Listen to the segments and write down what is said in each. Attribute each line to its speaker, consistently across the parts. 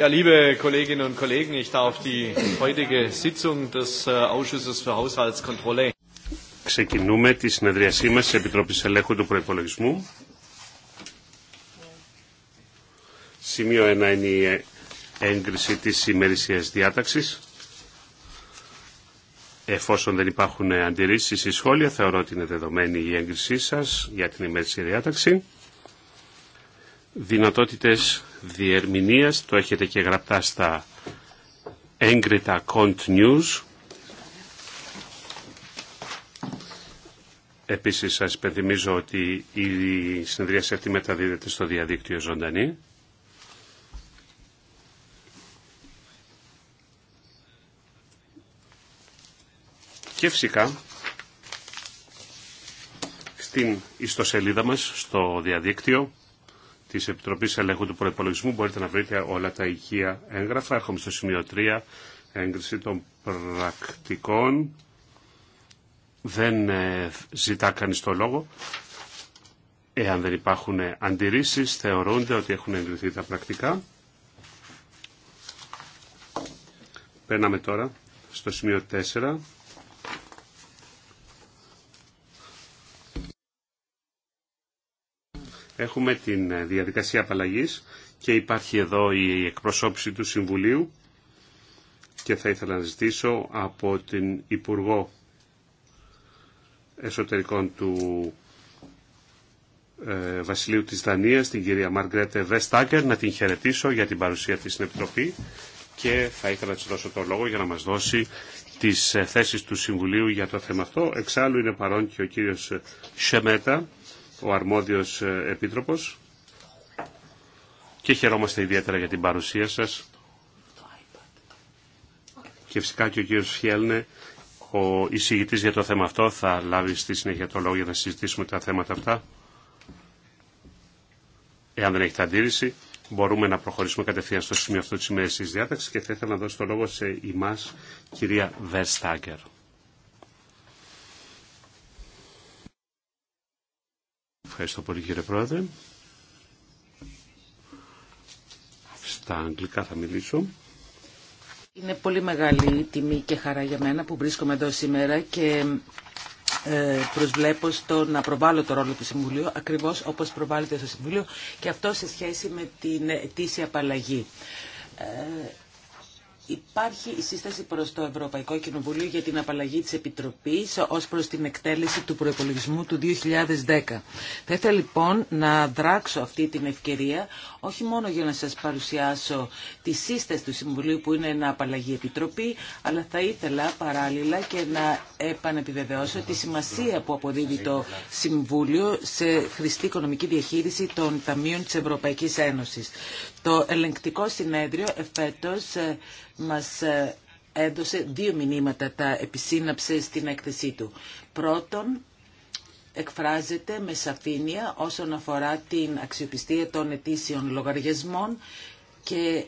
Speaker 1: Ja, liebe Kolleginnen und Kollegen, ich darf die heutige Sitzung des äh, Ausschusses für Haushaltskontrolle.
Speaker 2: Ξεκινούμε τη συνεδρίασή μας της Επιτροπής Ελέγχου του Προϋπολογισμού. Σημείο 1 είναι η έγκριση της ημερησίας διάταξης. Εφόσον δεν υπάρχουν αντιρρήσεις ή σχόλια, θεωρώ ότι είναι δεδομένη η έγκρισή σας για την ημερησία διάταξη δυνατότητες διερμηνίας, το έχετε και γραπτά στα έγκριτα Cont News. Επίσης σας υπενθυμίζω ότι η συνεδρία αυτή μεταδίδεται στο διαδίκτυο ζωντανή. Και φυσικά στην ιστοσελίδα μας στο διαδίκτυο Τη επιτροπή Ελέγχου του Προπολογισμού. Μπορείτε να βρείτε όλα τα υγεία έγγραφα. Έρχομαι στο σημείο 3, έγκριση των πρακτικών. Δεν ε, ζητά κανείς το λόγο. Εάν δεν υπάρχουν αντιρρήσει, θεωρούνται ότι έχουν εγκριθεί τα πρακτικά. Περνάμε τώρα στο σημείο 4. Έχουμε την ε, διαδικασία απαλλαγή και υπάρχει εδώ η εκπροσώπηση του Συμβουλίου και θα ήθελα να ζητήσω από την Υπουργό Εσωτερικών του ε, Βασιλείου της Δανίας, την κυρία Μαργκρέτε Βεστάκερ, να την χαιρετήσω για την παρουσία της στην Επιτροπή και θα ήθελα να της δώσω το λόγο για να μας δώσει τις ε, θέσεις του Συμβουλίου για το θέμα αυτό. Εξάλλου είναι παρόν και ο κύριος Σεμέτα, ο αρμόδιος ε, επίτροπος και χαιρόμαστε ιδιαίτερα για την παρουσία σας και φυσικά και ο κύριος Φιέλνε ο εισηγητής για το θέμα αυτό θα λάβει στη συνέχεια το λόγο για να συζητήσουμε τα θέματα αυτά εάν δεν έχετε αντίρρηση μπορούμε να προχωρήσουμε κατευθείαν στο σημείο αυτό της ημέρας της διάταξης και θα ήθελα να δώσω το λόγο σε εμάς κυρία Βερστάκερ. Ευχαριστώ πολύ κύριε Πρόεδρε. Στα αγγλικά θα μιλήσω.
Speaker 3: Είναι πολύ μεγάλη τιμή και χαρά για μένα που βρίσκομαι εδώ σήμερα και ε, προσβλέπω στο να προβάλλω το ρόλο του Συμβουλίου ακριβώς όπως προβάλλεται στο Συμβουλίο και αυτό σε σχέση με την αιτήσια απαλλαγή. Ε, Υπάρχει η σύσταση προς το Ευρωπαϊκό Κοινοβουλίο για την απαλλαγή τη Επιτροπής ως προς την εκτέλεση του προπολογισμού του 2010. Θα ήθελα λοιπόν να δράξω αυτή την ευκαιρία όχι μόνο για να σας παρουσιάσω τη σύσταση του Συμβουλίου που είναι ένα απαλλαγή επιτροπή, αλλά θα ήθελα παράλληλα και να επανεπιβεβαιώσω τη σημασία που αποδίδει το Συμβούλιο σε χρηστή οικονομική διαχείριση των Ταμείων τη Ευρωπαϊκή Ένωση. Το ελεγκτικό συνέδριο εφέτος ε, μας ε, έδωσε δύο μηνύματα, τα επισύναψε στην έκθεσή του. Πρώτον, εκφράζεται με σαφήνεια όσον αφορά την αξιοπιστία των ετήσιων λογαριασμών και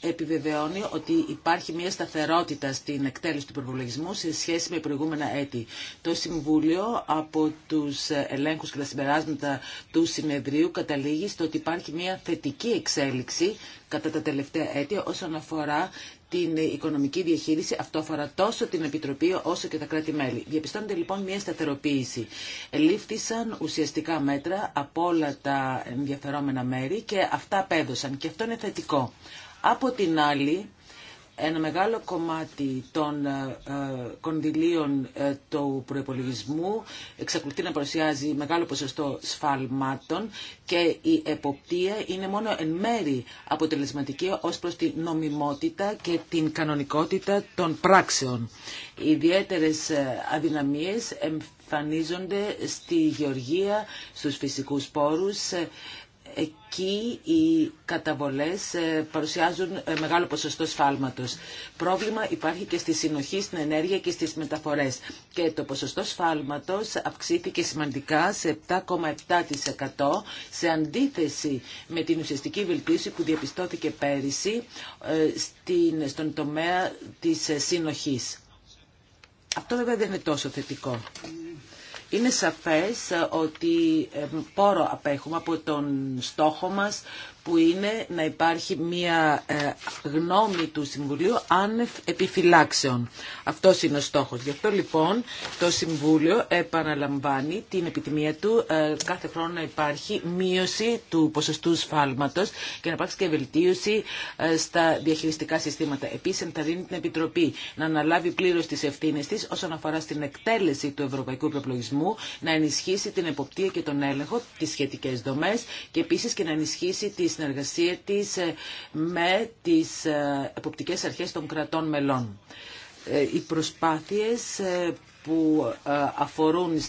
Speaker 3: επιβεβαιώνει ότι υπάρχει μια σταθερότητα στην εκτέλεση του προπολογισμού σε σχέση με προηγούμενα έτη. Το Συμβούλιο από τους ελέγχους και τα συμπεράσματα του συνεδρίου καταλήγει στο ότι υπάρχει μια θετική εξέλιξη κατά τα τελευταία έτη όσον αφορά την οικονομική διαχείριση. Αυτό αφορά τόσο την Επιτροπή όσο και τα κράτη-μέλη. Διαπιστώνεται λοιπόν μια σταθεροποίηση. Ελήφθησαν ουσιαστικά μέτρα από όλα τα ενδιαφερόμενα μέρη και αυτά απέδωσαν. Και αυτό είναι θετικό. Από την άλλη, ένα μεγάλο κομμάτι των ε, ε, κονδυλίων ε, του προπολογισμού εξακολουθεί να παρουσιάζει μεγάλο ποσοστό σφαλμάτων και η εποπτεία είναι μόνο εν μέρη αποτελεσματική ως προς τη νομιμότητα και την κανονικότητα των πράξεων. Οι ιδιαίτερες αδυναμίες εμφανίζονται στη γεωργία, στους φυσικούς πόρους, Εκεί οι καταβολές ε, παρουσιάζουν ε, μεγάλο ποσοστό σφάλματος. Πρόβλημα υπάρχει και στη συνοχή, στην ενέργεια και στις μεταφορές. Και το ποσοστό σφάλματος αυξήθηκε σημαντικά σε 7,7% σε αντίθεση με την ουσιαστική βελτίωση που διαπιστώθηκε πέρυσι ε, στον τομέα της συνοχής. Αυτό βέβαια δεν είναι τόσο θετικό. Είναι σαφές ε, ότι ε, πόρο απέχουμε από τον στόχο μας που είναι να υπάρχει μία ε, γνώμη του Συμβουλίου άνευ επιφυλάξεων. Αυτό είναι ο στόχος. Γι' αυτό λοιπόν το Συμβούλιο επαναλαμβάνει την επιθυμία του ε, κάθε χρόνο να υπάρχει μείωση του ποσοστού σφάλματος και να υπάρξει και βελτίωση ε, στα διαχειριστικά συστήματα. Επίσης ενθαρρύνει την Επιτροπή να αναλάβει πλήρως τις ευθύνες της όσον αφορά στην εκτέλεση του ευρωπαϊκού προπλογισμού, να ενισχύσει την εποπτεία και τον έλεγχο, τις σχετικές δομές και επίσης και να ενισχύσει τις συνεργασία της ε, με τις ε, εποπτικές αρχές των κρατών μελών. Ε, οι προσπάθειες που αφορούν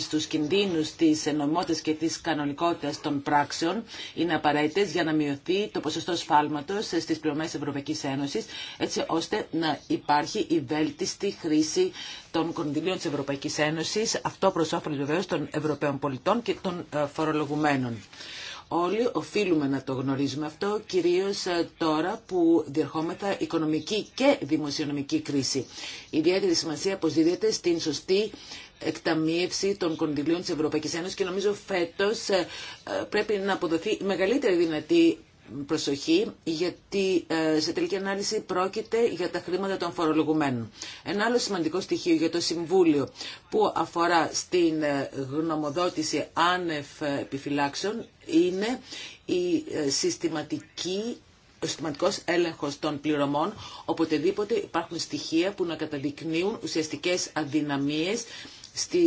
Speaker 3: στους κινδύνους της νομιμότητας και της κανονικότητας των πράξεων είναι απαραίτητες για να μειωθεί το ποσοστό σφάλματος στις πληρωμές Ευρωπαϊκής Ένωσης έτσι ώστε να υπάρχει η βέλτιστη χρήση των κονδυλίων της Ευρωπαϊκής Ένωσης αυτό προς όφελος βεβαίως των Ευρωπαίων πολιτών και των φορολογουμένων. Όλοι οφείλουμε να το γνωρίζουμε αυτό, κυρίως ε, τώρα που διερχόμεθα οικονομική και δημοσιονομική κρίση. Η ιδιαίτερη σημασία αποζητείται στην σωστή εκταμείευση των κονδυλίων της Ευρωπαϊκής Ένωσης και νομίζω φέτος ε, ε, πρέπει να αποδοθεί η μεγαλύτερη δυνατή προσοχή γιατί ε, σε τελική ανάλυση πρόκειται για τα χρήματα των φορολογουμένων. Ένα άλλο σημαντικό στοιχείο για το Συμβούλιο που αφορά στην ε, γνωμοδότηση άνευ επιφυλάξεων είναι η ε, συστηματική ο συστηματικό έλεγχο των πληρωμών, οποτεδήποτε υπάρχουν στοιχεία που να καταδεικνύουν ουσιαστικέ αδυναμίε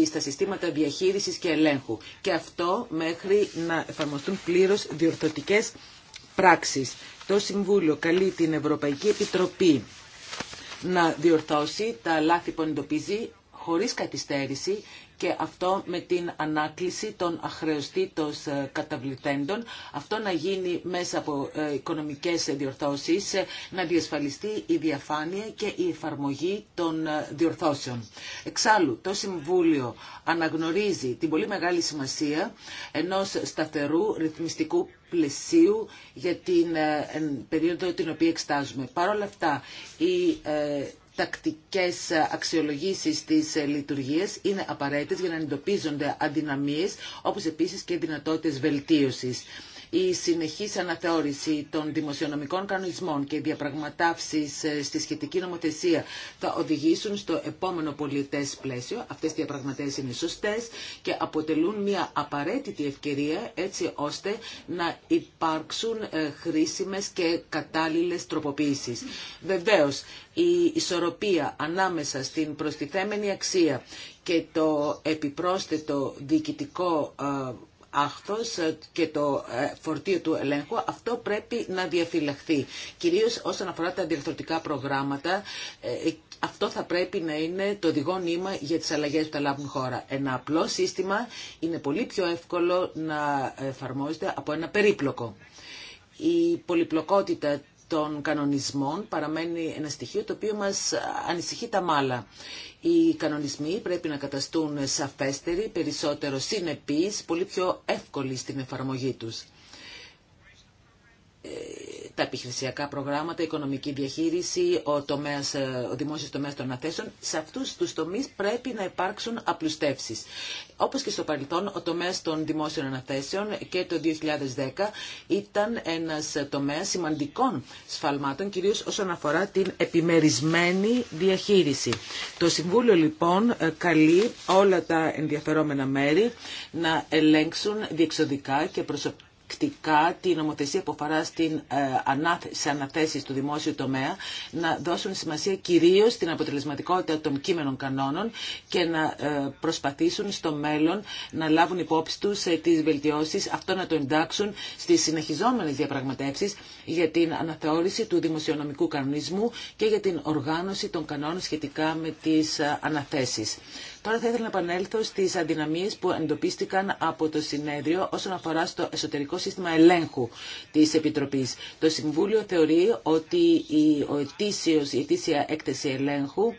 Speaker 3: στα συστήματα διαχείρισης και ελέγχου. Και αυτό μέχρι να εφαρμοστούν πλήρως διορθωτικές πράξεις. Το Συμβούλιο καλεί την Ευρωπαϊκή Επιτροπή να διορθώσει τα λάθη που εντοπίζει χωρίς καθυστέρηση και αυτό με την ανάκληση των αχρεωστήτως ε, καταβλητέντων. Αυτό να γίνει μέσα από ε, οικονομικές διορθώσεις, ε, να διασφαλιστεί η διαφάνεια και η εφαρμογή των διορθώσεων. Εξάλλου, το Συμβούλιο αναγνωρίζει την πολύ μεγάλη σημασία ενός σταθερού ρυθμιστικού πλαισίου για την περίοδο την οποία εξτάζουμε. Παρ' αυτά, η τακτικές αξιολογήσεις της λειτουργίας είναι απαραίτητες για να εντοπίζονται αδυναμίες, όπως επίσης και δυνατότητες βελτίωσης η συνεχής αναθεώρηση των δημοσιονομικών κανονισμών και οι διαπραγματεύσεις ε, στη σχετική νομοθεσία θα οδηγήσουν στο επόμενο πολιτές πλαίσιο. Αυτές οι διαπραγματεύσεις είναι σωστές και αποτελούν μια απαραίτητη ευκαιρία έτσι ώστε να υπάρξουν ε, χρήσιμες και κατάλληλες τροποποίησεις. Βεβαίως, η ισορροπία ανάμεσα στην προστιθέμενη αξία και το επιπρόσθετο διοικητικό ε, ε, και το ε, φορτίο του ελέγχου, αυτό πρέπει να διαφυλαχθεί. Κυρίως όσον αφορά τα διαρθρωτικά προγράμματα, ε, αυτό θα πρέπει να είναι το οδηγό νήμα για τις αλλαγές που θα λάβουν χώρα. Ένα απλό σύστημα είναι πολύ πιο εύκολο να εφαρμόζεται από ένα περίπλοκο. Η πολυπλοκότητα των κανονισμών παραμένει ένα στοιχείο το οποίο μας ανησυχεί τα μάλα. Οι κανονισμοί πρέπει να καταστούν σαφέστεροι, περισσότερο συνεπείς, πολύ πιο εύκολοι στην εφαρμογή τους. Ε, τα επιχειρησιακά προγράμματα, η οικονομική διαχείριση, ο, τομέας, ε, ο δημόσιος τομέας των αναθέσεων, σε αυτούς τους τομείς πρέπει να υπάρξουν απλουστεύσεις. Όπως και στο παρελθόν, ο τομέας των δημόσιων αναθέσεων και το 2010 ήταν ένας τομέας σημαντικών σφαλμάτων, κυρίως όσον αφορά την επιμερισμένη διαχείριση. Το Συμβούλιο λοιπόν ε, καλεί όλα τα ενδιαφερόμενα μέρη να ελέγξουν διεξοδικά και προσωπικά την νομοθεσία που αφορά στην, ε, σε αναθέσεις του δημόσιου τομέα, να δώσουν σημασία κυρίως στην αποτελεσματικότητα των κείμενων κανόνων και να ε, προσπαθήσουν στο μέλλον να λάβουν υπόψη τους ε, τις βελτιώσεις, αυτό να το εντάξουν στις συνεχιζόμενες διαπραγματεύσεις για την αναθεώρηση του δημοσιονομικού κανονισμού και για την οργάνωση των κανόνων σχετικά με τις αναθέσεις. Τώρα θα ήθελα να επανέλθω στι αντιναμίε που εντοπίστηκαν από το συνέδριο όσον αφορά στο εσωτερικό σύστημα ελέγχου τη Επιτροπή. Το Συμβούλιο θεωρεί ότι η, ο η ετήσια έκθεση ελέγχου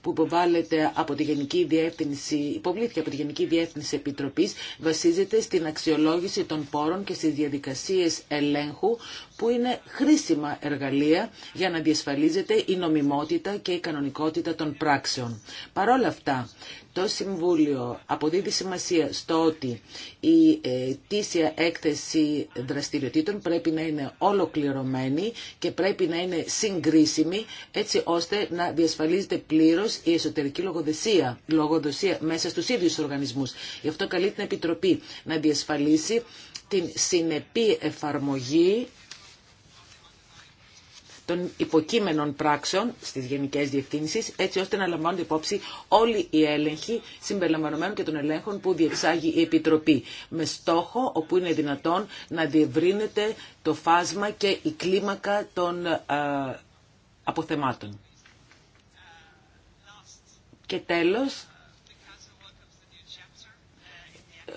Speaker 3: που υποβάλλεται από τη Γενική Διεύθυνση, υποβλήθηκε από τη Γενική Διεύθυνση Επιτροπή, βασίζεται στην αξιολόγηση των πόρων και στι διαδικασίε ελέγχου, που είναι χρήσιμα εργαλεία για να διασφαλίζεται η νομιμότητα και η κανονικότητα των πράξεων. Παρόλα αυτά, το Συμβούλιο αποδίδει σημασία στο ότι η ε, τήσια έκθεση δραστηριοτήτων πρέπει να είναι ολοκληρωμένη και πρέπει να είναι συγκρίσιμη έτσι ώστε να διασφαλίζεται πλήρως η εσωτερική λογοδοσία, λογοδοσία μέσα στους ίδιους οργανισμούς. Γι' αυτό καλεί την Επιτροπή να διασφαλίσει την συνεπή εφαρμογή των υποκείμενων πράξεων στις γενικές διευθύνσεις, έτσι ώστε να λαμβάνονται υπόψη όλοι οι έλεγχοι συμπεριλαμβανομένων και των ελέγχων που διεξάγει η Επιτροπή, με στόχο όπου είναι δυνατόν να διευρύνεται το φάσμα και η κλίμακα των ε, αποθεμάτων. Και τέλος,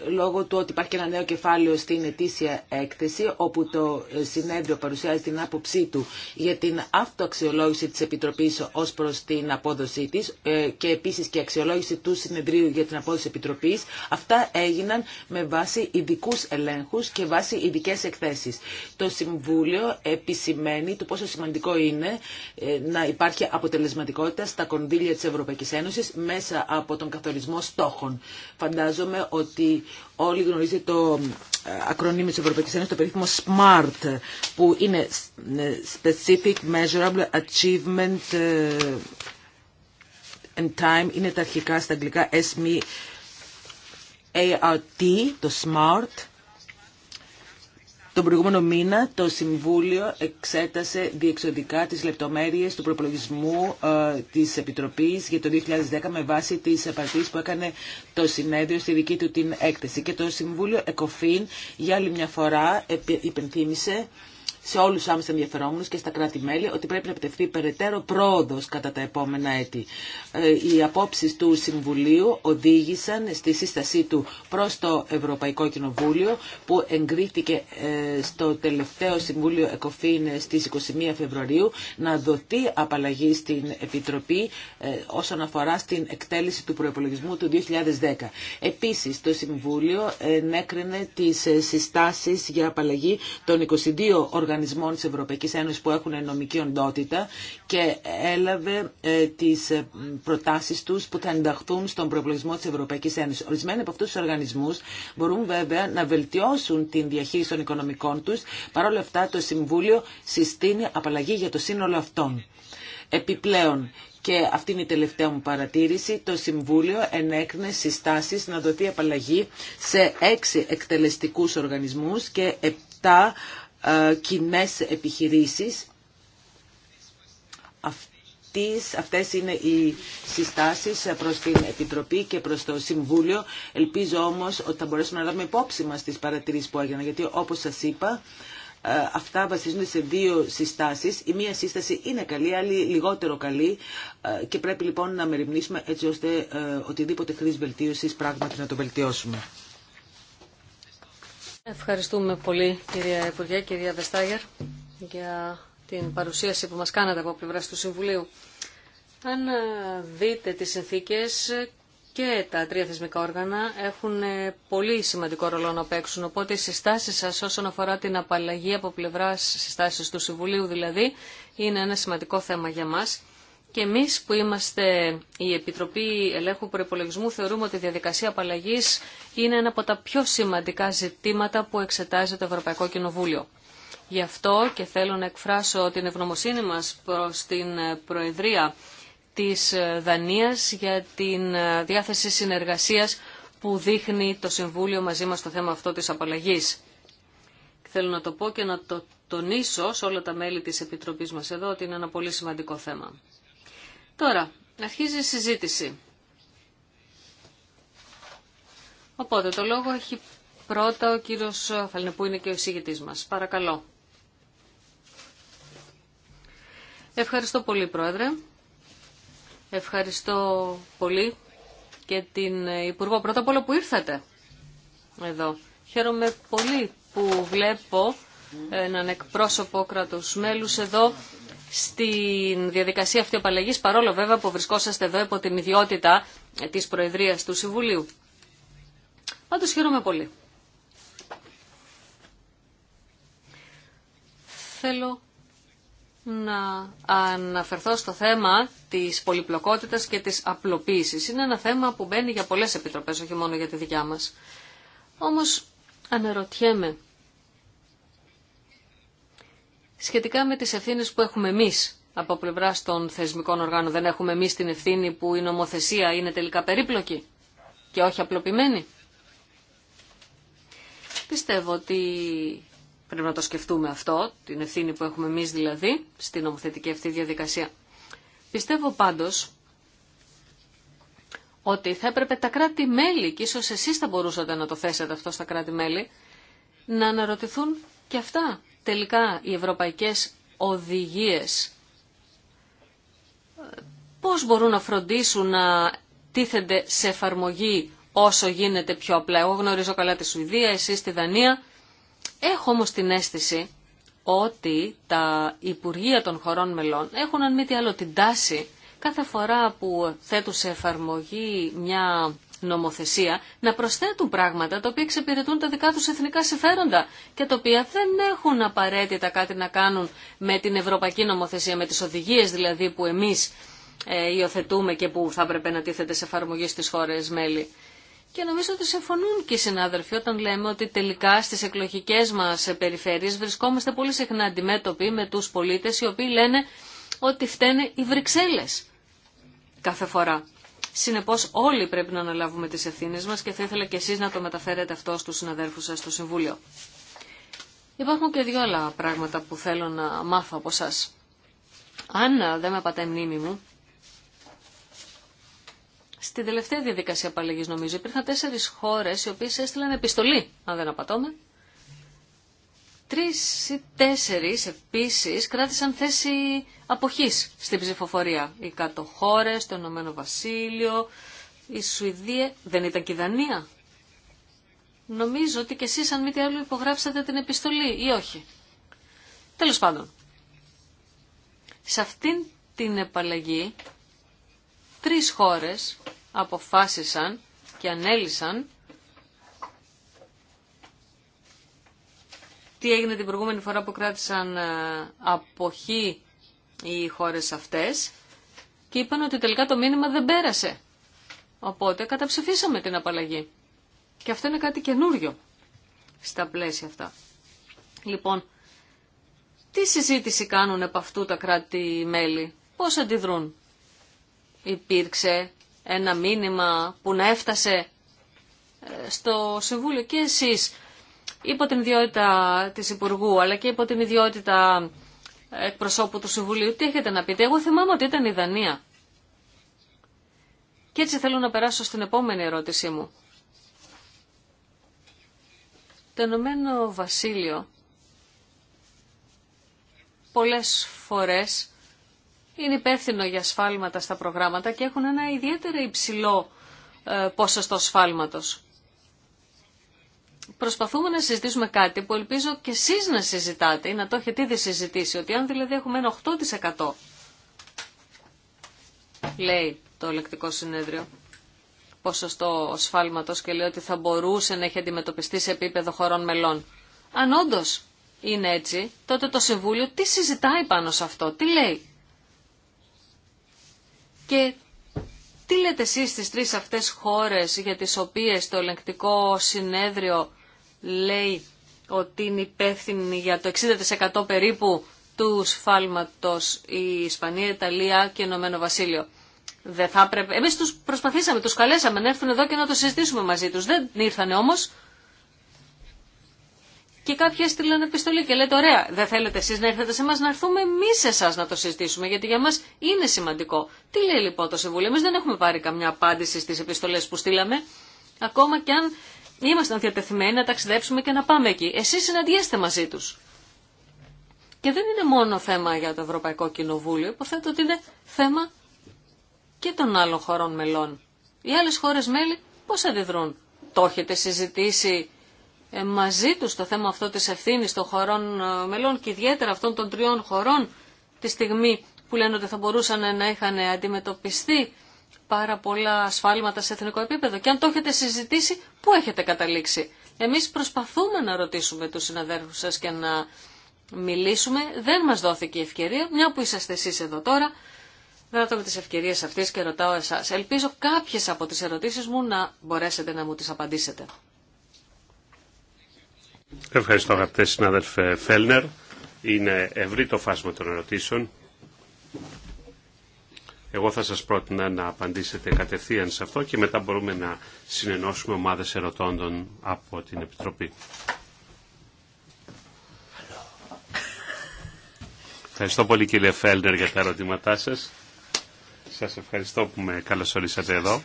Speaker 3: λόγω του ότι υπάρχει ένα νέο κεφάλαιο στην ετήσια έκθεση όπου το συνέδριο παρουσιάζει την άποψή του για την αυτοαξιολόγηση της Επιτροπής ως προς την απόδοσή της ε, και επίσης και αξιολόγηση του συνεδρίου για την απόδοση της Επιτροπής. Αυτά έγιναν με βάση ειδικού ελέγχους και βάση ειδικέ εκθέσεις. Το Συμβούλιο επισημαίνει το πόσο σημαντικό είναι ε, να υπάρχει αποτελεσματικότητα στα κονδύλια της Ευρωπαϊκής Ένωσης μέσα από τον καθορισμό στόχων. Φαντάζομαι ότι Όλοι γνωρίζετε το ε, ακρονίμιο της Ευρωπαϊκής Ένωσης, το περίφημο SMART, που είναι ε, Specific Measurable Achievement ε, and Time, είναι τα αρχικά στα αγγλικά SME το SMART, τον προηγούμενο μήνα το Συμβούλιο εξέτασε διεξοδικά τις λεπτομέρειες του προπολογισμού ε, της Επιτροπής για το 2010 με βάση τις επαρτήσεις που έκανε το συνέδριο στη δική του την έκθεση. Και το Συμβούλιο ΕΚΟΦΗΝ για άλλη μια φορά υπενθύμησε σε όλου του άμεσα ενδιαφερόμενου και στα κράτη-μέλη ότι πρέπει να επιτευχθεί περαιτέρω πρόοδο κατά τα επόμενα έτη. Ε, οι απόψει του Συμβουλίου οδήγησαν στη σύστασή του προ το Ευρωπαϊκό Κοινοβούλιο που εγκρίθηκε ε, στο τελευταίο Συμβούλιο ΕΚΟΦΗΝ στι 21 Φεβρουαρίου να δοθεί απαλλαγή στην Επιτροπή ε, όσον αφορά στην εκτέλεση του προπολογισμού του 2010. Επίση, το Συμβούλιο ενέκρινε τι συστάσει για απαλλαγή των 22 οργανισμών οργανισμών της Ευρωπαϊκής Ένωσης που έχουν νομική οντότητα και έλαβε ε, τις ε, προτάσεις τους που θα ενταχθούν στον προπολογισμό της Ευρωπαϊκής Ένωσης. Ορισμένοι από αυτούς τους οργανισμούς μπορούν βέβαια να βελτιώσουν την διαχείριση των οικονομικών τους. Παρ' όλα αυτά το Συμβούλιο συστήνει απαλλαγή για το σύνολο αυτών. Επιπλέον, και αυτή είναι η τελευταία μου παρατήρηση, το Συμβούλιο ενέκρινε συστάσεις να δοθεί απαλλαγή σε έξι εκτελεστικούς οργανισμούς και επτά ε, κοινέ επιχειρήσεις. Αυτές, αυτές είναι οι συστάσεις προς την Επιτροπή και προς το Συμβούλιο. Ελπίζω όμως ότι θα μπορέσουμε να λάβουμε υπόψη μας τις παρατηρήσεις που έγιναν, γιατί όπως σας είπα, ε, αυτά βασίζονται σε δύο συστάσεις. Η μία σύσταση είναι καλή, η άλλη λιγότερο καλή ε, και πρέπει λοιπόν να μεριμνήσουμε έτσι ώστε οτιδήποτε χρήση βελτίωσης πράγματι να το βελτιώσουμε.
Speaker 4: Ευχαριστούμε πολύ κυρία Υπουργέ, κυρία Βεστάγερ για την παρουσίαση που μας κάνατε από πλευράς του Συμβουλίου. Αν ε, δείτε τις συνθήκες και τα τρία θεσμικά όργανα έχουν ε, πολύ σημαντικό ρόλο να παίξουν. Οπότε οι συστάσεις σας όσον αφορά την απαλλαγή από πλευράς συστάσεις του Συμβουλίου δηλαδή είναι ένα σημαντικό θέμα για μας και εμεί, που είμαστε η Επιτροπή Ελέγχου Προπολογισμού θεωρούμε ότι η διαδικασία απαλλαγή είναι ένα από τα πιο σημαντικά ζητήματα που εξετάζει το Ευρωπαϊκό Κοινοβούλιο. Γι' αυτό και θέλω να εκφράσω την ευγνωμοσύνη μας προς την Προεδρία της Δανίας για την διάθεση συνεργασίας που δείχνει το Συμβούλιο μαζί μας στο θέμα αυτό της απαλλαγής. Θέλω να το πω και να το τονίσω σε όλα τα μέλη της Επιτροπής μας εδώ ότι είναι ένα πολύ σημαντικό θέμα. Τώρα, αρχίζει η συζήτηση. Οπότε, το λόγο έχει πρώτα ο κύριος Φαλνε, που είναι και ο εισηγητής μας. Παρακαλώ. Ευχαριστώ πολύ, Πρόεδρε. Ευχαριστώ πολύ και την Υπουργό. Πρώτα απ' που ήρθατε εδώ. Χαίρομαι πολύ που βλέπω έναν εκπρόσωπο κράτους μέλους εδώ στην διαδικασία αυτή απαλλαγής, παρόλο βέβαια που βρισκόσαστε εδώ υπό την ιδιότητα της Προεδρίας του Συμβουλίου. Πάντως χαίρομαι πολύ. Θέλω να αναφερθώ στο θέμα της πολυπλοκότητας και της απλοποίησης. Είναι ένα θέμα που μπαίνει για πολλές επιτροπές, όχι μόνο για τη δικιά μας. Όμως αναρωτιέμαι σχετικά με τις ευθύνες που έχουμε εμείς από πλευρά των θεσμικών οργάνων. Δεν έχουμε εμείς την ευθύνη που η νομοθεσία είναι τελικά περίπλοκη και όχι απλοποιημένη. Πιστεύω ότι πρέπει να το σκεφτούμε αυτό, την ευθύνη που έχουμε εμείς δηλαδή, στην νομοθετική αυτή διαδικασία. Πιστεύω πάντως ότι θα έπρεπε τα κράτη-μέλη, και ίσως εσείς θα μπορούσατε να το θέσετε αυτό στα κράτη-μέλη, να αναρωτηθούν και αυτά τελικά οι ευρωπαϊκές οδηγίες πώς μπορούν να φροντίσουν να τίθενται σε εφαρμογή όσο γίνεται πιο απλά. Εγώ γνωρίζω καλά τη Σουηδία, εσείς τη Δανία. Έχω όμως την αίσθηση ότι τα Υπουργεία των χωρών μελών έχουν αν μη τι άλλο την τάση κάθε φορά που θέτουν σε εφαρμογή μια νομοθεσία να προσθέτουν πράγματα τα οποία εξυπηρετούν τα δικά τους εθνικά συμφέροντα και τα οποία δεν έχουν απαραίτητα κάτι να κάνουν με την ευρωπαϊκή νομοθεσία, με τις οδηγίες δηλαδή που εμείς ε, υιοθετούμε και που θα έπρεπε να τίθεται σε εφαρμογή στις χώρες μέλη. Και νομίζω ότι συμφωνούν και οι συνάδελφοι όταν λέμε ότι τελικά στις εκλογικές μας περιφέρειες βρισκόμαστε πολύ συχνά αντιμέτωποι με τους πολίτες οι οποίοι λένε ότι φταίνε οι Βρυξέλλες κάθε φορά. Συνεπώ όλοι πρέπει να αναλάβουμε τις ευθύνε μας και θα ήθελα και εσείς να το μεταφέρετε αυτό στους συναδέρφους σας στο Συμβούλιο. Υπάρχουν και δύο άλλα πράγματα που θέλω να μάθω από εσά. Αν δεν με πατάει μνήμη μου, στην τελευταία διαδικασία απαλλαγή, νομίζω υπήρχαν τέσσερις χώρες οι οποίες έστειλαν επιστολή, αν δεν απατώμε, Τρεις ή τέσσερις επίσης κράτησαν θέση αποχής στην ψηφοφορία. Οι κατοχώρες, το Ηνωμένο Βασίλειο, η Σουηδία, δεν ήταν και η Δανία. Νομίζω ότι και εσείς αν μη τι άλλο υπογράψατε την επιστολή ή όχι. Τέλος πάντων, σε αυτήν την επαλλαγή τρεις χώρες αποφάσισαν και ανέλησαν τι έγινε την προηγούμενη φορά που κράτησαν ε, αποχή οι χώρες αυτές και είπαν ότι τελικά το μήνυμα δεν πέρασε. Οπότε καταψηφίσαμε την απαλλαγή. Και αυτό είναι κάτι καινούριο στα πλαίσια αυτά. Λοιπόν, τι συζήτηση κάνουν από αυτού τα κράτη-μέλη, πώς αντιδρούν. Υπήρξε ένα μήνυμα που να έφτασε ε, στο Συμβούλιο και εσείς υπό την ιδιότητα της Υπουργού αλλά και υπό την ιδιότητα εκπροσώπου του Συμβουλίου. Τι έχετε να πείτε. Εγώ θυμάμαι ότι ήταν η Δανία. Και έτσι θέλω να περάσω στην επόμενη ερώτησή μου. Το Ενωμένο Βασίλειο πολλές φορές είναι υπεύθυνο για σφάλματα στα προγράμματα και έχουν ένα ιδιαίτερο υψηλό ε, ποσοστό σφάλματος προσπαθούμε να συζητήσουμε κάτι που ελπίζω και εσείς να συζητάτε ή να το έχετε ήδη συζητήσει, ότι αν δηλαδή έχουμε ένα 8% λέει το λεκτικό συνέδριο ποσοστό σφάλματος και λέει ότι θα μπορούσε να έχει αντιμετωπιστεί σε επίπεδο χωρών μελών. Αν όντω είναι έτσι, τότε το Συμβούλιο τι συζητάει πάνω σε αυτό, τι λέει. Και τι λέτε εσείς στις τρεις αυτές χώρες για τις οποίες το ελεγκτικό συνέδριο λέει ότι είναι υπεύθυνη για το 60% περίπου του σφάλματος η Ισπανία, η Ιταλία και Ηνωμένο Βασίλειο. Δεν θα πρέπει; Εμείς τους προσπαθήσαμε, τους καλέσαμε να έρθουν εδώ και να το συζητήσουμε μαζί τους. Δεν ήρθανε όμως. Και κάποιοι έστειλαν επιστολή και λέτε, ωραία, δεν θέλετε εσείς να έρθετε σε εμά, να έρθουμε εμεί σε εσά να το συζητήσουμε, γιατί για μα είναι σημαντικό. Τι λέει λοιπόν το Συμβούλιο, εμεί δεν έχουμε πάρει καμιά απάντηση στι επιστολέ που στείλαμε, ακόμα και αν ήμασταν διατεθειμένοι να ταξιδέψουμε και να πάμε εκεί. Εσεί συναντιέστε μαζί του. Και δεν είναι μόνο θέμα για το Ευρωπαϊκό Κοινοβούλιο, υποθέτω ότι είναι θέμα και των άλλων χωρών μελών. Οι άλλε χώρε μέλη πώ αντιδρούν. Το έχετε συζητήσει ε, μαζί τους το θέμα αυτό της ευθύνη των χωρών ε, μελών και ιδιαίτερα αυτών των τριών χωρών τη στιγμή που λένε ότι θα μπορούσαν να είχαν αντιμετωπιστεί πάρα πολλά ασφάλματα σε εθνικό επίπεδο. Και αν το έχετε συζητήσει, πού έχετε καταλήξει. Εμείς προσπαθούμε να ρωτήσουμε τους συναδέρφους σας και να μιλήσουμε. Δεν μας δόθηκε η ευκαιρία, μια που είσαστε εσείς εδώ τώρα. Δράτω με τις ευκαιρίες αυτές και ρωτάω εσάς. Ελπίζω κάποιες από τις ερωτήσεις μου να μπορέσετε να μου τις απαντήσετε.
Speaker 2: Ευχαριστώ αγαπητέ συνάδελφε Φέλνερ. Είναι ευρύ το φάσμα των ερωτήσεων. Εγώ θα σας πρότεινα να απαντήσετε κατευθείαν σε αυτό και μετά μπορούμε να συνενώσουμε ομάδες ερωτώντων από την Επιτροπή. Ευχαριστώ πολύ κύριε Φέλνερ για τα ερωτήματά σας. Σας ευχαριστώ που με καλωσορίσατε εδώ.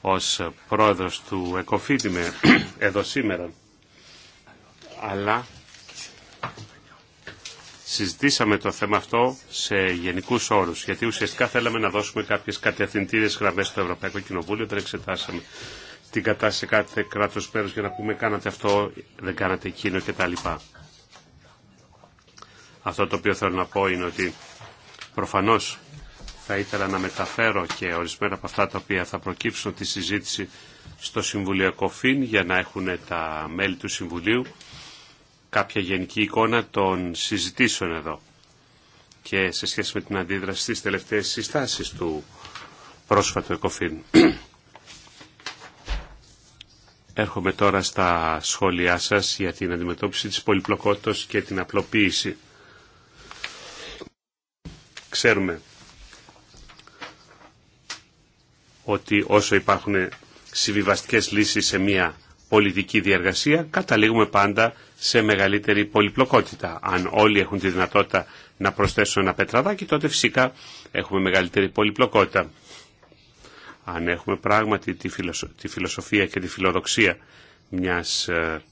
Speaker 2: ως πρόεδρος του ΕΚΟΦΙΤΗ εδώ σήμερα. Αλλά συζητήσαμε το θέμα αυτό σε γενικούς όρους, γιατί ουσιαστικά θέλαμε να δώσουμε κάποιες κατευθυντήριες γραμμές στο Ευρωπαϊκό Κοινοβούλιο, δεν εξετάσαμε την κατάσταση κάθε κράτος πέρας για να πούμε κάνατε αυτό, δεν κάνατε εκείνο λοιπά Αυτό το οποίο θέλω να πω είναι ότι προφανώς θα ήθελα να μεταφέρω και ορισμένα από αυτά τα οποία θα προκύψουν τη συζήτηση στο Συμβουλίο ΚΟΦΗΝ για να έχουν τα μέλη του Συμβουλίου κάποια γενική εικόνα των συζητήσεων εδώ και σε σχέση με την αντίδραση στις τελευταίες συστάσεις του πρόσφατου ΕΚΟΦΗΝ. Έρχομαι τώρα στα σχόλιά σας για την αντιμετώπιση της πολυπλοκότητας και την απλοποίηση. Ξέρουμε ότι όσο υπάρχουν συμβιβαστικές λύσεις σε μια πολιτική διαργασία, καταλήγουμε πάντα σε μεγαλύτερη πολυπλοκότητα. Αν όλοι έχουν τη δυνατότητα να προσθέσουν ένα πετραδάκι, τότε φυσικά έχουμε μεγαλύτερη πολυπλοκότητα. Αν έχουμε πράγματι τη φιλοσοφία και τη φιλοδοξία μιας ε,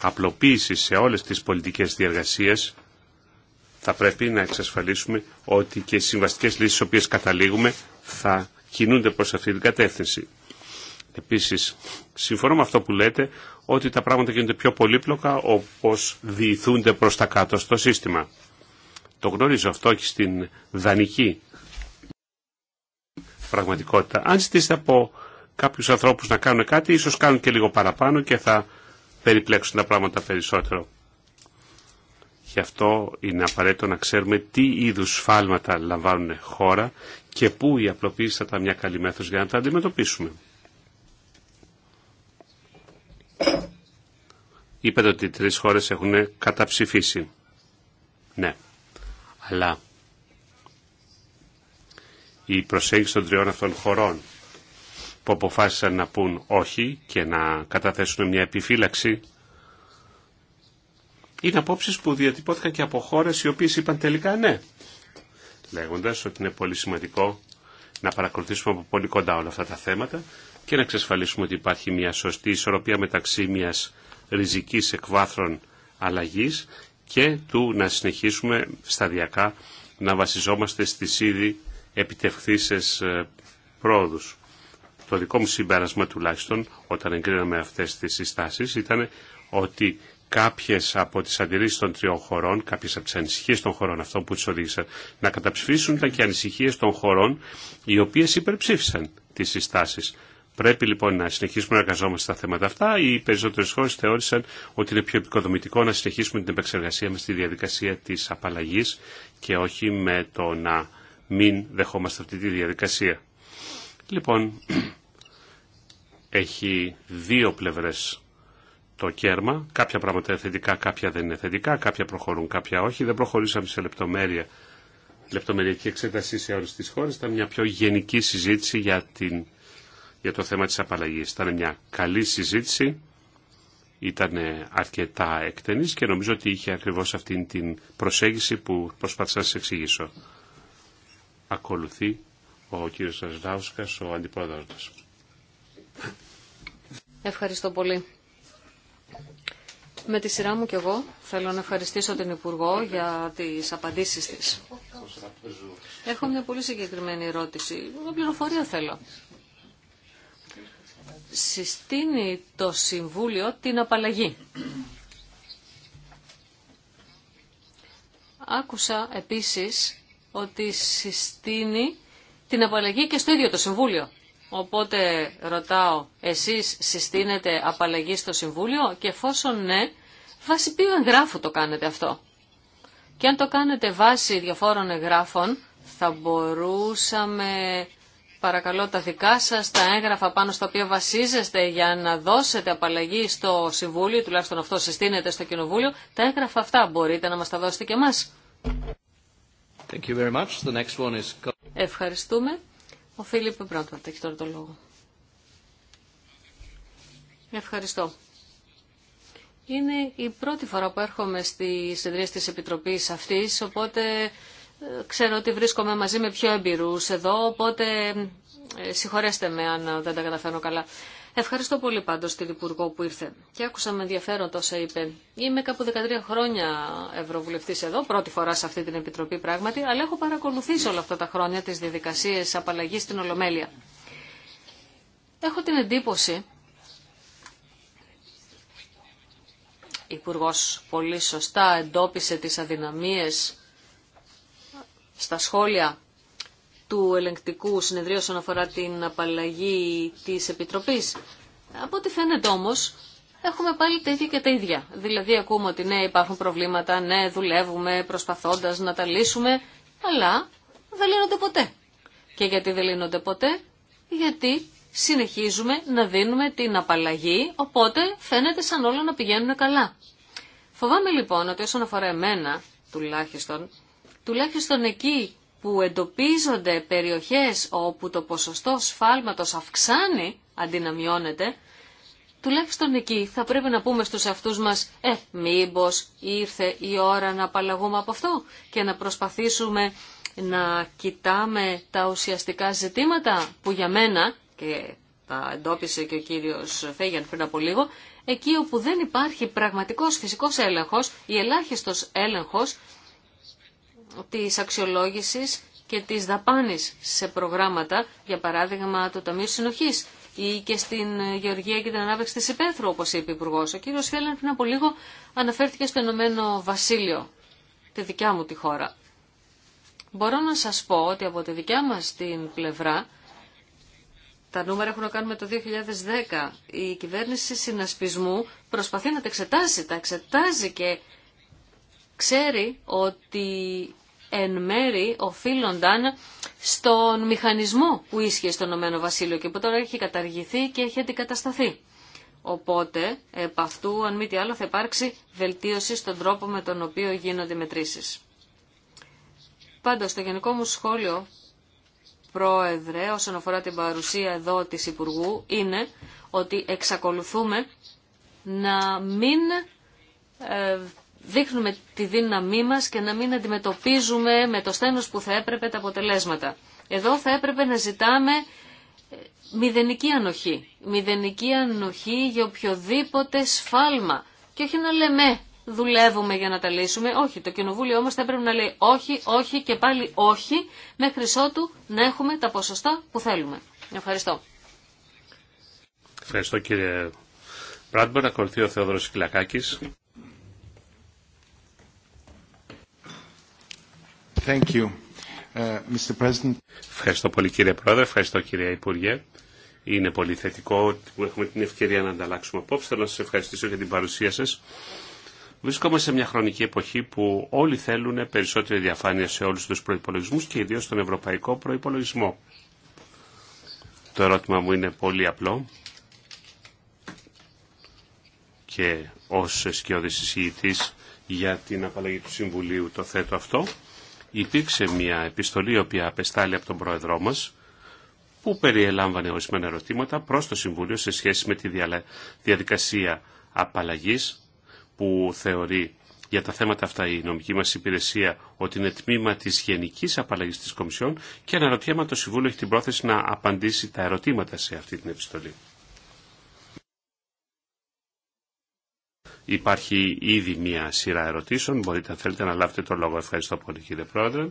Speaker 2: απλοποίησης σε όλες τις πολιτικές διαργασίες, θα πρέπει να εξασφαλίσουμε ότι και οι συμβαστικές λύσεις στις οποίες καταλήγουμε θα κινούνται προς αυτή την κατεύθυνση. Επίσης, συμφωνώ με αυτό που λέτε ότι τα πράγματα γίνονται πιο πολύπλοκα όπως διηθούνται προς τα κάτω στο σύστημα. Το γνωρίζω αυτό και στην δανεική πραγματικότητα. Αν ζητήσετε από κάποιους ανθρώπους να κάνουν κάτι, ίσως κάνουν και λίγο παραπάνω και θα περιπλέξουν τα πράγματα περισσότερο. Γι' αυτό είναι απαραίτητο να ξέρουμε τι είδους φάλματα λαμβάνουν χώρα και πού η απλοποίηση θα ήταν μια καλή μέθοδος για να τα αντιμετωπίσουμε. Είπατε ότι οι τρεις χώρες έχουν καταψηφίσει. Ναι. Αλλά η προσέγγιση των τριών αυτών χωρών που αποφάσισαν να πούν όχι και να καταθέσουν μια επιφύλαξη είναι απόψεις που διατυπώθηκαν και από χώρες οι οποίες είπαν τελικά ναι λέγοντας ότι είναι πολύ σημαντικό να παρακολουθήσουμε από πολύ κοντά όλα αυτά τα θέματα και να εξασφαλίσουμε ότι υπάρχει μια σωστή ισορροπία μεταξύ μιας ριζικής εκβάθρων αλλαγής και του να συνεχίσουμε σταδιακά να βασιζόμαστε στις ήδη επιτευχθήσεις ε, πρόοδους. Το δικό μου συμπέρασμα τουλάχιστον όταν εγκρίναμε αυτές τις συστάσεις ήταν ότι κάποιες από τις αντιρρήσεις των τριών χωρών, κάποιες από τις ανησυχίες των χωρών αυτό που τους οδήγησαν να καταψηφίσουν ήταν και ανησυχίες των χωρών οι οποίες υπερψήφισαν τις συστάσεις. Πρέπει λοιπόν να συνεχίσουμε να εργαζόμαστε στα θέματα αυτά. Οι περισσότερε χώρε θεώρησαν ότι είναι πιο επικοδομητικό να συνεχίσουμε την επεξεργασία μα στη διαδικασία τη απαλλαγή και όχι με το να μην δεχόμαστε αυτή τη διαδικασία. Λοιπόν, έχει δύο πλευρές το κέρμα. Κάποια πράγματα είναι θετικά, κάποια δεν είναι θετικά, κάποια προχωρούν, κάποια όχι. Δεν προχωρήσαμε σε λεπτομέρεια, λεπτομεριακή εξέταση σε όλε τι χώρε. Ήταν μια πιο γενική συζήτηση για, την, για το θέμα τη απαλλαγή. Ήταν μια καλή συζήτηση, ήταν αρκετά εκτενή και νομίζω ότι είχε ακριβώ αυτή την προσέγγιση που προσπάθησα να σα εξηγήσω. Ακολουθεί ο κύριος Ρασδάουσκας, ο αντιπρόεδρος.
Speaker 4: Ευχαριστώ πολύ. Με τη σειρά μου και εγώ θέλω να ευχαριστήσω τον Υπουργό για τις απαντήσεις της. Έχω μια πολύ συγκεκριμένη ερώτηση. Μια πληροφορία θέλω. Συστήνει το Συμβούλιο την απαλλαγή. Άκουσα επίσης ότι συστήνει την απαλλαγή και στο ίδιο το Συμβούλιο. Οπότε ρωτάω, εσείς συστήνετε απαλλαγή στο Συμβούλιο και εφόσον ναι, βάσει ποιο εγγράφου το κάνετε αυτό. Και αν το κάνετε βάσει διαφόρων εγγράφων, θα μπορούσαμε, παρακαλώ, τα δικά σας, τα έγγραφα πάνω στα οποία βασίζεστε για να δώσετε απαλλαγή στο Συμβούλιο, τουλάχιστον αυτό συστήνεται στο Κοινοβούλιο, τα έγγραφα αυτά μπορείτε να μας τα δώσετε και εμάς. Ευχαριστούμε. Ο Φίλιπ πρώτο έχει τώρα το λόγο. Ευχαριστώ. Είναι η πρώτη φορά που έρχομαι στη συνδρία της Επιτροπής αυτής, οπότε ε, ξέρω ότι βρίσκομαι μαζί με πιο εμπειρούς εδώ, οπότε ε, συγχωρέστε με αν δεν τα καταφέρω καλά. Ευχαριστώ πολύ πάντως την Υπουργό που ήρθε και άκουσα με ενδιαφέρον τόσα είπε. Είμαι κάπου 13 χρόνια Ευρωβουλευτής εδώ, πρώτη φορά σε αυτή την Επιτροπή πράγματι, αλλά έχω παρακολουθήσει όλα αυτά τα χρόνια τις διαδικασίε απαλλαγή στην Ολομέλεια. Έχω την εντύπωση, η Υπουργός πολύ σωστά εντόπισε τις αδυναμίες στα σχόλια του ελεγκτικού συνεδρίου όσον αφορά την απαλλαγή της Επιτροπής. Από ό,τι φαίνεται όμως, έχουμε πάλι τα ίδια και τα ίδια. Δηλαδή ακούμε ότι ναι υπάρχουν προβλήματα, ναι δουλεύουμε προσπαθώντας να τα λύσουμε, αλλά δεν λύνονται ποτέ. Και γιατί δεν λύνονται ποτέ, γιατί συνεχίζουμε να δίνουμε την απαλλαγή, οπότε φαίνεται σαν όλα να πηγαίνουν καλά. Φοβάμαι λοιπόν ότι όσον αφορά εμένα, τουλάχιστον, τουλάχιστον εκεί που εντοπίζονται περιοχές όπου το ποσοστό σφάλματος αυξάνει αντί να μειώνεται, τουλάχιστον εκεί θα πρέπει να πούμε στους αυτούς μας «Ε, μήπως ήρθε η ώρα να απαλλαγούμε από αυτό και να προσπαθήσουμε να κοιτάμε τα ουσιαστικά ζητήματα που για μένα, και τα εντόπισε και ο κύριος Φέγιαν πριν από λίγο, εκεί όπου δεν υπάρχει πραγματικός φυσικός έλεγχος ή ελάχιστος έλεγχος, της αξιολόγησης και της δαπάνης σε προγράμματα, για παράδειγμα το Ταμείο Συνοχής ή και στην Γεωργία και την Ανάπτυξη της Υπέθρου, όπως είπε ο Υπουργός. Ο κύριος Φιέλεν πριν από λίγο αναφέρθηκε στο Ενωμένο Βασίλειο, τη δικιά μου τη χώρα. Μπορώ να σας πω ότι από τη δικιά μας την πλευρά, τα νούμερα έχουν να κάνουν με το 2010, η κυβέρνηση συνασπισμού προσπαθεί να τα εξετάσει, τα εξετάζει και ξέρει ότι εν μέρη οφείλονταν στον μηχανισμό που ίσχυε στον Ηνωμένο Βασίλειο και που τώρα έχει καταργηθεί και έχει αντικατασταθεί. Οπότε, επ' αυτού, αν μη τι άλλο, θα υπάρξει βελτίωση στον τρόπο με τον οποίο γίνονται οι μετρήσεις. Πάντως, το γενικό μου σχόλιο, Πρόεδρε, όσον αφορά την παρουσία εδώ της Υπουργού, είναι ότι εξακολουθούμε να μην ε, δείχνουμε τη δύναμή μας και να μην αντιμετωπίζουμε με το στένος που θα έπρεπε τα αποτελέσματα. Εδώ θα έπρεπε να ζητάμε ε, μηδενική ανοχή. Μηδενική ανοχή για οποιοδήποτε σφάλμα. Και όχι να λέμε δουλεύουμε για να τα λύσουμε. Όχι, το κοινοβούλιο όμως θα έπρεπε να λέει όχι, όχι και πάλι όχι, μέχρι ότου να έχουμε τα ποσοστά που θέλουμε. Ευχαριστώ.
Speaker 2: Ευχαριστώ κύριε να Ακολουθεί ο Θεόδωρος Κυλακάκης.
Speaker 4: Uh,
Speaker 2: ευχαριστώ πολύ κύριε Πρόεδρε, ευχαριστώ κύριε Υπουργέ. Είναι πολύ θετικό που έχουμε την ευκαιρία να ανταλλάξουμε απόψε. Θέλω να σας ευχαριστήσω για την παρουσία σας. Βρισκόμαστε σε μια χρονική εποχή που όλοι θέλουν περισσότερη διαφάνεια σε όλους τους προϋπολογισμούς και ιδίως στον ευρωπαϊκό προϋπολογισμό. Το ερώτημα μου είναι πολύ απλό και ως σκιώδης εισηγητής για την απαλλαγή του Συμβουλίου το θέτω αυτό υπήρξε μια επιστολή η οποία απεστάλλει από τον Πρόεδρό μας που περιελάμβανε ορισμένα ερωτήματα προς το Συμβούλιο σε σχέση με τη διαδικασία απαλλαγής που θεωρεί για τα θέματα αυτά η νομική μας υπηρεσία ότι είναι τμήμα της γενικής απαλλαγής της Κομισιόν και αναρωτιέμαι αν το Συμβούλιο έχει την πρόθεση να απαντήσει τα ερωτήματα σε αυτή την επιστολή. Υπάρχει ήδη μια σειρά ερωτήσεων. Μπορείτε αν θέλετε να λάβετε το λόγο. Ευχαριστώ πολύ κύριε Πρόεδρε.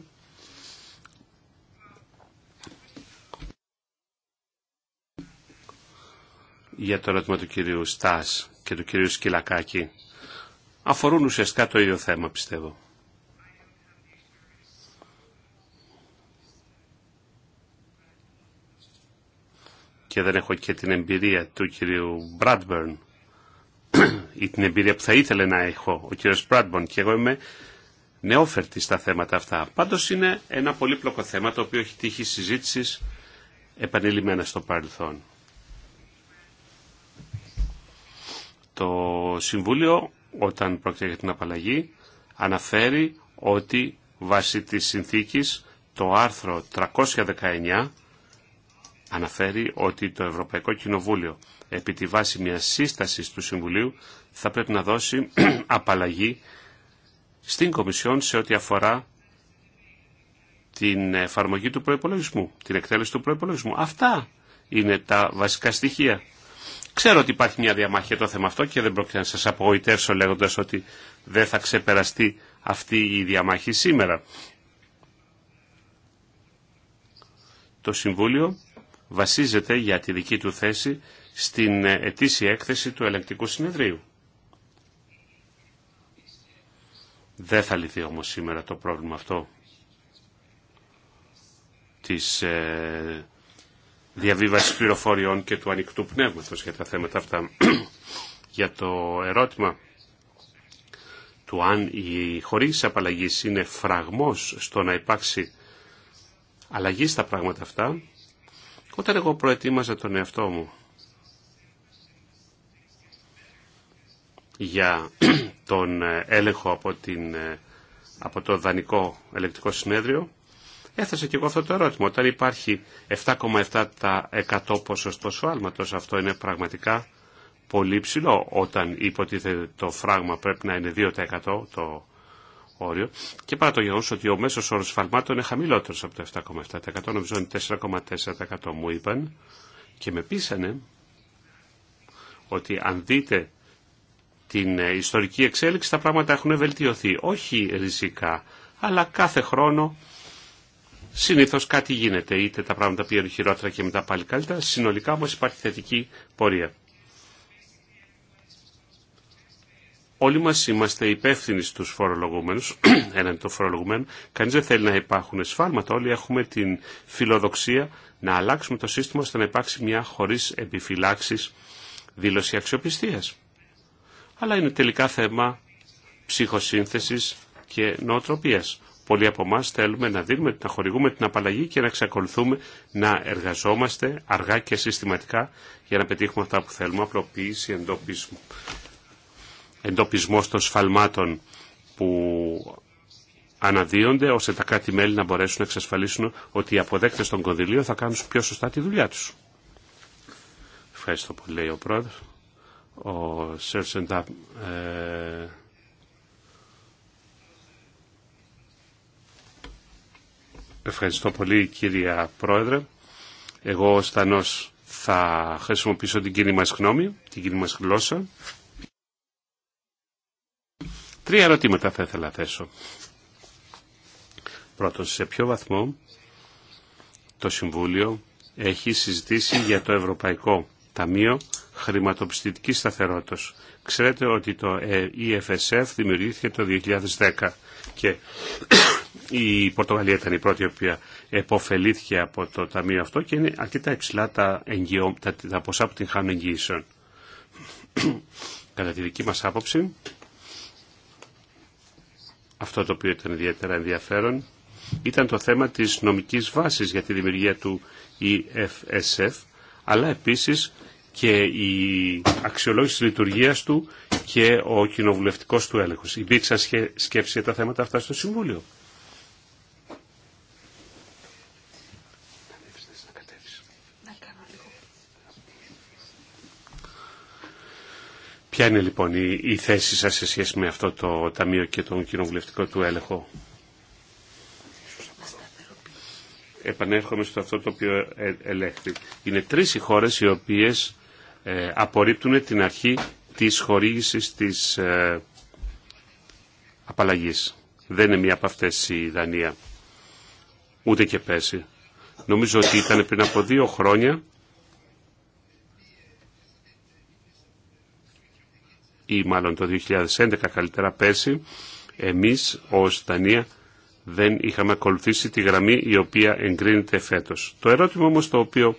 Speaker 2: Για το ερώτημα του κυρίου Στάς και του κυρίου Σκυλακάκη αφορούν ουσιαστικά το ίδιο θέμα πιστεύω. Και δεν έχω και την εμπειρία του κυρίου Μπράντμπερν ή την εμπειρία που θα ήθελε να έχω ο κ. Πράτμπον και εγώ είμαι νεόφερτη στα θέματα αυτά. Πάντω είναι ένα πολύπλοκο θέμα το οποίο έχει τύχει συζήτηση επανειλημμένα στο παρελθόν. Το Συμβούλιο όταν πρόκειται για την απαλλαγή αναφέρει ότι βάσει της συνθήκης το άρθρο 319 αναφέρει ότι το Ευρωπαϊκό Κοινοβούλιο επί τη βάση μιας σύστασης του Συμβουλίου θα πρέπει να δώσει απαλλαγή στην Κομισιόν σε ό,τι αφορά την εφαρμογή του προϋπολογισμού, την εκτέλεση του προϋπολογισμού. Αυτά είναι τα βασικά στοιχεία. Ξέρω ότι υπάρχει μια διαμάχη το θέμα αυτό και δεν πρόκειται να σας απογοητεύσω λέγοντας ότι δεν θα ξεπεραστεί αυτή η διαμάχη σήμερα. Το Συμβούλιο βασίζεται για τη δική του θέση στην ε, ετήσια έκθεση του ελεγκτικού συνεδρίου. Δεν θα λυθεί όμως σήμερα το πρόβλημα αυτό της ε, διαβίβασης πληροφοριών και του ανοιχτού πνεύματος για τα θέματα αυτά. για το ερώτημα του αν η χορήγηση απαλλαγή είναι φραγμός στο να υπάρξει αλλαγή στα πράγματα αυτά, όταν εγώ προετοίμαζα τον εαυτό μου για τον ε, έλεγχο από, την, ε, το δανεικό Ελεκτικό Συνέδριο, έθεσα και εγώ αυτό το ερώτημα. Όταν υπάρχει 7,7% ποσοστό σφάλματος, αυτό είναι πραγματικά πολύ ψηλό. Όταν υποτίθεται το φράγμα πρέπει να είναι 2% το όριο. Και παρά το γεγονό ότι ο μέσος όρος σφαλμάτων είναι χαμηλότερος από το 7,7%, νομίζω είναι 4,4% μου είπαν και με πείσανε ότι αν δείτε την ε, ιστορική εξέλιξη τα πράγματα έχουν βελτιωθεί. Όχι ριζικά, αλλά κάθε χρόνο συνήθως κάτι γίνεται. Είτε τα πράγματα πήγαν χειρότερα και μετά πάλι καλύτερα. Συνολικά όμως υπάρχει θετική πορεία. Όλοι μας είμαστε υπεύθυνοι στους φορολογούμενους, έναν το Κανείς δεν θέλει να υπάρχουν σφάλματα. Όλοι έχουμε την φιλοδοξία να αλλάξουμε το σύστημα ώστε να υπάρξει μια χωρίς επιφυλάξεις δήλωση αξιοπιστίας αλλά είναι τελικά θέμα ψυχοσύνθεσης και νοοτροπίας. Πολλοί από εμά θέλουμε να δίνουμε, να χορηγούμε την απαλλαγή και να εξακολουθούμε να εργαζόμαστε αργά και συστηματικά για να πετύχουμε αυτά που θέλουμε. Απλοποίηση, εντοπισμό, εντοπισμός των σφαλμάτων που αναδύονται ώστε τα κράτη-μέλη να μπορέσουν να εξασφαλίσουν ότι οι αποδέκτες των κονδυλίων θα κάνουν πιο σωστά τη δουλειά τους. Ευχαριστώ πολύ, λέει ο πρόεδρος ο ε, Ευχαριστώ πολύ κυρία Πρόεδρε. Εγώ ως Θανός θα χρησιμοποιήσω την κοινή μας γνώμη, την κοινή μας γλώσσα. Τρία ερωτήματα θα ήθελα να θέσω. Πρώτον, σε ποιο βαθμό το Συμβούλιο έχει συζητήσει για το Ευρωπαϊκό Ταμείο χρηματοπιστωτικής σταθερότητας. Ξέρετε ότι το EFSF ε δημιουργήθηκε το 2010 και η Πορτογαλία ήταν η πρώτη η οποία επωφελήθηκε από το ταμείο αυτό και είναι αρκετά υψηλά τα, τα, τα ποσά που την χάνουν εγγυήσεων. Κατά τη δική μας άποψη, αυτό το οποίο ήταν ιδιαίτερα ενδιαφέρον ήταν το θέμα της νομικής βάσης για τη δημιουργία του EFSF αλλά επίσης και η αξιολόγηση της λειτουργίας του και ο κοινοβουλευτικός του έλεγχος. Υπήρξαν σκέψη για τα θέματα αυτά στο Συμβούλιο. Ποια είναι λοιπόν η, η θέση σας σε σχέση με αυτό το Ταμείο και τον κοινοβουλευτικό του έλεγχο. Επανέρχομαι στο αυτό το οποίο ε, ελέγχθη. Είναι τρεις οι χώρες οι οποίες ε, απορρίπτουν την αρχή της χορήγησης της ε, απαλλαγής. Δεν είναι μία από αυτές η Δανία, ούτε και πέσει. Νομίζω ότι ήταν πριν από δύο χρόνια ή μάλλον το 2011 καλύτερα πέρσι, εμείς ως Δανία δεν είχαμε ακολουθήσει τη γραμμή η οποία εγκρίνεται φέτος. Το ερώτημα όμως το οποίο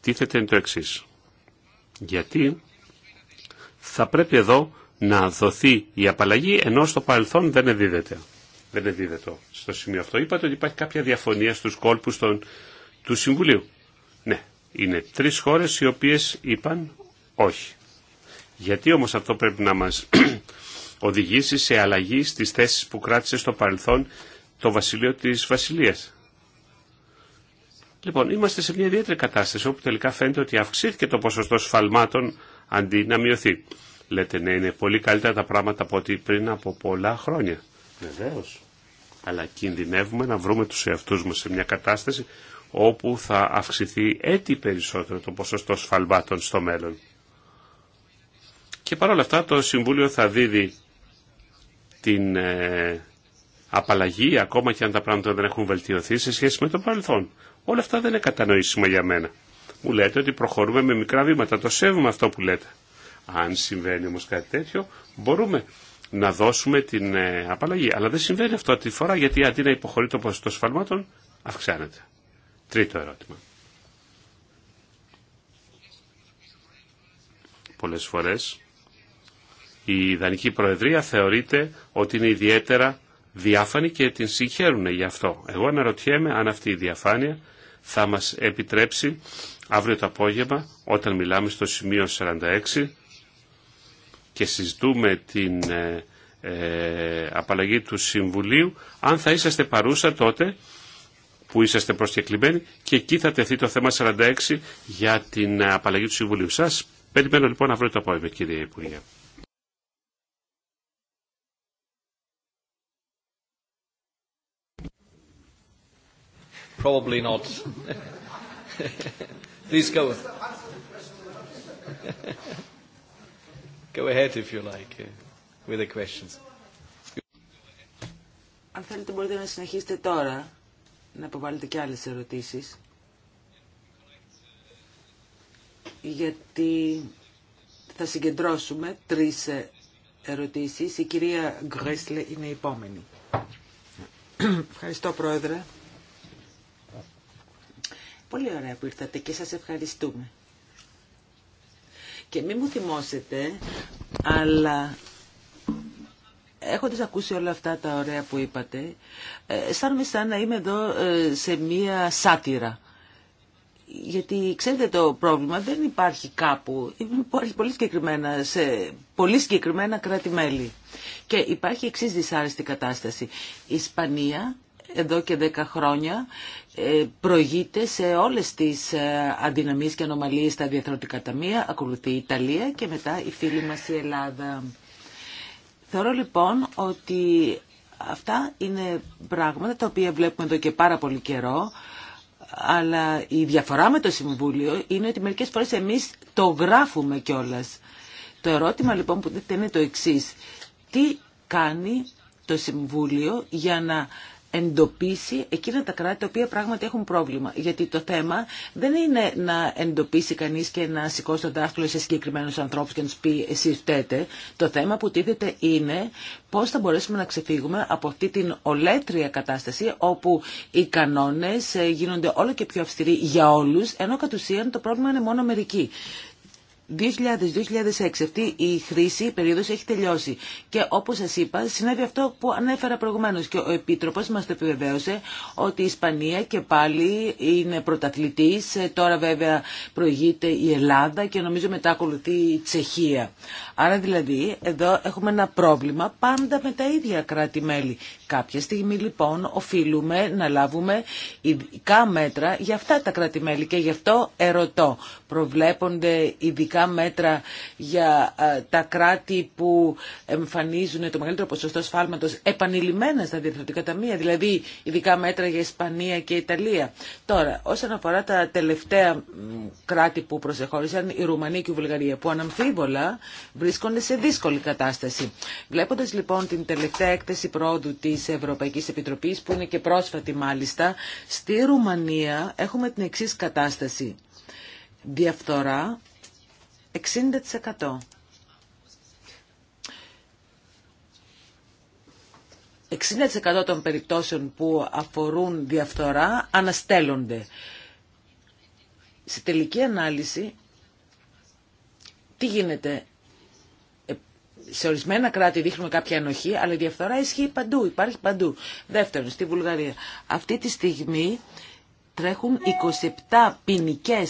Speaker 2: τίθεται είναι το εξής. Γιατί θα πρέπει εδώ να δοθεί η απαλλαγή ενώ στο παρελθόν δεν εδίδεται. Δεν εδίδεται στο σημείο αυτό. Είπατε ότι υπάρχει κάποια διαφωνία στους κόλπους των, του Συμβουλίου. Ναι, είναι τρεις χώρες οι οποίες είπαν όχι. Γιατί όμως αυτό πρέπει να μας οδηγήσει σε αλλαγή στις θέσεις που κράτησε στο παρελθόν το βασιλείο της Βασιλείας. Λοιπόν, είμαστε σε μια ιδιαίτερη κατάσταση όπου τελικά φαίνεται ότι αυξήθηκε το ποσοστό σφαλμάτων αντί να μειωθεί. Λέτε ναι, είναι πολύ καλύτερα τα πράγματα από ότι πριν από πολλά χρόνια. Βεβαίω. Αλλά κινδυνεύουμε να βρούμε του εαυτού μα σε μια κατάσταση όπου θα αυξηθεί έτσι περισσότερο το ποσοστό σφαλμάτων στο μέλλον. Και παρόλα αυτά το Συμβούλιο θα δίδει την ε, απαλλαγή ακόμα και αν τα πράγματα δεν έχουν βελτιωθεί σε σχέση με το παρελθόν. Όλα αυτά δεν είναι κατανοήσιμα για μένα. Μου λέτε ότι προχωρούμε με μικρά βήματα. Το σέβομαι αυτό που λέτε. Αν συμβαίνει όμως κάτι τέτοιο, μπορούμε να δώσουμε την ε, απαλλαγή. Αλλά δεν συμβαίνει αυτό τη φορά γιατί αντί να υποχωρεί το ποσοστό σφαλμάτων, αυξάνεται. Τρίτο ερώτημα. Πολλές φορές η Ιδανική Προεδρία θεωρείται ότι είναι ιδιαίτερα διάφανη και την συγχαίρουν γι' αυτό. Εγώ αναρωτιέμαι αν αυτή η διαφάνεια θα μας επιτρέψει αύριο το απόγευμα όταν μιλάμε στο σημείο 46 και συζητούμε την ε, ε, απαλλαγή του Συμβουλίου αν θα είσαστε παρούσα τότε που είσαστε προσκεκλημένοι και εκεί θα τεθεί το θέμα 46 για την απαλλαγή του Συμβουλίου. Σας περιμένω λοιπόν αύριο το απόγευμα κύριε Υπουργέ.
Speaker 1: Probably not. go. ahead if you like uh, with the questions.
Speaker 3: Αν θέλετε μπορείτε να συνεχίσετε τώρα να αποβάλλετε και άλλες ερωτήσεις. Γιατί θα συγκεντρώσουμε τρεις ε, ερωτήσεις. Η κυρία Γκρέσλε είναι η επόμενη. Ευχαριστώ πρόεδρε. Πολύ ωραία που ήρθατε και σας ευχαριστούμε. Και μη μου θυμώσετε, αλλά έχοντας ακούσει όλα αυτά τα ωραία που είπατε, ε, αισθάνομαι σαν να είμαι εδώ ε, σε μία σάτυρα. Γιατί ξέρετε το πρόβλημα δεν υπάρχει κάπου, υπάρχει πολύ συγκεκριμένα, σε πολύ συγκεκριμένα κράτη-μέλη. Και υπάρχει εξής δυσάρεστη κατάσταση. Η Ισπανία εδώ και δέκα χρόνια ε, προηγείται σε όλες τις ε, αδυναμίες και ανομαλίες στα διαθροτικά ταμεία, ακολουθεί η Ιταλία και μετά η φίλη μας η Ελλάδα. Θεωρώ λοιπόν ότι αυτά είναι πράγματα τα οποία βλέπουμε εδώ και πάρα πολύ καιρό, αλλά η διαφορά με το Συμβούλιο είναι ότι μερικές φορές εμείς το γράφουμε κιόλα. Το ερώτημα λοιπόν που δείτε είναι το εξής. Τι κάνει το Συμβούλιο για να εντοπίσει εκείνα τα κράτη τα οποία πράγματι έχουν πρόβλημα. Γιατί το θέμα δεν είναι να εντοπίσει κανεί και να σηκώσει το δάχτυλο σε συγκεκριμένου ανθρώπου και να του πει εσεί φταίτε. Το θέμα που τίθεται είναι πώ θα μπορέσουμε να ξεφύγουμε από αυτή την ολέτρια κατάσταση όπου οι κανόνε ε, γίνονται όλο και πιο αυστηροί για όλου, ενώ κατ' ουσίαν το πρόβλημα είναι μόνο μερικοί. 2000-2006 αυτή η χρήση, η περίοδος έχει τελειώσει. Και όπως σας είπα, συνέβη αυτό που ανέφερα προηγουμένως και ο Επίτροπος μας το επιβεβαίωσε ότι η Ισπανία και πάλι είναι πρωταθλητής. Ε, τώρα βέβαια προηγείται η Ελλάδα και νομίζω μετά ακολουθεί η Τσεχία. Άρα δηλαδή εδώ έχουμε ένα πρόβλημα πάντα με τα ίδια κράτη-μέλη. Κάποια στιγμή λοιπόν οφείλουμε να λάβουμε ειδικά μέτρα για αυτά τα κρατημέλη και γι' αυτό ερωτώ. Προβλέπονται ειδικά μέτρα για τα κράτη που εμφανίζουν το μεγαλύτερο ποσοστό σφάλματος επανειλημμένα στα διευθυντικά ταμεία, δηλαδή ειδικά μέτρα για Ισπανία και Ιταλία. Τώρα, όσον αφορά τα τελευταία κράτη που προσεχώρησαν, η Ρουμανία και η Βουλγαρία, που αναμφίβολα βρίσκονται σε δύσκολη κατάσταση. Βλέποντας λοιπόν την τελευταία έκθεση πρόοδου της Ευρωπαϊκής Επιτροπής που είναι και πρόσφατη μάλιστα. Στη Ρουμανία έχουμε την εξής κατάσταση. Διαφθορά 60%. 60% των περιπτώσεων που αφορούν διαφθορά αναστέλλονται. Σε τελική ανάλυση, τι γίνεται, σε ορισμένα κράτη δείχνουμε κάποια ανοχή, αλλά η διαφθορά ισχύει παντού, υπάρχει παντού. Δεύτερον, στη Βουλγαρία. Αυτή τη στιγμή τρέχουν 27 ποινικέ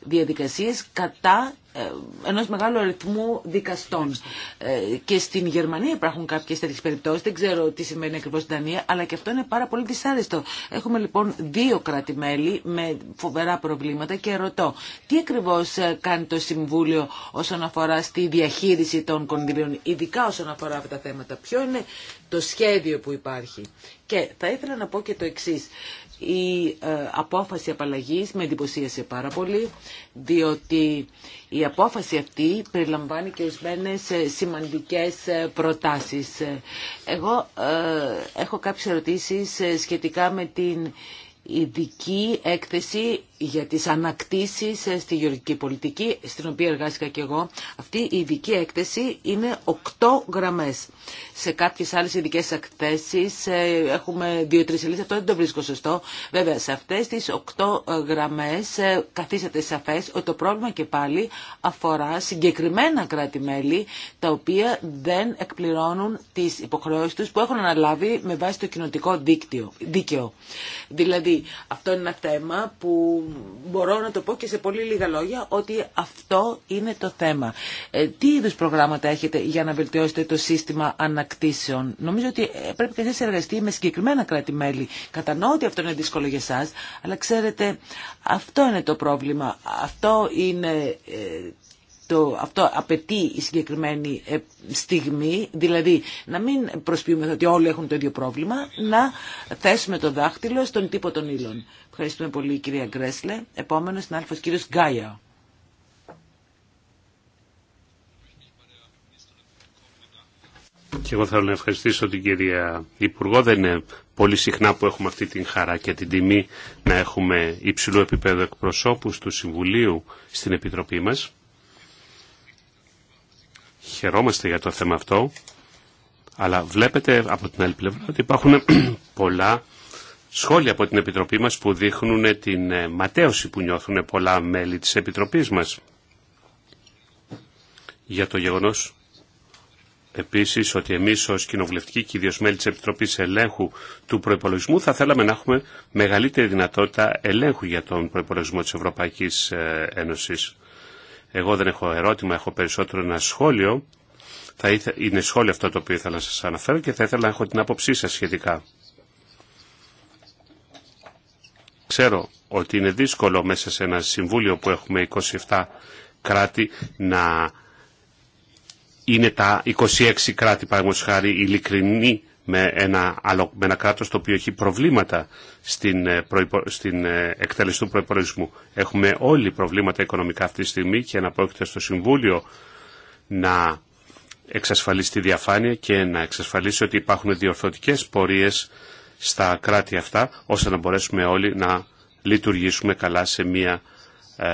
Speaker 3: διαδικασίες κατά ε, ενός μεγάλου αριθμού δικαστών. Ε, και στην Γερμανία υπάρχουν κάποιες τέτοιες περιπτώσεις, δεν ξέρω τι σημαίνει ακριβώς στην Δανία, αλλά και αυτό είναι πάρα πολύ δυσάρεστο. Έχουμε λοιπόν δύο κράτη-μέλη με φοβερά προβλήματα και ρωτώ, τι ακριβώς ε, κάνει το Συμβούλιο όσον αφορά στη διαχείριση των κονδυλίων, ειδικά όσον αφορά αυτά τα θέματα, ποιο είναι το σχέδιο που υπάρχει. Και θα ήθελα να πω και το εξή η ε, απόφαση απαλλαγής με εντυπωσίασε πάρα πολύ, διότι η απόφαση αυτή περιλαμβάνει και ορισμένε ε, σημαντικές ε, προτάσεις. Εγώ έχω κάποιες ερωτήσεις σχετικά με την ειδική έκθεση για τις ανακτήσεις στη γεωργική πολιτική, στην οποία εργάστηκα και εγώ. Αυτή η ειδική έκθεση είναι 8 γραμμές. Σε κάποιες άλλες ειδικές εκθέσεις ε, έχουμε 2-3 σελίδες, αυτό δεν το βρίσκω σωστό. Βέβαια, σε αυτές τις 8 ε, γραμμές ε, καθίσατε σαφές ότι το πρόβλημα και πάλι αφορά συγκεκριμένα κράτη-μέλη, τα οποία δεν εκπληρώνουν τις υποχρεώσεις τους που έχουν αναλάβει με βάση το κοινοτικό δίκτυο, δίκαιο. Δηλαδή, αυτό είναι ένα θέμα που μπορώ να το πω και σε πολύ λίγα λόγια ότι αυτό είναι το θέμα. Ε, τι είδους προγράμματα έχετε για να βελτιώσετε το σύστημα ανακτήσεων. Νομίζω ότι ε, πρέπει και εσείς εργαστεί με συγκεκριμένα κράτη-μέλη. Κατανοώ ότι αυτό είναι δύσκολο για εσάς, αλλά ξέρετε αυτό είναι το πρόβλημα. Αυτό είναι ε, το, αυτό απαιτεί η συγκεκριμένη ε, στιγμή, δηλαδή να μην προσποιούμε ότι όλοι έχουν το ίδιο πρόβλημα, να θέσουμε το δάχτυλο στον τύπο των ύλων. Ευχαριστούμε πολύ κυρία Γκρέσλε. Επόμενος είναι άλφος κύριος Γκάια.
Speaker 2: Και εγώ θέλω να ευχαριστήσω την κυρία Υπουργό. Δεν είναι πολύ συχνά που έχουμε αυτή την χαρά και την τιμή να έχουμε υψηλού επίπεδο εκπροσώπους του Συμβουλίου στην Επιτροπή μας χαιρόμαστε για το θέμα αυτό, αλλά βλέπετε από την άλλη πλευρά ότι υπάρχουν πολλά σχόλια από την Επιτροπή μας που δείχνουν την ε, ματέωση που νιώθουν πολλά μέλη της Επιτροπής μας. Για το γεγονός επίσης ότι εμείς ως κοινοβουλευτικοί και ιδίως μέλη της Επιτροπής Ελέγχου του Προϋπολογισμού θα θέλαμε να έχουμε μεγαλύτερη δυνατότητα ελέγχου για τον προϋπολογισμό της Ευρωπαϊκής ε, Ένωσης. Εγώ δεν έχω ερώτημα, έχω περισσότερο ένα σχόλιο. Θα Είναι σχόλιο αυτό το οποίο ήθελα να σας αναφέρω και θα ήθελα να έχω την άποψή σας σχετικά. Ξέρω ότι είναι δύσκολο μέσα σε ένα συμβούλιο που έχουμε 27 κράτη να είναι τα 26 κράτη παραγωγός χάρη ειλικρινή με ένα, άλλο, με ένα κράτος το οποίο έχει προβλήματα στην, ε, προϋπο, στην ε, Έχουμε όλοι προβλήματα οικονομικά αυτή τη στιγμή και να πρόκειται στο Συμβούλιο να εξασφαλίσει τη διαφάνεια και να εξασφαλίσει ότι υπάρχουν διορθωτικές πορείες στα κράτη αυτά, ώστε να μπορέσουμε όλοι να λειτουργήσουμε καλά σε μια ε,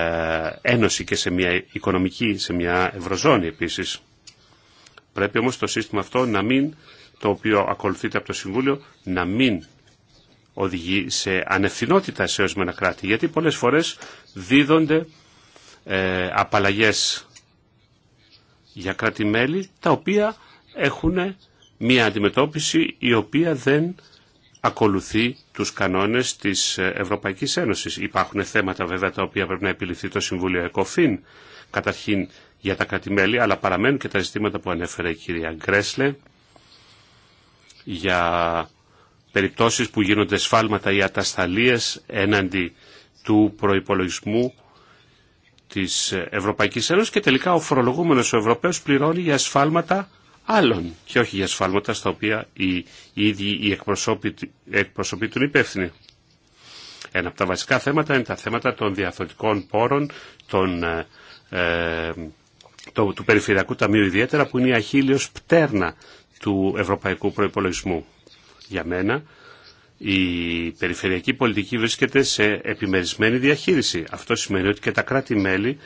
Speaker 2: ένωση και σε μια οικονομική, σε μια ευρωζώνη επίσης. Πρέπει όμως το σύστημα αυτό να μην το οποίο ακολουθείται από το Συμβούλιο να μην οδηγεί σε ανευθυνότητα σε ορισμένα κράτη. Γιατί πολλές φορές δίδονται ε, απαλλαγές για κράτη-μέλη τα οποία έχουν μια αντιμετώπιση η οποία δεν ακολουθεί τους κανόνες της Ευρωπαϊκής Ένωσης. Υπάρχουν θέματα βέβαια τα οποία πρέπει να επιληφθεί το Συμβούλιο ΕΚΟΦΗΝ καταρχήν για τα κράτη-μέλη, αλλά παραμένουν και τα ζητήματα που ανέφερε η κυρία Γκρέσλε για περιπτώσεις που γίνονται σφάλματα ή ατασταλίες έναντι του προϋπολογισμού της Ευρωπαϊκής Ένωσης και τελικά ο φορολογούμενος ο Ευρωπαίος πληρώνει για σφάλματα άλλων και όχι για σφάλματα στα οποία οι ίδιοι οι εκπροσωποί του υπεύθυνοι. Ένα από τα βασικά θέματα είναι τα θέματα των διαθωτικών πόρων, των, ε, ε, του Περιφερειακού Ταμείου ιδιαίτερα, που είναι η αχίλιος πτέρνα του ευρωπαϊκού προϋπολογισμού. Για μένα, η περιφερειακή πολιτική βρίσκεται σε επιμερισμένη διαχείριση. Αυτό σημαίνει ότι και τα κράτη-μέλη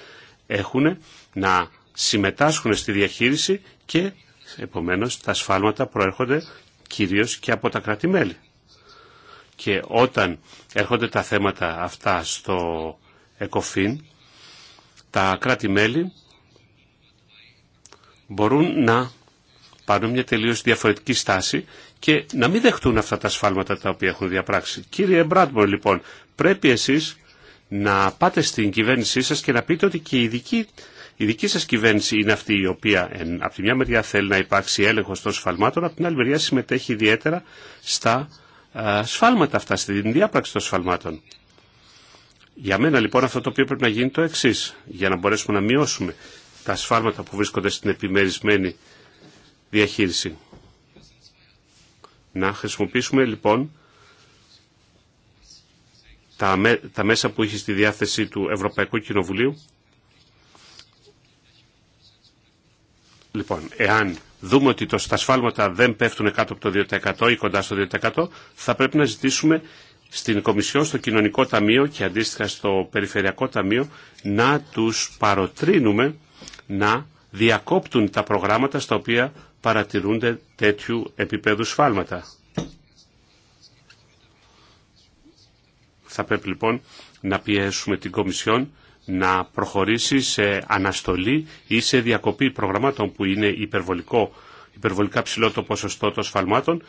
Speaker 2: έχουν να συμμετάσχουν στη διαχείριση και επομένως τα σφάλματα προέρχονται κυρίως και από τα κράτη-μέλη. Και όταν έρχονται τα θέματα αυτά στο ΕΚΟΦΗΝ, τα κράτη-μέλη μπορούν να πάνω μια τελείως διαφορετική στάση και να μην δεχτούν αυτά τα σφάλματα τα οποία έχουν διαπράξει. Κύριε Μπράτμπορ, λοιπόν, πρέπει εσείς να πάτε στην κυβέρνησή σας και να πείτε ότι και η δική, η δική σας κυβέρνηση είναι αυτή η οποία από τη μια μεριά θέλει να υπάρξει έλεγχο των σφαλμάτων, από την άλλη μεριά συμμετέχει ιδιαίτερα στα σφάλματα αυτά, στην διάπραξη των σφαλμάτων. Για μένα λοιπόν αυτό το οποίο πρέπει να γίνει το εξή, για να μπορέσουμε να μειώσουμε τα σφάλματα που βρίσκονται στην επιμερισμένη διαχείριση. Να χρησιμοποιήσουμε λοιπόν τα, μέσα που έχει στη διάθεση του Ευρωπαϊκού Κοινοβουλίου. Λοιπόν, εάν δούμε ότι το, τα σφάλματα δεν πέφτουν κάτω από το 2% ή κοντά στο 2%, θα πρέπει να ζητήσουμε στην Κομισιόν, στο Κοινωνικό Ταμείο και αντίστοιχα στο Περιφερειακό Ταμείο να τους παροτρύνουμε να διακόπτουν τα προγράμματα στα οποία παρατηρούνται τέτοιου επίπεδου σφάλματα. Θα πρέπει λοιπόν να πιέσουμε την Κομισιόν να προχωρήσει σε αναστολή ή σε διακοπή προγραμμάτων που είναι υπερβολικό, υπερβολικά ψηλό το ποσοστό των σφαλμάτων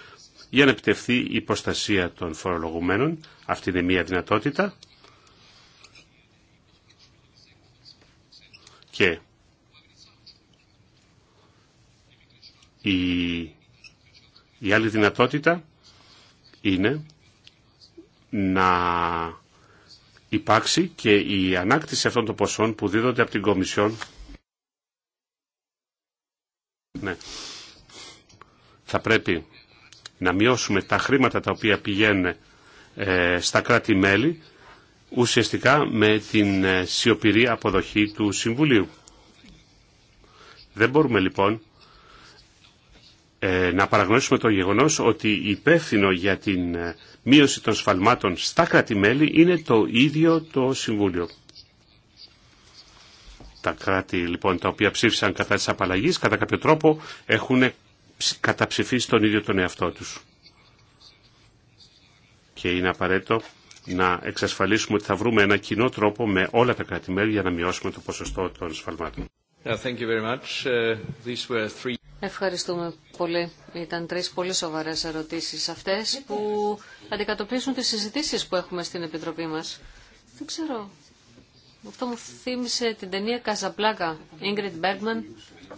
Speaker 2: για να επιτευθεί η προστασία των φορολογουμένων. Αυτή είναι μία δυνατότητα. Και Η, η άλλη δυνατότητα είναι να υπάρξει και η ανάκτηση αυτών των ποσών που δίδονται από την Κομισιόν. Ναι. Θα πρέπει να μειώσουμε τα χρήματα τα οποία πηγαίνουν ε, στα κράτη-μέλη ουσιαστικά με την ε, σιωπηρή αποδοχή του Συμβουλίου. Δεν μπορούμε λοιπόν ε, να παραγνώσουμε το γεγονός ότι υπεύθυνο για την ε, μείωση των σφαλμάτων στα κράτη-μέλη είναι το ίδιο το Συμβούλιο. Τα κράτη λοιπόν τα οποία ψήφισαν κατά της απαλλαγής κατά κάποιο τρόπο έχουν καταψηφίσει τον ίδιο τον εαυτό τους. Και είναι απαραίτητο να εξασφαλίσουμε ότι θα βρούμε ένα κοινό τρόπο με όλα τα κράτη-μέλη για να μειώσουμε το ποσοστό των σφαλμάτων. Uh,
Speaker 4: Ευχαριστούμε πολύ. Ήταν τρεις πολύ σοβαρές ερωτήσεις αυτές που αντικατοπίζουν τις συζητήσεις που έχουμε στην Επιτροπή μας. Δεν ξέρω. Αυτό μου θύμισε την ταινία Καζαπλάκα, Ingrid Bergman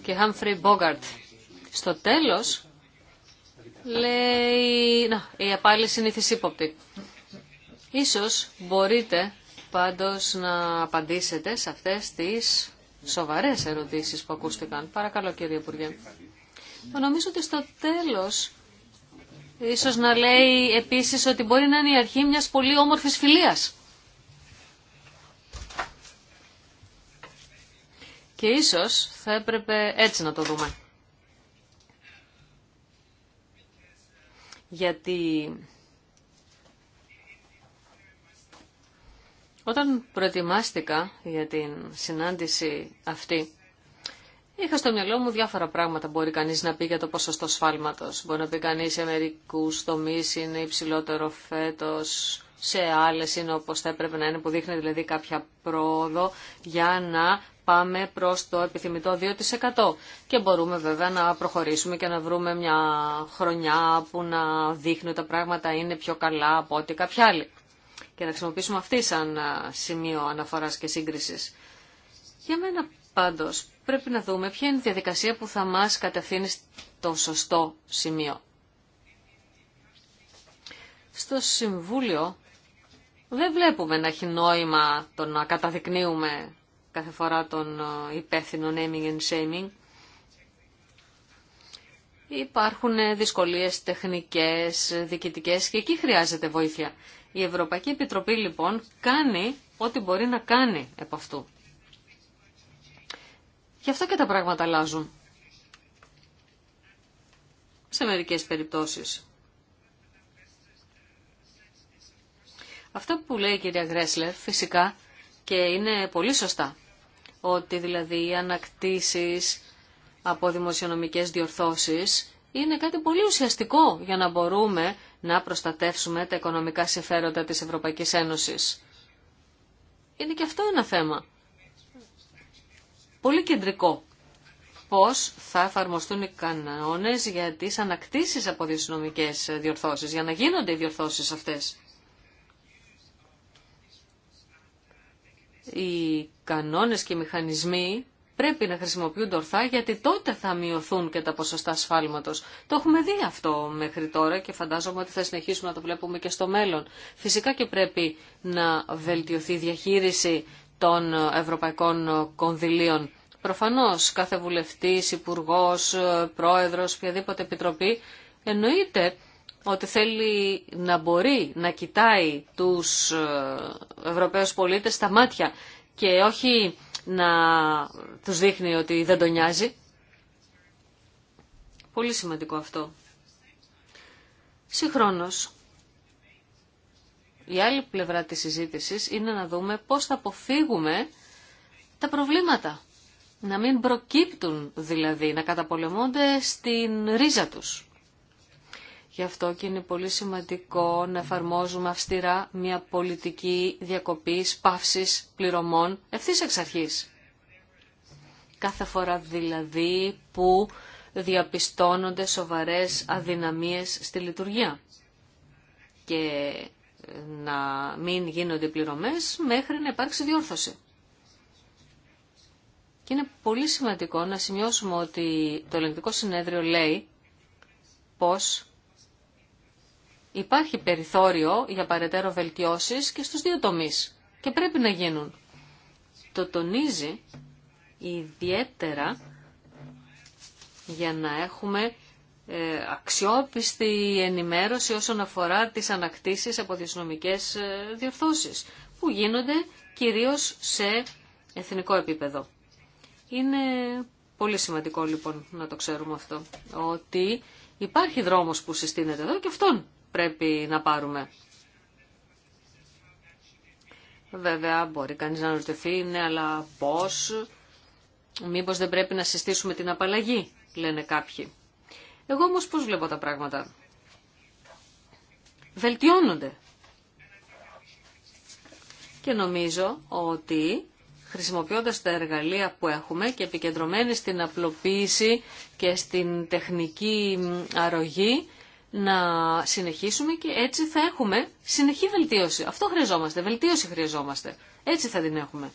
Speaker 4: και Humphrey Bogart. Στο τέλος λέει... Να, η απάλληλη είναι ύποπτη. Ίσως μπορείτε πάντως να απαντήσετε σε αυτές τις σοβαρές ερωτήσεις που ακούστηκαν. Παρακαλώ κύριε Υπουργέ. Νομίζω ότι στο τέλος ίσως να λέει επίσης ότι μπορεί να είναι η αρχή μιας πολύ όμορφης φιλίας. Και ίσως θα έπρεπε έτσι να το δούμε. Γιατί όταν προετοιμάστηκα για την συνάντηση αυτή, Είχα στο μυαλό μου διάφορα πράγματα μπορεί κανείς να πει για το ποσοστό σφάλματος. Μπορεί να πει κανείς σε μερικούς τομείς είναι υψηλότερο φέτος, σε άλλες είναι όπως θα έπρεπε να είναι, που δείχνει δηλαδή κάποια πρόοδο για να πάμε προς το επιθυμητό 2%. Και μπορούμε βέβαια να προχωρήσουμε και να βρούμε μια χρονιά που να δείχνει ότι τα πράγματα είναι πιο καλά από ό,τι κάποια άλλη. Και να χρησιμοποιήσουμε αυτή σαν σημείο αναφοράς και σύγκρισης. Για μένα πάντως πρέπει να δούμε ποια είναι η διαδικασία που θα μας κατευθύνει στο σωστό σημείο. Στο Συμβούλιο δεν βλέπουμε να έχει νόημα το να καταδεικνύουμε κάθε φορά τον ε, υπεύθυνο naming and shaming. Υπάρχουν δυσκολίες τεχνικές, διοικητικές και εκεί χρειάζεται βοήθεια. Η Ευρωπαϊκή Επιτροπή λοιπόν κάνει ό,τι μπορεί να κάνει επ' αυτού. Γι' αυτό και τα πράγματα αλλάζουν. Σε μερικές περιπτώσεις. Αυτό που λέει η κυρία Γκρέσλερ φυσικά και είναι πολύ σωστά. Ότι δηλαδή οι ανακτήσεις από δημοσιονομικές διορθώσεις είναι κάτι πολύ ουσιαστικό για να μπορούμε να προστατεύσουμε τα οικονομικά συμφέροντα της Ευρωπαϊκής Ένωσης. Είναι και αυτό ένα θέμα πολύ κεντρικό πώς θα εφαρμοστούν οι κανόνες για τις ανακτήσεις από διοσυνομικές διορθώσεις, για να γίνονται οι διορθώσεις αυτές. Οι κανόνες και οι μηχανισμοί πρέπει να χρησιμοποιούνται ορθά γιατί τότε θα μειωθούν και τα ποσοστά ασφάλματος. Το έχουμε δει αυτό μέχρι τώρα και φαντάζομαι ότι θα συνεχίσουμε να το βλέπουμε και στο μέλλον. Φυσικά και πρέπει να βελτιωθεί η διαχείριση των ευρωπαϊκών κονδυλίων. Προφανώς κάθε βουλευτής, υπουργός, πρόεδρος, οποιαδήποτε επιτροπή εννοείται ότι θέλει να μπορεί να κοιτάει τους ε, Ευρωπαίους πολίτες στα μάτια και όχι να τους δείχνει ότι δεν τον νοιάζει. Πολύ σημαντικό αυτό. Συγχρόνως, η άλλη πλευρά της συζήτησης είναι να δούμε πώς θα αποφύγουμε τα προβλήματα. Να μην προκύπτουν δηλαδή, να καταπολεμούνται στην ρίζα τους. Γι' αυτό και είναι πολύ σημαντικό να εφαρμόζουμε αυστηρά μια πολιτική διακοπής, παύσης, πληρωμών ευθύς εξ αρχής. Κάθε φορά δηλαδή που διαπιστώνονται σοβαρές αδυναμίες στη λειτουργία. Και να μην γίνονται πληρωμές μέχρι να υπάρξει διόρθωση. Και είναι πολύ σημαντικό να σημειώσουμε ότι το ελεγκτικό συνέδριο λέει πως υπάρχει περιθώριο για παρετέρω βελτιώσεις και στους δύο τομείς και πρέπει να γίνουν. Το τονίζει ιδιαίτερα για να έχουμε ε, αξιόπιστη ενημέρωση όσον αφορά τις ανακτήσεις από τις νομικές ε, διορθώσεις που γίνονται κυρίως σε εθνικό επίπεδο. Είναι πολύ σημαντικό λοιπόν να το ξέρουμε αυτό ότι υπάρχει δρόμος που συστήνεται εδώ και αυτόν πρέπει να πάρουμε. Βέβαια μπορεί κανείς να ρωτηθεί ναι αλλά πώς μήπως δεν πρέπει να συστήσουμε την απαλλαγή λένε κάποιοι. Εγώ όμως πώς βλέπω τα πράγματα. Βελτιώνονται. Και νομίζω ότι χρησιμοποιώντας τα εργαλεία που έχουμε και επικεντρωμένοι στην απλοποίηση και στην τεχνική αρρωγή, να συνεχίσουμε και έτσι θα έχουμε συνεχή βελτίωση. Αυτό χρειαζόμαστε, βελτίωση χρειαζόμαστε. Έτσι θα την έχουμε.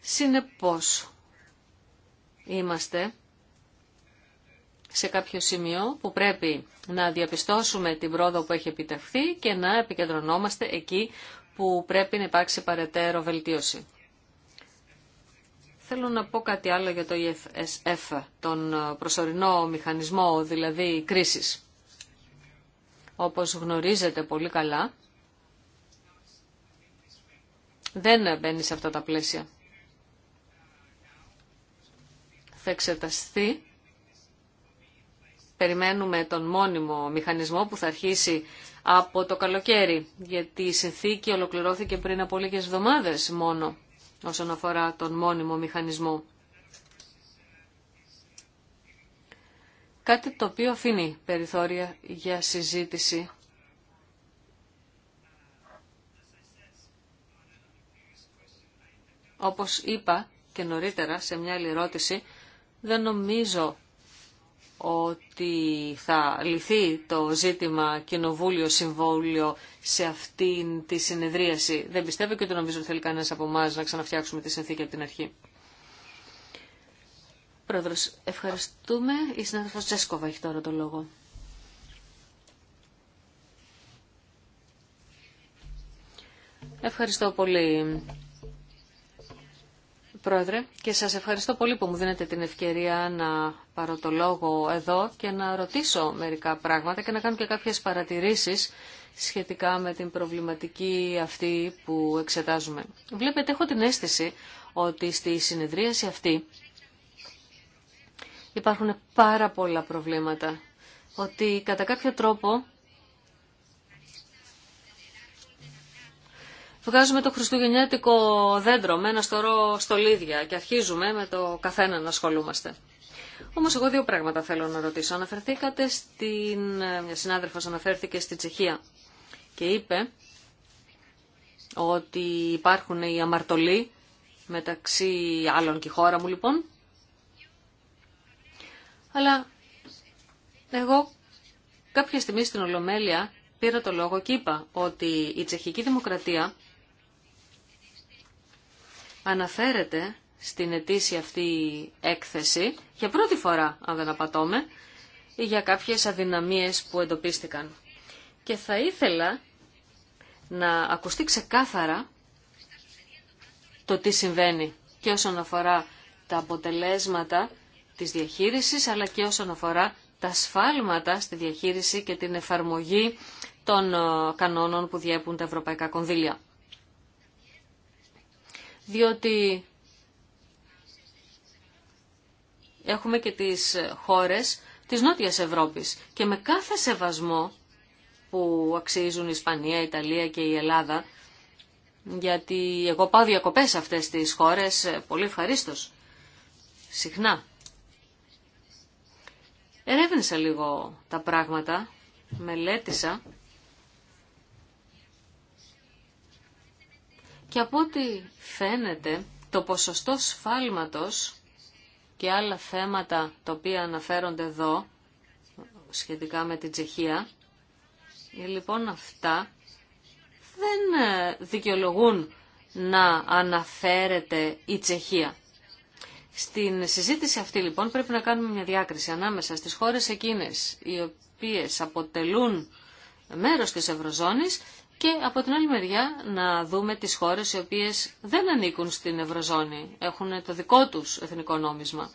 Speaker 4: Συνεπώς, είμαστε σε κάποιο σημείο που πρέπει να διαπιστώσουμε την πρόοδο που έχει επιτευχθεί και να επικεντρωνόμαστε εκεί που πρέπει να υπάρξει παρετέρω βελτίωση. Θέλω να πω κάτι άλλο για το EFSF, τον προσωρινό μηχανισμό δηλαδή κρίσης. Όπως γνωρίζετε πολύ καλά, δεν μπαίνει σε αυτά τα πλαίσια. Θα εξεταστεί περιμένουμε τον μόνιμο μηχανισμό που θα αρχίσει από το καλοκαίρι, γιατί η συνθήκη ολοκληρώθηκε πριν από λίγες εβδομάδες μόνο όσον αφορά τον μόνιμο μηχανισμό. Κάτι το οποίο αφήνει περιθώρια για συζήτηση. Όπως είπα και νωρίτερα σε μια άλλη ερώτηση, δεν νομίζω ότι θα λυθεί το ζήτημα κοινοβούλιο-συμβόλιο σε αυτήν τη συνεδρίαση. Δεν πιστεύω και το νομίζω ότι θέλει κανένα από εμά να ξαναφτιάξουμε τη συνθήκη από την αρχή. Πρόεδρος, ευχαριστούμε. Η συνάδελφος Τσέσκοβα έχει τώρα το λόγο. Ευχαριστώ πολύ, Πρόεδρε, και σας ευχαριστώ πολύ που μου δίνετε την ευκαιρία να πάρω το λόγο εδώ και να ρωτήσω μερικά πράγματα και να κάνω και κάποιες παρατηρήσεις σχετικά με την προβληματική αυτή που εξετάζουμε. Βλέπετε, έχω την αίσθηση ότι στη συνεδρίαση αυτή υπάρχουν πάρα πολλά προβλήματα. Ότι κατά κάποιο τρόπο βγάζουμε το χριστουγεννιάτικο δέντρο με ένα στορό στολίδια και αρχίζουμε με το καθένα να ασχολούμαστε. Όμω, εγώ δύο πράγματα θέλω να ρωτήσω. Αναφερθήκατε στην. Μια συνάδελφο αναφέρθηκε στη Τσεχία και είπε ότι υπάρχουν οι αμαρτωλοί μεταξύ άλλων και η χώρα μου λοιπόν. Αλλά εγώ κάποια στιγμή στην Ολομέλεια πήρα το λόγο και είπα ότι η τσεχική δημοκρατία αναφέρεται στην ετήσια αυτή έκθεση, για πρώτη φορά αν δεν απατώμε, για κάποιες αδυναμίες που εντοπίστηκαν. Και θα ήθελα να ακουστεί ξεκάθαρα το τι συμβαίνει και όσον αφορά τα αποτελέσματα της διαχείρισης, αλλά και όσον αφορά τα σφάλματα στη διαχείριση και την εφαρμογή των ε, κανόνων που διέπουν τα ευρωπαϊκά κονδύλια διότι έχουμε και τις χώρες της Νότιας Ευρώπης και με κάθε σεβασμό που αξίζουν η Ισπανία, η Ιταλία και η Ελλάδα, γιατί εγώ πάω διακοπές σε αυτές τις χώρες πολύ ευχαρίστω. συχνά. Ερεύνησα λίγο τα πράγματα, μελέτησα Και από ό,τι φαίνεται, το ποσοστό σφάλματος και άλλα θέματα τα οποία αναφέρονται εδώ, σχετικά με την Τσεχία, ε, λοιπόν αυτά δεν ε, δικαιολογούν να αναφέρεται η Τσεχία. Στην συζήτηση αυτή λοιπόν πρέπει να κάνουμε μια διάκριση ανάμεσα στις χώρες εκείνες οι οποίες αποτελούν μέρος της Ευρωζώνης και από την άλλη μεριά να δούμε τις χώρες οι οποίες δεν ανήκουν στην Ευρωζώνη, έχουν το δικό τους εθνικό νόμισμα.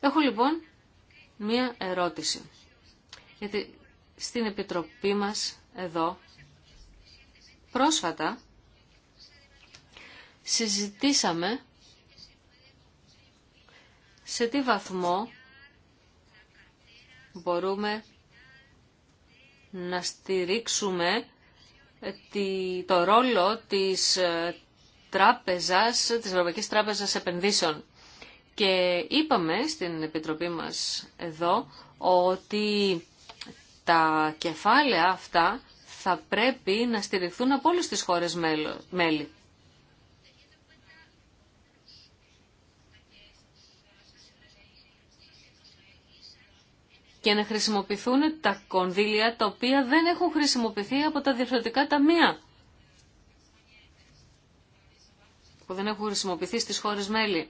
Speaker 4: Έχω λοιπόν μία ερώτηση. Γιατί στην Επιτροπή μας εδώ πρόσφατα συζητήσαμε σε τι βαθμό μπορούμε να στηρίξουμε το ρόλο της ε, τράπεζας, της Ευρωπαϊκής Τράπεζας Επενδύσεων. Και είπαμε στην Επιτροπή μας εδώ ότι τα κεφάλαια αυτά θα πρέπει να στηριχθούν από όλες τις χώρες μέλη. και να χρησιμοποιηθούν τα κονδύλια τα οποία δεν έχουν χρησιμοποιηθεί από τα διαφορετικά ταμεία που δεν έχουν χρησιμοποιηθεί στις χώρες μέλη.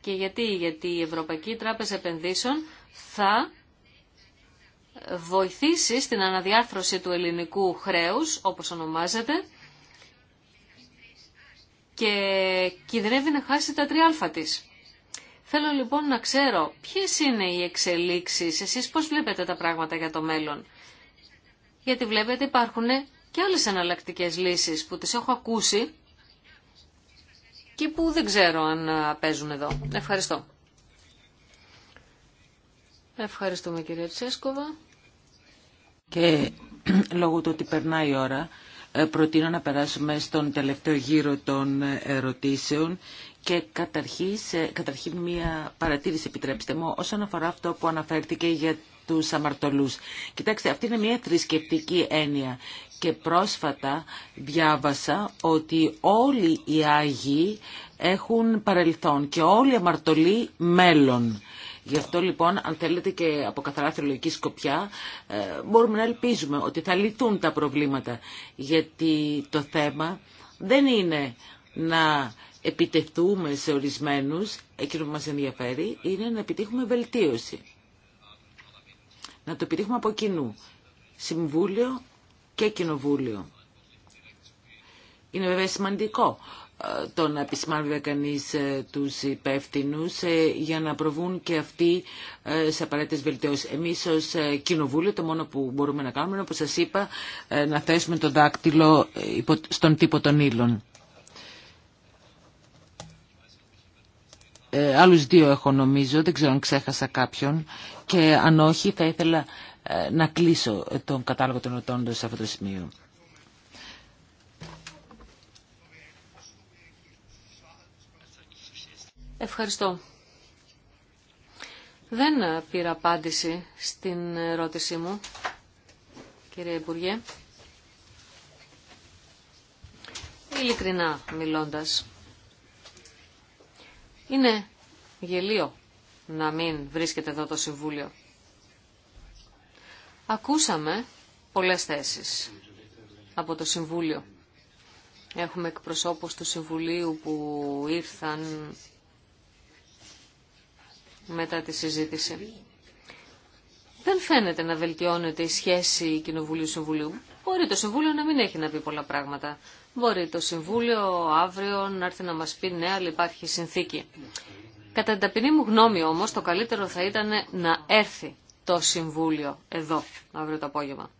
Speaker 4: Και γιατί, γιατί η Ευρωπαϊκή Τράπεζα Επενδύσεων θα βοηθήσει στην αναδιάρθρωση του ελληνικού χρέους, όπως ονομάζεται, και κινδυνεύει να χάσει τα τριάλφα της. Θέλω λοιπόν να ξέρω ποιες είναι οι εξελίξεις, εσείς πώς βλέπετε τα πράγματα για το μέλλον. Γιατί βλέπετε υπάρχουν και άλλες εναλλακτικές λύσεις που τις έχω ακούσει και που δεν ξέρω αν παίζουν εδώ. Ευχαριστώ. Ευχαριστούμε κυρία Τσέσκοβα.
Speaker 3: Και λόγω του ότι περνάει η ώρα, ε, προτείνω να περάσουμε στον τελευταίο γύρο των ερωτήσεων και καταρχής, ε, καταρχήν μία παρατήρηση επιτρέψτε μου όσον αφορά αυτό που αναφέρθηκε για τους αμαρτωλούς. Κοιτάξτε, αυτή είναι μια θρησκευτική έννοια και πρόσφατα διάβασα ότι όλοι οι Άγιοι έχουν παρελθόν και όλοι οι αμαρτωλοί μέλλον. Γι' αυτό λοιπόν, αν θέλετε και από καθαρά θεολογική σκοπιά, ε, μπορούμε να ελπίζουμε ότι θα λυθούν τα προβλήματα. Γιατί το θέμα δεν είναι να επιτεθούμε σε ορισμένους, εκείνο που μας ενδιαφέρει είναι να επιτύχουμε βελτίωση. Να το επιτύχουμε από κοινού. Συμβούλιο και Κοινοβούλιο. Είναι βέβαια σημαντικό ε, το να επισημάνει κανεί ε, τους υπεύθυνου ε, για να προβούν και αυτοί σε απαραίτητες βελτιώσεις. Εμείς ως κοινοβούλιο το μόνο που μπορούμε να κάνουμε είναι όπως σας είπα να θέσουμε το δάκτυλο στον τύπο των ήλων. ε, άλλους δύο έχω νομίζω, δεν ξέρω αν ξέχασα κάποιον και αν όχι θα ήθελα ε, να κλείσω τον κατάλογο των ερωτών σε αυτό το σημείο.
Speaker 4: Ευχαριστώ. Δεν πήρα απάντηση στην ερώτησή μου, κύριε Υπουργέ. Ειλικρινά μιλώντας, είναι γελίο να μην βρίσκεται εδώ το Συμβούλιο. Ακούσαμε πολλές θέσεις από το Συμβούλιο. Έχουμε εκπροσώπους του Συμβουλίου που ήρθαν μετά τη συζήτηση. Δεν φαίνεται να βελτιώνεται η σχέση Κοινοβουλίου-Συμβουλίου. Μπορεί το Συμβούλιο να μην έχει να πει πολλά πράγματα. Μπορεί το Συμβούλιο αύριο να έρθει να μας πει ναι, αλλά υπάρχει συνθήκη. Κατά την ταπεινή μου γνώμη όμως, το καλύτερο θα ήταν να έρθει το Συμβούλιο εδώ, αύριο το απόγευμα.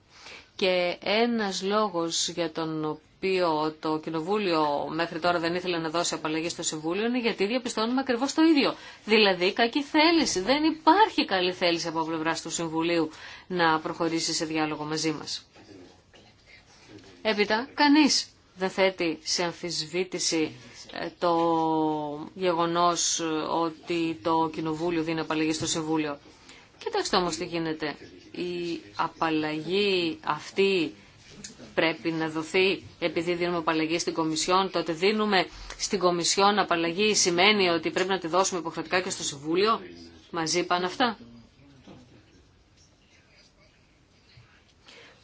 Speaker 4: Και ένας λόγος για τον οποίο το Κοινοβούλιο μέχρι τώρα δεν ήθελε να δώσει απαλλαγή στο Συμβούλιο είναι γιατί διαπιστώνουμε ακριβώς το ίδιο. Δηλαδή κακή θέληση. Δεν υπάρχει καλή θέληση από πλευρά του Συμβουλίου να προχωρήσει σε διάλογο μαζί μας. Έπειτα, κανείς δεν θέτει σε αμφισβήτηση ε, το γεγονός ε, ότι το Κοινοβούλιο δίνει απαλλαγή στο Συμβούλιο. Κοιτάξτε όμως τι γίνεται. Η απαλλαγή αυτή πρέπει να δοθεί επειδή δίνουμε απαλλαγή στην Κομισιόν. Τότε δίνουμε στην Κομισιόν απαλλαγή σημαίνει ότι πρέπει να τη δώσουμε υποχρεωτικά και στο Συμβούλιο. Μαζί πάνε αυτά.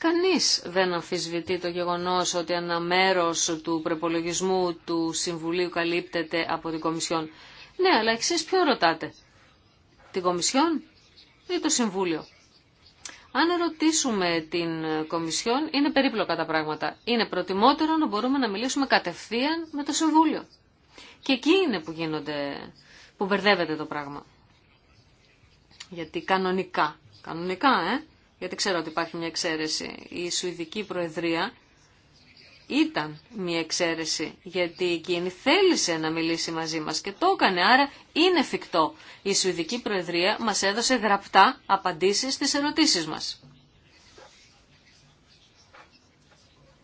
Speaker 4: Κανείς δεν αμφισβητεί το γεγονός ότι ένα μέρος του προπολογισμού του Συμβουλίου καλύπτεται από την Κομισιόν. Ναι, αλλά εξής ποιο ρωτάτε. Την Κομισιόν ή το Συμβούλιο. Αν ρωτήσουμε την Κομισιόν, είναι περίπλοκα τα πράγματα. Είναι προτιμότερο να μπορούμε να μιλήσουμε κατευθείαν με το Συμβούλιο. Και εκεί είναι που γίνονται, που μπερδεύεται το πράγμα. Γιατί κανονικά, κανονικά, ε, γιατί ξέρω ότι υπάρχει μια εξαίρεση. Η Σουηδική Προεδρία ήταν μια εξαίρεση, γιατί εκείνη θέλησε να μιλήσει μαζί μας και το έκανε, άρα είναι εφικτό. Η Σουηδική Προεδρία μας έδωσε γραπτά απαντήσεις στις ερωτήσεις μας.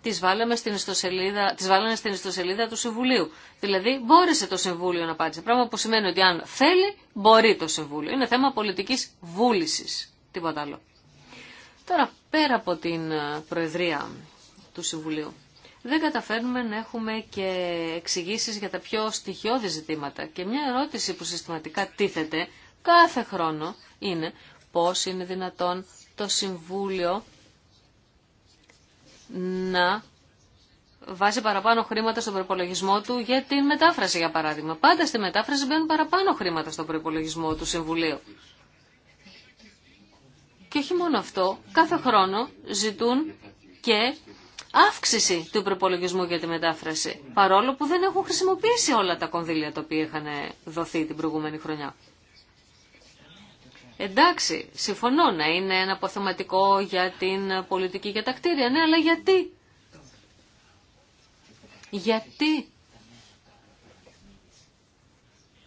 Speaker 4: Τις, βάλαμε στην ιστοσελίδα, τις στην ιστοσελίδα του Συμβουλίου. Δηλαδή μπόρεσε το Συμβούλιο να απάντησε. Πράγμα που σημαίνει ότι αν θέλει, μπορεί το Συμβούλιο. Είναι θέμα πολιτικής βούλησης. Τίποτα άλλο. Τώρα, πέρα από την ε, Προεδρία του Συμβουλίου, δεν καταφέρνουμε να έχουμε και εξηγήσει για τα πιο στοιχειώδη ζητήματα. Και μια ερώτηση που συστηματικά τίθεται κάθε χρόνο είναι πώς είναι δυνατόν το Συμβούλιο να βάζει παραπάνω χρήματα στον προπολογισμό του για την μετάφραση, για παράδειγμα. Πάντα στη μετάφραση μπαίνουν παραπάνω χρήματα στον προπολογισμό του Συμβουλίου. Και όχι μόνο αυτό, κάθε χρόνο ζητούν και αύξηση του προπολογισμού για τη μετάφραση, παρόλο που δεν έχουν χρησιμοποιήσει όλα τα κονδύλια τα οποία είχαν δοθεί την προηγούμενη χρονιά. Εντάξει, συμφωνώ να είναι ένα αποθεματικό για την πολιτική για τα κτίρια, ναι, αλλά γιατί. Γιατί.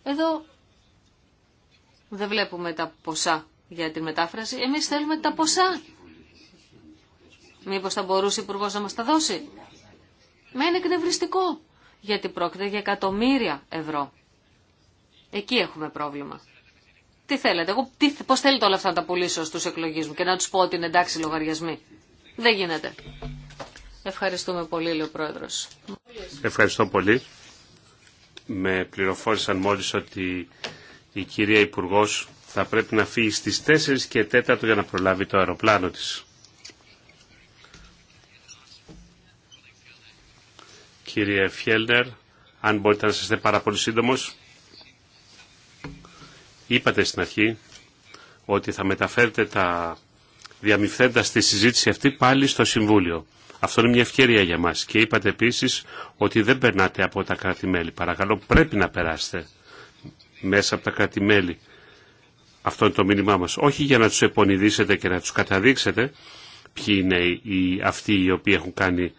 Speaker 4: Εδώ δεν βλέπουμε τα ποσά για την μετάφραση. Εμείς θέλουμε τα ποσά. Μήπως θα μπορούσε ο υπουργό να μας τα δώσει. Με είναι εκνευριστικό, γιατί πρόκειται για εκατομμύρια ευρώ. Εκεί έχουμε πρόβλημα. Τι θέλετε, εγώ τι, πώς θέλετε όλα αυτά να τα πουλήσω στους εκλογείς μου και να τους πω ότι είναι εντάξει λογαριασμοί. Δεν γίνεται. Ευχαριστούμε πολύ, λέει ο Πρόεδρος.
Speaker 2: Ευχαριστώ πολύ. Με πληροφόρησαν μόλις ότι η κυρία Υπουργός θα πρέπει να φύγει στις 4 και 4 για να προλάβει το αεροπλάνο της. Κύριε Φιέλνερ, αν μπορείτε να είστε πάρα πολύ σύντομος. Είπατε στην αρχή ότι θα μεταφέρετε τα διαμυφθέντα στη συζήτηση αυτή πάλι στο Συμβούλιο. Αυτό είναι μια ευκαιρία για μας. Και είπατε επίσης ότι δεν περνάτε από τα κράτη-μέλη. Παρακαλώ πρέπει να περάσετε μέσα από τα κρατη αυτό είναι το μήνυμά μας. Όχι για να τους επωνυδίσετε και να τους καταδείξετε ποιοι είναι οι, αυτοί οι οποίοι έχουν, κάνει,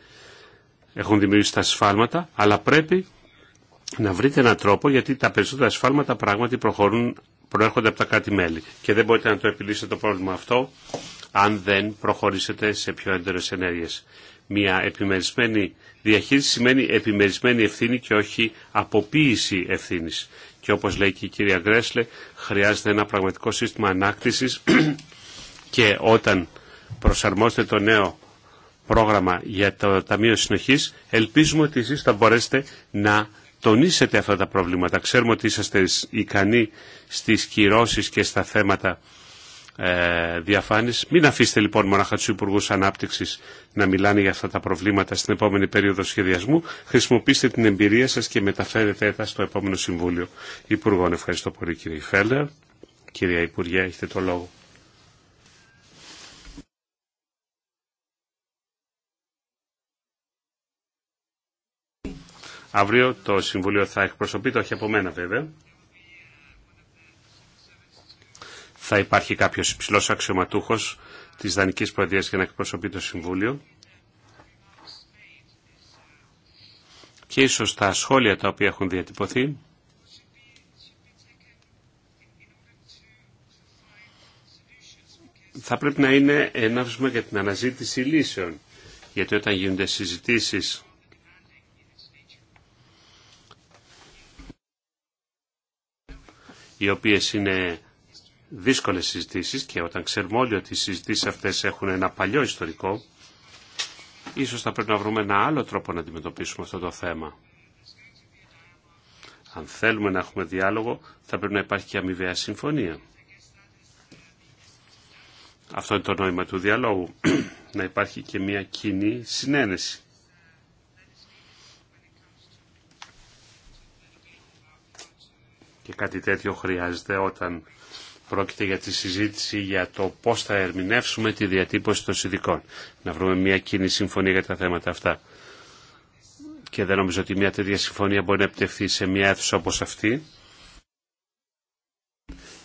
Speaker 2: έχουν δημιουργήσει τα σφάλματα, αλλά πρέπει να βρείτε έναν τρόπο γιατί τα περισσότερα σφάλματα πράγματι προχωρούν, προέρχονται από τα κράτη-μέλη. Και δεν μπορείτε να το επιλύσετε το πρόβλημα αυτό αν δεν προχωρήσετε σε πιο έντονες ενέργειες. Μια επιμερισμένη διαχείριση σημαίνει επιμερισμένη ευθύνη και όχι αποποίηση ευθύνης. Και όπως λέει και η κυρία Γκρέσλε, χρειάζεται ένα πραγματικό σύστημα ανάκτησης και όταν προσαρμόσετε το νέο πρόγραμμα για το Ταμείο Συνοχής, ελπίζουμε ότι εσείς θα μπορέσετε να τονίσετε αυτά τα προβλήματα. Ξέρουμε ότι είσαστε ικανοί στις κυρώσεις και στα θέματα ε, Μην αφήσετε λοιπόν μονάχα του Υπουργού Ανάπτυξη να μιλάνε για αυτά τα προβλήματα στην επόμενη περίοδο σχεδιασμού. Χρησιμοποιήστε την εμπειρία σα και μεταφέρετε τα στο επόμενο Συμβούλιο Υπουργών. Ευχαριστώ πολύ κύριε Φέλλερ. Κυρία Υπουργέ, έχετε το λόγο. Αύριο το Συμβούλιο θα εκπροσωπείται, όχι από μένα βέβαια. θα υπάρχει κάποιος υψηλό αξιωματούχος της Δανικής Προεδρίας για να εκπροσωπεί το Συμβούλιο. Και ίσως τα σχόλια τα οποία έχουν διατυπωθεί θα πρέπει να είναι ενάψιμο για την αναζήτηση λύσεων. Γιατί όταν γίνονται συζητήσεις οι οποίες είναι δύσκολες συζητήσεις και όταν ξέρουμε όλοι ότι οι συζητήσεις αυτές έχουν ένα παλιό ιστορικό, ίσως θα πρέπει να βρούμε ένα άλλο τρόπο να αντιμετωπίσουμε αυτό το θέμα. Αν θέλουμε να έχουμε διάλογο, θα πρέπει να υπάρχει και αμοιβαία συμφωνία. Αυτό είναι το νόημα του διαλόγου, να υπάρχει και μια κοινή συνένεση. Και κάτι τέτοιο χρειάζεται όταν Πρόκειται για τη συζήτηση για το πώς θα ερμηνεύσουμε τη διατύπωση των συνδικών. Να βρούμε μια κοινή συμφωνία για τα θέματα αυτά. Και δεν νομίζω ότι μια τέτοια συμφωνία μπορεί να επιτευχθεί σε μια αίθουσα όπως αυτή.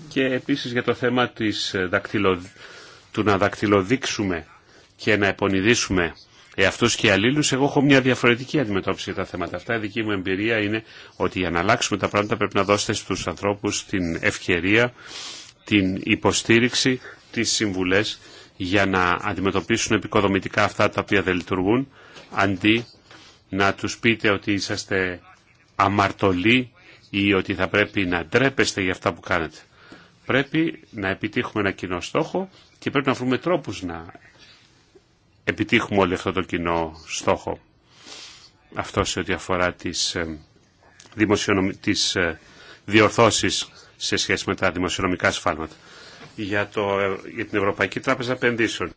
Speaker 2: Και επίσης για το θέμα της ε, δακτυλο... του να δακτυλοδείξουμε και να επωνυδίσουμε εαυτούς και αλλήλους, εγώ έχω μια διαφορετική αντιμετώπιση για τα θέματα αυτά. Η δική μου εμπειρία είναι ότι για να αλλάξουμε τα πράγματα πρέπει να δώσετε στους ανθρώπους την ευκαιρία την υποστήριξη, τις συμβουλές για να αντιμετωπίσουν επικοδομητικά αυτά τα οποία δεν λειτουργούν, αντί να τους πείτε ότι είσαστε αμαρτωλοί ή ότι θα πρέπει να ντρέπεστε για αυτά που κάνετε. Πρέπει να επιτύχουμε ένα κοινό στόχο και πρέπει να βρούμε τρόπους να επιτύχουμε όλο αυτό το κοινό στόχο. Αυτό σε ό,τι αφορά τις, ε, τις ε, διορθώσεις σε σχέση με τα δημοσιονομικά σφάλματα. Για, το, για την Ευρωπαϊκή Τράπεζα Επενδύσεων.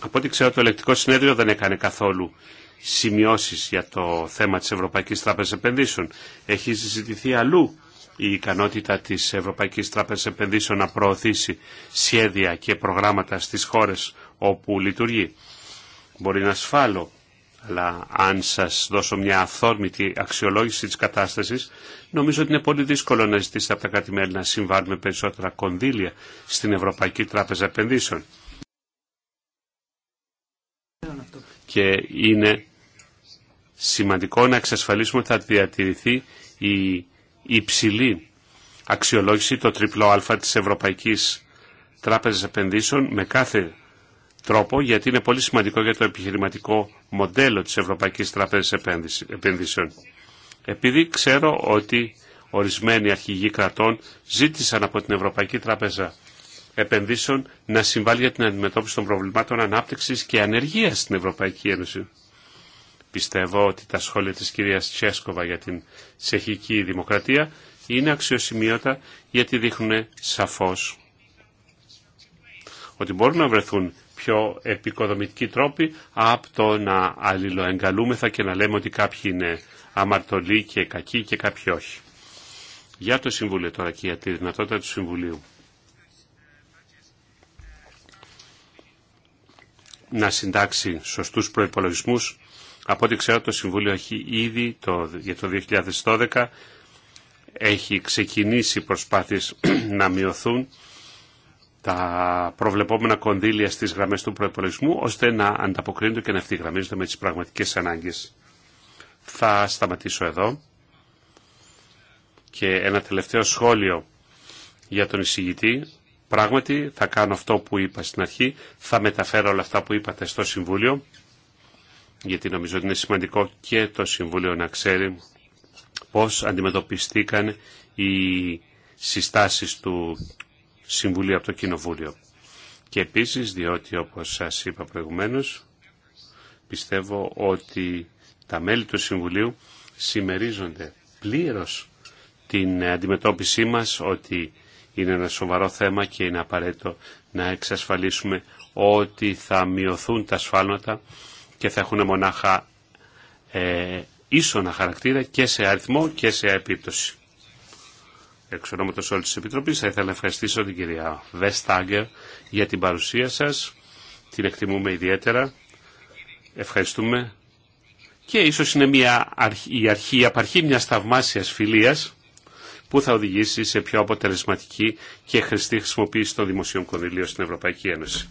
Speaker 2: Από ό,τι ξέρω το ελεκτικό συνέδριο δεν έκανε καθόλου σημειώσει για το θέμα της Ευρωπαϊκής Τράπεζας Επενδύσεων. Έχει συζητηθεί αλλού η ικανότητα της Ευρωπαϊκής Τράπεζας Επενδύσεων να προωθήσει σχέδια και προγράμματα στι χώρε όπου λειτουργεί. Μπορεί να ασφάλω αλλά αν σας δώσω μια αυθόρμητη αξιολόγηση της κατάστασης, νομίζω ότι είναι πολύ δύσκολο να ζητήσετε από τα κράτη-μέλη να συμβάλλουμε περισσότερα κονδύλια στην Ευρωπαϊκή Τράπεζα Επενδύσεων. Και είναι σημαντικό να εξασφαλίσουμε ότι θα διατηρηθεί η υψηλή αξιολόγηση, το τριπλό α της Ευρωπαϊκής Τράπεζας Επενδύσεων με κάθε τρόπο γιατί είναι πολύ σημαντικό για το επιχειρηματικό μοντέλο της Ευρωπαϊκής Τραπέζας Επενδύσεων. Επειδή ξέρω ότι ορισμένοι αρχηγοί κρατών ζήτησαν από την Ευρωπαϊκή Τράπεζα Επενδύσεων να συμβάλλει για την αντιμετώπιση των προβλημάτων ανάπτυξης και ανεργίας στην Ευρωπαϊκή Ένωση. Πιστεύω ότι τα σχόλια της κυρίας Τσέσκοβα για την τσεχική δημοκρατία είναι αξιοσημείωτα γιατί δείχνουν σαφώς ότι μπορούν να βρεθούν πιο επικοδομητικοί τρόποι από το να αλληλοεγκαλούμεθα και να λέμε ότι κάποιοι είναι αμαρτωλοί και κακοί και κάποιοι όχι. Για το Συμβούλιο τώρα και για τη δυνατότητα του Συμβουλίου. Να συντάξει σωστούς προϋπολογισμούς. Από ό,τι ξέρω το Συμβούλιο έχει ήδη για το 2012 έχει ξεκινήσει προσπάθειες να μειωθούν τα προβλεπόμενα κονδύλια στις γραμμές του προϋπολογισμού, ώστε να ανταποκρίνονται και να ευθυγραμμίζονται με τις πραγματικές ανάγκες. Θα σταματήσω εδώ. Και ένα τελευταίο σχόλιο για τον εισηγητή. Πράγματι, θα κάνω αυτό που είπα στην αρχή. Θα μεταφέρω όλα αυτά που είπατε στο Συμβούλιο, γιατί νομίζω ότι είναι σημαντικό και το Συμβούλιο να ξέρει πώς αντιμετωπιστήκαν οι συστάσεις του Συμβουλίου από το Κοινοβούλιο. Και επίσης, διότι όπως σας είπα προηγουμένως, πιστεύω ότι τα μέλη του Συμβουλίου συμμερίζονται πλήρως την αντιμετώπιση μας ότι είναι ένα σοβαρό θέμα και είναι απαραίτητο να εξασφαλίσουμε ότι θα μειωθούν τα σφάλματα και θα έχουν μονάχα ε, ίσονα χαρακτήρα και σε αριθμό και σε επίπτωση. Εξ ονόματος όλης της Επιτροπής θα ήθελα να ευχαριστήσω την κυρία Βεστάγκερ για την παρουσία σας. Την εκτιμούμε ιδιαίτερα. Ευχαριστούμε. Και ίσως είναι μια η αρχή, η απαρχή μιας θαυμάσιας φιλίας που θα οδηγήσει σε πιο αποτελεσματική και χρηστή χρησιμοποίηση των δημοσίων κονδυλίων στην Ευρωπαϊκή Ένωση.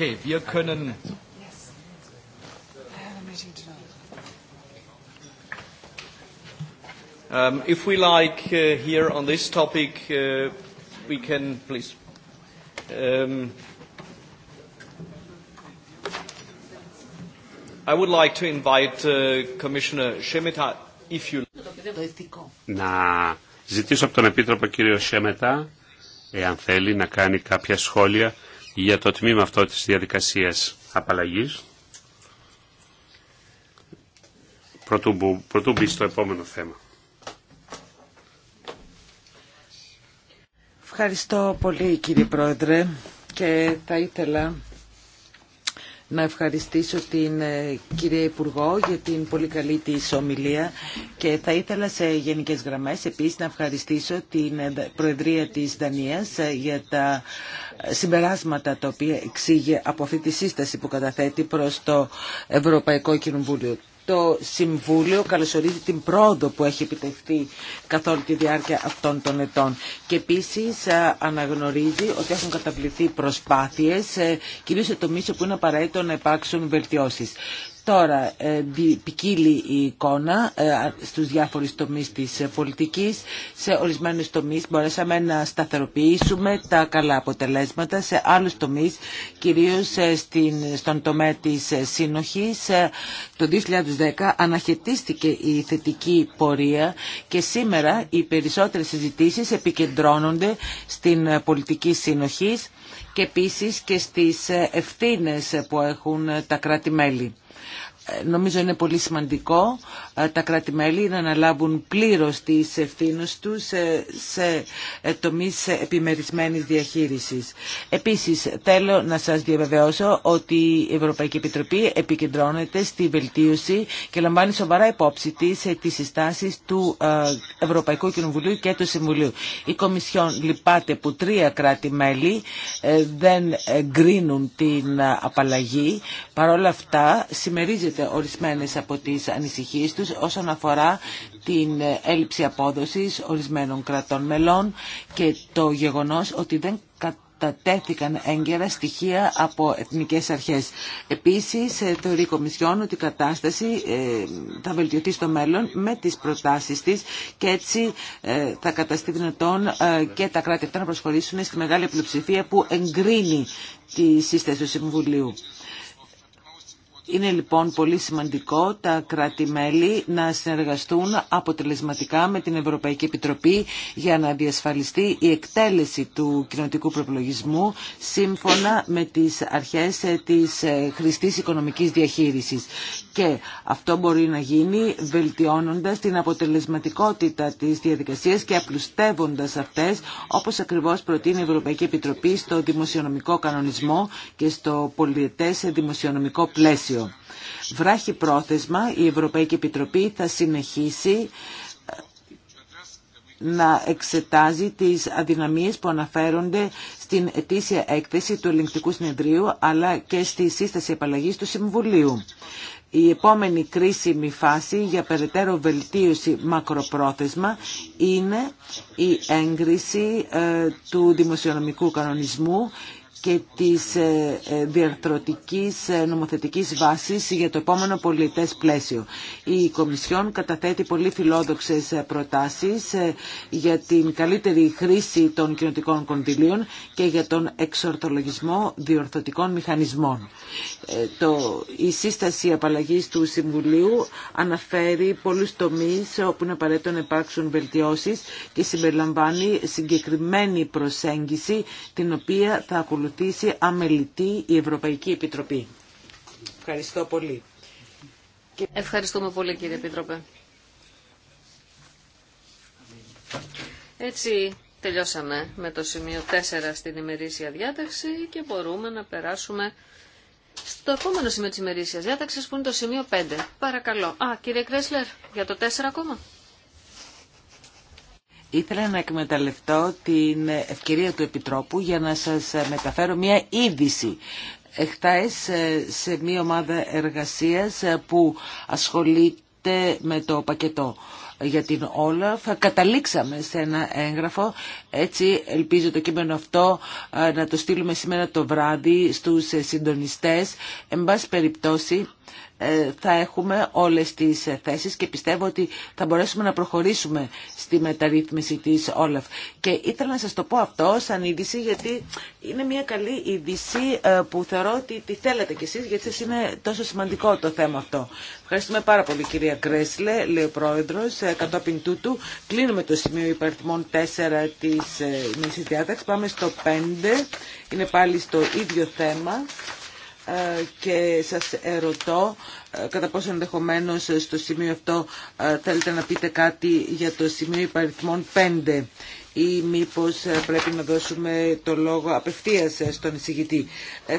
Speaker 1: Okay, wir können. Um, if we like uh, here on this topic, uh, we can please. Um, I would like to invite uh, Commissioner Shemeta, if you.
Speaker 2: Να ζητήσω από τον Επίτροπο κύριο Σέμετα, εάν θέλει να κάνει κάποια σχόλια για το τμήμα αυτό της διαδικασίας απαλλαγής. Πρωτού, μπει στο επόμενο θέμα.
Speaker 3: Ευχαριστώ πολύ κύριε Πρόεδρε και θα ήθελα να ευχαριστήσω την ε, κυρία Υπουργό για την πολύ καλή της ομιλία και θα ήθελα σε γενικές γραμμές επίσης να ευχαριστήσω την ε, Προεδρία της Δανίας ε, για τα συμπεράσματα τα οποία εξήγε από αυτή τη σύσταση που καταθέτει προς το Ευρωπαϊκό Κοινοβούλιο το Συμβούλιο καλωσορίζει την πρόοδο που έχει επιτευχθεί καθ' όλη τη διάρκεια αυτών των ετών. Και επίσης αναγνωρίζει ότι έχουν καταβληθεί προσπάθειες, ε, κυρίως σε τομείς που είναι απαραίτητο να υπάρξουν βελτιώσεις. Τώρα, ε, ποικίλει η εικόνα ε, στους διάφορους τομείς της ε, πολιτικής. Σε ορισμένους τομείς μπορέσαμε να σταθεροποιήσουμε τα καλά αποτελέσματα. Σε άλλους τομείς, κυρίως στον τομέα της σύνοχης, το 2010 αναχαιτίστηκε η θετική πορεία και σήμερα οι περισσότερες συζητήσεις επικεντρώνονται στην πολιτική σύνοχης και επίσης και στις ευθύνες που έχουν τα κράτη-μέλη. Νομίζω είναι πολύ σημαντικό ε, τα κράτη-μέλη να αναλάβουν πλήρως τις ευθύνες τους σε ε, τομείς επιμερισμένης διαχείρισης. Επίσης, θέλω να σας διαβεβαιώσω ότι η Ευρωπαϊκή Επιτροπή επικεντρώνεται στη βελτίωση και λαμβάνει σοβαρά υπόψη της ε, τις συστάσεις του Ευρωπαϊκού Κοινοβουλίου και του Συμβουλίου. Η Κομισιόν λυπάται που τρία κράτη-μέλη δεν γκρίνουν την απαλλαγή. Παρ' αυτά, ορισμένες από τις ανησυχίες τους όσον αφορά την έλλειψη απόδοσης ορισμένων κρατών μελών και το γεγονός ότι δεν κατατέθηκαν έγκαιρα στοιχεία από εθνικές αρχές. Επίσης, ε, θεωρεί η Κομισιόν ότι η κατάσταση ε, θα βελτιωθεί στο μέλλον με τις προτάσεις της και έτσι ε, θα καταστεί δυνατόν και τα κράτη αυτά να προσχωρήσουν στη μεγάλη πλειοψηφία που εγκρίνει τη σύσταση του Συμβουλίου. Είναι λοιπόν πολύ σημαντικό τα κράτη-μέλη να συνεργαστούν αποτελεσματικά με την Ευρωπαϊκή Επιτροπή για να διασφαλιστεί η εκτέλεση του κοινοτικού προπολογισμού σύμφωνα με τις αρχές ε, της ε, χρηστής οικονομικής διαχείρισης. Και αυτό μπορεί να γίνει βελτιώνοντας την αποτελεσματικότητα της διαδικασίας και απλουστεύοντας αυτές όπως ακριβώς προτείνει η Ευρωπαϊκή Επιτροπή στο δημοσιονομικό κανονισμό και στο πολιτές δημοσιονομικό πλαίσιο. Βράχει πρόθεσμα, η Ευρωπαϊκή Επιτροπή θα συνεχίσει ε, να εξετάζει τις αδυναμίες που αναφέρονται στην ετήσια έκθεση του ελληνικτικού Συνεδρίου αλλά και στη σύσταση επαλλαγής του Συμβουλίου. Η επόμενη κρίσιμη φάση για περαιτέρω βελτίωση μακροπρόθεσμα είναι η έγκριση ε, του δημοσιονομικού κανονισμού και της ε, ε, διαρθρωτικής ε, νομοθετικής βάσης για το επόμενο πολιτές πλαίσιο. Η Κομισιόν καταθέτει πολύ φιλόδοξες προτάσεις για την καλύτερη χρήση των κοινωτικών κονδυλίων και για τον εξορθολογισμό διορθωτικών μηχανισμών. Το, η σύσταση απαλλαγής του Συμβουλίου αναφέρει πολλούς τομείς όπου είναι απαραίτητο να υπάρξουν βελτιώσεις και συμπεριλαμβάνει συγκεκριμένη προσέγγιση την οποία θα αμελητή η Ευρωπαϊκή Επιτροπή. Ευχαριστώ πολύ.
Speaker 4: Ευχαριστούμε πολύ κύριε Επίτροπε. Έτσι τελειώσαμε με το σημείο 4 στην ημερήσια διάταξη και μπορούμε να περάσουμε στο επόμενο σημείο της ημερήσιας διάταξης που είναι το σημείο 5. Παρακαλώ. Α, κύριε Κρέσλερ, για το 4 ακόμα.
Speaker 3: Ήθελα να εκμεταλλευτώ την ευκαιρία του Επιτρόπου για να σας μεταφέρω μια είδηση. Εχθές σε μια ομάδα εργασίας που ασχολείται με το πακετό για την Όλαφ. Καταλήξαμε σε ένα έγγραφο. Έτσι ελπίζω το κείμενο αυτό ε, να το στείλουμε σήμερα το βράδυ στους συντονιστές. Εν πάση περιπτώσει ε, θα έχουμε όλες τις θέσεις και πιστεύω ότι θα μπορέσουμε να προχωρήσουμε στη μεταρρύθμιση της Όλαφ. Και ήθελα να σας το πω αυτό σαν είδηση γιατί είναι μια καλή είδηση ε, που θεωρώ ότι τη θέλετε κι εσείς γιατί σας είναι τόσο σημαντικό το θέμα αυτό. Ευχαριστούμε πάρα πολύ κυρία Κρέσλε, λέει ο πρόεδρος, ε, κατόπιν τούτου. Κλείνουμε το σημείο υπαριθμών 4 της μέσης διάταξης. Πάμε στο 5, είναι πάλι στο ίδιο θέμα. Ε, και σας ερωτώ ε, κατά πόσο ενδεχομένω στο σημείο αυτό ε, θέλετε να πείτε κάτι για το σημείο υπαριθμών 5 ή μήπως πρέπει να δώσουμε το λόγο απευθείας στον εισηγητή.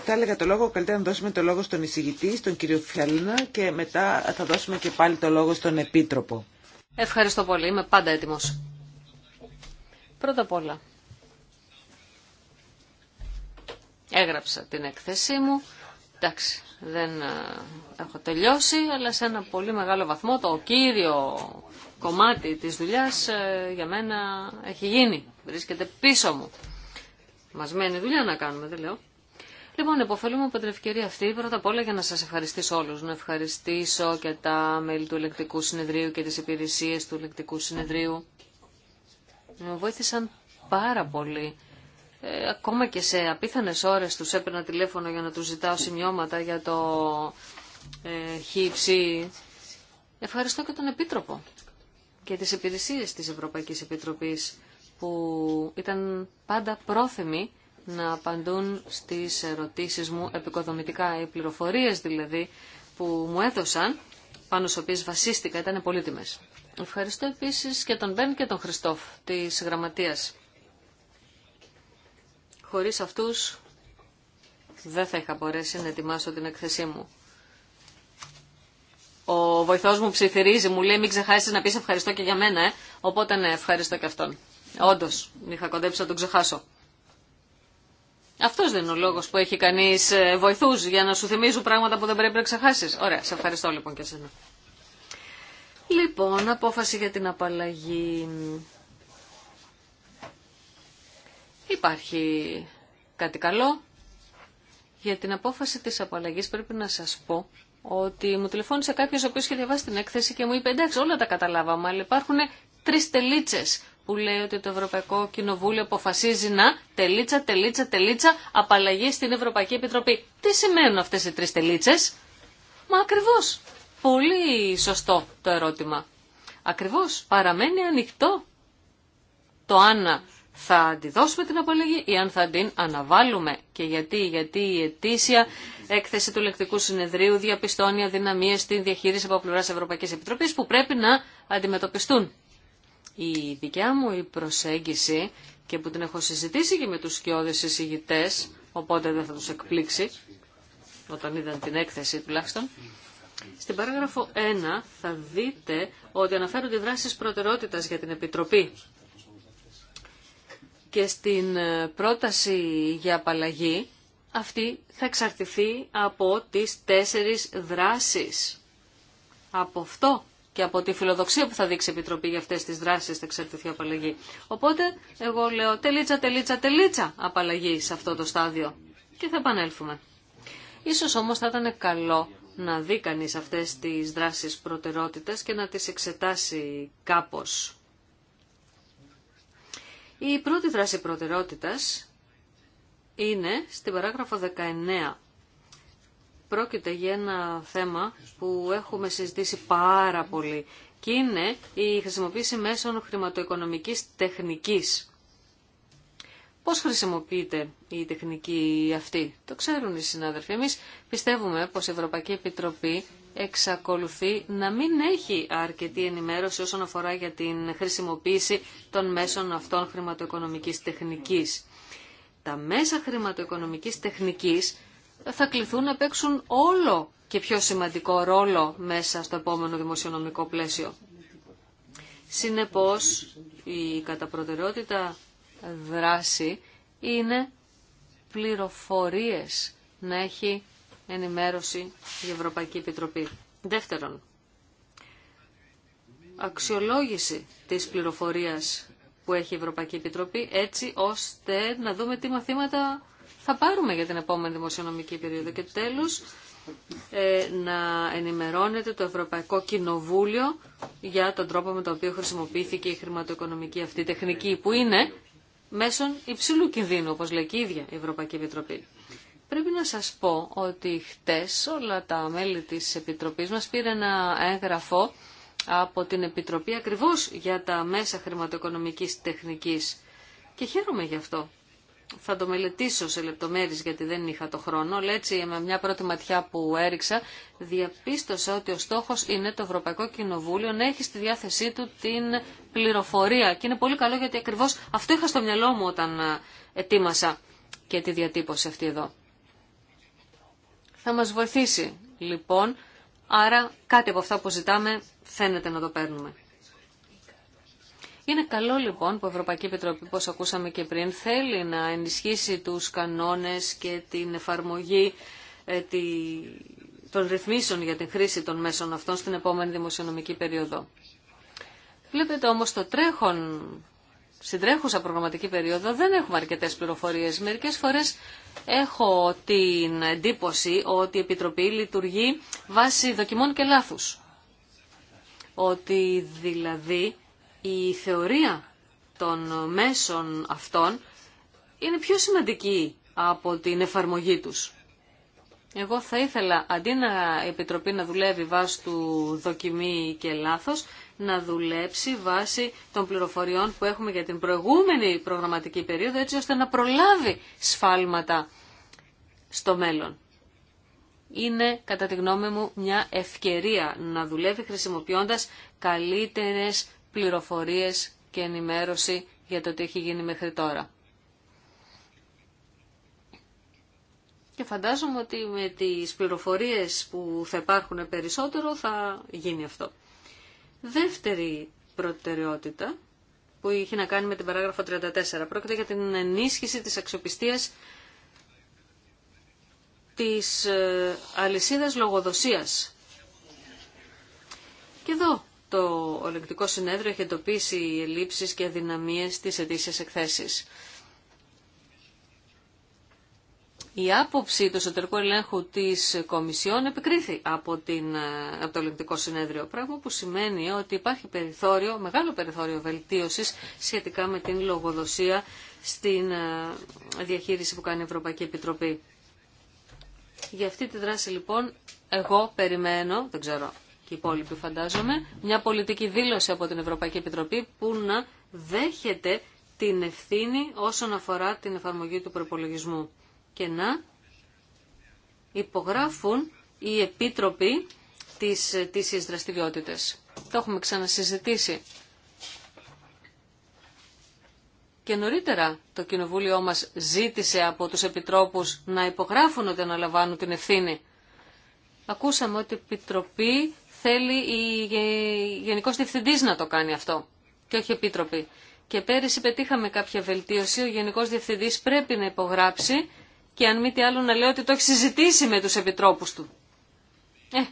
Speaker 3: Θα έλεγα το λόγο, καλύτερα να δώσουμε το λόγο στον εισηγητή, στον κύριο Φιαλίνα και μετά θα δώσουμε και πάλι το λόγο στον Επίτροπο.
Speaker 4: Ευχαριστώ πολύ, είμαι πάντα έτοιμος. Πρώτα απ' όλα, έγραψα την έκθεσή μου Εντάξει, δεν ε, έχω τελειώσει, αλλά σε ένα πολύ μεγάλο βαθμό το κύριο κομμάτι της δουλειάς ε, για μένα έχει γίνει. Βρίσκεται πίσω μου. Μας μένει δουλειά να κάνουμε, δεν λέω. Λοιπόν, υποφελούμε από την ευκαιρία αυτή πρώτα απ' όλα για να σας ευχαριστήσω όλους. Να ευχαριστήσω και τα μέλη του Ελεκτικού Συνεδρίου και τις υπηρεσίες του Ελεκτικού Συνεδρίου. Με βοήθησαν πάρα πολύ ε, ακόμα και σε απίθανες ώρες τους έπαιρνα τηλέφωνο για να τους ζητάω σημειώματα για το ε, χύψη. Ευχαριστώ και τον Επίτροπο και τις υπηρεσίες της Ευρωπαϊκής Επιτροπής που ήταν πάντα πρόθυμοι να απαντούν στις ερωτήσεις μου επικοδομητικά. Οι πληροφορίες δηλαδή που μου έδωσαν, πάνω στις οποίες βασίστηκα, ήταν πολύτιμες. Ευχαριστώ επίσης και τον Μπεν και τον Χριστόφ της Γραμματείας Χωρίς αυτούς δεν θα είχα μπορέσει να ετοιμάσω την εκθεσή μου. Ο βοηθός μου ψιθυρίζει, μου λέει μην ξεχάσεις να πεις ευχαριστώ και για μένα, ε. οπότε ναι, ευχαριστώ και αυτόν. Όντως, είχα κοντέψει να τον ξεχάσω. Αυτός δεν είναι ο λόγος που έχει κανείς ε, βοηθούς για να σου θυμίζουν πράγματα που δεν πρέπει να ξεχάσεις. Ωραία, σε ευχαριστώ λοιπόν και εσένα. Λοιπόν, απόφαση για την απαλλαγή. Υπάρχει κάτι καλό. Για την απόφαση της απαλλαγής πρέπει να σας πω ότι μου τηλεφώνησε κάποιος ο οποίος είχε διαβάσει την έκθεση και μου είπε εντάξει όλα τα καταλάβαμε αλλά υπάρχουν τρεις τελίτσες που λέει ότι το Ευρωπαϊκό Κοινοβούλιο αποφασίζει να τελίτσα, τελίτσα, τελίτσα απαλλαγή στην Ευρωπαϊκή Επιτροπή. Τι σημαίνουν αυτές οι τρεις τελίτσες? Μα ακριβώς. Πολύ σωστό το ερώτημα. Ακριβώς. Παραμένει ανοιχτό το Άννα θα αντιδώσουμε την απαλλαγή ή αν θα την αναβάλουμε. Και γιατί, γιατί η ετήσια έκθεση του λεκτικού συνεδρίου διαπιστώνει αδυναμίες στην διαχείριση από πλευράς Ευρωπαϊκή Επιτροπή που πρέπει να αντιμετωπιστούν. Η δικιά μου η προσέγγιση και που την έχω συζητήσει και με του σκιώδες εισηγητές, οπότε δεν θα του εκπλήξει, όταν είδαν την έκθεση τουλάχιστον, στην παράγραφο 1 θα δείτε ότι αναφέρονται δράσεις προτεραιότητας για την Επιτροπή και στην ε, πρόταση για απαλλαγή αυτή θα εξαρτηθεί από τις τέσσερις δράσεις. Από αυτό και από τη φιλοδοξία που θα δείξει η Επιτροπή για αυτές τις δράσεις θα εξαρτηθεί η απαλλαγή. Οπότε εγώ λέω τελίτσα, τελίτσα, τελίτσα απαλλαγή σε αυτό το στάδιο και θα επανέλθουμε. Ίσως όμως θα ήταν καλό να δει κανείς αυτές τις δράσεις προτερότητας και να τις εξετάσει κάπως. Η πρώτη δράση προτεραιότητας είναι στην παράγραφο 19. Πρόκειται για ένα θέμα που έχουμε συζητήσει πάρα πολύ και είναι η χρησιμοποίηση μέσων χρηματοοικονομικής τεχνικής. Πώς χρησιμοποιείται η τεχνική αυτή, το ξέρουν οι συνάδελφοι. Εμείς πιστεύουμε πως η Ευρωπαϊκή Επιτροπή εξακολουθεί να μην έχει αρκετή ενημέρωση όσον αφορά για την χρησιμοποίηση των μέσων αυτών χρηματοοικονομικής τεχνικής. Τα μέσα χρηματοοικονομικής τεχνικής θα κληθούν να παίξουν όλο και πιο σημαντικό ρόλο μέσα στο επόμενο δημοσιονομικό πλαίσιο. Συνεπώς, η καταπροτεραιότητα δράση είναι πληροφορίες να έχει ενημέρωση η Ευρωπαϊκή Επιτροπή. Δεύτερον, αξιολόγηση της πληροφορίας που έχει η Ευρωπαϊκή Επιτροπή έτσι ώστε να δούμε τι μαθήματα θα πάρουμε για την επόμενη δημοσιονομική περίοδο. Και τέλος, ε, να ενημερώνεται το Ευρωπαϊκό Κοινοβούλιο για τον τρόπο με τον οποίο χρησιμοποιήθηκε η χρηματοοικονομική αυτή τεχνική που είναι μέσων υψηλού κινδύνου, όπως λέει και η ίδια η Ευρωπαϊκή Επιτροπή. Πρέπει να σας πω ότι χτες όλα τα μέλη της Επιτροπής μας πήρε ένα έγγραφο από την Επιτροπή ακριβώς για τα μέσα χρηματοοικονομικής τεχνικής και χαίρομαι γι' αυτό. Θα το μελετήσω σε λεπτομέρειες γιατί δεν είχα το χρόνο, αλλά έτσι με μια πρώτη ματιά που έριξα διαπίστωσα ότι ο στόχος είναι το Ευρωπαϊκό Κοινοβούλιο να έχει στη διάθεσή του την πληροφορία και είναι πολύ καλό γιατί ακριβώς αυτό είχα στο μυαλό μου όταν ετοίμασα και τη διατύπωση αυτή εδώ. Θα μας βοηθήσει λοιπόν, άρα κάτι από αυτά που ζητάμε φαίνεται να το παίρνουμε. Είναι καλό λοιπόν που η Ευρωπαϊκή Επιτροπή, όπως ακούσαμε και πριν, θέλει να ενισχύσει τους κανόνες και την εφαρμογή ε, των ρυθμίσεων για την χρήση των μέσων αυτών στην επόμενη δημοσιονομική περίοδο. Βλέπετε όμως το τρέχον στην τρέχουσα προγραμματική περίοδο δεν έχουμε αρκετές πληροφορίες. Μερικέ φορές έχω την εντύπωση ότι η Επιτροπή λειτουργεί βάσει δοκιμών και λάθους. Ότι δηλαδή η θεωρία των μέσων αυτών είναι πιο σημαντική από την εφαρμογή τους. Εγώ θα ήθελα αντί να η Επιτροπή να δουλεύει βάσει του δοκιμή και λάθος, να δουλέψει βάσει των πληροφοριών που έχουμε για την προηγούμενη προγραμματική περίοδο έτσι ώστε να προλάβει σφάλματα στο μέλλον. Είναι, κατά τη γνώμη μου, μια ευκαιρία να δουλεύει χρησιμοποιώντας καλύτερες πληροφορίες και ενημέρωση για το τι έχει γίνει μέχρι τώρα. Και φαντάζομαι ότι με τις πληροφορίες που θα υπάρχουν περισσότερο θα γίνει αυτό. Δεύτερη προτεραιότητα που είχε να κάνει με την παράγραφο 34. Πρόκειται για την ενίσχυση της αξιοπιστίας της ε, αλυσίδας λογοδοσίας. Και εδώ το Ολεκτικό Συνέδριο έχει εντοπίσει ελλείψεις και αδυναμίες της ετήσιας εκθέσεις. Η άποψη του εσωτερικού ελέγχου τη Κομισιόν επικρίθη από, την, ε, από το Ελληνικό Συνέδριο, πράγμα που σημαίνει ότι υπάρχει περιθώριο, μεγάλο περιθώριο βελτίωση σχετικά με την λογοδοσία στην ε, διαχείριση που κάνει η Ευρωπαϊκή Επιτροπή. Για αυτή τη δράση λοιπόν εγώ περιμένω, δεν ξέρω και οι υπόλοιποι φαντάζομαι, μια πολιτική δήλωση από την Ευρωπαϊκή Επιτροπή που να δέχεται την ευθύνη όσον αφορά την εφαρμογή του προπολογισμού και να υπογράφουν οι επίτροποι της της δραστηριότητες. Το έχουμε ξανασυζητήσει. Και νωρίτερα το κοινοβούλιο μας ζήτησε από τους επιτρόπους να υπογράφουν ότι αναλαμβάνουν την ευθύνη. Ακούσαμε ότι η επιτροπή θέλει η Γενικός Διευθυντής να το κάνει αυτό και όχι επίτροπη. Και πέρυσι πετύχαμε κάποια βελτίωση. Ο Γενικός Διευθυντής πρέπει να υπογράψει και αν μη τι άλλο να λέω ότι το έχει συζητήσει με τους επιτρόπους του. Ε,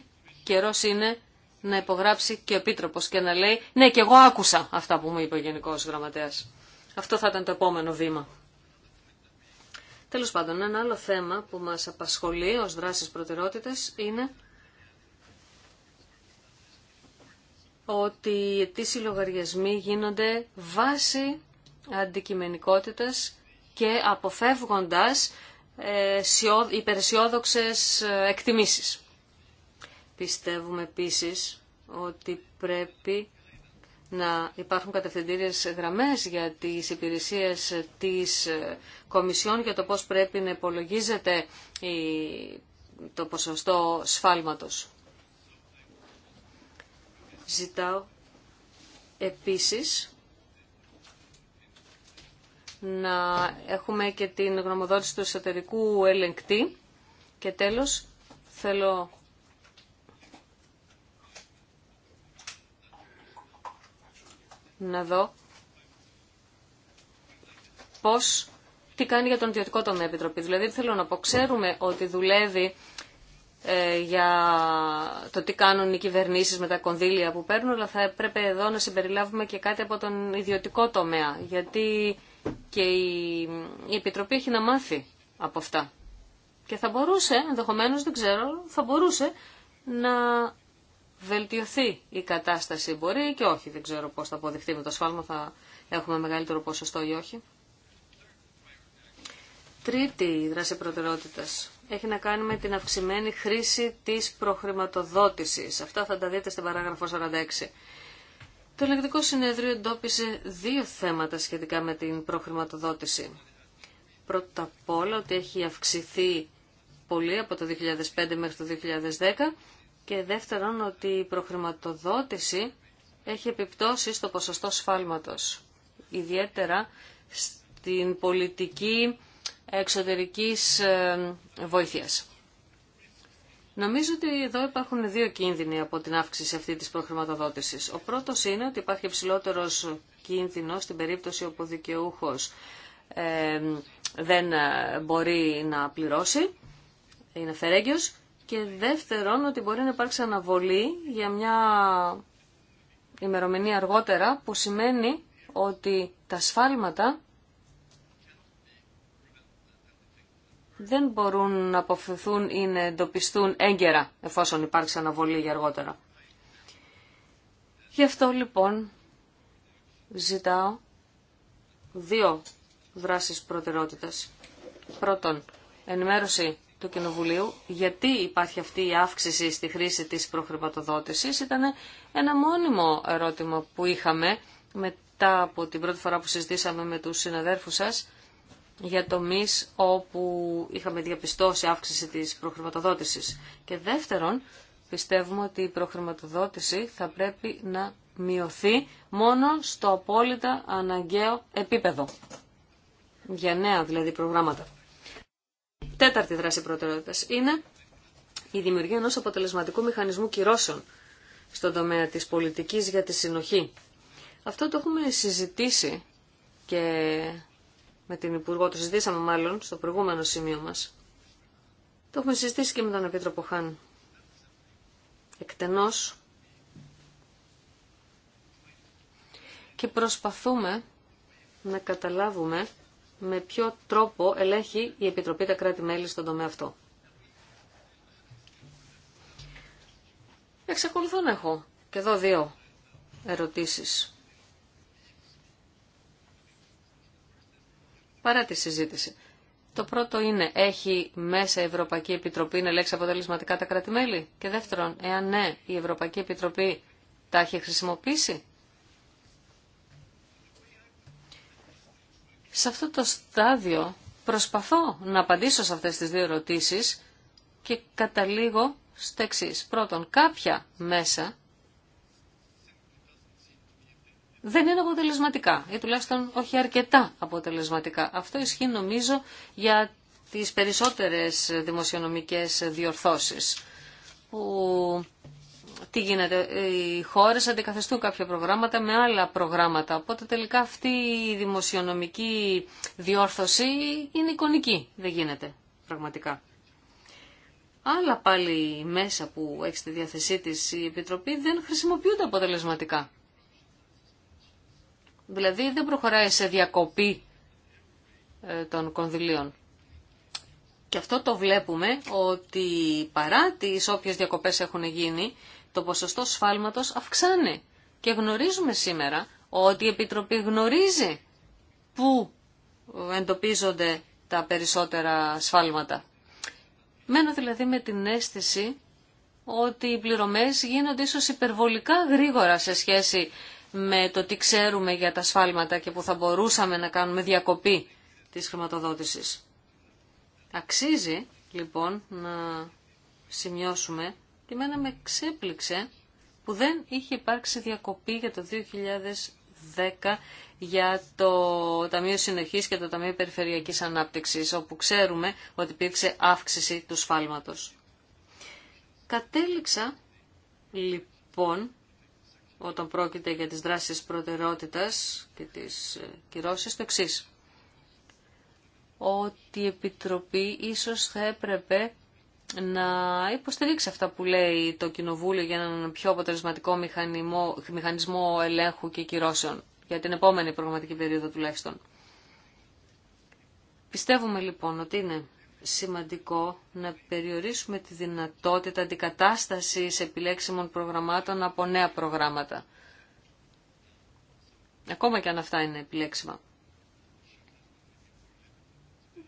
Speaker 4: καιρός είναι να υπογράψει και ο Επίτροπος και να λέει «Ναι, και εγώ άκουσα αυτά που μου είπε ο Γενικός Γραμματέας». Αυτό θα ήταν το επόμενο βήμα. Τέλος πάντων, ένα άλλο θέμα που μας απασχολεί ως δράσεις προτεραιότητες είναι ότι οι αιτήσιοι λογαριασμοί γίνονται βάση αντικειμενικότητας και αποφεύγοντας ε, υπεραισιόδοξες ε, εκτιμήσεις. Πιστεύουμε επίσης ότι πρέπει να υπάρχουν κατευθυντήριες γραμμές για τις υπηρεσίες της ε, Κομισιόν για το πώς πρέπει να υπολογίζεται το ποσοστό σφάλματος. Ζητάω επίσης να έχουμε και την γνωμοδότηση του εσωτερικού ελεγκτή. Και τέλος, θέλω να δω πώς, τι κάνει για τον ιδιωτικό τομέα επιτροπή. Δηλαδή, θέλω να πω, ξέρουμε ότι δουλεύει ε, για το τι κάνουν οι κυβερνήσεις με τα κονδύλια που παίρνουν, αλλά θα πρέπει εδώ να συμπεριλάβουμε και κάτι από τον ιδιωτικό τομέα, γιατί και η, Επιτροπή έχει να μάθει από αυτά. Και θα μπορούσε, ενδεχομένω δεν ξέρω, θα μπορούσε να βελτιωθεί η κατάσταση. Μπορεί και όχι, δεν ξέρω πώς θα αποδειχθεί με το σφάλμα, θα έχουμε μεγαλύτερο ποσοστό ή όχι. Τρίτη δράση προτεραιότητας έχει να κάνει με την αυξημένη χρήση της προχρηματοδότησης. Αυτά θα τα δείτε στην παράγραφο 46. Το ελεγκτικό συνέδριο εντόπισε δύο θέματα σχετικά με την προχρηματοδότηση. Πρώτα απ' όλα ότι έχει αυξηθεί πολύ από το 2005 μέχρι το 2010 και δεύτερον ότι η προχρηματοδότηση έχει επιπτώσει στο ποσοστό σφάλματος. Ιδιαίτερα στην πολιτική εξωτερικής ε, βοήθειας. Νομίζω ότι εδώ υπάρχουν δύο κίνδυνοι από την αύξηση αυτή της προχρηματοδότησης. Ο πρώτος είναι ότι υπάρχει υψηλότερο κίνδυνο στην περίπτωση όπου ο δικαιούχος ε, δεν ε, μπορεί να πληρώσει, είναι φερέγγιος, και δεύτερον ότι μπορεί να υπάρξει αναβολή για μια ημερομηνία αργότερα που σημαίνει ότι τα σφάλματα δεν μπορούν να αποφευθούν ή να εντοπιστούν έγκαιρα εφόσον υπάρξει αναβολή για αργότερα. Γι' αυτό λοιπόν ζητάω δύο δράσεις προτεραιότητας. Πρώτον, ενημέρωση του Κοινοβουλίου, γιατί υπάρχει αυτή η αύξηση στη χρήση της προχρηματοδότησης, ήταν ένα μόνιμο ερώτημα που είχαμε μετά από την πρώτη φορά που συζητήσαμε με τους συναδέρφους σας για τομείς όπου είχαμε διαπιστώσει αύξηση της προχρηματοδότησης. Και δεύτερον, πιστεύουμε ότι η προχρηματοδότηση θα πρέπει να μειωθεί μόνο στο απόλυτα αναγκαίο επίπεδο. Για νέα δηλαδή προγράμματα. Τέταρτη δράση προτεραιότητας είναι η δημιουργία ενός αποτελεσματικού μηχανισμού κυρώσεων στον τομέα της πολιτικής για τη συνοχή. Αυτό το έχουμε συζητήσει και με την Υπουργό, το συζητήσαμε μάλλον στο προηγούμενο σημείο μας. Το έχουμε συζητήσει και με τον Επίτροπο Χάν. Εκτενώς. Και προσπαθούμε να καταλάβουμε με ποιο τρόπο ελέγχει η Επιτροπή τα κράτη-μέλη στον τομέα αυτό. Εξακολουθώ να έχω και εδώ δύο ερωτήσεις. παρά τη συζήτηση. Το πρώτο είναι, έχει μέσα η Ευρωπαϊκή Επιτροπή να ελέγξει αποτελεσματικά τα κράτη-μέλη. Και δεύτερον, εάν ναι, η Ευρωπαϊκή Επιτροπή τα έχει χρησιμοποιήσει. Σε αυτό το στάδιο προσπαθώ να απαντήσω σε αυτές τις δύο ερωτήσεις και καταλήγω στα Πρώτον, κάποια μέσα δεν είναι αποτελεσματικά ή τουλάχιστον όχι αρκετά αποτελεσματικά. Αυτό ισχύει νομίζω για τις περισσότερες δημοσιονομικές διορθώσεις που τι γίνεται, οι χώρες αντικαθεστούν κάποια προγράμματα με άλλα προγράμματα, οπότε τελικά αυτή η δημοσιονομική διόρθωση είναι εικονική, δεν γίνεται πραγματικά. Άλλα πάλι μέσα που έχει στη διάθεσή της η Επιτροπή δεν χρησιμοποιούνται αποτελεσματικά. Δηλαδή δεν προχωράει σε διακοπή ε, των κονδυλίων. Και αυτό το βλέπουμε ότι παρά τις όποιες διακοπές έχουν γίνει, το ποσοστό σφάλματος αυξάνει. Και γνωρίζουμε σήμερα ότι η Επιτροπή γνωρίζει πού ε, εντοπίζονται τα περισσότερα σφάλματα. Μένω δηλαδή με την αίσθηση ότι οι πληρωμές γίνονται ίσως υπερβολικά γρήγορα σε σχέση με το τι ξέρουμε για τα σφάλματα και που θα μπορούσαμε να κάνουμε διακοπή της χρηματοδότησης. Αξίζει λοιπόν να σημειώσουμε ότι μένα με ξέπληξε που δεν είχε υπάρξει διακοπή για το 2010 για το Ταμείο Συνεχής και το Ταμείο Περιφερειακής Ανάπτυξης, όπου ξέρουμε ότι υπήρξε αύξηση του σφάλματος. Κατέληξα λοιπόν όταν πρόκειται για τις δράσεις προτεραιότητας και τις ε, κυρώσεις το εξή. Ότι η Επιτροπή ίσως θα έπρεπε να υποστηρίξει αυτά που λέει το Κοινοβούλιο για έναν πιο αποτελεσματικό μηχανισμό, μηχανισμό ελέγχου και κυρώσεων για την επόμενη προγραμματική περίοδο τουλάχιστον. Πιστεύουμε λοιπόν ότι είναι σημαντικό να περιορίσουμε τη δυνατότητα αντικατάστασης επιλέξιμων προγραμμάτων από νέα προγράμματα. Ακόμα και αν αυτά είναι επιλέξιμα.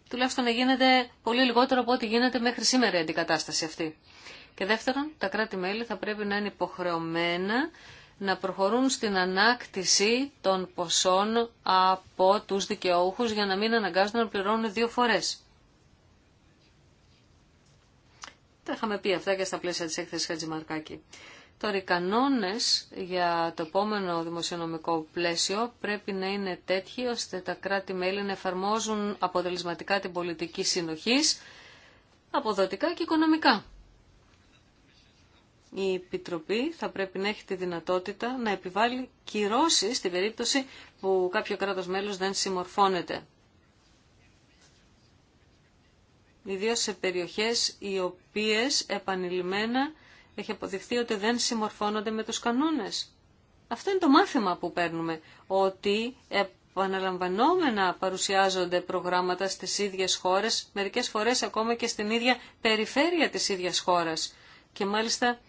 Speaker 4: Τουλάχιστον να γίνεται πολύ λιγότερο από ό,τι γίνεται μέχρι σήμερα η αντικατάσταση αυτή. Και δεύτερον, τα κράτη-μέλη θα πρέπει να είναι υποχρεωμένα να προχωρούν στην ανάκτηση των ποσών από τους δικαιούχους για να μην αναγκάζονται να πληρώνουν δύο φορές. Τα είχαμε πει αυτά και στα πλαίσια της έκθεσης Χατζημαρκάκη. Τώρα οι κανόνες για το επόμενο δημοσιονομικό πλαίσιο πρέπει να είναι τέτοιοι ώστε τα κράτη-μέλη να εφαρμόζουν αποτελεσματικά την πολιτική συνοχής, αποδοτικά και οικονομικά. Η Επιτροπή θα πρέπει να έχει τη δυνατότητα να επιβάλλει κυρώσεις στην περίπτωση που κάποιο κράτος μέλος δεν συμμορφώνεται ιδίως σε περιοχές οι οποίες επανειλημμένα έχει αποδειχθεί ότι δεν συμμορφώνονται με τους κανόνες. Αυτό είναι το μάθημα που παίρνουμε, ότι επαναλαμβανόμενα παρουσιάζονται προγράμματα στις ίδιες χώρες, μερικές φορές ακόμα και στην ίδια περιφέρεια της ίδιας χώρας και μάλιστα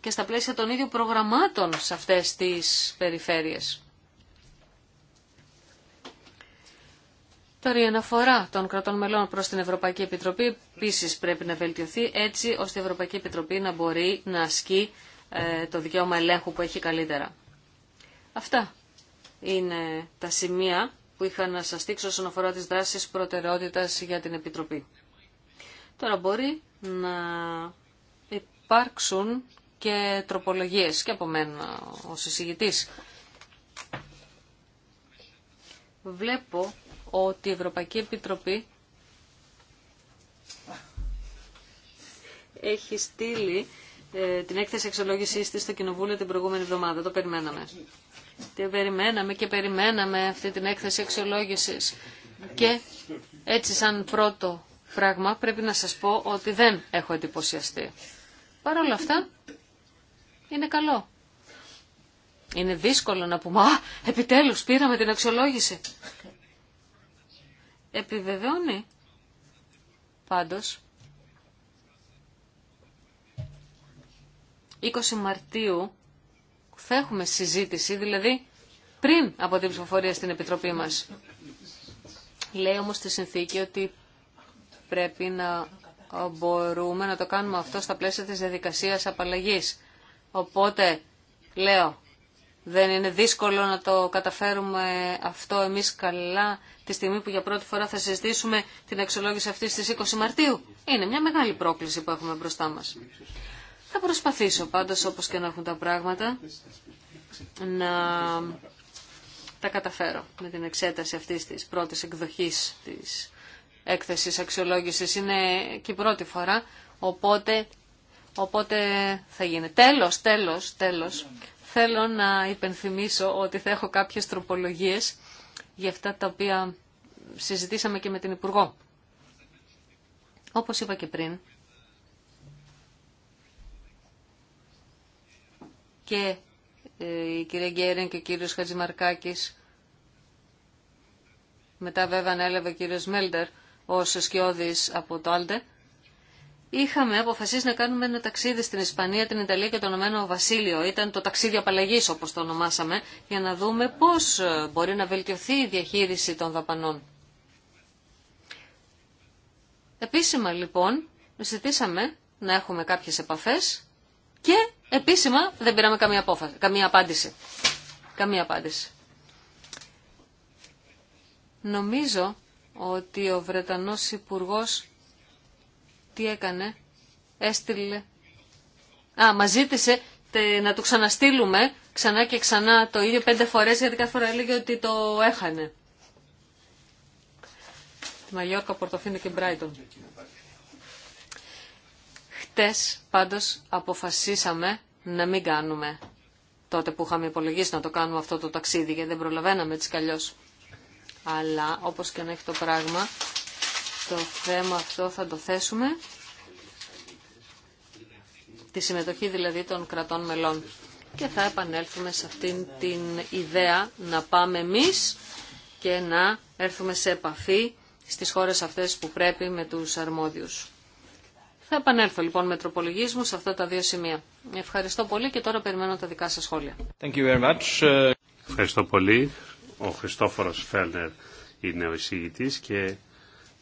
Speaker 4: και στα πλαίσια των ίδιων προγραμμάτων σε αυτές τις περιφέρειες. Τώρα η αναφορά των κρατών μελών προς την Ευρωπαϊκή Επιτροπή επίση πρέπει να βελτιωθεί έτσι ώστε η Ευρωπαϊκή Επιτροπή να μπορεί να ασκεί ε, το δικαίωμα ελέγχου που έχει καλύτερα. Αυτά είναι τα σημεία που είχα να σας δείξω όσον αφορά τις δράσεις προτεραιότητας για την Επιτροπή. Τώρα μπορεί να υπάρξουν και τροπολογίες και από μένα ως εισηγητής. Βλέπω ότι η Ευρωπαϊκή Επιτροπή έχει στείλει ε, την έκθεση εξολόγησής τη στο Κοινοβούλιο την προηγούμενη εβδομάδα. Το περιμέναμε. περιμέναμε και περιμέναμε αυτή την έκθεση εξολόγησης. Και έτσι σαν πρώτο πράγμα πρέπει να σας πω ότι δεν έχω εντυπωσιαστεί. Παρ' όλα αυτά είναι καλό. Είναι δύσκολο να πούμε «Α, επιτέλους πήραμε την αξιολόγηση» επιβεβαιώνει πάντως 20 Μαρτίου θα έχουμε συζήτηση, δηλαδή πριν από την ψηφοφορία στην Επιτροπή μας. Λέει όμως στη συνθήκη ότι πρέπει να μπορούμε να το κάνουμε αυτό στα πλαίσια της διαδικασίας απαλλαγής. Οπότε, λέω, δεν είναι δύσκολο να το καταφέρουμε αυτό εμείς καλά τη στιγμή που για πρώτη φορά θα συζητήσουμε την αξιολόγηση αυτή στις 20 Μαρτίου. Είναι μια μεγάλη πρόκληση που έχουμε μπροστά μας. Θα προσπαθήσω πάντως όπως και να έχουν τα πράγματα να τα καταφέρω με την εξέταση αυτή της πρώτης εκδοχής της έκθεσης αξιολόγηση. Είναι και η πρώτη φορά, οπότε, οπότε θα γίνει. Τέλος, τέλος, τέλος. Θέλω να υπενθυμίσω ότι θα έχω κάποιες τροπολογίες για αυτά τα οποία συζητήσαμε και με την Υπουργό. Όπως είπα και πριν, και ε, η κυρία Γκέριν και ο κύριος Χατζημαρκάκης, μετά βέβαια ανέλαβε ο κύριος Μέλντερ ως σκιώδης από το Άλτε, είχαμε αποφασίσει να κάνουμε ένα ταξίδι στην Ισπανία, την Ιταλία και το Ηνωμένο Βασίλειο. Ήταν το ταξίδι απαλλαγή, όπω το ονομάσαμε, για να δούμε πώ ε, μπορεί να βελτιωθεί η διαχείριση των δαπανών. Επίσημα λοιπόν ζητήσαμε να έχουμε κάποιες επαφές και επίσημα δεν πήραμε καμία, απόφαση, καμία απάντηση. Καμία απάντηση. Νομίζω ότι ο Βρετανός Υπουργός τι έκανε. Έστειλε. Α, μα ζήτησε να του ξαναστείλουμε ξανά και ξανά το ίδιο πέντε φορές γιατί κάθε φορά έλεγε ότι το έχανε. Τη Μαγιόρκα, Πορτοφίνο και Μπράιτον. Χτες πάντως αποφασίσαμε να μην κάνουμε τότε που είχαμε υπολογίσει να το κάνουμε αυτό το ταξίδι γιατί δεν προλαβαίναμε έτσι καλλιώς. Αλλά όπως και να έχει το πράγμα το θέμα αυτό θα το θέσουμε. Τη συμμετοχή δηλαδή των κρατών μελών. Και θα επανέλθουμε σε αυτήν την ιδέα να πάμε εμείς και να έρθουμε σε επαφή στις χώρες αυτές που πρέπει με τους αρμόδιους. Θα επανέλθω λοιπόν με τροπολογισμούς σε αυτά τα δύο σημεία. Ευχαριστώ πολύ και τώρα περιμένω τα δικά σας σχόλια.
Speaker 2: Thank you Ευχαριστώ πολύ. Ο Χριστόφορος Φέλνερ είναι ο εισηγητής και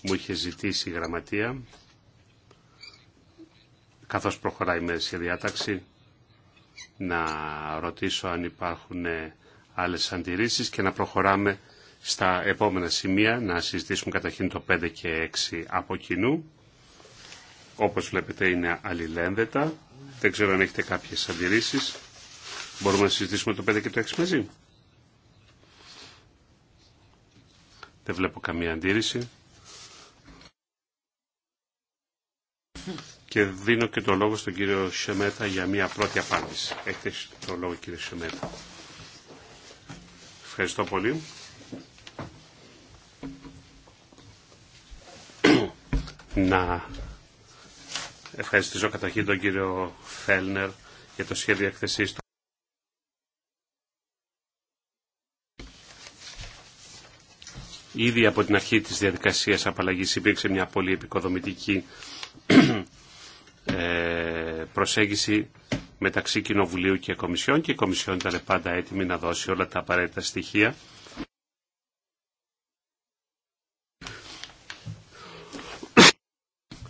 Speaker 2: μου είχε ζητήσει η γραμματεία καθώς προχωράει με σε διάταξη να ρωτήσω αν υπάρχουν άλλες αντιρρήσεις και να προχωράμε στα επόμενα σημεία να συζητήσουμε καταρχήν το 5 και 6 από κοινού όπως βλέπετε είναι αλληλένδετα δεν ξέρω αν έχετε κάποιες αντιρρήσεις μπορούμε να συζητήσουμε το 5 και το 6 μαζί δεν βλέπω καμία αντίρρηση Και δίνω και το λόγο στον κύριο Σεμέτα για μια πρώτη απάντηση. Έχετε το λόγο κύριε Σεμέτα. Ευχαριστώ πολύ. Να ευχαριστήσω καταρχήν τον κύριο Φέλνερ για το σχέδιο εκθεσής του. Ήδη από την αρχή της διαδικασίας απαλλαγής υπήρξε μια πολύ επικοδομητική ε, προσέγγιση μεταξύ Κοινοβουλίου και Κομισιόν και η Κομισιόν ήταν πάντα έτοιμη να δώσει όλα τα απαραίτητα στοιχεία.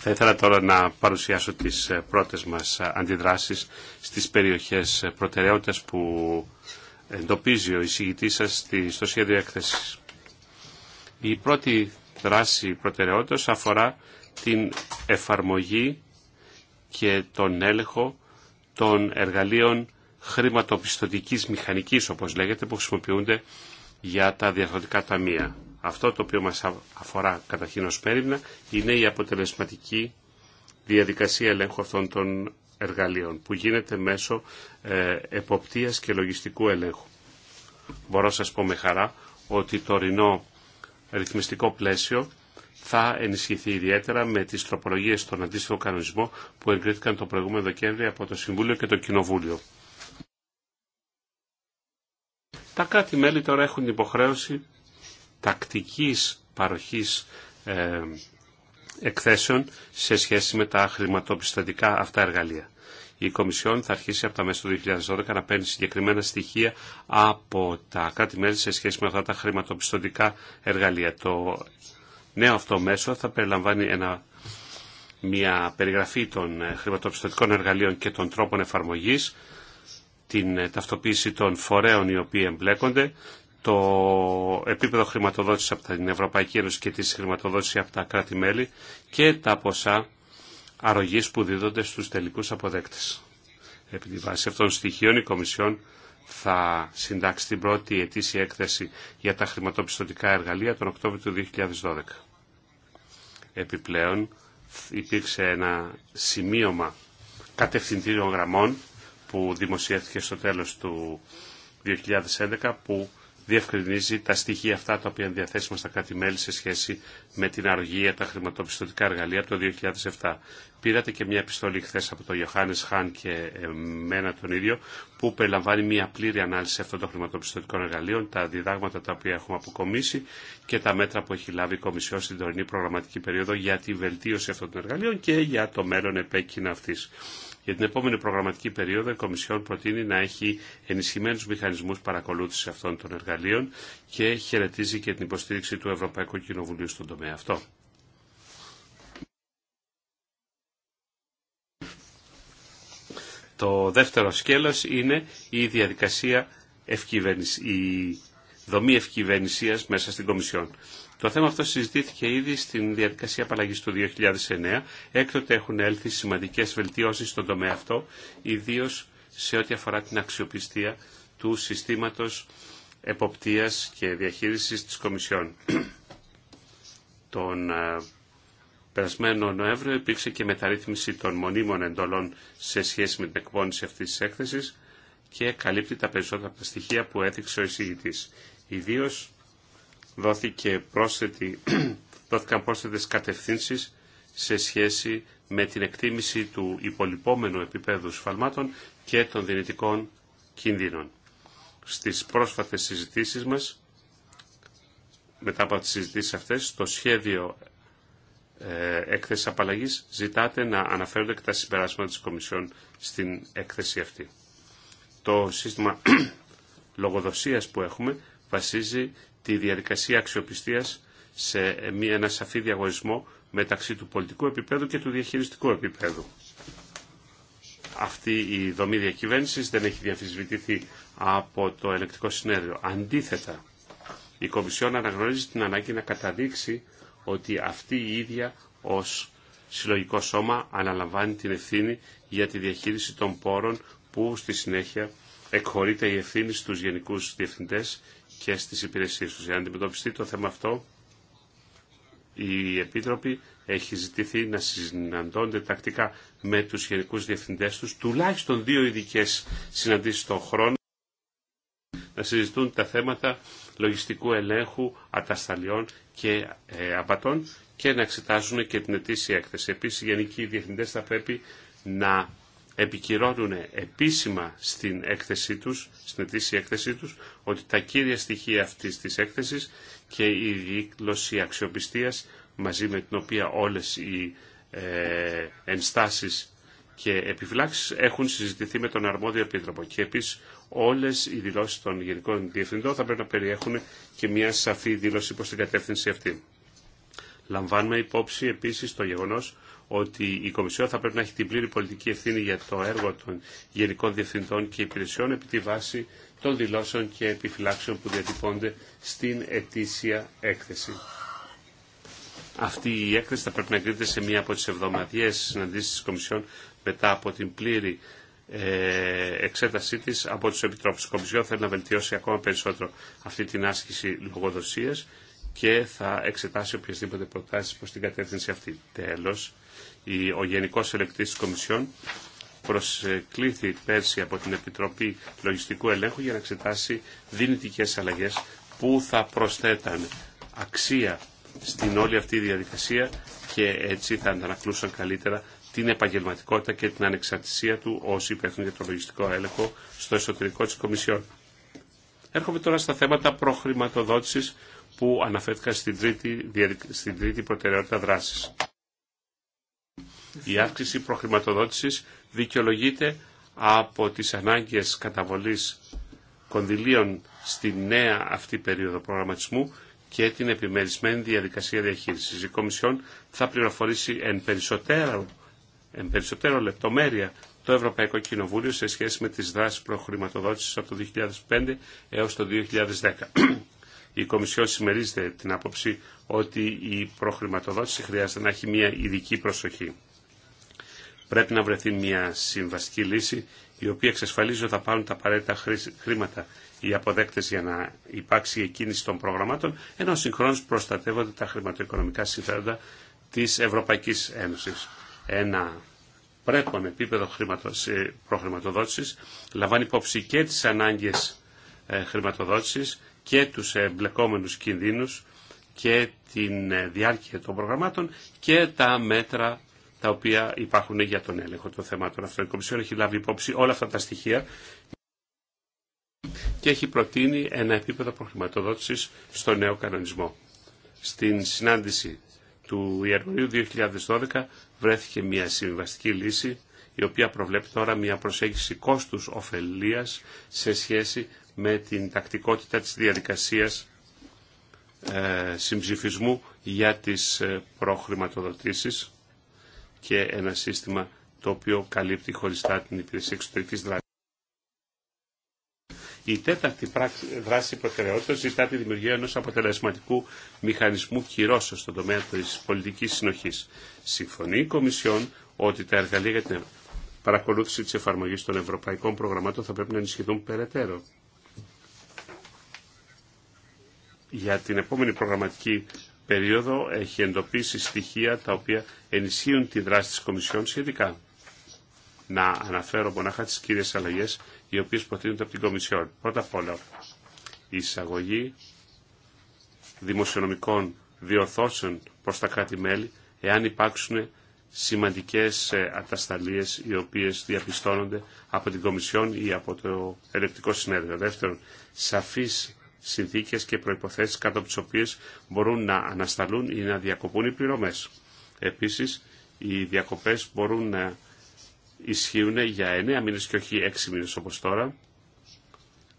Speaker 2: Θα ήθελα τώρα να παρουσιάσω τις ε, πρώτες μας ε, αντιδράσεις στις περιοχές προτεραιότητας που εντοπίζει ο εισηγητής σας στο σχέδιο έκθεση. Η πρώτη δράση προτεραιότητας αφορά την εφαρμογή και τον έλεγχο των εργαλείων χρηματοπιστωτικής μηχανικής, όπως λέγεται, που χρησιμοποιούνται για τα διαφορετικά ταμεία. Αυτό το οποίο μας αφορά καταρχήν ως πέριμνα είναι η αποτελεσματική διαδικασία ελέγχου αυτών των εργαλείων που γίνεται μέσω ε, εποπτείας και λογιστικού ελέγχου. Μπορώ σας πω με χαρά ότι το ρινό ρυθμιστικό πλαίσιο θα ενισχυθεί ιδιαίτερα με τις τροπολογίες στον αντίστοιχο κανονισμό που εγκρίθηκαν το προηγούμενο δεκέμβριο από το Συμβούλιο και το Κοινοβούλιο. Τα κράτη-μέλη τώρα έχουν υποχρέωση τακτικής παροχής ε, εκθέσεων σε σχέση με τα χρηματοπιστωτικά αυτά εργαλεία. Η Κομισιόν θα αρχίσει από τα μέσα του 2012 να παίρνει συγκεκριμένα στοιχεία από τα κράτη-μέλη σε σχέση με αυτά τα χρηματοπιστωτικά εργαλεία. Το νέο αυτό μέσο θα περιλαμβάνει ένα, μια περιγραφή των ε, χρηματοπιστωτικών εργαλείων και των τρόπων εφαρμογής, την ε, ταυτοποίηση των φορέων οι οποίοι εμπλέκονται, το επίπεδο χρηματοδότησης από την Ευρωπαϊκή Ένωση και τη χρηματοδότηση από τα κράτη-μέλη και τα ποσά αρρωγής που δίδονται στους τελικούς αποδέκτες. Επί τη βάση αυτών των στοιχείων η Κομισιόν θα συντάξει την πρώτη ετήσια έκθεση για τα χρηματοπιστωτικά εργαλεία τον Οκτώβριο του 2012. Επιπλέον υπήρξε ένα σημείωμα κατευθυντήριων γραμμών που δημοσιεύθηκε στο τέλος του 2011 που διευκρινίζει τα στοιχεία αυτά τα οποία είναι διαθέσιμα στα κρατη σε σχέση με την αργία τα χρηματοπιστωτικά εργαλεία από το 2007. Πήρατε και μια επιστολή χθε από τον Ιωάννη Χάν και εμένα τον ίδιο, που περιλαμβάνει μια πλήρη ανάλυση αυτών των χρηματοπιστωτικών εργαλείων, τα διδάγματα τα οποία έχουμε αποκομίσει και τα μέτρα που έχει λάβει η Κομισιό στην τωρινή προγραμματική περίοδο για τη βελτίωση αυτών των εργαλείων και για το μέλλον επέκεινα αυτή. Για την επόμενη προγραμματική περίοδο η Κομισιόν προτείνει να έχει ενισχυμένους μηχανισμούς παρακολούθησης αυτών των εργαλείων και χαιρετίζει και την υποστήριξη του Ευρωπαϊκού Κοινοβουλίου στον τομέα αυτό. Το δεύτερο σκέλος είναι η διαδικασία η δομή ευκυβερνησίας μέσα στην Κομισιόν. Το θέμα αυτό συζητήθηκε ήδη στην διαδικασία απαλλαγή του 2009. Έκτοτε έχουν έλθει σημαντικέ βελτιώσει στον τομέα αυτό, ιδίω σε ό,τι αφορά την αξιοπιστία του συστήματο εποπτεία και διαχείριση τη Κομισιόν. Τον ε, περασμένο Νοέμβριο υπήρξε και μεταρρύθμιση των μονίμων εντολών σε σχέση με την εκπόνηση αυτή τη έκθεση και καλύπτει τα περισσότερα από τα στοιχεία που έδειξε ο εισηγητή. ιδίω δόθηκε πρόσθετη, δόθηκαν πρόσθετες κατευθύνσεις σε σχέση με την εκτίμηση του υπολοιπόμενου επίπεδου σφαλμάτων και των δυνητικών κινδύνων. Στις πρόσφατες συζητήσεις μας, μετά από τις συζητήσεις αυτές, το σχέδιο ε, έκθεση απαλλαγής ζητάτε να αναφέρονται και τα συμπεράσματα της Κομισιόν στην έκθεση αυτή. Το σύστημα λογοδοσίας που έχουμε βασίζει τη διαδικασία αξιοπιστίας σε ένα σαφή διαγωνισμό μεταξύ του πολιτικού επίπεδου και του διαχειριστικού επίπεδου. Αυτή η δομή διακυβέρνησης δεν έχει διαφυσβητηθεί από το ελεκτικό συνέδριο. Αντίθετα, η Κομισιόν αναγνωρίζει την ανάγκη να καταδείξει ότι αυτή η ίδια ως συλλογικό σώμα αναλαμβάνει την ευθύνη για τη διαχείριση των πόρων που στη συνέχεια εκχωρείται η ευθύνη στους γενικούς διευθυντές και στις υπηρεσίες τους. Για να αντιμετωπιστεί το θέμα αυτό, η Επίτροπη έχει ζητηθεί να συναντώνται τακτικά με τους γενικούς διευθυντές τους, τουλάχιστον δύο ειδικέ συναντήσεις στον χρόνο, να συζητούν τα θέματα λογιστικού ελέγχου, ατασταλιών και ε, απατών και να εξετάζουν και την ετήσια έκθεση. Επίσης, οι γενικοί διευθυντές θα πρέπει να επικυρώνουν επίσημα στην έκθεσή τους, στην ετήσια έκθεσή τους, ότι τα κύρια στοιχεία αυτής της έκθεσης και η δήλωση αξιοπιστίας μαζί με την οποία όλες οι ε, ενστάσεις και επιφυλάξεις έχουν συζητηθεί με τον αρμόδιο επίτροπο. Και επίσης όλες οι δηλώσεις των γενικών διευθυντών θα πρέπει να περιέχουν και μια σαφή δήλωση προς την κατεύθυνση αυτή. Λαμβάνουμε υπόψη επίσης το γεγονός ότι η Κομισιόν θα πρέπει να έχει την πλήρη πολιτική ευθύνη για το έργο των Γενικών Διευθυντών και Υπηρεσιών επί τη βάση των δηλώσεων και επιφυλάξεων που διατυπώνται στην ετήσια έκθεση. Αυτή η έκθεση θα πρέπει να εγκρίνεται σε μία από τις εβδομαδίες συναντήσεις της Κομισιόν μετά από την πλήρη ε, εξέτασή της από τους Επιτρόπους. Η Κομισιόν θέλει να βελτιώσει ακόμα περισσότερο αυτή την άσκηση λογοδοσίας και θα εξετάσει οποιασδήποτε προτάσεις προς την κατεύθυνση αυτή. Τέλος, ο Γενικός Ελεκτής της Κομισιόν προσκλήθη πέρσι από την Επιτροπή Λογιστικού Ελέγχου για να εξετάσει δυνητικές αλλαγές που θα προσθέταν αξία στην όλη αυτή η διαδικασία και έτσι θα αντανακλούσαν καλύτερα την επαγγελματικότητα και την ανεξαρτησία του όσοι υπεύθυνο για το λογιστικό έλεγχο στο εσωτερικό της Κομισιόν. Έρχομαι τώρα στα θέματα προχρηματοδότησης που αναφέρθηκαν στην τρίτη, στην τρίτη προτεραιότητα δράσης. Η αύξηση προχρηματοδότησης δικαιολογείται από τις ανάγκες καταβολής κονδυλίων στη νέα αυτή περίοδο προγραμματισμού και την επιμερισμένη διαδικασία διαχείρισης. Η Κομισιόν θα πληροφορήσει εν περισσότερο, εν περισσότερο λεπτομέρεια το Ευρωπαϊκό Κοινοβούλιο σε σχέση με τις δράσεις προχρηματοδότησης από το 2005 έως το 2010 η Κομισιόν συμμερίζεται την άποψη ότι η προχρηματοδότηση χρειάζεται να έχει μια ειδική προσοχή. Πρέπει να βρεθεί μια συμβαστική λύση η οποία εξασφαλίζει ότι θα πάρουν τα απαραίτητα χρήματα οι αποδέκτες για να υπάρξει η εκκίνηση των προγραμμάτων, ενώ συγχρόνως προστατεύονται τα χρηματοοικονομικά συμφέροντα της Ευρωπαϊκής Ένωσης. Ένα πρέπον επίπεδο προχρηματοδότησης λαμβάνει υπόψη και τις ανάγκες ε, χρηματοδότησης και τους εμπλεκόμενους κινδύνους και την ε, διάρκεια των προγραμμάτων και τα μέτρα τα οποία υπάρχουν για τον έλεγχο των θεμάτων αυτών. Η Κομισιόν έχει λάβει υπόψη όλα αυτά τα στοιχεία και έχει προτείνει ένα επίπεδο προχρηματοδότησης στο νέο κανονισμό. Στην συνάντηση του Ιανουαρίου 2012 βρέθηκε μια συμβαστική λύση η οποία προβλέπει τώρα μια προσέγγιση κόστους ωφελίας σε σχέση με την τακτικότητα της διαδικασίας ε, συμψηφισμού για τις ε, προχρηματοδοτήσεις και ένα σύστημα το οποίο καλύπτει χωριστά την υπηρεσία εξωτερικής δράσης. Η τέταρτη δράση προτεραιότητα ζητά τη δημιουργία ενό αποτελεσματικού μηχανισμού κυρώσεω στον τομέα τη πολιτική συνοχή. Συμφωνεί η Κομισιόν ότι τα εργαλεία για την παρακολούθηση τη εφαρμογή των ευρωπαϊκών προγραμμάτων θα πρέπει να ενισχυθούν περαιτέρω. για την επόμενη προγραμματική περίοδο έχει εντοπίσει στοιχεία τα οποία ενισχύουν τη δράση της Κομισιόν σχετικά. Να αναφέρω μονάχα τις κύριες αλλαγές οι οποίες προτείνονται από την Κομισιόν. Πρώτα απ' όλα, η εισαγωγή δημοσιονομικών διορθώσεων προς τα κράτη-μέλη εάν υπάρξουν σημαντικές ε, ατασταλίες οι οποίες διαπιστώνονται από την Κομισιόν ή από το Ελεκτικό Συνέδριο. Δεύτερον, συνθήκες και προϋποθέσεις κάτω από τις μπορούν να ανασταλούν ή να διακοπούν οι πληρωμές. Επίσης, οι διακοπές μπορούν να ισχύουν για 9 μήνες και όχι 6 μήνες όπως τώρα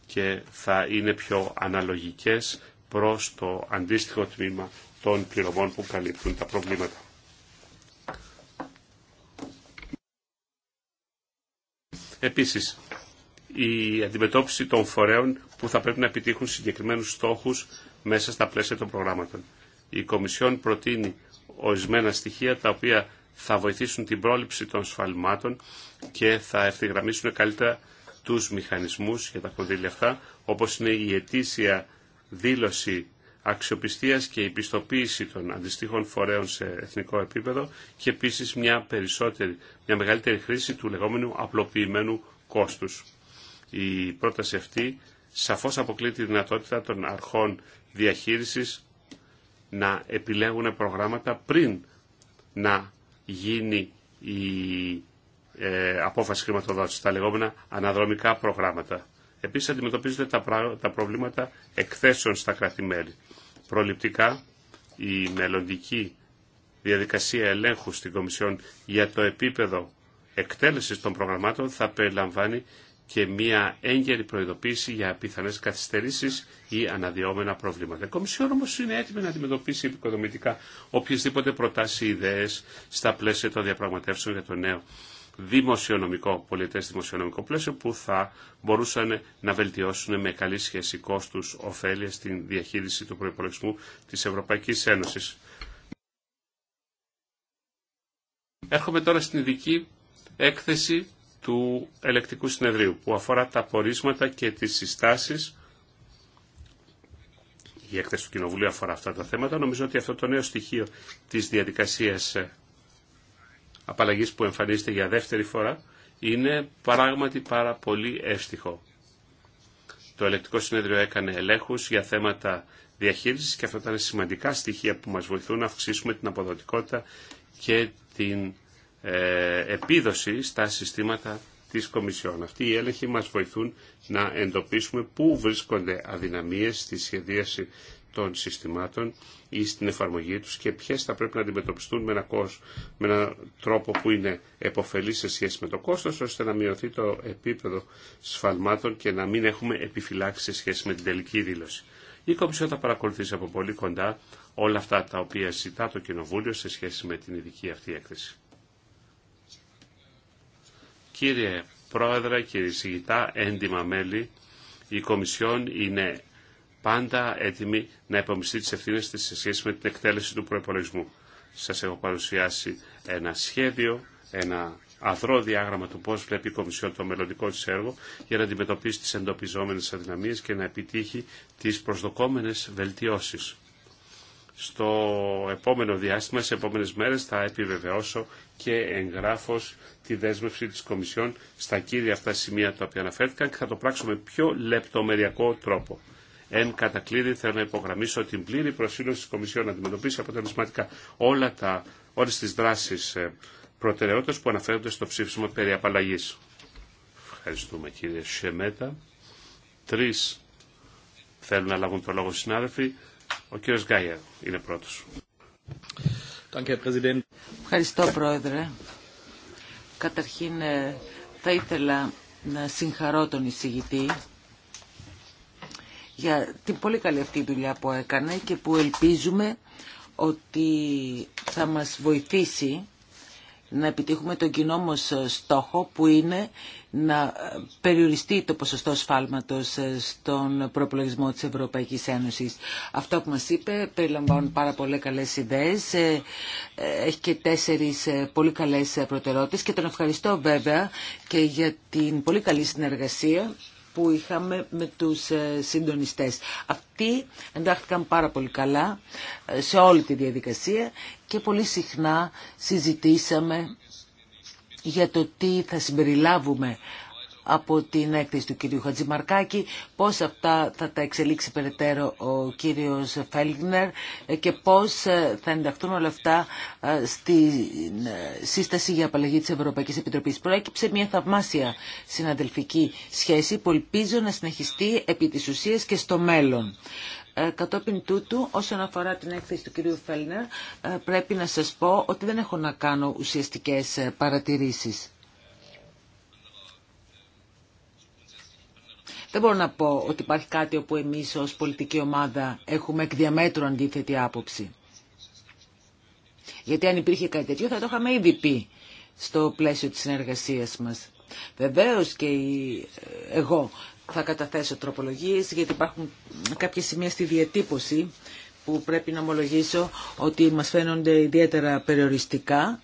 Speaker 2: και θα είναι πιο αναλογικές προς το αντίστοιχο τμήμα των πληρωμών που καλύπτουν τα προβλήματα. Επίσης, η αντιμετώπιση των φορέων που θα πρέπει να επιτύχουν συγκεκριμένους στόχους μέσα στα πλαίσια των προγράμματων. Η Κομισιόν προτείνει ορισμένα στοιχεία τα οποία θα βοηθήσουν την πρόληψη των σφαλμάτων και θα ευθυγραμμίσουν καλύτερα τους μηχανισμούς για τα κονδύλια αυτά, όπως είναι η ετήσια δήλωση αξιοπιστίας και η πιστοποίηση των αντιστοίχων φορέων σε εθνικό επίπεδο και επίσης μια, περισσότερη, μια μεγαλύτερη χρήση του λεγόμενου απλοποιημένου κόστους η πρόταση αυτή σαφώς αποκλεί τη δυνατότητα των αρχών διαχείρισης να επιλέγουν προγράμματα πριν να γίνει η ε, απόφαση χρηματοδότησης τα λεγόμενα αναδρομικά προγράμματα. Επίσης αντιμετωπίζονται τα, τα προβλήματα εκθέσεων στα κράτη-μέλη. Προληπτικά, η μελλοντική διαδικασία ελέγχου στην Κομισιόν για το επίπεδο εκτέλεσης των προγραμμάτων θα περιλαμβάνει και μια έγκαιρη προειδοποίηση για πιθανές καθυστερήσεις ή αναδυόμενα προβλήματα. Η Κομισιόν όμως είναι έτοιμη να αντιμετωπίσει επικοδομητικά οποιασδήποτε προτάσει ή ιδέες στα πλαίσια των διαπραγματεύσεων για το νέο δημοσιονομικό, πολιτέ δημοσιονομικό πλαίσιο που θα μπορούσαν να βελτιώσουν με καλή σχέση κόστου κόστος-οφέλεια στην διαχείριση του προϋπολογισμού της Ευρωπαϊκής Ένωσης. Έρχομαι τώρα στην ειδική έκθεση του ελεκτικού συνεδρίου που αφορά τα πορίσματα και τις συστάσεις. Η έκθεση του Κοινοβουλίου αφορά αυτά τα θέματα. Νομίζω ότι αυτό το νέο στοιχείο της διαδικασίας απαλλαγής που εμφανίζεται για δεύτερη φορά είναι πράγματι πάρα πολύ εύστοιχο. Το ελεκτικό συνέδριο έκανε ελέγχους για θέματα διαχείρισης και αυτά ήταν σημαντικά στοιχεία που μας βοηθούν να αυξήσουμε την αποδοτικότητα και την ε, επίδοση στα συστήματα της Κομισιόν. Αυτοί οι έλεγχοι μας βοηθούν να εντοπίσουμε πού βρίσκονται αδυναμίες στη σχεδίαση των συστημάτων ή στην εφαρμογή τους και ποιες θα πρέπει να αντιμετωπιστούν με ένα, με ένα τρόπο που είναι εποφελής σε σχέση με το κόστος ώστε να μειωθεί το επίπεδο σφαλμάτων και να μην έχουμε επιφυλάξει σε σχέση με την τελική δήλωση. Η Κομισιόν θα παρακολουθήσει από πολύ κοντά όλα αυτά τα οποία ζητά το Κοινοβούλιο σε σχέση με την ειδική αυτή έκθεση. Κύριε Πρόεδρε, κύριε Σιγητά, έντιμα μέλη, η Κομισιόν είναι πάντα έτοιμη να υπομειστεί τις ευθύνες της σε σχέση με την εκτέλεση του προεπολογισμού. Σας έχω παρουσιάσει ένα σχέδιο, ένα αδρό διάγραμμα του πώς βλέπει η Κομισιόν το μελλοντικό της έργο για να αντιμετωπίσει τις εντοπιζόμενες αδυναμίες και να επιτύχει τις προσδοκόμενες βελτιώσεις. Στο επόμενο διάστημα, σε επόμενες μέρες, θα επιβεβαιώσω και εγγράφος τη δέσμευση της Κομισιόν στα κύρια αυτά σημεία τα οποία αναφέρθηκαν και θα το πράξουμε πιο λεπτομεριακό τρόπο. Εν κατακλείδη θέλω να υπογραμμίσω την πλήρη προσήλωση της Κομισιόν να αντιμετωπίσει αποτελεσματικά όλα τα, όλες τις δράσεις ε, προτεραιότητες που αναφέρονται στο ψήφισμα περί απαλλαγής. Ευχαριστούμε κύριε Σεμέτα. Τρεις θέλουν να λάβουν το λόγο συνάδελφοι. Ο κύριος Γκάιερ είναι πρώτος.
Speaker 3: Ευχαριστώ, Πρόεδρε. Καταρχήν, ε, θα ήθελα να συγχαρώ τον εισηγητή για την πολύ καλή αυτή δουλειά που έκανε και που ελπίζουμε ότι θα μας βοηθήσει να επιτύχουμε τον κοινό μας ε, στόχο που είναι να ε, περιοριστεί το ποσοστό σφάλματος ε, στον προπολογισμό της Ευρωπαϊκής Ένωσης. Αυτό που μας είπε περιλαμβάνουν πάρα πολλές καλές ιδέες. Έχει και τέσσερις πολύ καλές προτεραιότητες και τον ευχαριστώ βέβαια και για την πολύ καλή συνεργασία που είχαμε με τους ε, συντονιστές. Αυτοί εντάχθηκαν πάρα πολύ καλά ε, σε όλη τη διαδικασία και πολύ συχνά συζητήσαμε για το τι θα συμπεριλάβουμε από την έκθεση του κυρίου Χατζημαρκάκη, πώς αυτά θα τα εξελίξει περαιτέρω ο κύριος Φέλγνερ και πώς ε, θα ενταχθούν όλα αυτά ε, στη ε, σύσταση για απαλλαγή της Ευρωπαϊκής Επιτροπής. Προέκυψε μια θαυμάσια συναδελφική σχέση που ελπίζω να συνεχιστεί επί της ουσίας και στο μέλλον. Κατόπιν τούτου, όσον αφορά την έκθεση του κυρίου Φέλνερ, πρέπει να σας πω ότι δεν έχω να κάνω ουσιαστικές παρατηρήσεις. Δεν μπορώ να πω ότι υπάρχει κάτι όπου εμείς ως πολιτική ομάδα έχουμε εκ διαμέτρου αντίθετη άποψη. Γιατί αν υπήρχε κάτι τέτοιο θα το είχαμε ήδη πει στο πλαίσιο της συνεργασίας μας. Βεβαίως και ε, εγώ θα καταθέσω τροπολογίες γιατί υπάρχουν κάποια σημεία στη διατύπωση που πρέπει να ομολογήσω ότι μας φαίνονται ιδιαίτερα περιοριστικά.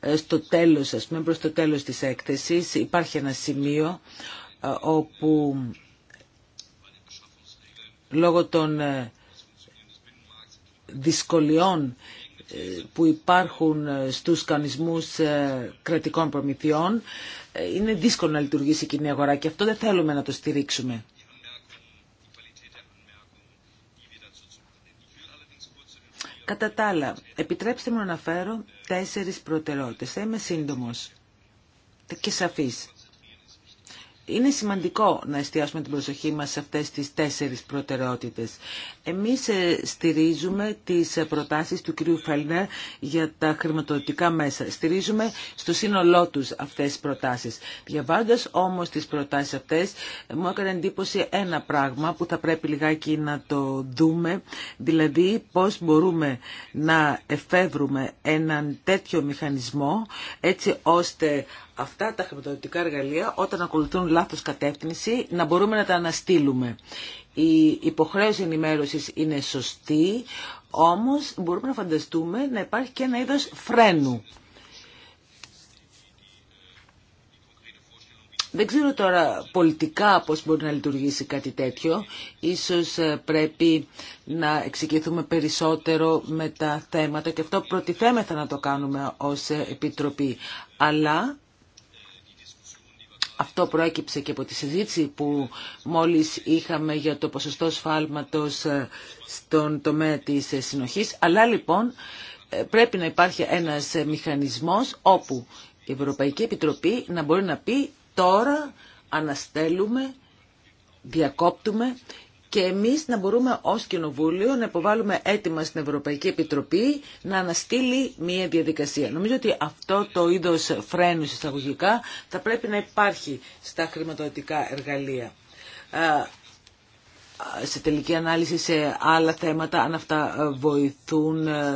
Speaker 3: Ε, στο τέλος, ας πούμε, προς το τέλος της έκθεσης υπάρχει ένα σημείο όπου λόγω των ε, δυσκολιών ε, που υπάρχουν ε, στους κανισμούς κρατικών προμηθειών είναι δύσκολο να λειτουργήσει η κοινή αγορά και αυτό δεν θέλουμε να το στηρίξουμε. Κατά τα άλλα, επιτρέψτε μου να αναφέρω τέσσερις προτεραιότητες. Θα είμαι σύντομος και σαφής είναι σημαντικό να εστιάσουμε την προσοχή μας σε αυτές τις τέσσερις προτεραιότητες. Εμείς ε, στηρίζουμε τις ε, προτάσεις του κυρίου Φέλνερ για τα χρηματοδοτικά μέσα. Στηρίζουμε στο σύνολό τους αυτές τις προτάσεις. Διαβάζοντας όμως τις προτάσεις αυτές, μου έκανε εντύπωση ένα πράγμα που θα πρέπει λιγάκι να το δούμε, δηλαδή πώς μπορούμε να εφεύρουμε έναν τέτοιο μηχανισμό έτσι ώστε αυτά τα χρηματοδοτικά εργαλεία όταν ακολουθούν λάθος κατεύθυνση να μπορούμε να τα αναστείλουμε. Η υποχρέωση ενημέρωσης είναι σωστή, όμως μπορούμε να φανταστούμε να υπάρχει και ένα είδος φρένου. Δεν ξέρω τώρα πολιτικά πώς μπορεί να λειτουργήσει κάτι τέτοιο. Ίσως ε, πρέπει να εξοικειωθούμε περισσότερο με τα θέματα και αυτό προτιθέμεθα να το κάνουμε ως ε, Επιτροπή. Αλλά αυτό προέκυψε και από τη συζήτηση που μόλις είχαμε για το ποσοστό σφάλματος ε, στον τομέα της ε, συνοχής. Αλλά λοιπόν ε, πρέπει να υπάρχει ένας μηχανισμός όπου η Ευρωπαϊκή Επιτροπή να μπορεί να πει τώρα αναστέλουμε, διακόπτουμε και εμείς να μπορούμε ως Κοινοβούλιο να υποβάλουμε έτοιμα στην Ευρωπαϊκή Επιτροπή να αναστείλει μία διαδικασία. Νομίζω ότι αυτό το είδος φρένου εισαγωγικά θα πρέπει να υπάρχει στα χρηματοδοτικά εργαλεία σε τελική ανάλυση σε άλλα θέματα αν αυτά βοηθούν ε,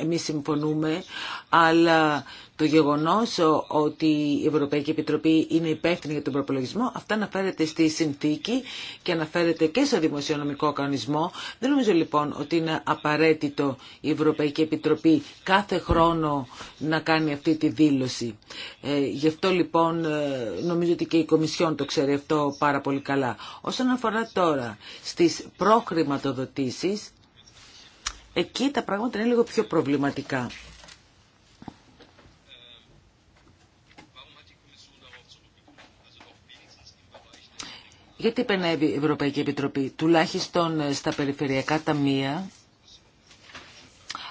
Speaker 3: εμείς συμφωνούμε αλλά το γεγονό ότι η Ευρωπαϊκή Επιτροπή είναι υπεύθυνη για τον προπολογισμό, αυτά αναφέρεται στη συνθήκη και αναφέρεται και στο δημοσιονομικό κανονισμό. Δεν νομίζω λοιπόν ότι είναι απαραίτητο η Ευρωπαϊκή Επιτροπή κάθε χρόνο να κάνει αυτή τη δήλωση. Ε, γι' αυτό λοιπόν ε, νομίζω ότι και η Κομισιόν το ξέρει αυτό πάρα πολύ καλά. Όσον αφορά τώρα στι προχρηματοδοτήσει, εκεί τα πράγματα είναι λίγο πιο προβληματικά. Γιατί επενεύει η Ευρωπαϊκή Επιτροπή, τουλάχιστον ε, στα περιφερειακά ταμεία.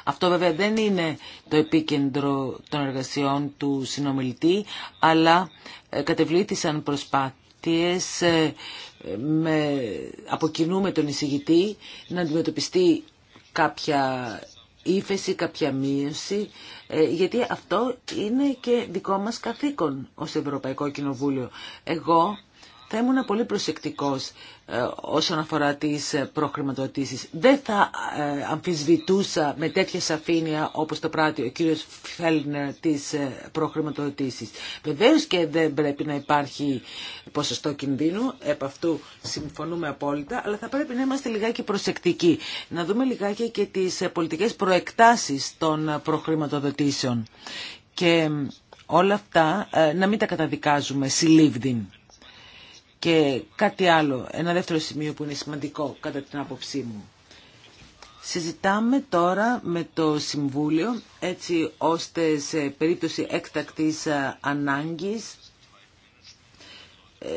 Speaker 3: Αυτό βέβαια δεν είναι το επίκεντρο των εργασιών του συνομιλητή, αλλά ε, κατεβλήθησαν προσπάθειες ε, με, από κοινού με τον εισηγητή να αντιμετωπιστεί κάποια ύφεση, κάποια μείωση, γιατί αυτό είναι και δικό μας καθήκον ως Ευρωπαϊκό Κοινοβούλιο. Εγώ θα ήμουν πολύ προσεκτικός ε, όσον αφορά τις ε, προχρηματοδοτήσεις. Δεν θα ε, αμφισβητούσα με τέτοια σαφήνεια όπως το πράττει ο κύριος Φέλνερ τις προχρηματοδοτήσεις. Βεβαίω και δεν πρέπει να υπάρχει ποσοστό κινδύνου, επ' αυτού συμφωνούμε απόλυτα, αλλά θα πρέπει να είμαστε λιγάκι προσεκτικοί. Να δούμε λιγάκι και τις πολιτικές προεκτάσεις των προχρηματοδοτήσεων. Και όλα αυτά να μην τα καταδικάζουμε συλλήβδιν. Και κάτι άλλο, ένα δεύτερο σημείο που είναι σημαντικό κατά την άποψή μου. Συζητάμε τώρα με το Συμβούλιο έτσι ώστε σε περίπτωση έκτακτης ε, ανάγκης ε,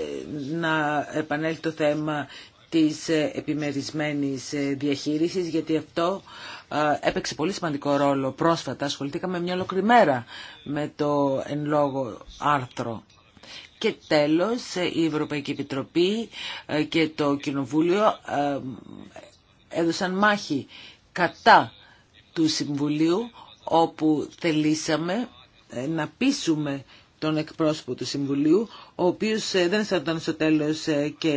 Speaker 3: να επανέλθει το θέμα της ε, επιμερισμένης διαχείρισης γιατί αυτό έπαιξε πολύ σημαντικό ρόλο πρόσφατα. Ασχοληθήκαμε μια ολοκληρή μέρα με το εν λόγω άρθρο. Και τέλος, η Ευρωπαϊκή Επιτροπή ε, και το Κοινοβούλιο ε, έδωσαν μάχη κατά του Συμβουλίου όπου θελήσαμε ε, να πείσουμε τον εκπρόσωπο του Συμβουλίου ο οποίος ε, δεν αισθανόταν στο τέλος ε, και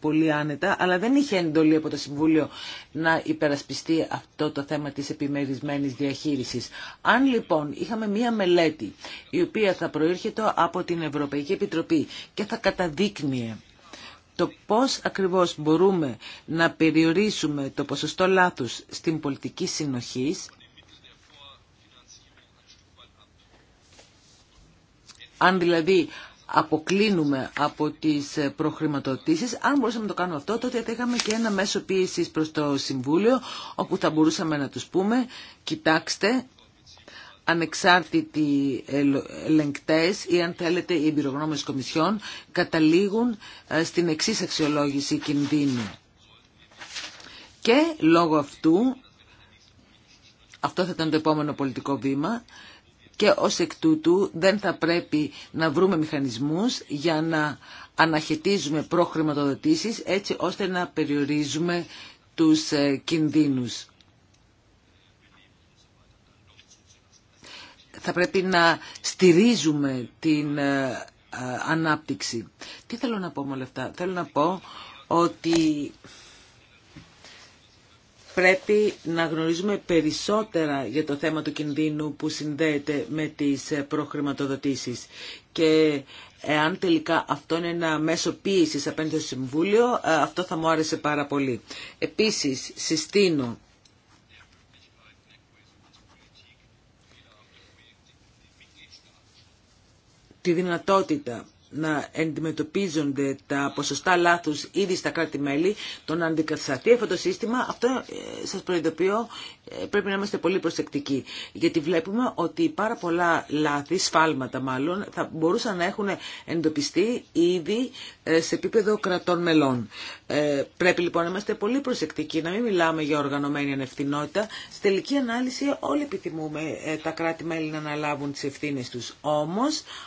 Speaker 3: πολύ άνετα, αλλά δεν είχε εντολή από το Συμβούλιο να υπερασπιστεί αυτό το θέμα της επιμερισμένης διαχείρισης. Αν λοιπόν είχαμε μία μελέτη η οποία θα προήρχεται από την Ευρωπαϊκή Επιτροπή και θα καταδείκνυε το πώς ακριβώς μπορούμε να περιορίσουμε το ποσοστό λάθους στην πολιτική συνοχής, αν δηλαδή αποκλίνουμε από τις προχρηματοδοτήσεις. Αν μπορούσαμε να το κάνουμε αυτό, τότε θα είχαμε και ένα μέσο πίεσης προς το Συμβούλιο, όπου θα μπορούσαμε να τους πούμε, κοιτάξτε, ανεξάρτητοι ελεγκτές ή αν θέλετε οι εμπειρογνώμες κομισιών καταλήγουν ε, στην εξής αξιολόγηση κινδύνου. Και λόγω αυτού, αυτό θα ήταν το επόμενο πολιτικό βήμα, και ως εκ τούτου δεν θα πρέπει να βρούμε μηχανισμούς για να αναχαιτίζουμε προχρηματοδοτήσεις έτσι ώστε να περιορίζουμε τους ε, κινδύνους. Θα πρέπει να στηρίζουμε την ε, ε, ανάπτυξη. Τι θέλω να πω με όλα αυτά. Θέλω να πω ότι πρέπει να γνωρίζουμε περισσότερα για το θέμα του κινδύνου που συνδέεται με τις προχρηματοδοτήσεις. Και εάν τελικά αυτό είναι ένα μέσο πίεσης απέναντι στο Συμβούλιο, ε, αυτό θα μου άρεσε πάρα πολύ. Επίσης, συστήνω τη δυνατότητα να αντιμετωπίζονται τα ποσοστά λάθους ήδη στα κράτη-μέλη, το να αντικατασταθεί αυτό το σύστημα, αυτό ε, σας προειδοποιώ, ε, πρέπει να είμαστε πολύ προσεκτικοί. Γιατί βλέπουμε ότι πάρα πολλά λάθη, σφάλματα μάλλον, θα μπορούσαν να έχουν εντοπιστεί ήδη ε, σε επίπεδο κρατών μελών. Πρέπει λοιπόν να είμαστε πολύ προσεκτικοί, να μην μιλάμε για οργανωμένη ανευθυνότητα. Στη τελική ανάλυση όλοι επιθυμούμε τα κράτη-μέλη να αναλάβουν τις ευθύνε τους. Όμω,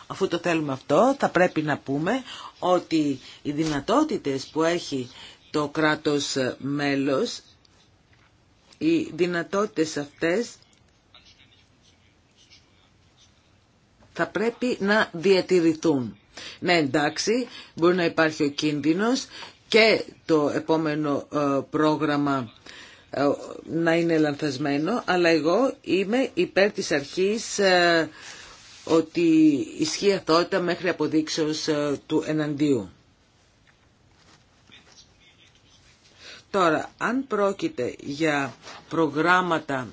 Speaker 3: αφού το θέλουμε αυτό, θα πρέπει πρέπει να πούμε ότι οι δυνατότητες που έχει το κράτος μέλος, οι δυνατότητες αυτές θα πρέπει να διατηρηθούν. Ναι, εντάξει, μπορεί να υπάρχει ο κίνδυνος και το επόμενο ε, πρόγραμμα ε, να είναι λανθασμένο, αλλά εγώ είμαι υπέρ της αρχής ε, ότι ισχύει αθότητα μέχρι αποδείξεως ε, του εναντίου. Τώρα, αν πρόκειται για προγράμματα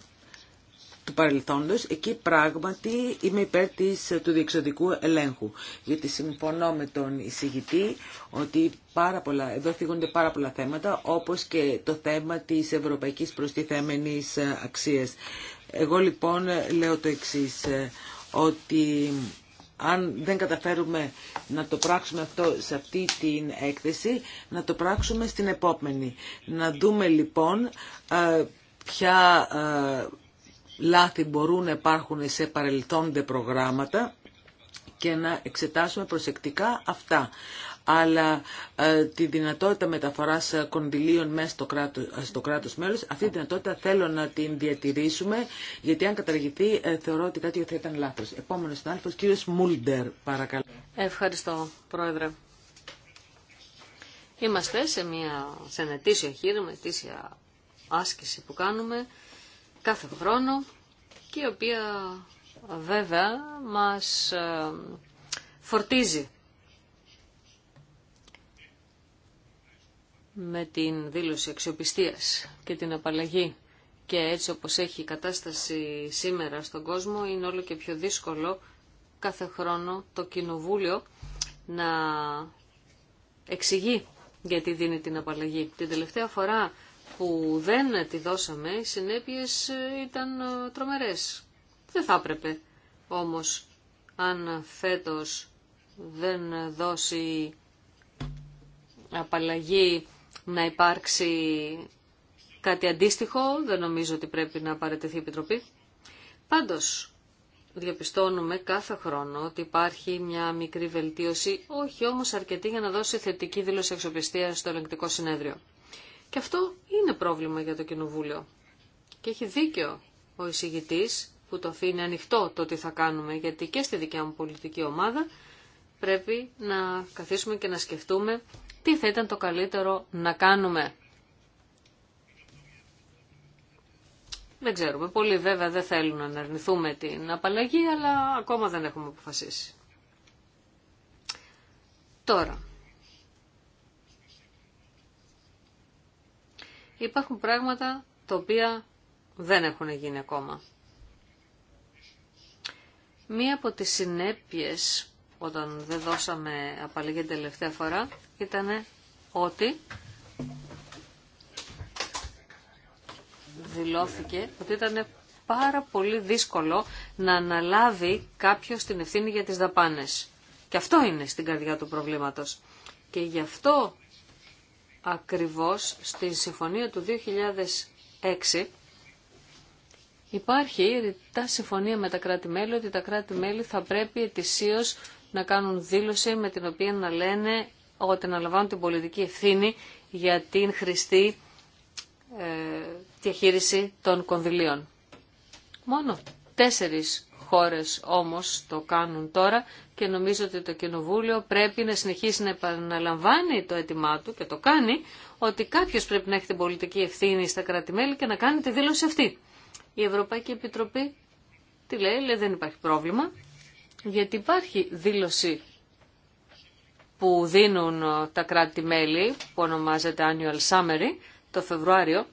Speaker 3: του παρελθόντος, εκεί πράγματι είμαι υπέρ της, ε, του διεξοδικού ελέγχου. Γιατί συμφωνώ με τον εισηγητή ότι πάρα πολλά, εδώ θίγονται πάρα πολλά θέματα, όπως και το θέμα της ευρωπαϊκής προστιθέμενης ε, αξίας. Εγώ λοιπόν λέω το εξής ότι αν δεν καταφέρουμε να το πράξουμε αυτό σε αυτή την έκθεση, να το πράξουμε στην επόμενη. Να δούμε λοιπόν ε, ποια ε, λάθη μπορούν να υπάρχουν σε παρελθόντε προγράμματα και να εξετάσουμε προσεκτικά αυτά αλλά ε, τη δυνατότητα μεταφοράς ε, κονδυλίων μέσα ε, στο κράτος, στο κράτος μέλος, αυτή τη δυνατότητα θέλω να την διατηρήσουμε, γιατί αν καταργηθεί θεωρώ ότι κάτι θα ήταν λάθος. Επόμενος συνάδελφος, κύριος Μούλντερ, παρακαλώ.
Speaker 4: Ευχαριστώ, Πρόεδρε. Είμαστε σε, μια, σε ένα ετήσιο ετήσια άσκηση που κάνουμε κάθε χρόνο και η οποία βέβαια μας φορτίζει με την δήλωση αξιοπιστίας και την απαλλαγή και έτσι όπως έχει η κατάσταση σήμερα στον κόσμο είναι όλο και πιο δύσκολο κάθε χρόνο το Κοινοβούλιο να εξηγεί γιατί δίνει την απαλλαγή. Την τελευταία φορά που δεν τη δώσαμε οι συνέπειες ήταν ε, τρομερές. Δεν θα έπρεπε όμως αν φέτος δεν δώσει απαλλαγή να υπάρξει κάτι αντίστοιχο. Δεν νομίζω ότι πρέπει να παρατεθεί η Επιτροπή. Πάντως, διαπιστώνουμε κάθε χρόνο ότι υπάρχει μια μικρή βελτίωση, όχι όμως αρκετή για να δώσει θετική δήλωση αξιοπιστία στο ελεγκτικό συνέδριο. Και αυτό είναι πρόβλημα για το Κοινοβούλιο. Και έχει δίκιο ο εισηγητής που το αφήνει ανοιχτό το τι θα κάνουμε, γιατί και στη δικιά μου πολιτική ομάδα πρέπει να καθίσουμε και να σκεφτούμε τι θα ήταν το καλύτερο να κάνουμε. Δεν ξέρουμε. Πολλοί βέβαια δεν θέλουν να αρνηθούμε την απαλλαγή, αλλά ακόμα δεν έχουμε αποφασίσει. Τώρα. Υπάρχουν πράγματα τα οποία δεν έχουν γίνει ακόμα. Μία από τις συνέπειες όταν δεν δώσαμε απαλλαγή τελευταία φορά ήταν ότι δηλώθηκε ότι ήταν πάρα πολύ δύσκολο να αναλάβει κάποιος την ευθύνη για τις δαπάνες. Και αυτό είναι στην καρδιά του προβλήματος. Και γι' αυτό ακριβώς στη συμφωνία του 2006 υπάρχει τα συμφωνία με τα κράτη-μέλη ότι τα κράτη-μέλη θα πρέπει ετησίως να κάνουν δήλωση με την οποία να λένε ότι αναλαμβάνουν την πολιτική ευθύνη για την χρηστή ε, διαχείριση των κονδυλίων. Μόνο τέσσερις χώρες όμως το κάνουν τώρα και νομίζω ότι το Κοινοβούλιο πρέπει να συνεχίσει να επαναλαμβάνει το αίτημά του και το κάνει ότι κάποιος πρέπει να έχει την πολιτική ευθύνη στα κράτη-μέλη και να κάνει τη δήλωση αυτή. Η Ευρωπαϊκή Επιτροπή τι λέει, λέει δεν υπάρχει πρόβλημα, γιατί υπάρχει δήλωση που δίνουν ε, τα κράτη-μέλη, που ονομάζεται Annual Summary, το Φεβρουάριο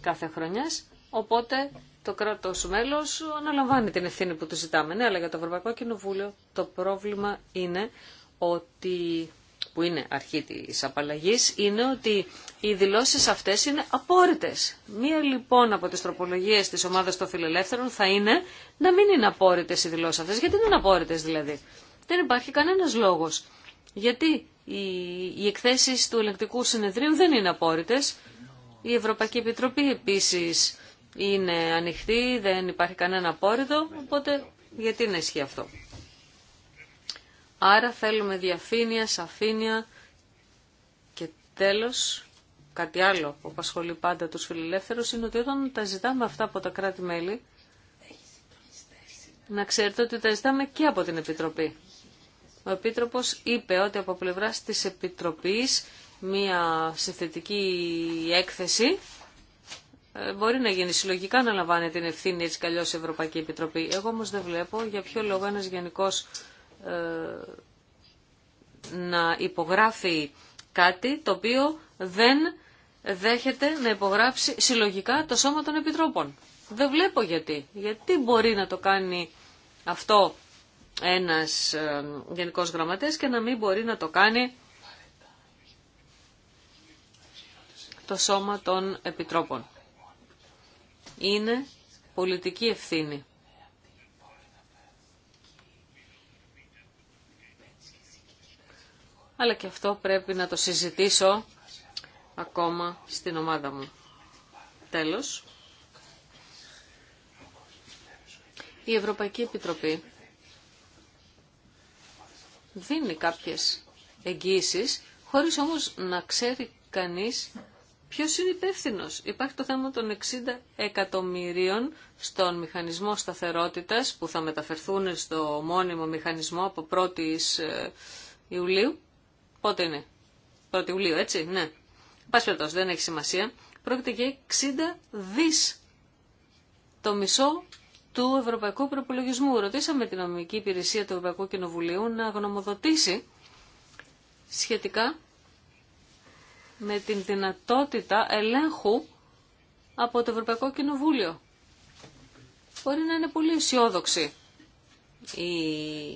Speaker 4: κάθε χρονιάς, οπότε το κράτος μέλος αναλαμβάνει την ευθύνη που του ζητάμε. Ναι, αλλά για το Ευρωπαϊκό Κοινοβούλιο το πρόβλημα είναι ότι που είναι αρχή της απαλλαγής, είναι ότι οι δηλώσεις αυτές είναι απόρριτες. Μία λοιπόν από τις τροπολογίες της ομάδας των φιλελεύθερων θα είναι να μην είναι απόρριτες οι δηλώσεις αυτές. Γιατί δεν είναι απόρριτες δηλαδή. Δεν υπάρχει κανένας λόγος. Γιατί οι εκθέσεις του ελεκτικού συνεδρίου δεν είναι απόρριτες. Η Ευρωπαϊκή Επιτροπή επίσης είναι ανοιχτή, δεν υπάρχει κανένα απόρριτο, οπότε γιατί να ισχύει αυτό. Άρα θέλουμε διαφήνεια, σαφήνεια και τέλος κάτι άλλο που απασχολεί πάντα τους φιλελεύθερους είναι ότι όταν τα ζητάμε αυτά από τα κράτη-μέλη να ξέρετε ότι τα ζητάμε και από την Επιτροπή. Ο Επίτροπος είπε ότι από πλευρά της Επιτροπής μία συνθετική έκθεση ε, μπορεί να γίνει συλλογικά να λαμβάνει την ευθύνη έτσι καλλιώς η Ευρωπαϊκή Επιτροπή. Εγώ όμως δεν βλέπω για ποιο λόγο ένας γενικός ε, να υπογράφει κάτι το οποίο δεν δέχεται να υπογράψει συλλογικά το Σώμα των Επιτρόπων. Δεν βλέπω γιατί. Γιατί μπορεί να το κάνει αυτό ένας ε, γενικός γραμματέας και να μην μπορεί να το κάνει το Σώμα των Επιτρόπων. Είναι πολιτική ευθύνη. αλλά και αυτό πρέπει να το συζητήσω ακόμα στην ομάδα μου. Τέλος, η Ευρωπαϊκή Επιτροπή δίνει κάποιες εγγύησεις, χωρίς όμως να ξέρει κανείς ποιος είναι υπεύθυνο. Υπάρχει το θέμα των 60 εκατομμυρίων στον μηχανισμό σταθερότητας που θα μεταφερθούν στο μόνιμο μηχανισμό από 1η ε, Ιουλίου. Πότε είναι. 1η Ιουλίου, έτσι, ναι. Πάση περιπτώσει, δεν έχει σημασία. Πρόκειται για 60 δις. Το μισό του Ευρωπαϊκού Προπολογισμού. Ρωτήσαμε την νομική υπηρεσία του Ευρωπαϊκού Κοινοβουλίου να γνωμοδοτήσει σχετικά με την δυνατότητα ελέγχου από το Ευρωπαϊκό Κοινοβούλιο. Μπορεί να είναι πολύ αισιόδοξη η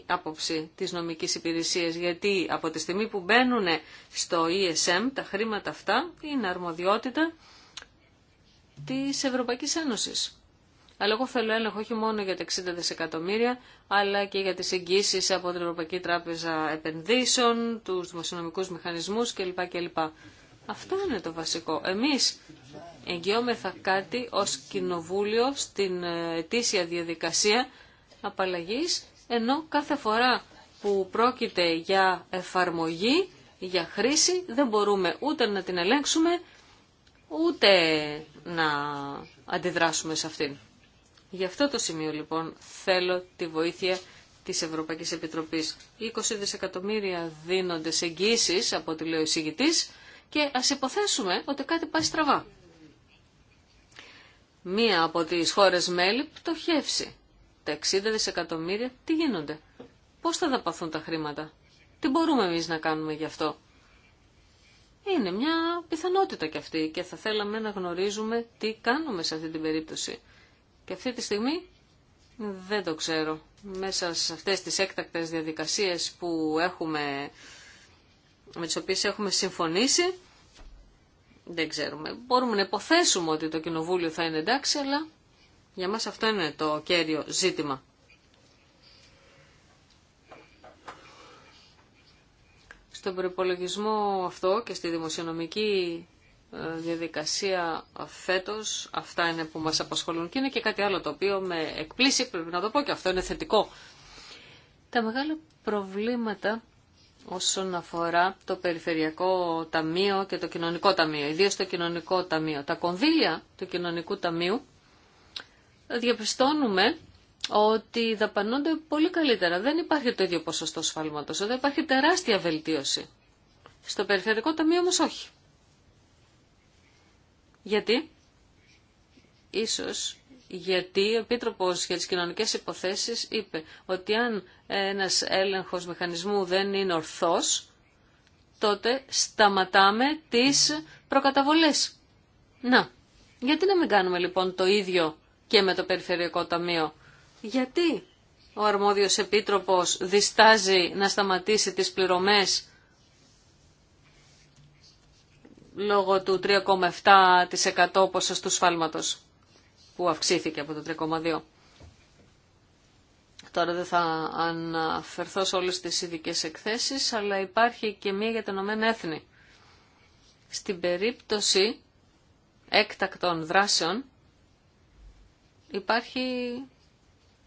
Speaker 4: άποψη της νομικής υπηρεσίας γιατί από τη στιγμή που μπαίνουν στο ESM τα χρήματα αυτά είναι αρμοδιότητα της Ευρωπαϊκής Ένωσης. Αλλά εγώ θέλω έλεγχο όχι μόνο για τα 60 δισεκατομμύρια, αλλά και για τις εγγύσεις από την Ευρωπαϊκή Τράπεζα Επενδύσεων, τους δημοσιονομικούς μηχανισμούς κλπ. κλπ. Αυτό είναι το βασικό. Εμείς εγγυόμεθα κάτι ως κοινοβούλιο στην ετήσια διαδικασία απαλλαγής, ενώ κάθε φορά που πρόκειται για εφαρμογή, για χρήση, δεν μπορούμε ούτε να την ελέγξουμε, ούτε να αντιδράσουμε σε αυτήν. Γι' αυτό το σημείο λοιπόν θέλω τη βοήθεια της Ευρωπαϊκής Επιτροπής. 20 δισεκατομμύρια δίνονται σε εγγύησεις από τη λέω και ας υποθέσουμε ότι κάτι πάει στραβά. Μία από τις χώρες μέλη πτωχεύσει τα 60 δισεκατομμύρια, τι γίνονται. Πώς θα δαπαθούν τα χρήματα. Τι μπορούμε εμείς να κάνουμε γι' αυτό. Είναι μια πιθανότητα κι αυτή και θα θέλαμε να γνωρίζουμε τι κάνουμε σε αυτή την περίπτωση. Και αυτή τη στιγμή δεν το ξέρω. Μέσα σε αυτές τις έκτακτες διαδικασίες που έχουμε, με τις οποίες έχουμε συμφωνήσει, δεν ξέρουμε. Μπορούμε να υποθέσουμε ότι το Κοινοβούλιο θα είναι εντάξει, αλλά για μας αυτό είναι το κέριο ζήτημα. Στον προπολογισμό αυτό και στη δημοσιονομική ε, διαδικασία φέτος, αυτά είναι που μας απασχολούν και είναι και κάτι άλλο το οποίο με εκπλήσει, πρέπει να το πω και αυτό είναι θετικό. Τα μεγάλα προβλήματα όσον αφορά το Περιφερειακό Ταμείο και το Κοινωνικό Ταμείο, ιδίως το Κοινωνικό Ταμείο. Τα κονδύλια του Κοινωνικού Ταμείου διαπιστώνουμε ότι δαπανούνται πολύ καλύτερα. Δεν υπάρχει το ίδιο ποσοστό σφάλματο. Δεν υπάρχει τεράστια βελτίωση. Στο περιφερειακό ταμείο όμω όχι. Γιατί? Ίσως γιατί ο Επίτροπος για τις κοινωνικές υποθέσεις είπε ότι αν ένας έλεγχος μηχανισμού δεν είναι ορθός, τότε σταματάμε τις προκαταβολές. Να, γιατί να μην κάνουμε λοιπόν το ίδιο και με το Περιφερειακό Ταμείο. Γιατί ο αρμόδιος επίτροπος διστάζει να σταματήσει τις πληρωμές λόγω του 3,7% ποσοστού σφάλματος που αυξήθηκε από το 3,2%. Τώρα δεν θα αναφερθώ σε όλες τις ειδικέ εκθέσεις, αλλά υπάρχει και μία για τα Ηνωμένα Έθνη. Στην περίπτωση έκτακτων δράσεων, υπάρχει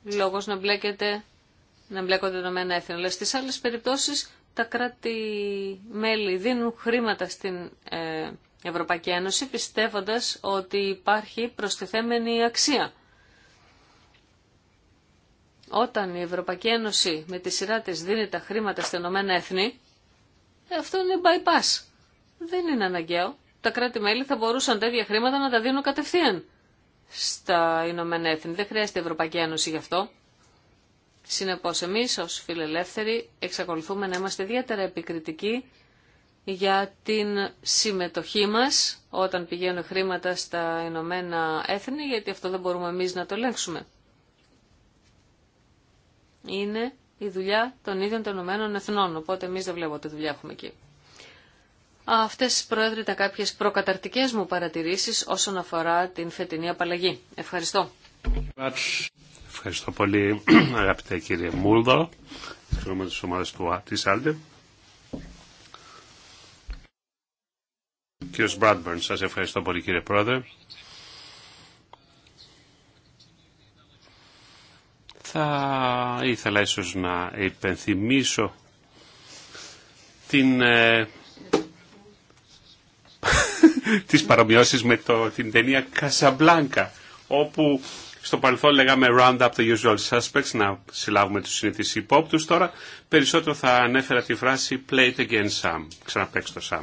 Speaker 4: λόγος να μπλέκεται να μπλέκονται Ηνωμένα Έθνη. Αλλά στις άλλες περιπτώσεις τα κράτη-μέλη δίνουν χρήματα στην ε, Ευρωπαϊκή Ένωση πιστεύοντας ότι υπάρχει προστιθέμενη αξία. Όταν η Ευρωπαϊκή Ένωση με τη σειρά της δίνει τα χρήματα στην Ηνωμένα Έθνη, ε, αυτό είναι bypass. Δεν είναι αναγκαίο. Τα κράτη-μέλη θα μπορούσαν τέτοια χρήματα να τα δίνουν κατευθείαν στα Ηνωμένα Έθνη. Δεν χρειάζεται η Ευρωπαϊκή Ένωση γι' αυτό. Συνεπώς εμείς ως φιλελεύθεροι εξακολουθούμε να είμαστε ιδιαίτερα επικριτικοί για την συμμετοχή μας όταν πηγαίνουν χρήματα στα Ηνωμένα Έθνη, γιατί αυτό δεν μπορούμε εμείς να το ελέγξουμε. Είναι η δουλειά των ίδιων των Ηνωμένων Εθνών, οπότε εμεί δεν βλέπω τη δουλειά έχουμε εκεί. Αυτές πρόεδρε ήταν κάποιες προκαταρτικές μου παρατηρήσεις όσον αφορά την φετινή απαλλαγή. Ευχαριστώ.
Speaker 2: Ευχαριστώ πολύ αγαπητέ κύριε Μούλδο, εξωγόμενο της ομάδας του της Άλτε. Κύριος Μπράντμπερν, σας ευχαριστώ πολύ κύριε Πρόεδρε. Θα ήθελα ίσως να υπενθυμίσω την ε, τις παρομοιώσεις με το, την ταινία Casablanca όπου στο παρελθόν λέγαμε round up the usual suspects, να συλλάβουμε τους συνήθεις υπόπτους. Τώρα περισσότερο θα ανέφερα τη φράση play it again Sam, Ξαναπέξτε το Sam.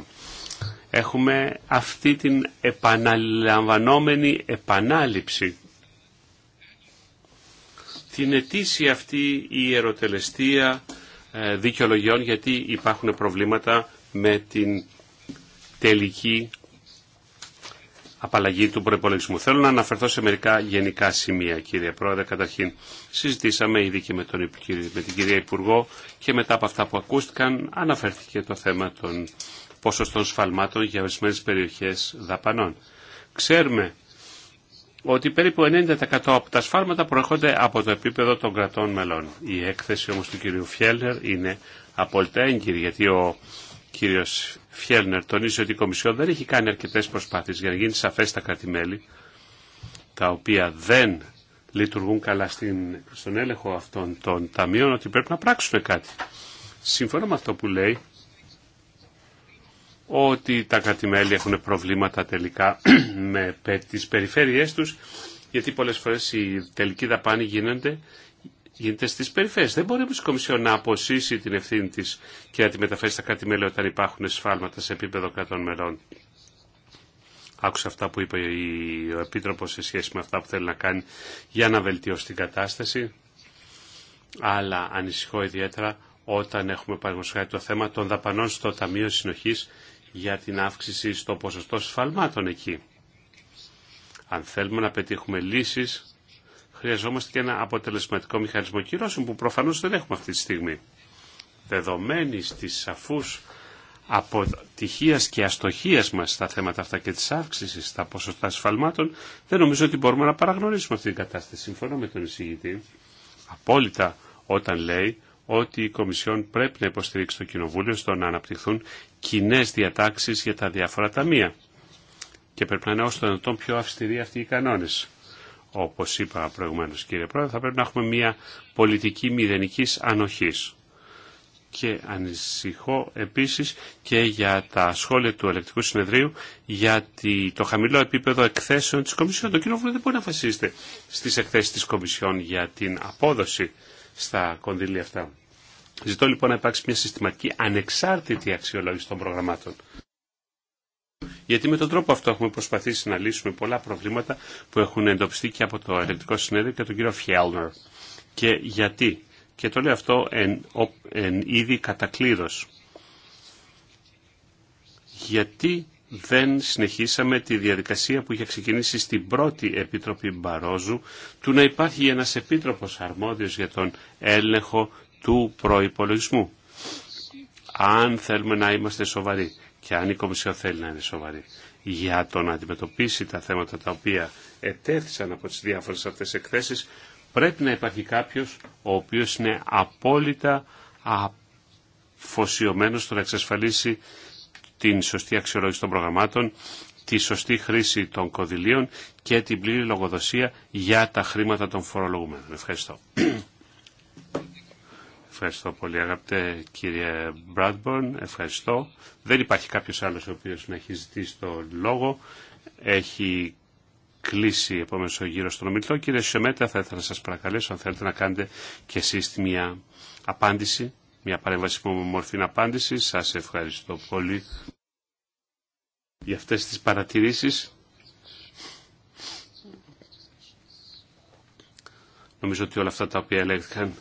Speaker 2: Έχουμε αυτή την επαναλαμβανόμενη επανάληψη. Την αιτήσει αυτή η ερωτελεστία ε, δικαιολογιών γιατί υπάρχουν προβλήματα με την τελική απαλλαγή του προπολογισμού. Θέλω να αναφερθώ σε μερικά γενικά σημεία, κύριε Πρόεδρε. Καταρχήν, συζητήσαμε ήδη και με, τον, με την κυρία Υπουργό και μετά από αυτά που ακούστηκαν, αναφέρθηκε το θέμα των ποσοστών σφαλμάτων για ορισμένε περιοχέ δαπανών. Ξέρουμε ότι περίπου 90% από τα σφάλματα προέρχονται από το επίπεδο των κρατών μελών. Η έκθεση όμως του κυρίου Φιέλνερ είναι απόλυτα έγκυρη, γιατί ο Κύριο Φιέλνερ τονίζει ότι η Κομισιόν δεν έχει κάνει αρκετέ προσπάθειες για να γίνει σαφές τα κρατημέλη, τα οποία δεν λειτουργούν καλά στην, στον έλεγχο αυτών των ταμείων, ότι πρέπει να πράξουν κάτι. Σύμφωνα με αυτό που λέει, ότι τα κρατημέλη έχουν προβλήματα τελικά με τις περιφέρειές τους, γιατί πολλές φορές οι τελικοί δαπάνοι γίνονται γίνεται στις περιφέρειες. Δεν μπορεί όμω η Κομισιόν να αποσύσει την ευθύνη τη και να τη μεταφέρει στα κράτη-μέλη όταν υπάρχουν σφάλματα σε επίπεδο κρατών μελών. Άκουσα αυτά που είπε ο Επίτροπος σε σχέση με αυτά που θέλει να κάνει για να βελτιώσει την κατάσταση. Αλλά ανησυχώ ιδιαίτερα όταν έχουμε παραγωγή το θέμα των δαπανών στο Ταμείο Συνοχή για την αύξηση στο ποσοστό σφαλμάτων εκεί. Αν θέλουμε να πετύχουμε λύσεις χρειαζόμαστε και ένα αποτελεσματικό μηχανισμό κυρώσεων που προφανώς δεν έχουμε αυτή τη στιγμή. Δεδομένης της σαφού αποτυχία και αστοχία μα στα θέματα αυτά και τη αύξηση στα ποσοστά ασφαλμάτων, δεν νομίζω ότι μπορούμε να παραγνωρίσουμε αυτή την κατάσταση. Συμφωνώ με τον εισηγητή απόλυτα όταν λέει ότι η Κομισιόν πρέπει να υποστηρίξει το Κοινοβούλιο στο να αναπτυχθούν κοινέ διατάξει για τα διάφορα ταμεία. Και πρέπει να είναι όσο το πιο αυστηροί αυτοί οι κανόνες όπως είπα προηγουμένως κύριε Πρόεδρε, θα πρέπει να έχουμε μια πολιτική μηδενικής ανοχής. Και ανησυχώ επίσης και για τα σχόλια του ελεκτικού συνεδρίου για το χαμηλό επίπεδο εκθέσεων της Κομισιόν. Το κοινόβουλιο δεν μπορεί να βασίζεται στις εκθέσεις της Κομισιόν για την απόδοση στα κονδύλια αυτά. Ζητώ λοιπόν να υπάρξει μια συστηματική ανεξάρτητη αξιολόγηση των προγραμμάτων. Γιατί με τον τρόπο αυτό έχουμε προσπαθήσει να λύσουμε πολλά προβλήματα που έχουν εντοπιστεί και από το Ελεκτικό Συνέδριο και τον κύριο Φιέλνερ. Και γιατί. Και το λέω αυτό εν, εν είδη κατακλείδος. Γιατί δεν συνεχίσαμε τη διαδικασία που είχε ξεκινήσει στην πρώτη Επίτροπη Μπαρόζου του να υπάρχει ένας επίτροπος αρμόδιος για τον έλεγχο του προϋπολογισμού. Αν θέλουμε να είμαστε σοβαροί και αν η Κομισιό θέλει να είναι σοβαρή για το να αντιμετωπίσει τα θέματα τα οποία ετέθησαν από τις διάφορες αυτές εκθέσεις πρέπει να υπάρχει κάποιος ο οποίος είναι απόλυτα αφοσιωμένος στο να εξασφαλίσει την σωστή αξιολόγηση των προγραμμάτων, τη σωστή χρήση των κοδηλίων και την πλήρη λογοδοσία για τα χρήματα των φορολογουμένων. Ευχαριστώ. Ευχαριστώ πολύ αγαπητέ κύριε Μπράντμπορν. Ευχαριστώ. Δεν υπάρχει κάποιος άλλος ο οποίος να έχει ζητήσει το λόγο. Έχει κλείσει επόμενο ο γύρος στον ομιλητών. Κύριε Σιωμέτα θα ήθελα να σας παρακαλέσω αν θέλετε να κάνετε και εσείς μια απάντηση, μια παρέμβαση που μορφή απάντηση. Σας ευχαριστώ πολύ για αυτές τις παρατηρήσεις. Νομίζω ότι όλα αυτά τα οποία έλεγχαν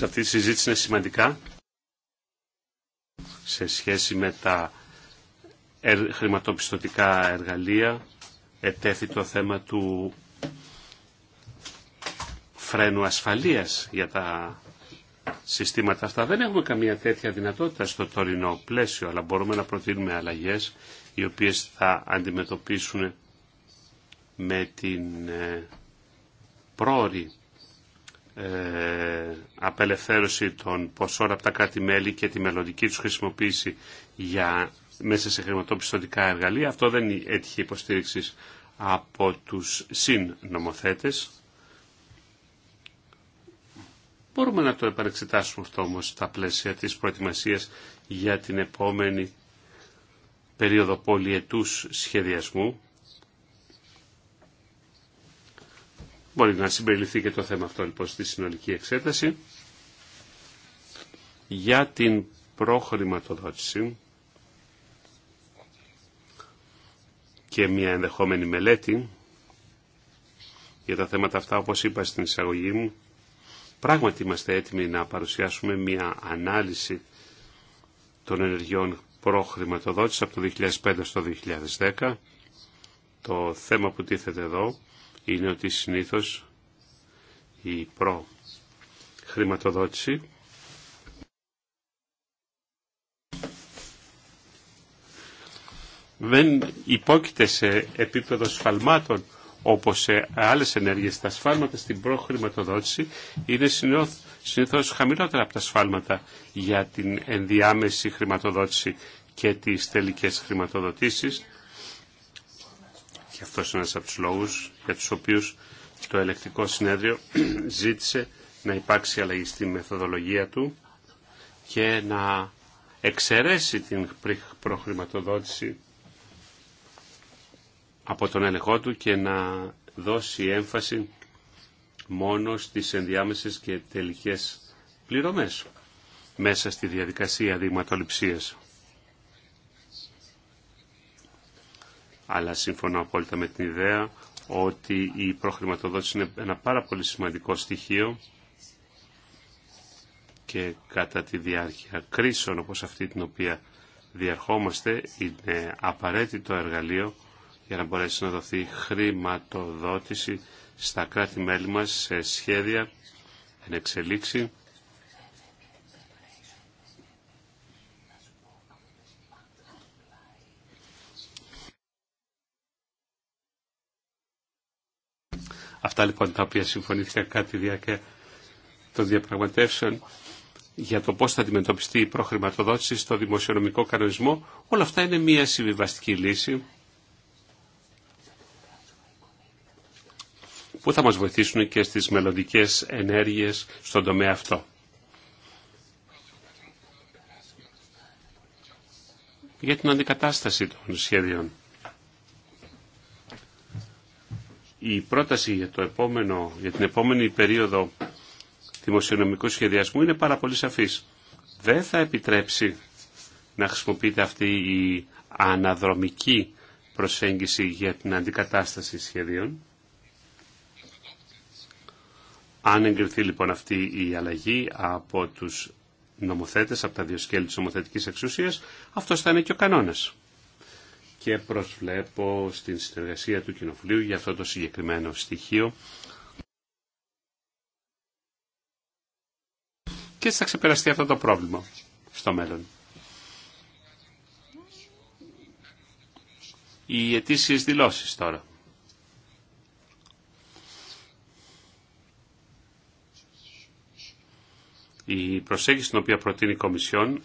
Speaker 2: σε αυτή τη συζήτηση είναι σημαντικά σε σχέση με τα χρηματοπιστωτικά εργαλεία ετέθη το θέμα του φρένου ασφαλείας για τα συστήματα αυτά. Δεν έχουμε καμία τέτοια δυνατότητα στο τωρινό πλαίσιο, αλλά μπορούμε να προτείνουμε αλλαγές οι οποίες θα αντιμετωπίσουν με την ε, πρόορη ε, απελευθέρωση των ποσών από τα κράτη-μέλη και τη μελλοντική τους χρησιμοποίηση για, μέσα σε χρηματοπιστωτικά εργαλεία. Αυτό δεν έτυχε υποστήριξη από τους συν-νομοθέτες. Μπορούμε να το επανεξετάσουμε αυτό όμως στα πλαίσια της προετοιμασίας για την επόμενη περίοδο πολυετούς σχεδιασμού Μπορεί να συμπεριληφθεί και το θέμα αυτό λοιπόν στη συνολική εξέταση. Για την προχρηματοδότηση και μια ενδεχόμενη μελέτη για τα θέματα αυτά όπως είπα στην εισαγωγή μου πράγματι είμαστε έτοιμοι να παρουσιάσουμε μια ανάλυση των ενεργειών προχρηματοδότηση από το 2005 στο 2010. Το θέμα που τίθεται εδώ είναι ότι συνήθως η προ χρηματοδότηση δεν υπόκειται σε επίπεδο σφαλμάτων όπως σε άλλες ενέργειες. Τα σφάλματα στην προχρηματοδότηση είναι συνήθως χαμηλότερα από τα σφάλματα για την ενδιάμεση χρηματοδότηση και τις τελικές χρηματοδοτήσεις. Και αυτό είναι ένας από τους λόγους για τους οποίους το ελεκτικό συνέδριο ζήτησε να υπάρξει αλλαγή στη μεθοδολογία του και να εξαιρέσει την προχρηματοδότηση από τον έλεγχό του και να δώσει έμφαση μόνο στις ενδιάμεσες και τελικές πληρωμές μέσα στη διαδικασία δειγματοληψίας. αλλά συμφωνώ απόλυτα με την ιδέα ότι η προχρηματοδότηση είναι ένα πάρα πολύ σημαντικό στοιχείο και κατά τη διάρκεια κρίσεων όπως αυτή την οποία διαρχόμαστε είναι απαραίτητο εργαλείο για να μπορέσει να δοθεί χρηματοδότηση στα κράτη-μέλη μας σε σχέδια εν εξελίξη Αυτά λοιπόν τα οποία συμφωνήθηκαν κάτι διακέ, διάρκεια των διαπραγματεύσεων για το πώς θα αντιμετωπιστεί η προχρηματοδότηση στο δημοσιονομικό κανονισμό, όλα αυτά είναι μια συμβιβαστική λύση που θα μας βοηθήσουν και στις μελλοντικέ ενέργειες στον τομέα αυτό. Για την αντικατάσταση των σχέδιων η πρόταση για, το επόμενο, για την επόμενη περίοδο δημοσιονομικού σχεδιασμού είναι πάρα πολύ σαφής. Δεν θα επιτρέψει να χρησιμοποιείται αυτή η αναδρομική προσέγγιση για την αντικατάσταση σχεδίων. Αν εγκριθεί λοιπόν αυτή η αλλαγή από τους νομοθέτες, από τα δύο σκέλη της νομοθετικής εξουσίας, αυτός θα είναι και ο κανόνας και προσβλέπω στην συνεργασία του Κοινοβουλίου για αυτό το συγκεκριμένο στοιχείο. Και θα ξεπεραστεί αυτό το πρόβλημα στο μέλλον. Οι αιτήσει δηλώσεις τώρα. Η προσέγγιση την οποία προτείνει η Κομισιόν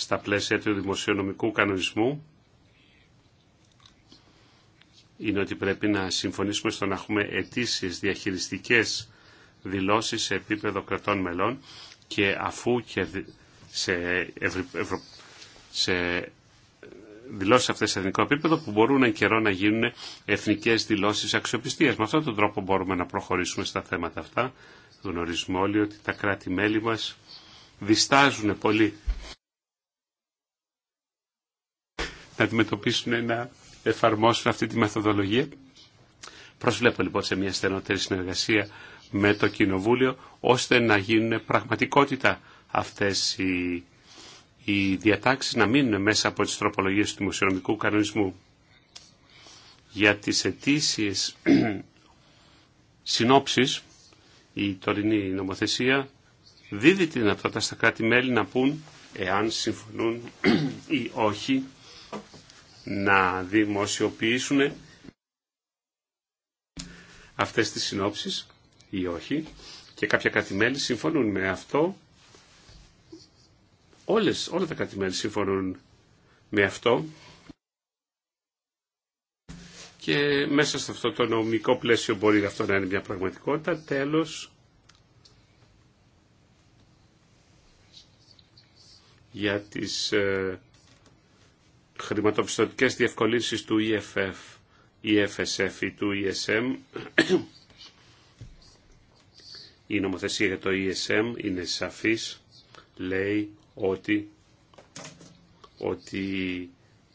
Speaker 2: στα πλαίσια του δημοσιονομικού κανονισμού είναι ότι πρέπει να συμφωνήσουμε στο να έχουμε αιτήσεις διαχειριστικές δηλώσεις σε επίπεδο κρατών μελών και αφού και σε, ευρω... Ευρω... σε δηλώσεις αυτές σε εθνικό επίπεδο που μπορούν εν καιρό να γίνουν εθνικές δηλώσεις αξιοπιστίας. Με αυτόν τον τρόπο μπορούμε να προχωρήσουμε στα θέματα αυτά. Γνωρίζουμε όλοι ότι τα κράτη-μέλη μας διστάζουν πολύ να αντιμετωπίσουν να εφαρμόσουν αυτή τη μεθοδολογία. Προσβλέπω λοιπόν σε μια στενότερη συνεργασία με το Κοινοβούλιο ώστε να γίνουν πραγματικότητα αυτές οι, οι διατάξεις να μείνουν μέσα από τις τροπολογίες του δημοσιονομικού κανονισμού για τις αιτήσει συνόψεις η τωρινή νομοθεσία δίδει την δυνατότητα στα κράτη-μέλη να πούν εάν συμφωνούν ή όχι να δημοσιοποιήσουν αυτές τις συνόψεις ή όχι και κάποια κατημέλη συμφωνούν με αυτό. Όλες, όλα τα κατημέλη συμφωνούν με αυτό και μέσα σε αυτό το νομικό πλαίσιο μπορεί αυτό να είναι μια πραγματικότητα. Τέλος, για τις ε, χρηματοπιστωτικές διευκολύνσεις του EFF, EFSF ή του ESM. Η νομοθεσία για το ESM είναι σαφής, λέει ότι, ότι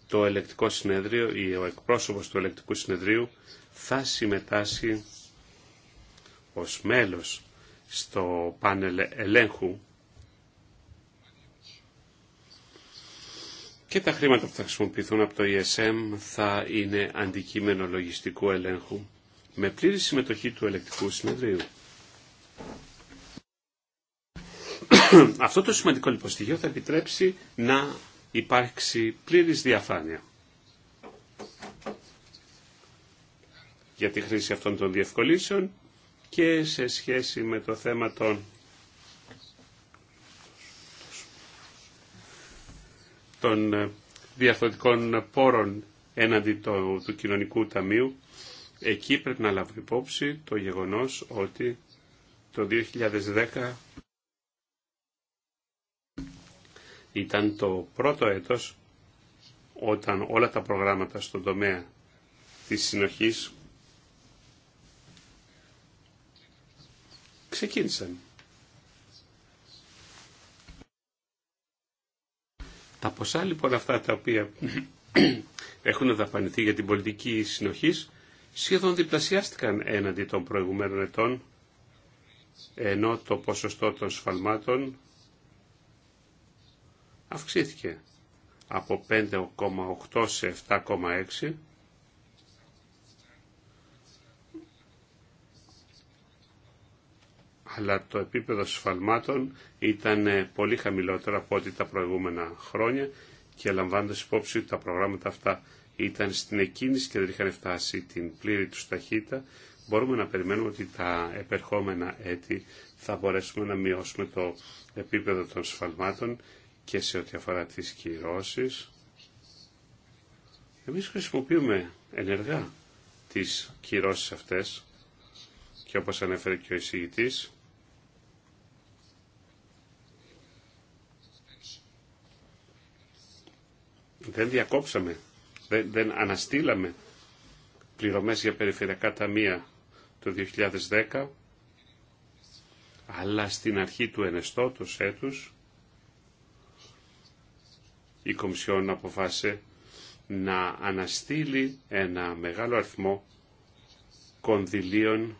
Speaker 2: το ελεκτικό συνέδριο ή ο εκπρόσωπος του ελεκτικού συνεδρίου θα συμμετάσχει ως μέλος στο πάνελ ελέγχου και τα χρήματα που θα χρησιμοποιηθούν από το ESM θα είναι αντικείμενο λογιστικού ελέγχου με πλήρη συμμετοχή του ελεκτικού συνεδρίου. Αυτό το σημαντικό λοιπόν στοιχείο θα επιτρέψει να υπάρξει πλήρης διαφάνεια για τη χρήση αυτών των διευκολύσεων και σε σχέση με το θέμα των των ε, διαρθωτικών πόρων έναντι το, του κοινωνικού ταμείου, εκεί πρέπει να λάβουμε υπόψη το γεγονός ότι το 2010 ήταν το πρώτο έτος όταν όλα τα προγράμματα στον τομέα της συνοχής ξεκίνησαν. Τα ποσά λοιπόν αυτά τα οποία έχουν δαπανηθεί για την πολιτική συνοχή σχεδόν διπλασιάστηκαν έναντι των προηγουμένων ετών ενώ το ποσοστό των σφαλμάτων αυξήθηκε από 5,8 σε 7,6 αλλά το επίπεδο σφαλμάτων ήταν ε, πολύ χαμηλότερο από ό,τι τα προηγούμενα χρόνια και λαμβάνοντας υπόψη ότι τα προγράμματα αυτά ήταν στην εκκίνηση και δεν είχαν φτάσει την πλήρη του ταχύτητα, μπορούμε να περιμένουμε ότι τα επερχόμενα έτη θα μπορέσουμε να μειώσουμε το επίπεδο των σφαλμάτων και σε ό,τι αφορά τις κυρώσεις. Εμείς χρησιμοποιούμε ενεργά τις κυρώσεις αυτές και όπως ανέφερε και ο εισηγητής, δεν διακόψαμε, δεν, αναστήλαμε πληρωμές για περιφερειακά ταμεία το 2010, αλλά στην αρχή του ενεστώτος έτους η Κομισιόν αποφάσισε να αναστείλει ένα μεγάλο αριθμό κονδυλίων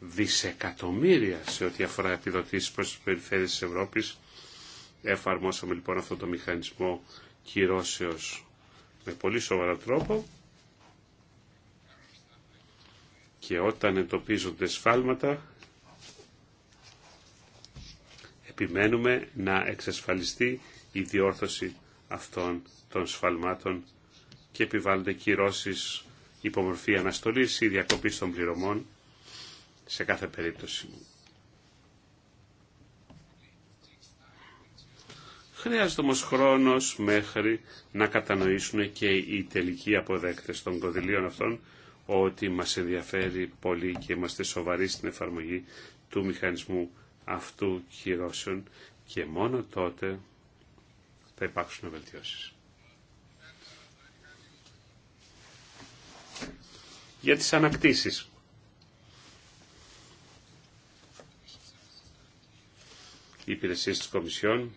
Speaker 2: δισεκατομμύρια σε ό,τι αφορά επιδοτήσεις προς τις περιφέρειες της Ευρώπης Εφαρμόσαμε λοιπόν αυτό το μηχανισμό κυρώσεως με πολύ σοβαρό τρόπο και όταν εντοπίζονται σφάλματα επιμένουμε να εξασφαλιστεί η διόρθωση αυτών των σφαλμάτων και επιβάλλονται κυρώσεις υπομορφή αναστολής ή διακοπής των πληρωμών σε κάθε περίπτωση. Χρειάζεται όμως χρόνος μέχρι να κατανοήσουν και οι τελικοί αποδέκτες των κονδυλίων αυτών ότι μας ενδιαφέρει πολύ και είμαστε σοβαροί στην εφαρμογή του μηχανισμού αυτού κυρώσεων και μόνο τότε θα υπάρξουν βελτιώσεις. Για τις ανακτήσεις. Οι υπηρεσίες της Κομισιόν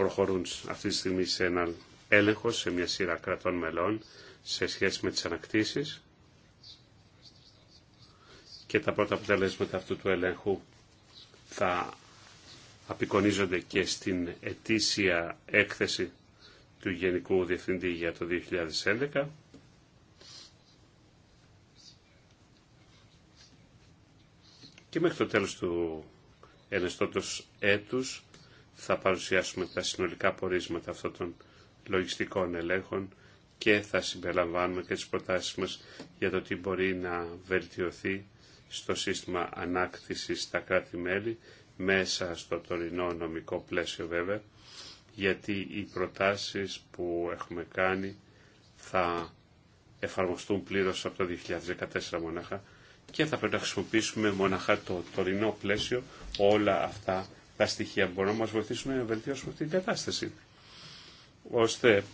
Speaker 2: προχωρούν αυτή τη στιγμή σε έναν έλεγχο σε μια σειρά κρατών μελών σε σχέση με τις ανακτήσεις και τα πρώτα αποτελέσματα αυτού του ελέγχου θα απεικονίζονται και στην ετήσια έκθεση του Γενικού Διευθυντή για το 2011. Και μέχρι το τέλος του ενεστώτος έτους θα παρουσιάσουμε τα συνολικά πορίσματα αυτών των λογιστικών ελέγχων και θα συμπεριλαμβάνουμε και τις προτάσεις μας για το τι μπορεί να βελτιωθεί στο σύστημα ανάκτησης στα κράτη-μέλη μέσα στο τωρινό νομικό πλαίσιο βέβαια γιατί οι προτάσεις που έχουμε κάνει θα εφαρμοστούν πλήρως από το 2014 μονάχα και θα πρέπει να χρησιμοποιήσουμε μοναχά το τωρινό πλαίσιο όλα αυτά τα στοιχεία που μπορούν να μας βοηθήσουν να βελτιώσουμε την κατάσταση. Ώστε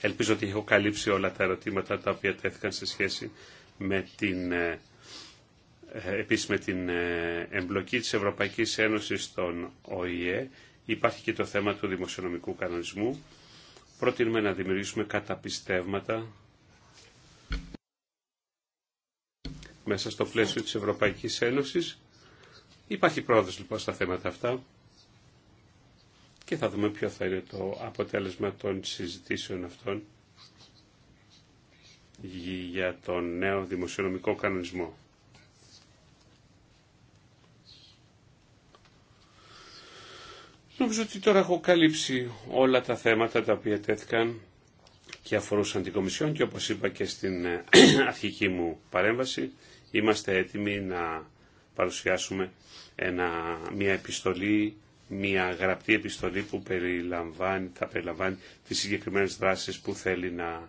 Speaker 2: Ελπίζω ότι έχω καλύψει όλα τα ερωτήματα τα οποία τέθηκαν σε σχέση με την, ε, ε, επίσης με την ε, εμπλοκή της Ευρωπαϊκής Ένωσης στον ΟΗΕ. Υπάρχει και το θέμα του δημοσιονομικού κανονισμού. Προτείνουμε να δημιουργήσουμε καταπιστεύματα μέσα στο πλαίσιο της Ευρωπαϊκής Ένωσης. Υπάρχει πρόοδος λοιπόν στα θέματα αυτά και θα δούμε ποιο θα είναι το αποτέλεσμα των συζητήσεων αυτών για τον νέο δημοσιονομικό κανονισμό. Νομίζω ότι τώρα έχω καλύψει όλα τα θέματα τα οποία τέθηκαν και αφορούσαν την Κομισιόν και όπως είπα και στην ε, αρχική μου παρέμβαση είμαστε έτοιμοι να παρουσιάσουμε μια επιστολή, μια γραπτή επιστολή που περιλαμβάνει, θα περιλαμβάνει τις συγκεκριμένες δράσεις που θέλει να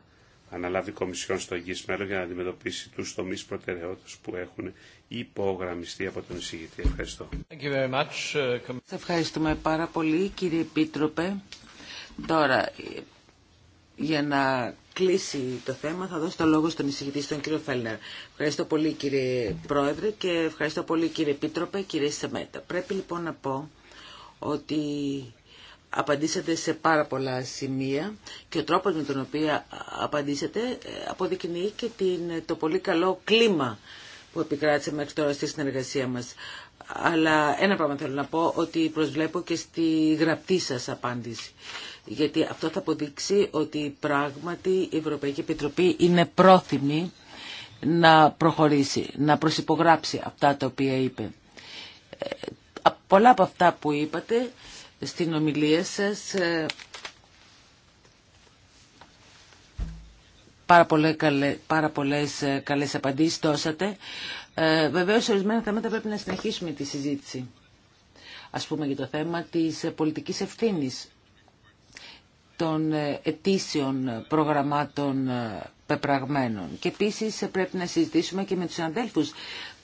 Speaker 2: αναλάβει η Κομισιόν στο εγγύς μέλλον για να αντιμετωπίσει τους τομείς προτεραιότητας που έχουν υπογραμμιστεί από τον εισηγητή. Ευχαριστώ.
Speaker 3: Uh, ευχαριστούμε πάρα πολύ κύριε Επίτροπε. Τώρα, για να κλείσει το θέμα θα δώσω το λόγο στον εισηγητή, στον κύριο Φέλνερ. Ευχαριστώ πολύ κύριε Πρόεδρε και ευχαριστώ πολύ κύριε Επίτροπε, κύριε Σεμέτα. Πρέπει λοιπόν να πω ότι απαντήσατε σε πάρα πολλά σημεία και ο τρόπος με τον οποίο απαντήσατε ε, αποδεικνύει και την, το πολύ καλό κλίμα που επικράτησε μέχρι τώρα στη συνεργασία μας. Αλλά ένα πράγμα θέλω να πω ότι προσβλέπω και στη γραπτή σας απάντηση γιατί αυτό θα αποδείξει ότι πράγματι η Ευρωπαϊκή Επιτροπή είναι πρόθυμη να προχωρήσει, να προσυπογράψει αυτά τα οποία είπε. Ε, πολλά από αυτά που είπατε στην ομιλία σας ε, πάρα, πολλές, ε, καλές απαντήσεις δώσατε. βεβαίως, ορισμένα θέματα πρέπει να συνεχίσουμε τη συζήτηση. Ας πούμε για το θέμα της πολιτικής ευθύνης των ε, ετήσιων προγραμμάτων ε, πεπραγμένων. Και επίσης ε, πρέπει να συζητήσουμε και με τους αδέλφους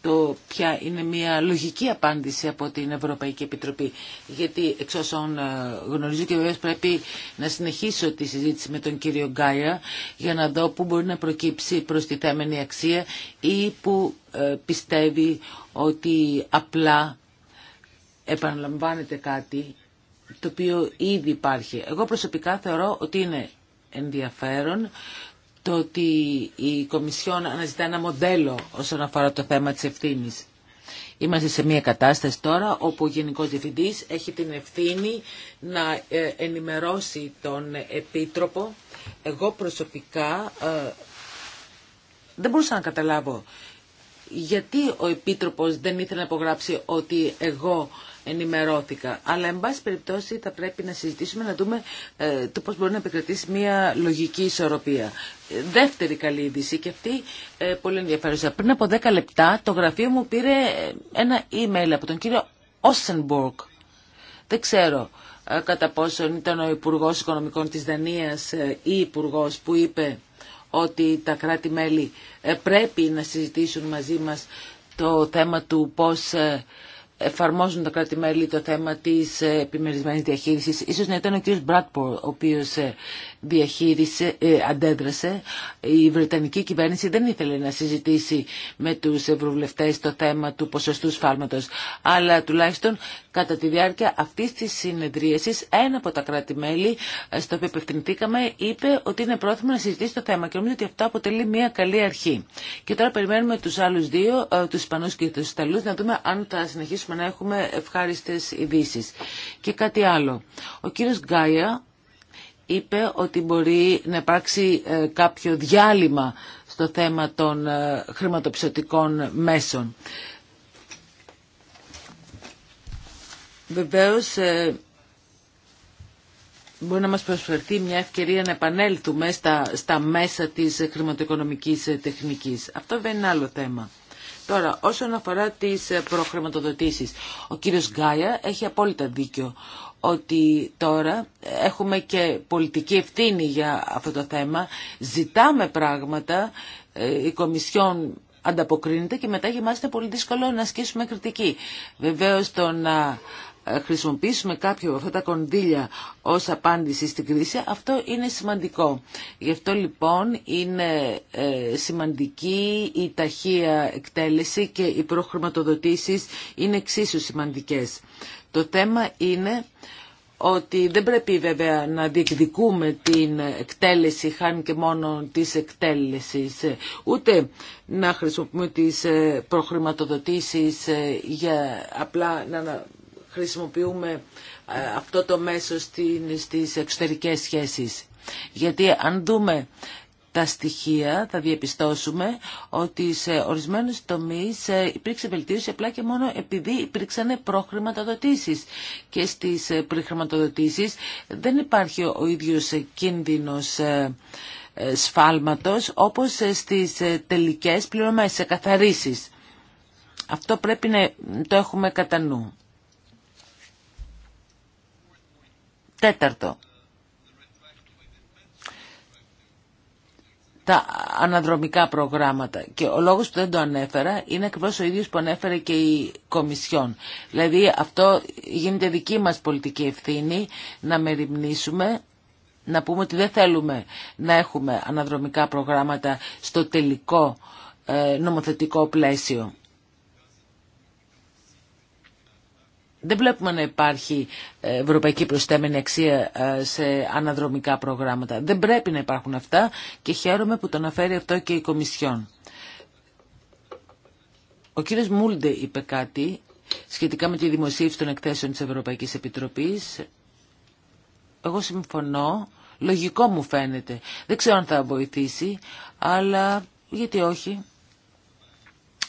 Speaker 3: το ποια είναι μια λογική απάντηση από την Ευρωπαϊκή Επιτροπή. Γιατί εξ όσων γνωρίζω και βεβαίω πρέπει να συνεχίσω τη συζήτηση με τον κύριο Γκάια για να δω πού μπορεί να προκύψει προστιθέμενη αξία ή που πιστεύει θέμενη αξια απλά επαναλαμβάνεται κάτι το οποίο ήδη υπάρχει. Εγώ προσωπικά θεωρώ ότι είναι ενδιαφέρον το ότι η Κομισιόν αναζητά ένα μοντέλο όσον αφορά το θέμα της ευθύνης. Είμαστε σε μια κατάσταση τώρα όπου ο Γενικός Διευθυντής έχει την ευθύνη να ε, ενημερώσει τον Επίτροπο. Εγώ προσωπικά ε, δεν μπορούσα να καταλάβω γιατί ο Επίτροπος δεν ήθελε να απογράψει ότι εγώ ενημερώθηκα. Αλλά, εν πάση περιπτώσει, θα πρέπει να συζητήσουμε, να δούμε ε, το πώς μπορεί να επικρατήσει μια λογική ισορροπία. δεύτερη καλή είδηση και αυτή ε, πολύ ενδιαφέρουσα. Πριν από 10 λεπτά το γραφείο μου πήρε ένα email από τον κύριο Όσενμπορκ. Δεν ξέρω ε, κατά πόσον ήταν ο Υπουργός Οικονομικών της Δανίας ή Υπουργός που είπε ότι τα κράτη-μέλη ε, πρέπει να συζητήσουν μαζί μας το θέμα του πώς ε, εφαρμόζουν τα κράτη-μέλη το θέμα της ε, επιμερισμένης διαχείρισης. Ίσως να ήταν ο κ. Μπράτπορ ο οποίος ε, διαχείρισε, ε, αντέδρασε. Η Βρετανική κυβέρνηση δεν ήθελε να συζητήσει με τους ευρωβουλευτές το θέμα του ποσοστού σφάλματος. Αλλά τουλάχιστον κατά τη διάρκεια αυτής της συνεδρίασης ένα από τα κράτη-μέλη ε, στο οποίο επευθυνθήκαμε είπε ότι είναι πρόθυμο να συζητήσει το θέμα και νομίζω ότι αυτό αποτελεί μια καλή αρχή. Και τώρα περιμένουμε τους άλλους δύο, τους Ισπανούς και τους Ιταλούς, να δούμε αν θα συνεχίσουν να έχουμε ευχάριστες ειδήσει. Και κάτι άλλο. Ο κύριος Γκάια είπε ότι μπορεί να υπάρξει ε, κάποιο διάλειμμα στο θέμα των ε, χρηματοπιστωτικών μέσων. Βεβαίως ε, μπορεί να μας προσφερθεί μια ευκαιρία να επανέλθουμε στα, στα μέσα της χρηματοοικονομικής τεχνικής. Αυτό δεν είναι άλλο θέμα. Τώρα, όσον αφορά τις ε, προχρηματοδοτήσεις, ο κύριος Γκάια έχει απόλυτα δίκιο ότι τώρα έχουμε και πολιτική ευθύνη για αυτό το θέμα. Ζητάμε πράγματα, ε, η Κομισιόν ανταποκρίνεται και μετά γεμάζεται πολύ δύσκολο να ασκήσουμε κριτική. Βεβαίως το να χρησιμοποιήσουμε κάποιο από αυτά τα κονδύλια ως απάντηση στην κρίση, αυτό είναι σημαντικό. Γι' αυτό λοιπόν είναι ε, σημαντική η ταχεία εκτέλεση και οι προχρηματοδοτήσεις είναι εξίσου σημαντικές. Το θέμα είναι ότι δεν πρέπει βέβαια να διεκδικούμε την εκτέλεση χάνει και μόνο της εκτέλεσης ε, ούτε να χρησιμοποιούμε τις ε, προχρηματοδοτήσεις για απλά να χρησιμοποιούμε ε, αυτό το μέσο στις εξωτερικές σχέσεις. Γιατί αν δούμε τα στοιχεία θα διαπιστώσουμε ότι σε ορισμένους τομείς ε, υπήρξε βελτίωση απλά και μόνο επειδή υπήρξαν προχρηματοδοτήσεις. Και στις ε, προχρηματοδοτήσεις δεν υπάρχει ο ίδιος κίνδυνος σφάλματος όπως στις τελικές πληρωμές, σε καθαρίσεις. Αυτό πρέπει να το έχουμε κατά νου. Τέταρτο. τα αναδρομικά προγράμματα. Και ο λόγος που δεν το ανέφερα είναι ακριβώ ο ίδιος που ανέφερε και η Κομισιόν. Δηλαδή αυτό γίνεται δική μας πολιτική ευθύνη να μεριμνήσουμε, να πούμε ότι δεν θέλουμε να έχουμε αναδρομικά προγράμματα στο τελικό ε, νομοθετικό πλαίσιο. Δεν βλέπουμε να υπάρχει ε, ευρωπαϊκή προστέμενη αξία ε, σε αναδρομικά προγράμματα. Δεν πρέπει να υπάρχουν αυτά και χαίρομαι που το αναφέρει αυτό και η Κομισιόν. Ο κύριος Μούλντε είπε κάτι σχετικά με τη δημοσίευση των εκθέσεων της Ευρωπαϊκής Επιτροπής. Εγώ συμφωνώ, λογικό μου φαίνεται. Δεν ξέρω αν θα βοηθήσει, αλλά γιατί όχι.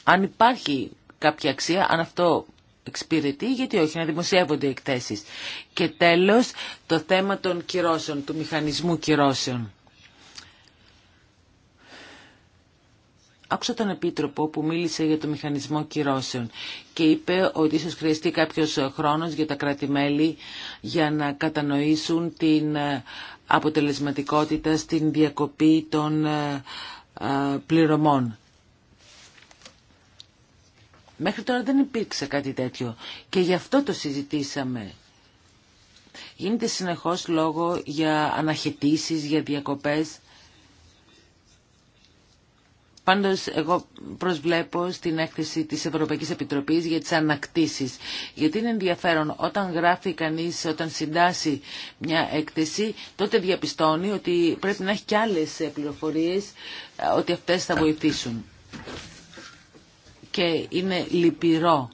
Speaker 3: Αν υπάρχει κάποια αξία, αν αυτό εξυπηρετεί, γιατί όχι, να δημοσιεύονται οι εκθέσεις. Και τέλος, το θέμα των κυρώσεων, του μηχανισμού κυρώσεων. Άκουσα τον Επίτροπο που μίλησε για το μηχανισμό κυρώσεων και είπε ότι ίσως χρειαστεί κάποιος χρόνος για τα κρατη για να κατανοήσουν την ε, αποτελεσματικότητα στην διακοπή των ε, ε, πληρωμών. Μέχρι τώρα δεν υπήρξε κάτι τέτοιο και γι' αυτό το συζητήσαμε. Γίνεται συνεχώς λόγο για αναχαιτήσεις, για διακοπές. Πάντως εγώ προσβλέπω στην έκθεση της Ευρωπαϊκής Επιτροπής για τις ανακτήσεις. Γιατί είναι ενδιαφέρον όταν γράφει κανείς, όταν συντάσσει μια έκθεση, τότε διαπιστώνει ότι πρέπει να έχει και άλλες πληροφορίες ε, ότι αυτές θα βοηθήσουν και είναι λυπηρό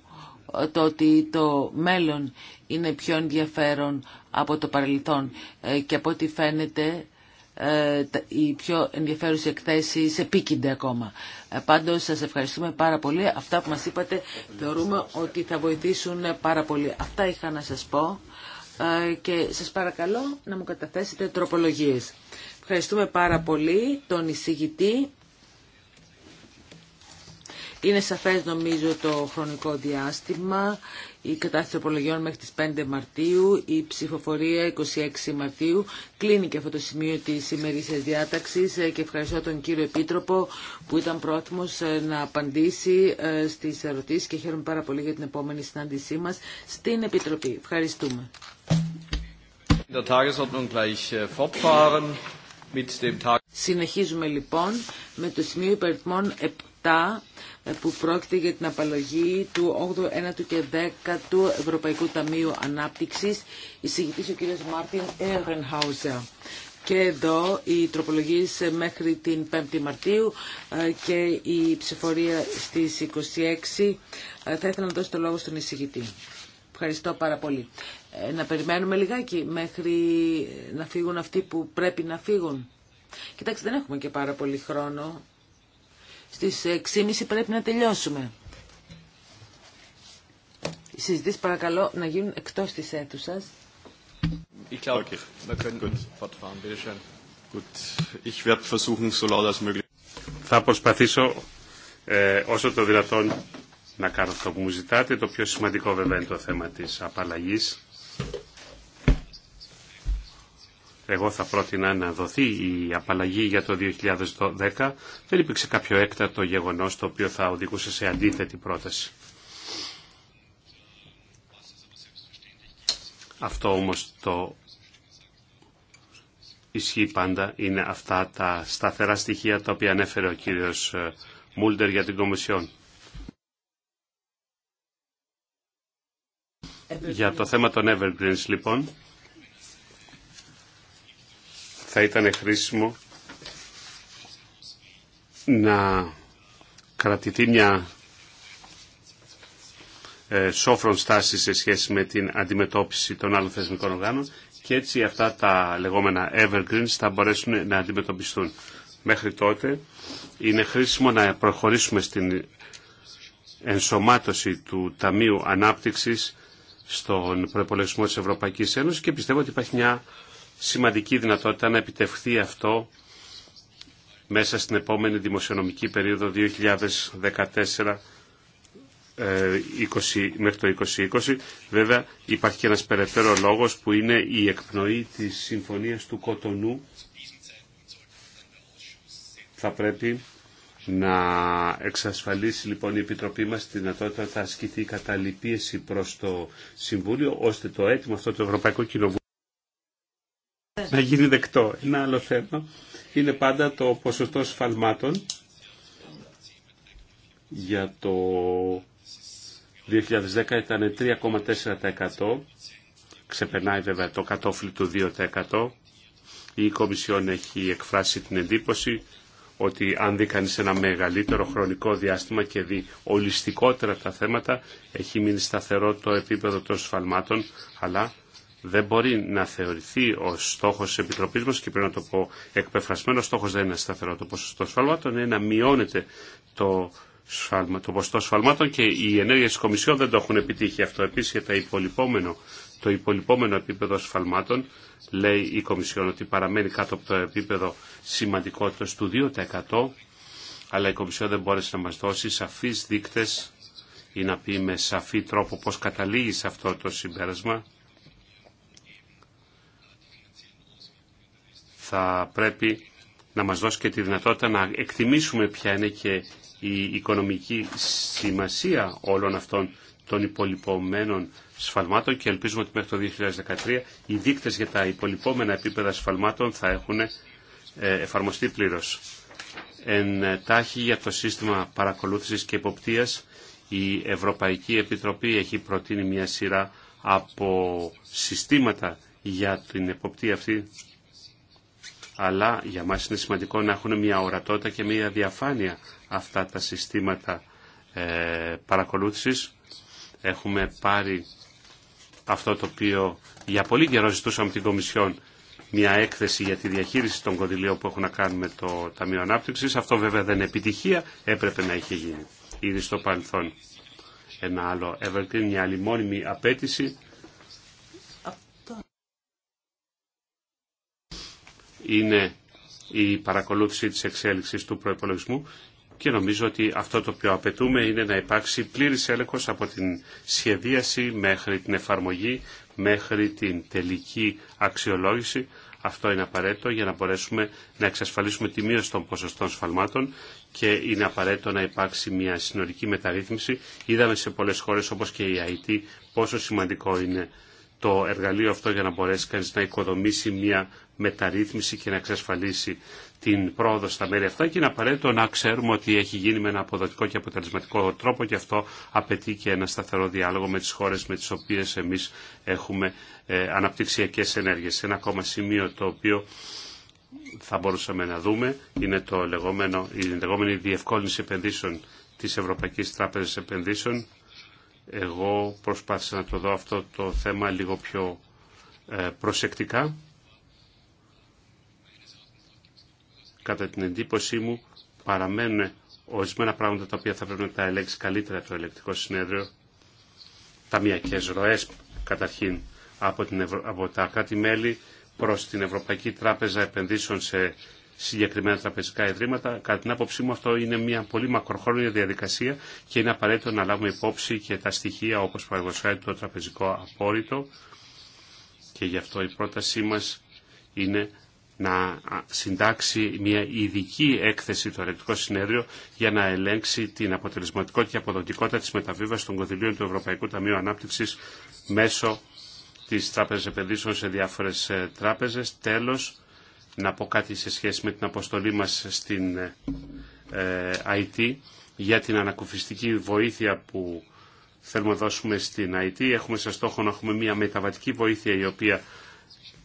Speaker 3: ε, το ότι το μέλλον είναι πιο ενδιαφέρον από το παρελθόν ε, και από ό,τι φαίνεται ε, οι πιο ενδιαφέρουσε εκθέσει επίκυνται ακόμα. Πάντως σας ευχαριστούμε πάρα πολύ. Αυτά που μας είπατε θεωρούμε ότι θα βοηθήσουν πάρα πολύ. Αυτά είχα να σας πω και σας παρακαλώ να μου καταθέσετε τροπολογίες. Ευχαριστούμε πάρα πολύ τον εισηγητή είναι σαφές νομίζω το χρονικό διάστημα, η κατάσταση απολογιών μέχρι τις 5 Μαρτίου, η ψηφοφορία 26 Μαρτίου. Κλείνει και αυτό το σημείο της ημερήσιας διάταξης και ευχαριστώ τον κύριο Επίτροπο που ήταν πρόθυμος ε, να απαντήσει ε, στις ερωτήσεις και χαίρομαι πάρα πολύ για την επόμενη συνάντησή μας στην Επιτροπή. Ευχαριστούμε. Äh, Συνεχίζουμε λοιπόν με το σημείο υπερθμών που πρόκειται για την απαλλαγή του 8ου, 9ου και 10ου Ευρωπαϊκού Ταμείου Ανάπτυξης, εισηγητής ο κ. Μάρτιν Ερενχάουζερ. Και εδώ οι τροπολογίες μέχρι την 5η Μαρτίου ε, και η ψηφορία στις 26. Ε, θα ήθελα να δώσω το λόγο στον εισηγητή. Ευχαριστώ πάρα πολύ. Ε, να περιμένουμε λιγάκι μέχρι να φύγουν αυτοί που πρέπει να φύγουν. Κοιτάξτε, δεν έχουμε και πάρα πολύ χρόνο. Στις 6.30 πρέπει να τελειώσουμε. Οι συζητήσεις παρακαλώ να γίνουν εκτός της αίθουσας.
Speaker 1: Ich
Speaker 2: Θα προσπαθήσω ε, όσο το δυνατόν να κάνω αυτό που μου ζητάτε. Το πιο σημαντικό βέβαια είναι το θέμα της απαλλαγής. Εγώ θα πρότεινα να δοθεί η απαλλαγή για το 2010. Δεν υπήρξε κάποιο έκτατο γεγονός το οποίο θα οδηγούσε σε αντίθετη πρόταση. Αυτό όμως το ισχύει πάντα είναι αυτά τα σταθερά στοιχεία τα οποία ανέφερε ο κύριος ε, Μούλτερ για την Κομισιόν.
Speaker 1: Για το θέμα των
Speaker 2: Evergreens λοιπόν, θα ήταν χρήσιμο να κρατηθεί μια ε, σόφρον στάση σε σχέση με την αντιμετώπιση των άλλων θεσμικών οργάνων και έτσι αυτά τα λεγόμενα evergreens θα μπορέσουν να αντιμετωπιστούν. Μέχρι τότε είναι χρήσιμο να προχωρήσουμε στην ενσωμάτωση του Ταμείου Ανάπτυξης στον προπολογισμό της Ευρωπαϊκής Ένωσης και πιστεύω ότι υπάρχει μια σημαντική δυνατότητα να επιτευχθεί αυτό μέσα στην επόμενη δημοσιονομική περίοδο 2014 ε, μέχρι το 2020. Βέβαια υπάρχει και ένας περαιτέρω λόγος που είναι η εκπνοή της Συμφωνίας του Κοτονού. Θα πρέπει να εξασφαλίσει λοιπόν η Επιτροπή μας τη δυνατότητα να ασκηθεί η καταληπίεση προς το Συμβούλιο ώστε το έτοιμο αυτό του Ευρωπαϊκού Κοινοβούλιο να γίνει δεκτό. Ένα άλλο θέμα είναι πάντα το ποσοστό σφαλμάτων για το 2010 ήταν 3,4%. Ξεπερνάει βέβαια το κατόφλι του 2%. Η Κομισιόν έχει εκφράσει την εντύπωση ότι αν δει κανείς ένα μεγαλύτερο χρονικό διάστημα και δει ολιστικότερα τα θέματα, έχει μείνει σταθερό το επίπεδο των σφαλμάτων, αλλά δεν μπορεί να θεωρηθεί ο στόχο τη Επιτροπή μα και πρέπει να το πω εκπεφρασμένο. Στόχο δεν είναι σταθερό το ποσοστό σφαλμάτων, είναι να μειώνεται το, σφάλμα, το ποσοστό σφαλμάτων και οι ενέργειε τη Κομισιόν δεν το έχουν επιτύχει αυτό. Επίση για τα το υπολοιπόμενο επίπεδο σφαλμάτων, λέει η Κομισιόν ότι παραμένει κάτω από το επίπεδο σημαντικότητα του 2%, αλλά η Κομισιόν δεν μπόρεσε να μα δώσει σαφεί δείκτε ή να πει με σαφή τρόπο πώς καταλήγει σε αυτό το συμπέρασμα θα πρέπει να μας δώσει και τη δυνατότητα να εκτιμήσουμε ποια είναι και η οικονομική σημασία όλων αυτών των υπολοιπωμένων σφαλμάτων και ελπίζουμε ότι μέχρι το 2013 οι δείκτες για τα υπολοιπόμενα επίπεδα σφαλμάτων θα έχουν ε, εφαρμοστεί πλήρως. Εν τάχει για το σύστημα παρακολούθησης και υποπτίας η Ευρωπαϊκή Επιτροπή έχει προτείνει μια σειρά από συστήματα για την εποπτεία αυτή αλλά για μας είναι σημαντικό να έχουν μια ορατότητα και μια διαφάνεια αυτά τα συστήματα ε, παρακολούθησης. Έχουμε πάρει αυτό το οποίο για πολύ καιρό ζητούσαμε την Κομισιόν μια έκθεση για τη διαχείριση των κονδυλίων που έχουν να κάνουν με το Ταμείο Ανάπτυξη. Αυτό βέβαια δεν είναι επιτυχία, έπρεπε να είχε γίνει ήδη στο παρελθόν. Ένα άλλο Everton, μια άλλη μόνιμη απέτηση είναι η παρακολούθηση της εξέλιξης του προϋπολογισμού και νομίζω ότι αυτό το οποίο απαιτούμε είναι να υπάρξει πλήρης έλεγχος από την σχεδίαση μέχρι την εφαρμογή, μέχρι την τελική αξιολόγηση. Αυτό είναι απαραίτητο για να μπορέσουμε να εξασφαλίσουμε τη μείωση των ποσοστών σφαλμάτων και είναι απαραίτητο να υπάρξει μια συνολική μεταρρύθμιση. Είδαμε σε πολλές χώρες όπως και η ΑΕΤ πόσο σημαντικό είναι το εργαλείο αυτό για να μπορέσει κανείς να οικοδομήσει μια μεταρρύθμιση και να εξασφαλίσει την πρόοδο στα μέρη αυτά και είναι απαραίτητο να ξέρουμε ότι έχει γίνει με ένα αποδοτικό και αποτελεσματικό τρόπο και αυτό απαιτεί και ένα σταθερό διάλογο με τις χώρες με τις οποίες εμείς έχουμε ε, αναπτυξιακές ενέργειες. Ένα ακόμα σημείο το οποίο θα μπορούσαμε να δούμε είναι το λεγόμενο, η λεγόμενη διευκόλυνση επενδύσεων της Ευρωπαϊκής Τράπεζας Επενδύσεων. Εγώ προσπάθησα να το δω αυτό το θέμα λίγο πιο ε, προσεκτικά κατά την εντύπωσή μου, παραμένουν ορισμένα πράγματα τα οποία θα πρέπει να τα ελέγξει καλύτερα το ελεκτικό συνέδριο. Ταμιακέ ροέ, καταρχήν, από, την από τα κράτη-μέλη προ την Ευρωπαϊκή Τράπεζα Επενδύσεων σε συγκεκριμένα τραπεζικά ιδρύματα. Κατά την άποψή μου αυτό είναι μια πολύ μακροχρόνια διαδικασία και είναι απαραίτητο να λάβουμε υπόψη και τα στοιχεία όπως παραδοσιακά το τραπεζικό απόρριτο και γι' αυτό η πρότασή μας είναι να συντάξει μια ειδική έκθεση του Ελεκτικό Συνέδριο για να ελέγξει την αποτελεσματικότητα και αποδοτικότητα της μεταβίβασης των κονδυλίων του Ευρωπαϊκού Ταμείου Ανάπτυξης μέσω της Τράπεζας Επενδύσεων σε διάφορες ε, τράπεζες. Τέλος, να πω κάτι σε σχέση με την αποστολή μας στην ε, ε, IT για την ανακουφιστική βοήθεια που θέλουμε να δώσουμε στην IT. Έχουμε σε στόχο να έχουμε μια μεταβατική βοήθεια η οποία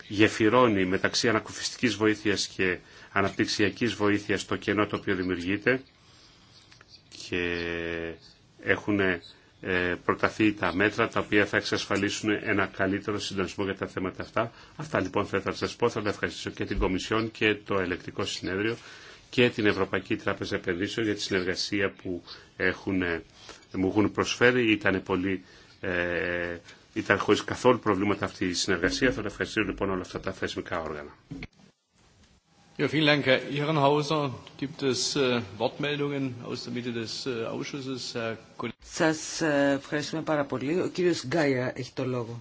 Speaker 2: γεφυρώνει μεταξύ ανακουφιστικής βοήθειας και αναπτυξιακής βοήθειας το κενό το οποίο δημιουργείται και έχουν ε, προταθεί τα μέτρα τα οποία θα εξασφαλίσουν ένα καλύτερο συντονισμό για τα θέματα αυτά. Αυτά λοιπόν θα ήθελα να σας πω. Θα τα ευχαριστήσω και την Κομισιόν και το Ελεκτικό Συνέδριο και την Ευρωπαϊκή Τράπεζα Επενδύσεων για τη συνεργασία που έχουν, ε, μου έχουν προσφέρει. Ήταν πολύ ε, ήταν χωρίς καθόλου προβλήματα αυτή η συνεργασία. Θα ευχαριστήσω λοιπόν όλα αυτά τα θεσμικά όργανα.
Speaker 3: Σας ευχαριστούμε πάρα πολύ. Ο κύριος Γκάια έχει το λόγο.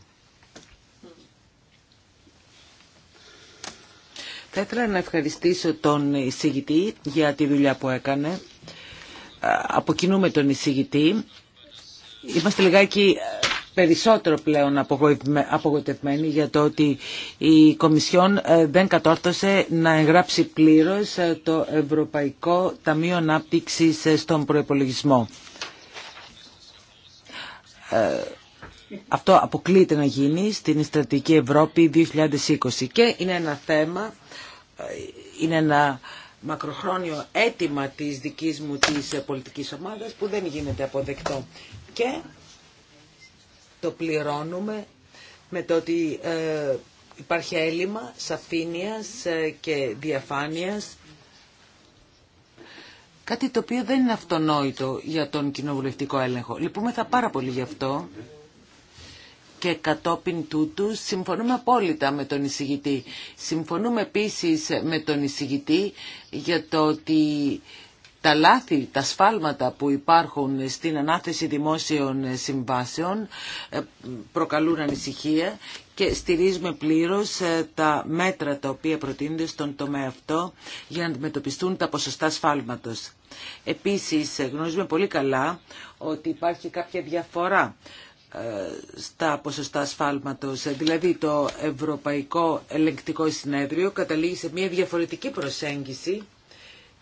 Speaker 3: Θα ήθελα να ευχαριστήσω τον εισηγητή για τη δουλειά που έκανε. Αποκινούμε τον εισηγητή. Είμαστε λιγάκι περισσότερο πλέον απογοητευμένοι για το ότι η Κομισιόν ε, δεν κατόρθωσε να εγγράψει πλήρως ε, το Ευρωπαϊκό Ταμείο Ανάπτυξης ε, στον προϋπολογισμό. Αυτό αποκλείεται να γίνει στην Στρατηγική Ευρώπη 2020 και είναι ένα θέμα, είναι ένα μακροχρόνιο αίτημα της δικής μου της πολιτικής ομάδας που δεν γίνεται αποδεκτό. Και το πληρώνουμε με το ότι ε, υπάρχει έλλειμμα σαφήνειας ε, και διαφάνειας. Κάτι το οποίο δεν είναι αυτονόητο για τον κοινοβουλευτικό έλεγχο. Λυπούμεθα πάρα πολύ γι' αυτό και κατόπιν τούτου συμφωνούμε απόλυτα με τον εισηγητή. Συμφωνούμε επίσης με τον εισηγητή για το ότι τα λάθη, τα σφάλματα που υπάρχουν στην ανάθεση δημόσιων συμβάσεων ε, προκαλούν ανησυχία και στηρίζουμε πλήρως ε, τα μέτρα τα οποία προτείνονται στον τομέα αυτό για να αντιμετωπιστούν τα ποσοστά σφάλματος. Επίσης ε, γνωρίζουμε πολύ καλά ότι υπάρχει κάποια διαφορά στα ποσοστά σφάλματος. Δηλαδή το Ευρωπαϊκό Ελεγκτικό Συνέδριο καταλήγει σε μια διαφορετική προσέγγιση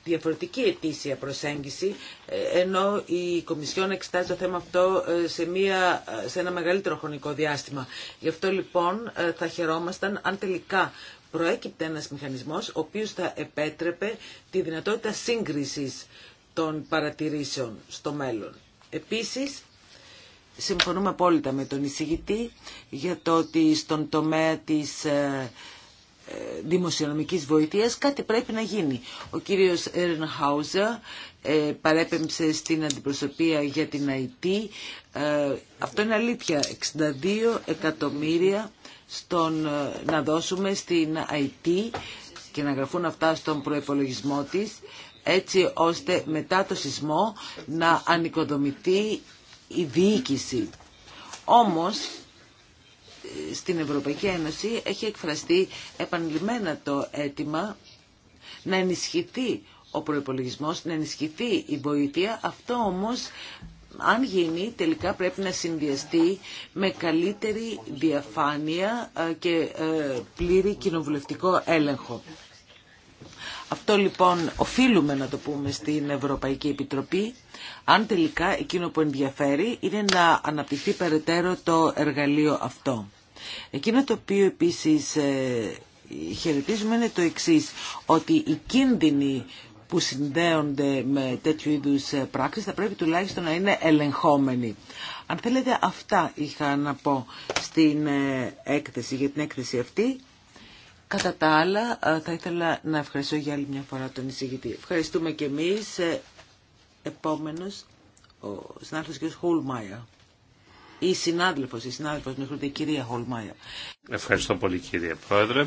Speaker 3: διαφορετική ετήσια προσέγγιση, ε, ενώ η Κομισιόν εξετάζει το θέμα αυτό ε, σε, μια, ε, σε ένα μεγαλύτερο χρονικό διάστημα. Γι' αυτό λοιπόν θα χαιρόμασταν αν τελικά προέκυπτε ένας μηχανισμός ο οποίος θα επέτρεπε τη δυνατότητα σύγκρισης των παρατηρήσεων στο μέλλον. Επίσης, συμφωνούμε απόλυτα με τον εισηγητή για το ότι στον τομέα της δημοσιονομικής βοήθειας κάτι πρέπει να γίνει. Ο κύριος ε, παρέπεμψε στην αντιπροσωπεία για την IT. Ε, αυτό είναι αλήθεια. 62 εκατομμύρια στον, ε, να δώσουμε στην Αιτή και να γραφούν αυτά στον προϋπολογισμό της έτσι ώστε μετά το σεισμό να ανοικοδομηθεί η διοίκηση. Όμως στην Ευρωπαϊκή Ένωση έχει εκφραστεί επανειλημμένα το αίτημα να ενισχυθεί ο προϋπολογισμός, να ενισχυθεί η βοήθεια. Αυτό όμως, αν γίνει, τελικά πρέπει να συνδυαστεί με καλύτερη διαφάνεια ε, και ε, πλήρη κοινοβουλευτικό έλεγχο. Αυτό λοιπόν οφείλουμε να το πούμε στην Ευρωπαϊκή Επιτροπή, αν τελικά εκείνο που ενδιαφέρει είναι να αναπτυχθεί περαιτέρω το εργαλείο αυτό. Εκείνο το οποίο επίσης ε, χαιρετίζουμε είναι το εξής, ότι οι κίνδυνοι που συνδέονται με τέτοιου είδους ε, πράξεις θα πρέπει τουλάχιστον να είναι ελεγχόμενοι. Αν θέλετε αυτά είχα να πω στην ε, έκθεση, για την έκθεση αυτή Κατά τα άλλα, ε, θα ήθελα να ευχαριστώ για άλλη μια φορά τον εισηγητή. Ευχαριστούμε και εμείς. Ε, επόμενος, ο συνάδελφος κ. Χολμάια. Ή συνάδελφος, η συνάδελφος, με κυρία Χολμάια.
Speaker 2: Ευχαριστώ πολύ κύριε Πρόεδρε.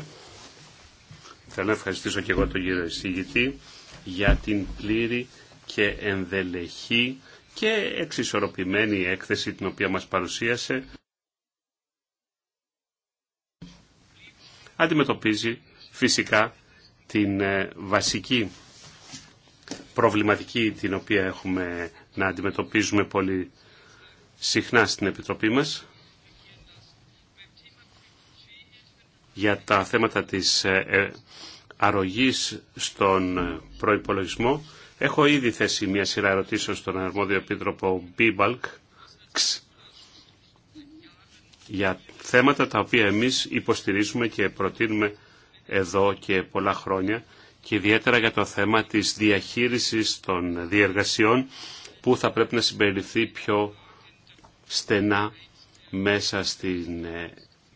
Speaker 2: Θέλω να ευχαριστήσω και εγώ τον κύριο εισηγητή για την πλήρη και ενδελεχή και εξισορροπημένη έκθεση την οποία μας παρουσίασε. αντιμετωπίζει φυσικά την ε, βασική προβληματική την οποία έχουμε να αντιμετωπίζουμε πολύ συχνά στην Επιτροπή μας για τα θέματα της ε, ε, αρρωγής στον προϋπολογισμό. Έχω ήδη θέσει μια σειρά ερωτήσεων στον αρμόδιο επίτροπο Μπίμπαλκ για θέματα τα οποία εμείς υποστηρίζουμε και προτείνουμε εδώ και πολλά χρόνια και ιδιαίτερα για το θέμα της διαχείρισης των διεργασιών που θα πρέπει να συμπεριληφθεί πιο στενά μέσα στην, ε,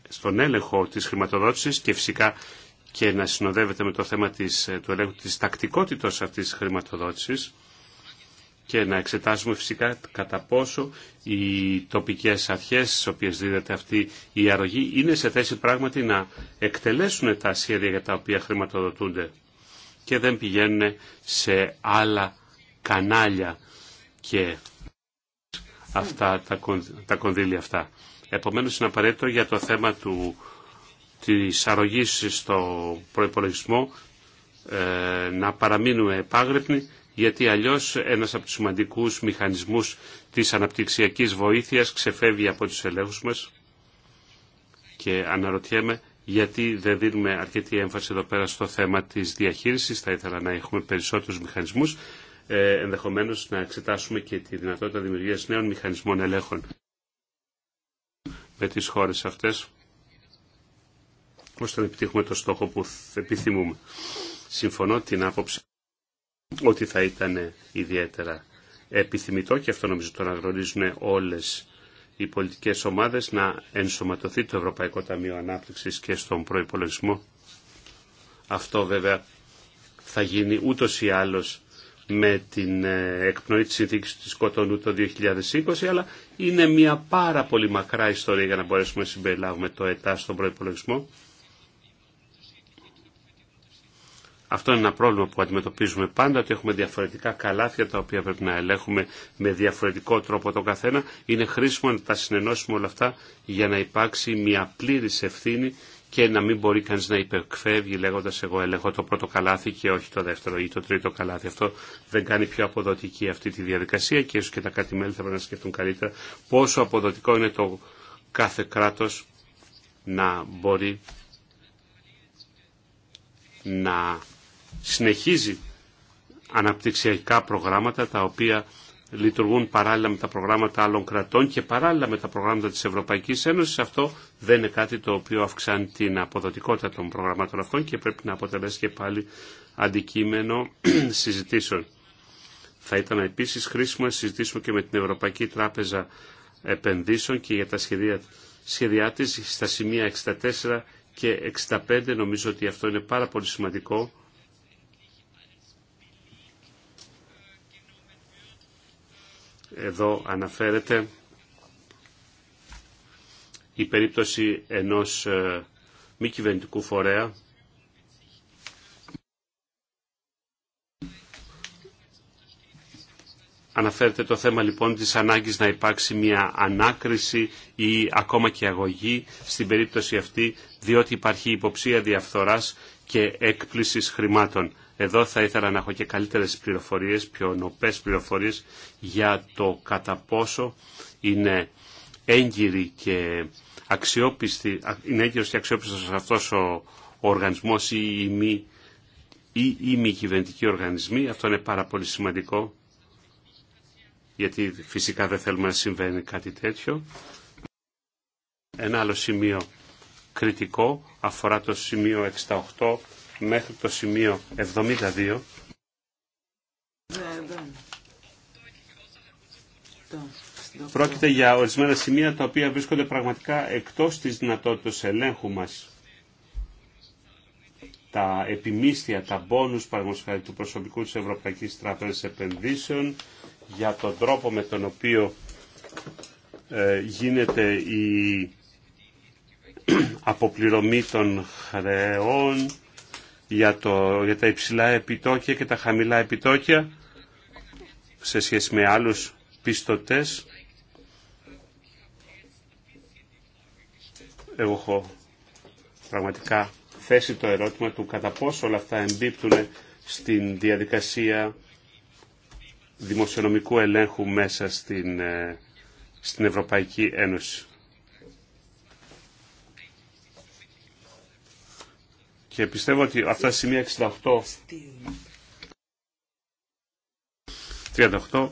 Speaker 2: στον έλεγχο της χρηματοδότησης και φυσικά και να συνοδεύεται με το θέμα της, ε, του ελέγχου της τακτικότητας αυτής της χρηματοδότησης και να εξετάσουμε φυσικά κατά πόσο οι τοπικές αρχές στις οποίες δίδεται αυτή η αρρωγή είναι σε θέση πράγματι να εκτελέσουν τα σχέδια για τα οποία χρηματοδοτούνται και δεν πηγαίνουν σε άλλα κανάλια και αυτά, τα, κονδύλια αυτά. Επομένως είναι απαραίτητο για το θέμα του, της αρρωγής στο προϋπολογισμό ε, να παραμείνουμε επάγρυπνοι γιατί αλλιώς ένας από τους σημαντικούς μηχανισμούς της αναπτυξιακής βοήθειας ξεφεύγει από τους ελέγχους μας και αναρωτιέμαι γιατί δεν δίνουμε αρκετή έμφαση εδώ πέρα στο θέμα της διαχείρισης. Θα ήθελα να έχουμε περισσότερους μηχανισμούς, ε, ενδεχομένως να εξετάσουμε και τη δυνατότητα δημιουργίας νέων μηχανισμών ελέγχων με τις χώρες αυτές, ώστε να επιτύχουμε το στόχο που επιθυμούμε. Συμφωνώ την άποψη ότι θα ήταν ιδιαίτερα επιθυμητό και αυτό νομίζω το να γνωρίζουν όλες οι πολιτικές ομάδες να ενσωματωθεί το Ευρωπαϊκό Ταμείο Ανάπτυξης και στον προϋπολογισμό. Αυτό βέβαια θα γίνει ούτως ή άλλως με την ε, εκπνοή της συνθήκης της Κοτονού το 2020, αλλά είναι μια πάρα πολύ μακρά ιστορία για να μπορέσουμε να συμπεριλάβουμε το ΕΤΑ στον προϋπολογισμό. Αυτό είναι ένα πρόβλημα που αντιμετωπίζουμε πάντα, ότι έχουμε διαφορετικά καλάθια τα οποία πρέπει να ελέγχουμε με διαφορετικό τρόπο το καθένα. Είναι χρήσιμο να τα συνενώσουμε όλα αυτά για να υπάρξει μια πλήρης ευθύνη και να μην μπορεί κανείς να υπερκφεύγει λέγοντας εγώ ελέγχω το πρώτο καλάθι και όχι το δεύτερο ή το τρίτο καλάθι. Αυτό δεν κάνει πιο αποδοτική αυτή τη διαδικασία και ίσως και τα κάτι μέλη θα πρέπει να σκεφτούν καλύτερα πόσο αποδοτικό είναι το κάθε κράτος να μπορεί να συνεχίζει αναπτυξιακά προγράμματα τα οποία λειτουργούν παράλληλα με τα προγράμματα άλλων κρατών και παράλληλα με τα προγράμματα της Ευρωπαϊκής Ένωσης. Αυτό δεν είναι κάτι το οποίο αυξάνει την αποδοτικότητα των προγραμμάτων αυτών και πρέπει να αποτελέσει και πάλι αντικείμενο συζητήσεων. Θα ήταν επίσης χρήσιμο να συζητήσουμε και με την Ευρωπαϊκή Τράπεζα Επενδύσεων και για τα σχεδιά, σχεδιά της στα σημεία 64 και 65. Νομίζω ότι αυτό είναι πάρα πολύ σημαντικό Εδώ αναφέρεται η περίπτωση ενός ε, μη κυβερνητικού φορέα Αναφέρεται το θέμα λοιπόν της ανάγκης να υπάρξει μια ανάκριση ή ακόμα και αγωγή στην περίπτωση αυτή διότι υπάρχει υποψία διαφθοράς και έκπλησης χρημάτων. Εδώ θα ήθελα να έχω και καλύτερες πληροφορίες, πιο νοπές πληροφορίες για το κατά πόσο είναι έγκυρη και αξιόπιστη, είναι έγκυρος και αξιόπιστος αυτός ο, οργανισμός ή η μη ή οι μη κυβερνητικοί οργανισμοί. Αυτό είναι πάρα πολύ σημαντικό, γιατί φυσικά δεν θέλουμε να συμβαίνει κάτι τέτοιο. Ένα άλλο σημείο κριτικό αφορά το σημείο 68 μέχρι το σημείο 72 Πρόκειται για ορισμένα σημεία τα οποία βρίσκονται πραγματικά εκτός της δυνατότητας ελέγχου μας. Τα επιμίσθια, τα μπόνους παραγωγικά του προσωπικού της Ευρωπαϊκής Τράπεζας Επενδύσεων για τον τρόπο με τον οποίο ε, γίνεται η αποπληρωμή των χρεών για, το, για τα υψηλά επιτόκια και τα χαμηλά επιτόκια σε σχέση με άλλους πιστωτές. Εγώ έχω πραγματικά θέσει το ερώτημα του κατά πόσο όλα αυτά εμπίπτουν στην διαδικασία δημοσιονομικού ελέγχου μέσα στην, ε, στην Ευρωπαϊκή Ένωση. Και πιστεύω ότι αυτά τα σημεία 68 38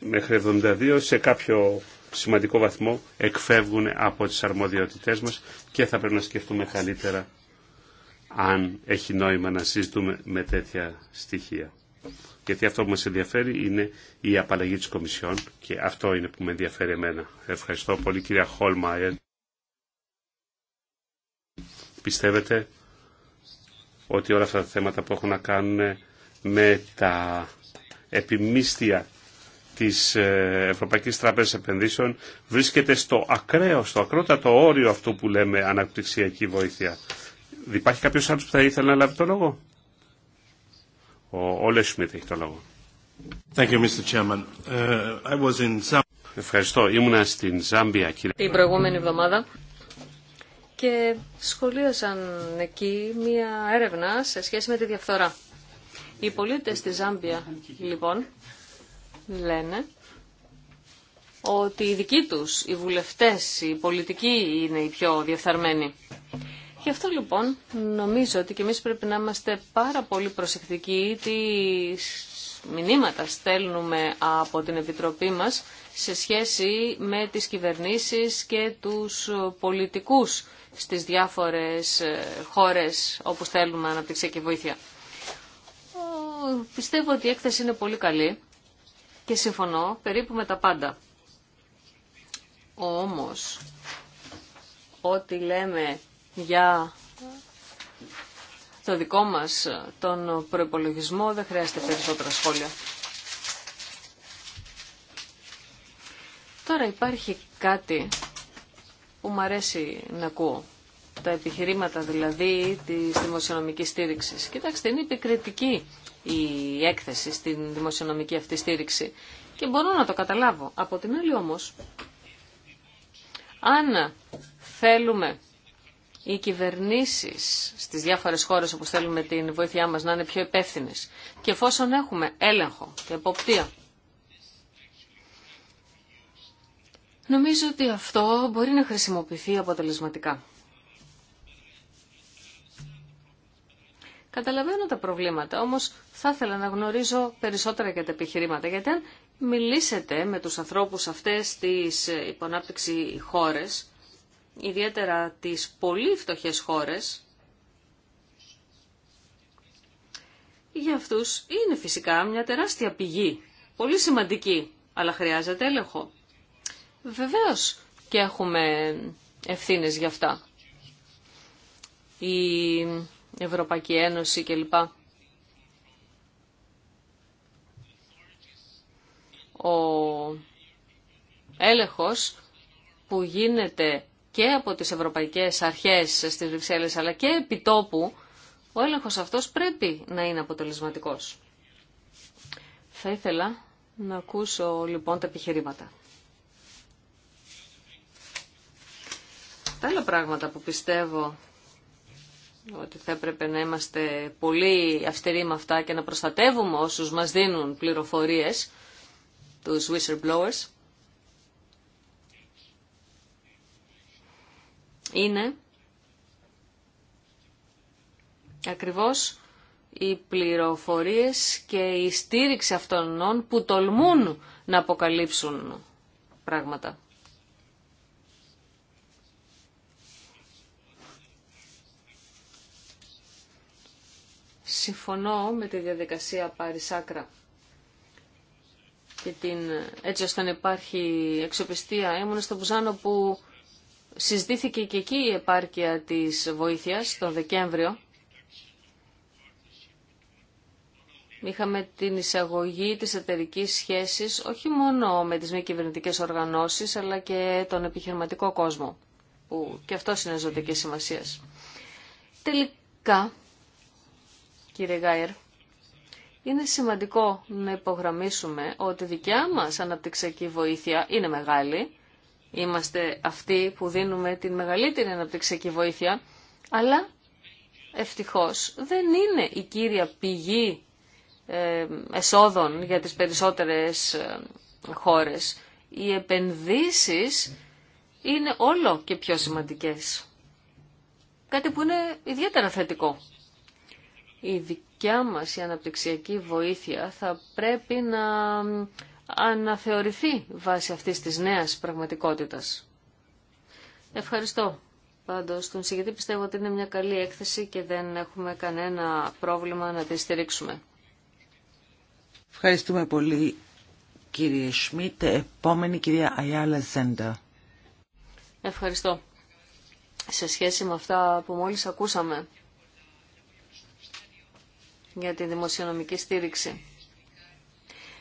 Speaker 2: μέχρι 72 σε κάποιο σημαντικό βαθμό εκφεύγουν από τις αρμοδιότητές μας και θα πρέπει να σκεφτούμε καλύτερα αν έχει νόημα να συζητούμε με τέτοια στοιχεία. Γιατί αυτό που μας ενδιαφέρει είναι η απαλλαγή της Κομισιόν και αυτό είναι που με ενδιαφέρει εμένα. Ευχαριστώ πολύ κυρία Χόλμα. Πιστεύετε ότι όλα αυτά τα θέματα που έχουν να κάνουν με τα επιμίστια της ε, Ευρωπαϊκής Τράπεζας Επενδύσεων βρίσκεται στο ακραίο, στο ακρότατο όριο αυτού που λέμε αναπτυξιακή βοήθεια. Υπάρχει κάποιος άλλος που θα ήθελε να λάβει το λόγο? Ο Όλες Σμιτ έχει το λόγο. Thank you, Mr. Uh, I was in... Ευχαριστώ. Ήμουνα στην Ζάμπια, κύριε. Την προηγούμενη
Speaker 4: εβδομάδα και σχολίασαν εκεί μία έρευνα σε σχέση με τη διαφθορά. Οι πολίτες στη Ζάμπια, λοιπόν, λένε ότι οι δικοί τους, οι βουλευτές, οι πολιτικοί είναι οι πιο διαφθαρμένοι. Γι' αυτό λοιπόν νομίζω ότι και εμείς πρέπει να είμαστε πάρα πολύ προσεκτικοί τι μηνύματα στέλνουμε από την Επιτροπή μας σε σχέση με τις κυβερνήσεις και τους πολιτικούς στις διάφορες ε, χώρες όπου στέλνουμε και βοήθεια. Πιστεύω ότι η έκθεση είναι πολύ καλή και συμφωνώ περίπου με τα πάντα. Όμως, ό,τι λέμε για το δικό μας ε, τον προϋπολογισμό δεν χρειάζεται περισσότερα σχόλια. Τώρα υπάρχει κάτι που μου αρέσει να ακούω. Τα επιχειρήματα δηλαδή τη δημοσιονομική στήριξης. Κοιτάξτε, είναι επικριτική η έκθεση στην δημοσιονομική αυτή στήριξη και μπορώ να το καταλάβω. Από την άλλη όμως, αν θέλουμε οι κυβερνήσεις στις διάφορες χώρες όπου θέλουμε την βοήθειά μας να είναι πιο υπεύθυνε και εφόσον έχουμε έλεγχο και εποπτεία Νομίζω ότι αυτό μπορεί να χρησιμοποιηθεί αποτελεσματικά. Καταλαβαίνω τα προβλήματα, όμως θα ήθελα να γνωρίζω περισσότερα για τα επιχειρήματα, γιατί αν μιλήσετε με τους ανθρώπους αυτές της ε, υπονάπτυξη χώρες, ιδιαίτερα τις πολύ φτωχές χώρες, για αυτούς είναι φυσικά μια τεράστια πηγή, πολύ σημαντική, αλλά χρειάζεται έλεγχο. Βεβαίω και έχουμε ευθύνε γι' αυτά. Η Ευρωπαϊκή Ένωση κλπ. Ο έλεγχος που γίνεται και από τις ευρωπαϊκές αρχές στις Βρυξέλλες αλλά και επί τόπου, ο έλεγχος αυτός πρέπει να είναι αποτελεσματικός. Θα ήθελα να ακούσω λοιπόν τα επιχειρήματα. Τα άλλα πράγματα που πιστεύω ότι θα έπρεπε να είμαστε πολύ αυστηροί με αυτά και να προστατεύουμε όσους μας δίνουν πληροφορίες, τους whistleblowers, είναι ακριβώς οι πληροφορίες και η στήριξη αυτών που τολμούν να αποκαλύψουν πράγματα. συμφωνώ με τη διαδικασία Παρισάκρα και την, έτσι ώστε να υπάρχει εξοπιστία. Ήμουν στο Μπουζάνο που συζητήθηκε και εκεί η επάρκεια της βοήθειας τον Δεκέμβριο. Είχαμε την εισαγωγή της εταιρική σχέσης όχι μόνο με τις μη κυβερνητικέ οργανώσεις αλλά και τον επιχειρηματικό κόσμο που και αυτό είναι ζωτική σημασία. Τελικά κύριε Γκάιερ. Είναι σημαντικό να υπογραμμίσουμε ότι δικιά μας αναπτυξιακή βοήθεια είναι μεγάλη. Είμαστε αυτοί που δίνουμε την μεγαλύτερη αναπτυξιακή βοήθεια, αλλά ευτυχώς δεν είναι η κύρια πηγή ε, εσόδων για τις περισσότερες ε, χώρες. Οι επενδύσεις είναι όλο και πιο σημαντικές. Κάτι που είναι ιδιαίτερα θετικό η δικιά μας η αναπτυξιακή βοήθεια θα πρέπει να αναθεωρηθεί βάσει αυτής της νέας πραγματικότητας. Ευχαριστώ. Πάντως, τον συγκεκριτή πιστεύω ότι είναι μια καλή έκθεση και δεν έχουμε κανένα πρόβλημα να τη στηρίξουμε.
Speaker 3: Ευχαριστούμε πολύ κύριε Σμίτ. Επόμενη κυρία Αγιάλα Ζέντα.
Speaker 4: Ευχαριστώ. Σε σχέση με αυτά που μόλις ακούσαμε, για τη δημοσιονομική στήριξη.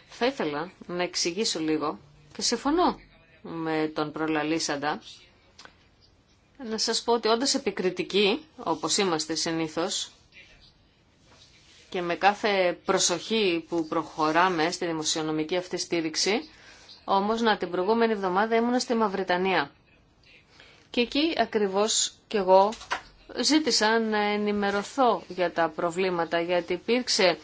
Speaker 4: Θα ήθελα να εξηγήσω λίγο και συμφωνώ με τον προλαλήσαντα να σας πω ότι όντας επικριτικοί, όπως είμαστε συνήθως, και με κάθε προσοχή που προχωράμε στη δημοσιονομική αυτή στήριξη, όμως να την προηγούμενη εβδομάδα ήμουν στη Μαυριτανία. Και εκεί ακριβώς κι εγώ Ζήτησα να ενημερωθώ για τα προβλήματα, γιατί υπήρξε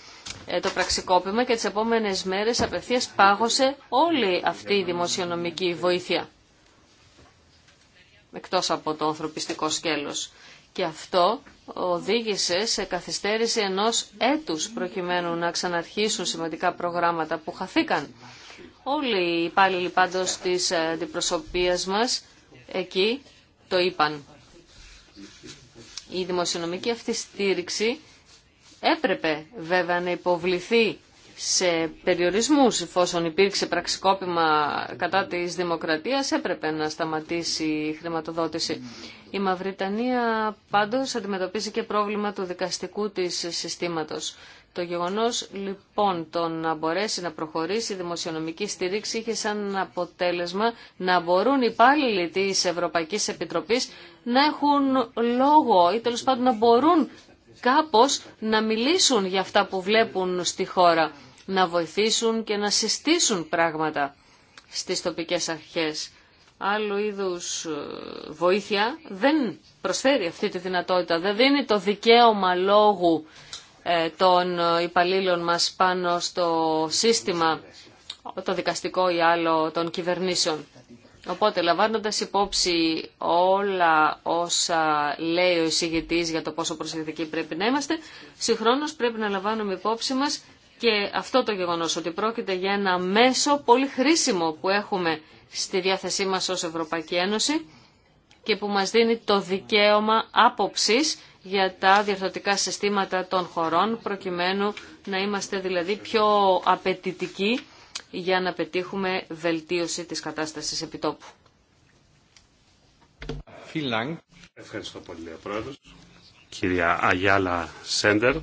Speaker 4: ε, το πραξικόπημα και τις επόμενες μέρες απευθείας πάγωσε όλη αυτή η δημοσιονομική βοήθεια, εκτός από το ανθρωπιστικό σκέλος. Και αυτό οδήγησε σε καθυστέρηση ενός έτους προκειμένου να ξαναρχίσουν σημαντικά προγράμματα που χαθήκαν. Όλοι οι υπάλληλοι πάντως της αντιπροσωπείας μας εκεί το είπαν. Η δημοσιονομική αυτή στήριξη έπρεπε βέβαια να υποβληθεί σε περιορισμούς εφόσον υπήρξε πραξικόπημα κατά της δημοκρατίας έπρεπε να σταματήσει η χρηματοδότηση. Η Μαυριτανία πάντως αντιμετωπίζει και πρόβλημα του δικαστικού της συστήματος το γεγονός λοιπόν το να μπορέσει να προχωρήσει η δημοσιονομική στήριξη είχε σαν αποτέλεσμα να μπορούν οι υπάλληλοι της Ευρωπαϊκής Επιτροπής να έχουν λόγο ή τέλος πάντων να μπορούν κάπως να μιλήσουν για αυτά που βλέπουν στη χώρα, να βοηθήσουν και να συστήσουν πράγματα στις τοπικές αρχές. Άλλου είδους ε, βοήθεια δεν προσφέρει αυτή τη δυνατότητα, δεν δίνει το δικαίωμα λόγου ε, των υπαλλήλων μας πάνω στο σύστημα, το δικαστικό ή άλλο των κυβερνήσεων. Οπότε, λαμβάνοντα υπόψη όλα όσα λέει ο εισηγητής για το πόσο προσεκτικοί πρέπει να είμαστε, συγχρόνως πρέπει να λαμβάνουμε υπόψη μας και αυτό το γεγονός, ότι πρόκειται για ένα μέσο πολύ χρήσιμο που έχουμε στη διάθεσή μας ω Ευρωπαϊκή Ένωση και που μας δίνει το δικαίωμα άποψης για τα διαρθρωτικά συστήματα των χωρών, προκειμένου να είμαστε δηλαδή πιο απαιτητικοί για να πετύχουμε βελτίωση της κατάστασης επιτόπου.
Speaker 2: Ευχαριστώ πολύ, Πρόεδρος. Κυρία Αγιάλα Σέντερ.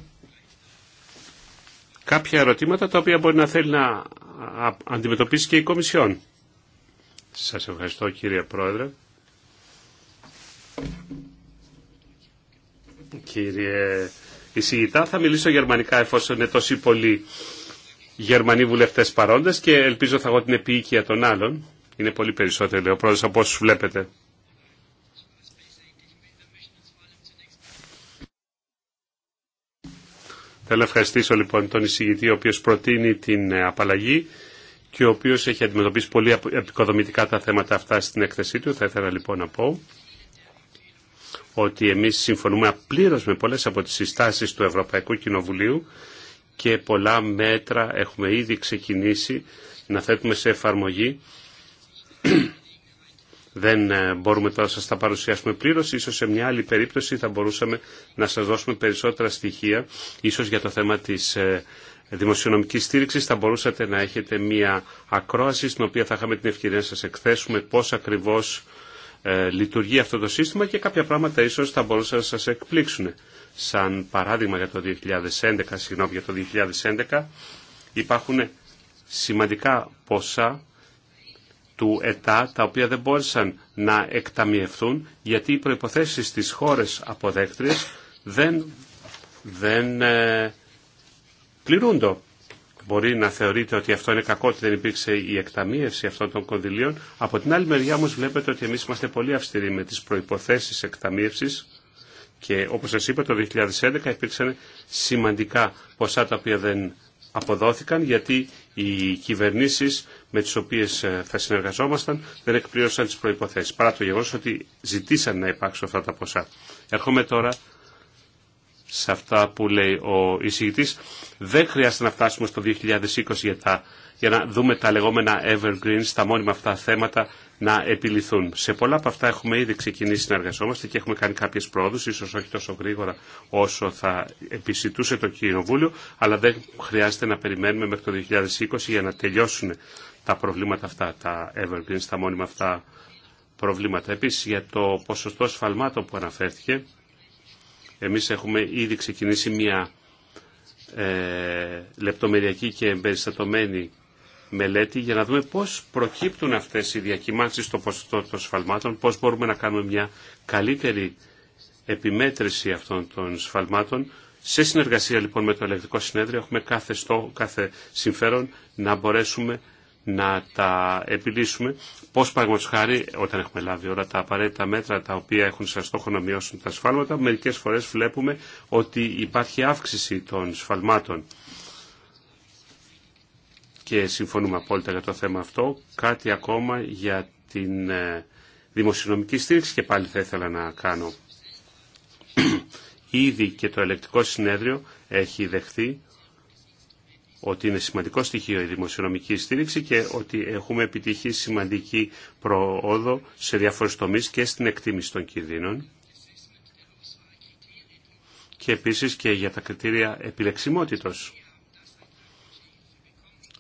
Speaker 2: Κάποια ερωτήματα τα οποία μπορεί να θέλει να αντιμετωπίσει και η Κομισιόν. Σας ευχαριστώ, κύριε Πρόεδρε κύριε Ισηγητά, Θα μιλήσω γερμανικά εφόσον είναι τόσοι πολλοί Γερμανοί βουλευτέ παρόντε και ελπίζω θα έχω την επίοικια των άλλων. Είναι πολύ περισσότερο, λέει ο πρόεδρο, από όσου βλέπετε. Θέλω να ευχαριστήσω λοιπόν τον εισηγητή ο οποίος προτείνει την ε, απαλλαγή και ο οποίος έχει αντιμετωπίσει πολύ επικοδομητικά τα θέματα αυτά στην έκθεσή του. Θα ήθελα λοιπόν να πω ότι εμείς συμφωνούμε απλήρως με πολλές από τις συστάσεις του Ευρωπαϊκού Κοινοβουλίου και πολλά μέτρα έχουμε ήδη ξεκινήσει να θέτουμε σε εφαρμογή. Δεν ε, μπορούμε τώρα να σας τα παρουσιάσουμε πλήρως, ίσως σε μια άλλη περίπτωση θα μπορούσαμε να σας δώσουμε περισσότερα στοιχεία, ίσως για το θέμα της ε, δημοσιονομικής στήριξης θα μπορούσατε να έχετε μια ακρόαση στην οποία θα είχαμε την ευκαιρία να σας εκθέσουμε πώς ακριβώς ε, λειτουργεί αυτό το σύστημα και κάποια πράγματα ίσως θα μπορούσαν να σας εκπλήξουν. Σαν παράδειγμα για το 2011, συγγνώμη, για το 2011 υπάρχουν σημαντικά ποσά του ΕΤΑ τα οποία δεν μπόρεσαν να εκταμιευθούν γιατί οι προϋποθέσεις στις χώρες αποδέκτριες δεν, δεν ε, πληρούνται. Μπορεί να θεωρείτε ότι αυτό είναι κακό, ότι δεν υπήρξε η εκταμείευση αυτών των κονδυλίων. Από την άλλη μεριά όμω βλέπετε ότι εμείς είμαστε πολύ αυστηροί με τις προϋποθέσεις εκταμείευσης και όπως σας είπα το 2011 υπήρξαν σημαντικά ποσά τα οποία δεν αποδόθηκαν γιατί οι κυβερνήσεις με τις οποίες ε, θα συνεργαζόμασταν δεν εκπλήρωσαν τις προϋποθέσεις παρά το γεγονός ότι ζητήσαν να υπάρξουν αυτά τα ποσά. Έρχομαι τώρα σε αυτά που λέει ο εισηγητής. Δεν χρειάζεται να φτάσουμε στο 2020 για, να δούμε τα λεγόμενα evergreens, τα μόνιμα αυτά θέματα να επιληθούν. Σε πολλά από αυτά έχουμε ήδη ξεκινήσει να εργαζόμαστε και έχουμε κάνει κάποιες πρόοδους, ίσως όχι τόσο γρήγορα όσο θα επισητούσε το Κοινοβούλιο, αλλά δεν χρειάζεται να περιμένουμε μέχρι το 2020 για να τελειώσουν τα προβλήματα αυτά, τα evergreens, τα μόνιμα αυτά προβλήματα. Επίσης για το ποσοστό σφαλμάτων που αναφέρθηκε, εμείς έχουμε ήδη ξεκινήσει μια ε, λεπτομεριακή και εμπεριστατωμένη μελέτη για να δούμε πώς προκύπτουν αυτές οι διακυμάνσεις στο ποσοστό των σφαλμάτων, πώς μπορούμε να κάνουμε μια καλύτερη επιμέτρηση αυτών των σφαλμάτων. Σε συνεργασία λοιπόν με το ελεκτικό συνέδριο έχουμε κάθε, στόχο, κάθε συμφέρον να μπορέσουμε να τα επιλύσουμε. Πώ, παραδείγματο χάρη, όταν έχουμε λάβει όλα τα απαραίτητα μέτρα τα οποία έχουν σαν στόχο να μειώσουν τα σφάλματα, μερικέ φορέ βλέπουμε ότι υπάρχει αύξηση των σφαλμάτων. Και συμφωνούμε απόλυτα για το θέμα αυτό. Κάτι ακόμα για την ε, δημοσιονομική στήριξη και πάλι θα ήθελα να κάνω. Ήδη και το ελεκτικό συνέδριο έχει δεχθεί ότι είναι σημαντικό στοιχείο η δημοσιονομική στήριξη και ότι έχουμε επιτυχεί σημαντική προόδο σε διάφορους τομείς και στην εκτίμηση των κινδύνων και επίσης και για τα κριτήρια επιλεξιμότητος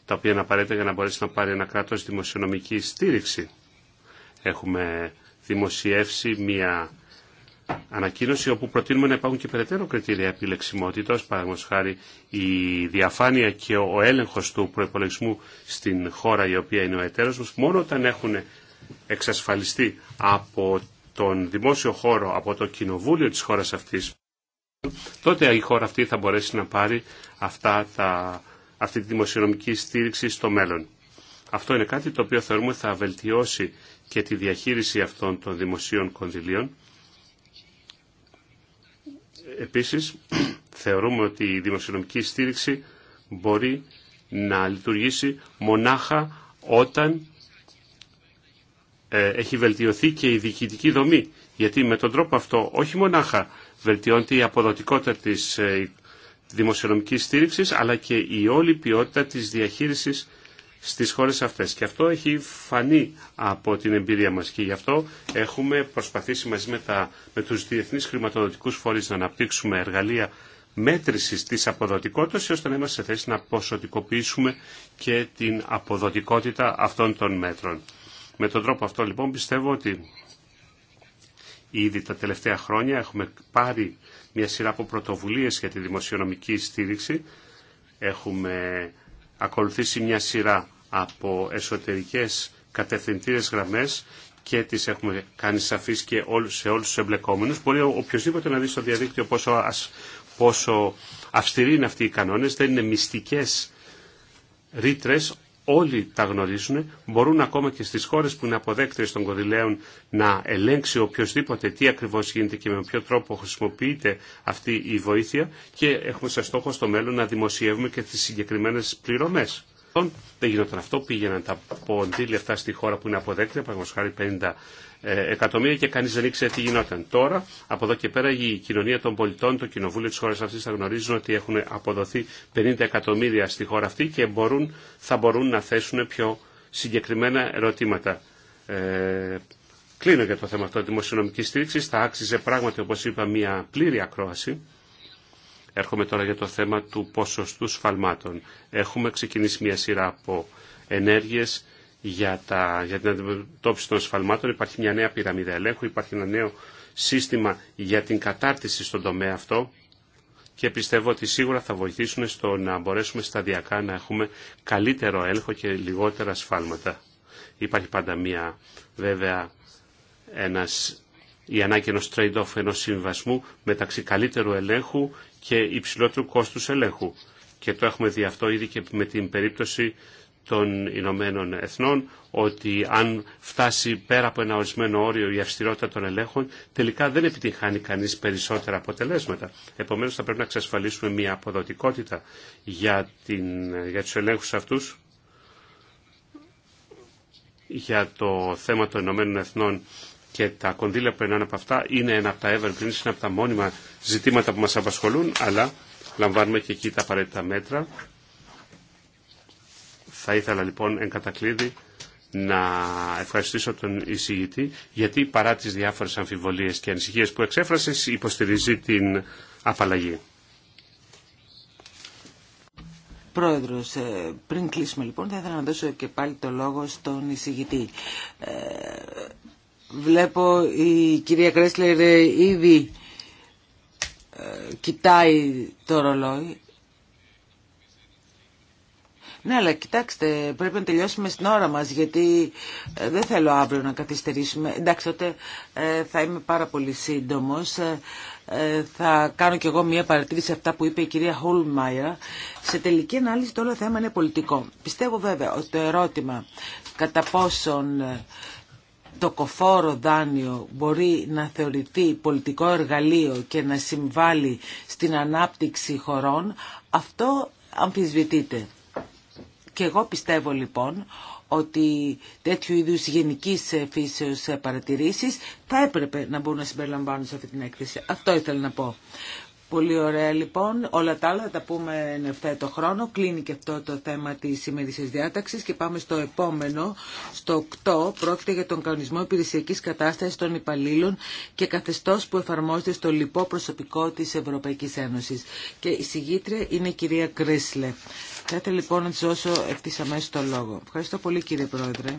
Speaker 2: τα οποία είναι απαραίτητα για να μπορέσει να πάρει ένα κράτος δημοσιονομική στήριξη. Έχουμε δημοσιεύσει μια ανακοίνωση όπου προτείνουμε να υπάρχουν και περαιτέρω κριτήρια επιλεξιμότητας, παραδείγματος χάρη η διαφάνεια και ο έλεγχος του προπολογισμού στην χώρα η οποία είναι ο εταίρος μας, μόνο όταν έχουν εξασφαλιστεί από τον δημόσιο χώρο, από το κοινοβούλιο της χώρας αυτής, τότε η χώρα αυτή θα μπορέσει να πάρει αυτά τα, αυτή τη δημοσιονομική στήριξη στο μέλλον. Αυτό είναι κάτι το οποίο θεωρούμε θα βελτιώσει και τη διαχείριση αυτών των δημοσίων κονδυλίων Επίσης, θεωρούμε ότι η δημοσιονομική στήριξη μπορεί να λειτουργήσει μονάχα όταν ε, έχει βελτιωθεί και η διοικητική δομή. Γιατί με τον τρόπο αυτό όχι μονάχα βελτιώνεται η αποδοτικότητα της ε, δημοσιονομικής στήριξης, αλλά και η όλη ποιότητα της διαχείρισης στις χώρες αυτές. Και αυτό έχει φανεί από την εμπειρία μας και γι' αυτό έχουμε προσπαθήσει μαζί με, τα, με τους διεθνείς χρηματοδοτικούς φορείς να αναπτύξουμε εργαλεία μέτρησης της αποδοτικότητας ώστε να είμαστε σε θέση να ποσοτικοποιήσουμε και την αποδοτικότητα αυτών των μέτρων. Με τον τρόπο αυτό λοιπόν πιστεύω ότι ήδη τα τελευταία χρόνια έχουμε πάρει μια σειρά από πρωτοβουλίες για τη δημοσιονομική στήριξη. Έχουμε ακολουθήσει μια σειρά από εσωτερικές κατευθυντήρες γραμμές και τις έχουμε κάνει σαφείς και σε όλους τους εμπλεκόμενους. Μπορεί οποιοδήποτε να δει στο διαδίκτυο πόσο, ασ, πόσο αυστηροί είναι αυτοί οι κανόνες, δεν είναι μυστικές ρήτρε, όλοι τα γνωρίζουν, μπορούν ακόμα και στις χώρες που είναι αποδέκτες των κοδηλαίων να ελέγξει οποιοδήποτε τι ακριβώς γίνεται και με ποιο τρόπο χρησιμοποιείται αυτή η βοήθεια και έχουμε σε στόχο στο μέλλον να δημοσιεύουμε και τις συγκεκριμένε πληρωμές. Δεν γινόταν αυτό. Πήγαιναν τα ποντήλια αυτά στη χώρα που είναι αποδέκτη, παραδείγματο 50 ε, εκατομμύρια και κανεί δεν ήξερε τι γινόταν. Τώρα, από εδώ και πέρα, η κοινωνία των πολιτών, το κοινοβούλιο τη χώρα αυτή θα γνωρίζουν ότι έχουν αποδοθεί 50 εκατομμύρια στη χώρα αυτή και μπορούν, θα μπορούν να θέσουν πιο συγκεκριμένα ερωτήματα. Ε, κλείνω για το θέμα αυτό. Δημοσιονομική στήριξη θα άξιζε πράγματι, όπω είπα, μια πλήρη ακρόαση Έρχομαι τώρα για το θέμα του ποσοστού σφαλμάτων. Έχουμε ξεκινήσει μια σειρά από ενέργειες για, τα, για την αντιμετώπιση των σφαλμάτων. Υπάρχει μια νέα πυραμίδα ελέγχου, υπάρχει ένα νέο σύστημα για την κατάρτιση στον τομέα αυτό και πιστεύω ότι σίγουρα θα βοηθήσουν στο να μπορέσουμε σταδιακά να έχουμε καλύτερο έλεγχο και λιγότερα σφάλματα. Υπάρχει πάντα μια βέβαια ένας, η ανάγκη ενός trade-off ενός συμβασμού μεταξύ καλύτερου ελέγχου και υψηλότερου κόστους ελέγχου. Και το έχουμε δει αυτό ήδη και με την περίπτωση των Ηνωμένων Εθνών ότι αν φτάσει πέρα από ένα ορισμένο όριο η αυστηρότητα των ελέγχων τελικά δεν επιτυγχάνει κανεί περισσότερα αποτελέσματα. Επομένω θα πρέπει να εξασφαλίσουμε μια αποδοτικότητα για, την, για τους ελέγχους αυτούς για το θέμα των Ηνωμένων Εθνών και τα κονδύλια που περνάνε από αυτά είναι ένα από τα evergreen, είναι από τα μόνιμα ζητήματα που μας απασχολούν, αλλά λαμβάνουμε και εκεί τα απαραίτητα μέτρα. Θα ήθελα λοιπόν εν κατακλείδη να ευχαριστήσω τον εισηγητή, γιατί παρά τις διάφορες αμφιβολίες και ανησυχίες που εξέφρασε, υποστηρίζει την απαλλαγή.
Speaker 3: Πρόεδρος, ε, πριν κλείσουμε λοιπόν, θα ήθελα να δώσω και πάλι το λόγο στον εισηγητή. Ε, Βλέπω η κυρία Κρέσλερ ε, ήδη ε, κοιτάει το ρολόι. Ναι, αλλά κοιτάξτε, πρέπει να τελειώσουμε στην ώρα μας, γιατί ε, δεν θέλω αύριο να καθυστερήσουμε. Εντάξει, τότε θα είμαι πάρα πολύ σύντομος. Θα κάνω κι εγώ μια παρατήρηση αυτά που είπε η κυρία Χουλμάιρα. Σε τελική ανάλυση το όλο θέμα είναι πολιτικό. Πιστεύω βέβαια ότι το ερώτημα κατά πόσον το κοφόρο δάνειο μπορεί να θεωρηθεί πολιτικό εργαλείο και να συμβάλλει στην ανάπτυξη χωρών, αυτό αμφισβητείται. Και εγώ πιστεύω λοιπόν ότι τέτοιου είδου γενική φύσεω παρατηρήσει θα έπρεπε να μπορούν να συμπεριλαμβάνουν σε αυτή την έκθεση. Αυτό ήθελα να πω. Πολύ ωραία λοιπόν. Όλα τα άλλα θα τα πούμε εν ευθέτω χρόνο. Κλείνει και αυτό το θέμα τη σημερινή διάταξη και πάμε στο επόμενο, στο 8. Πρόκειται για τον κανονισμό υπηρεσιακή κατάσταση των υπαλλήλων και καθεστώ που εφαρμόζεται στο λοιπό προσωπικό τη Ευρωπαϊκή Ένωση. Και η συγγήτρια είναι η κυρία Κρίσλε. Θα ήθελα λοιπόν να τη δώσω ευθύ αμέσω το λόγο. Ευχαριστώ πολύ κύριε Πρόεδρε.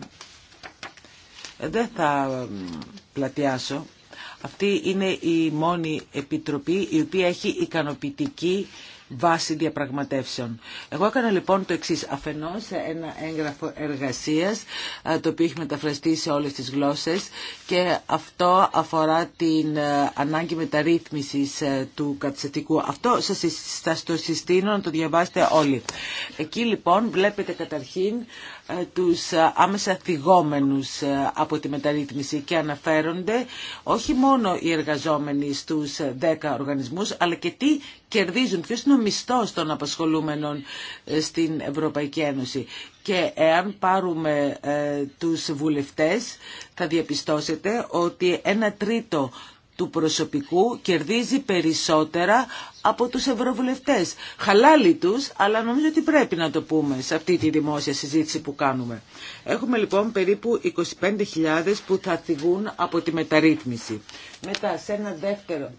Speaker 3: Δεν θα πλατιάσω. Αυτή είναι η μόνη επιτροπή η οποία έχει ικανοποιητική βάση διαπραγματεύσεων. Εγώ έκανα λοιπόν το εξής. Αφενός ένα έγγραφο εργασίας ε, το οποίο έχει μεταφραστεί σε όλες τις γλώσσες και αυτό αφορά την ε, ανάγκη μεταρρύθμισης ε, του κατσετικού. Αυτό σας το συστήνω να το διαβάσετε όλοι. Εκεί λοιπόν βλέπετε καταρχήν τους άμεσα θυγόμενους από τη μεταρρύθμιση και αναφέρονται όχι μόνο οι εργαζόμενοι στους 10 οργανισμούς αλλά και τι κερδίζουν, ποιος είναι ο μισθός των απασχολούμενων ε, στην Ευρωπαϊκή Ένωση. Και εάν πάρουμε ε, τους βουλευτές θα διαπιστώσετε ότι ένα τρίτο του προσωπικού κερδίζει περισσότερα από τους ευρωβουλευτές. Χαλάλι τους, αλλά νομίζω ότι πρέπει να το πούμε σε αυτή τη δημόσια συζήτηση που κάνουμε. Έχουμε λοιπόν περίπου 25.000 που θα θυγούν από τη μεταρρύθμιση. Μετά σε ένα δεύτερο...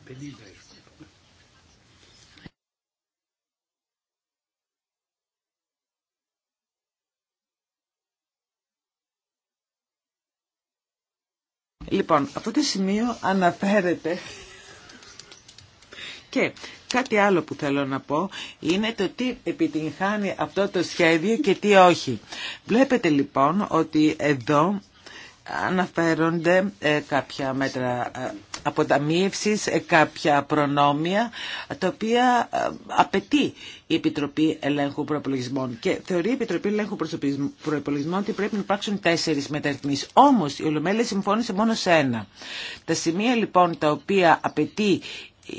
Speaker 3: Λοιπόν, αυτό το σημείο αναφέρεται και κάτι άλλο που θέλω να πω είναι το τι επιτυγχάνει αυτό το σχέδιο και τι όχι. Βλέπετε λοιπόν ότι εδώ αναφέρονται ε, κάποια μέτρα ε, αποταμίευσης, ε, κάποια προνόμια, τα οποία απαιτεί η Επιτροπή Ελέγχου Προπολογισμών. Και θεωρεί η Επιτροπή Ελέγχου Προπολογισμών ότι πρέπει να υπάρξουν τέσσερι μεταρρυθμίσει. Όμω η Ολομέλεια συμφώνησε μόνο σε ένα. Τα σημεία λοιπόν τα οποία απαιτεί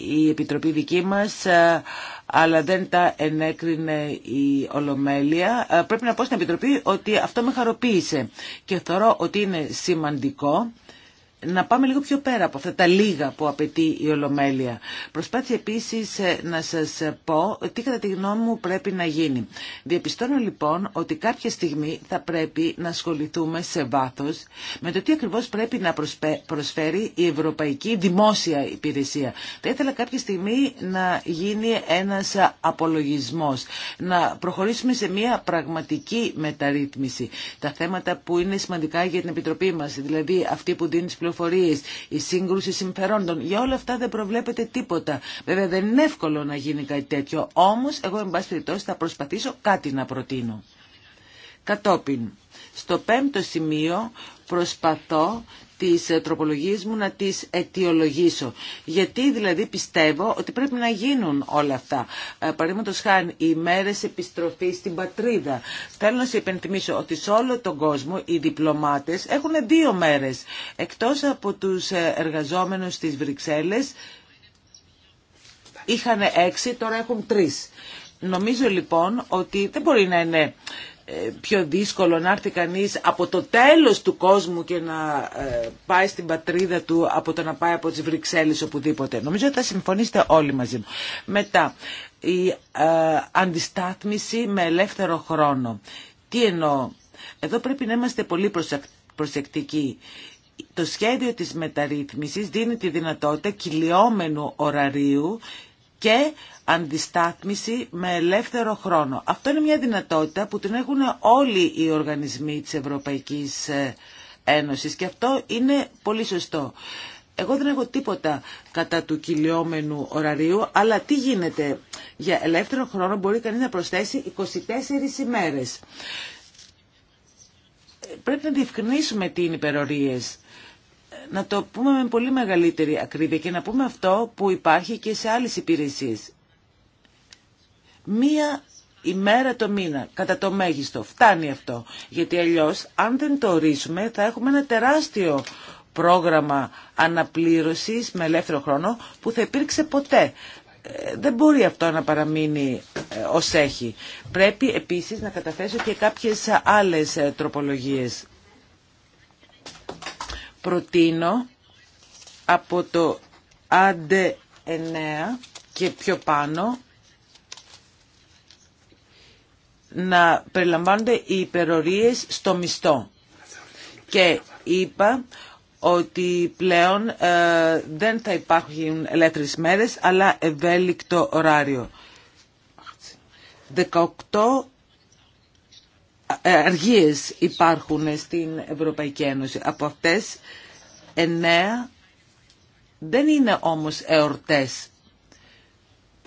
Speaker 3: η Επιτροπή δική μας ε, αλλά δεν τα ενέκρινε η Ολομέλεια. Ε, πρέπει να πω στην Επιτροπή ότι αυτό με χαροποίησε και θεωρώ ότι είναι σημαντικό να πάμε λίγο πιο πέρα από αυτά τα λίγα που απαιτεί η Ολομέλεια. Προσπάθησα επίσης ε, να σας ε, πω τι κατά τη γνώμη μου πρέπει να γίνει. Διαπιστώνω λοιπόν ότι κάποια στιγμή θα πρέπει να ασχοληθούμε σε βάθος με το τι ακριβώς πρέπει να προσφέρει η Ευρωπαϊκή Δημόσια Υπηρεσία. Θα ήθελα κάποια στιγμή να γίνει ένας ε, απολογισμός, να προχωρήσουμε σε μια πραγματική μεταρρύθμιση. Τα θέματα που είναι σημαντικά για την Επιτροπή μας, δηλαδή αυτή που δίνει η σύγκρουση συμφερόντων. Για όλα αυτά δεν προβλέπεται τίποτα. Βέβαια δεν είναι εύκολο να γίνει κάτι τέτοιο, όμως εγώ εν πάση περιπτώσει θα προσπαθήσω κάτι να προτείνω. Κατόπιν, στο πέμπτο σημείο προσπαθώ τις ε, τροπολογίες μου να τις αιτιολογήσω. Γιατί δηλαδή πιστεύω ότι πρέπει να γίνουν όλα αυτά. Ε, Παραδείγματο χάν οι μέρες επιστροφής στην πατρίδα. Θέλω να σε υπενθυμίσω ότι σε όλο τον κόσμο οι διπλωμάτες έχουν δύο μέρες. Εκτός από τους ε, εργαζόμενους στις Βρυξέλλες είχαν έξι, τώρα έχουν τρεις. Νομίζω λοιπόν ότι δεν μπορεί να είναι ε, πιο δύσκολο να έρθει κανείς από το τέλος του κόσμου και να ε, πάει στην πατρίδα του από το να πάει από τις Βρυξέλλες οπουδήποτε. Νομίζω ότι θα συμφωνήσετε όλοι μαζί μου. Μετά, η ε, αντιστάθμιση με ελεύθερο χρόνο. Τι εννοώ. Εδώ πρέπει να είμαστε πολύ προσεκτικοί. Το σχέδιο της μεταρρύθμισης δίνει τη δυνατότητα κυλιόμενου ωραρίου και αντιστάθμιση με ελεύθερο χρόνο. Αυτό είναι μια δυνατότητα που την έχουν όλοι οι οργανισμοί της Ευρωπαϊκής ε, Ένωσης και αυτό είναι πολύ σωστό. Εγώ δεν έχω τίποτα κατά του κυλιόμενου ωραρίου, αλλά τι γίνεται. Για ελεύθερο χρόνο μπορεί κανείς να προσθέσει 24 ημέρες. Πρέπει να διευκρινίσουμε τι είναι υπερορίες. Να το πούμε με πολύ μεγαλύτερη ακρίβεια και να πούμε αυτό που υπάρχει και σε άλλες υπηρεσίες μία ημέρα το μήνα, κατά το μέγιστο. Φτάνει αυτό. Γιατί αλλιώς, αν δεν το ορίσουμε, θα έχουμε ένα τεράστιο πρόγραμμα αναπλήρωσης με ελεύθερο χρόνο που θα υπήρξε ποτέ. Ε, δεν μπορεί αυτό να παραμείνει ε, ως έχει. Πρέπει επίσης να καταθέσω και κάποιες άλλες ε, τροπολογίες. Προτείνω από το άντε 9 και πιο πάνω να περιλαμβάνονται οι υπερορίες στο μισθό. Και είπα ότι πλέον ε, δεν θα υπάρχουν ελεύθερες μέρες, αλλά ευέλικτο ωράριο. 18 ε, αργίες υπάρχουν στην Ευρωπαϊκή Ένωση. Από αυτές, 9 δεν είναι όμως εορτές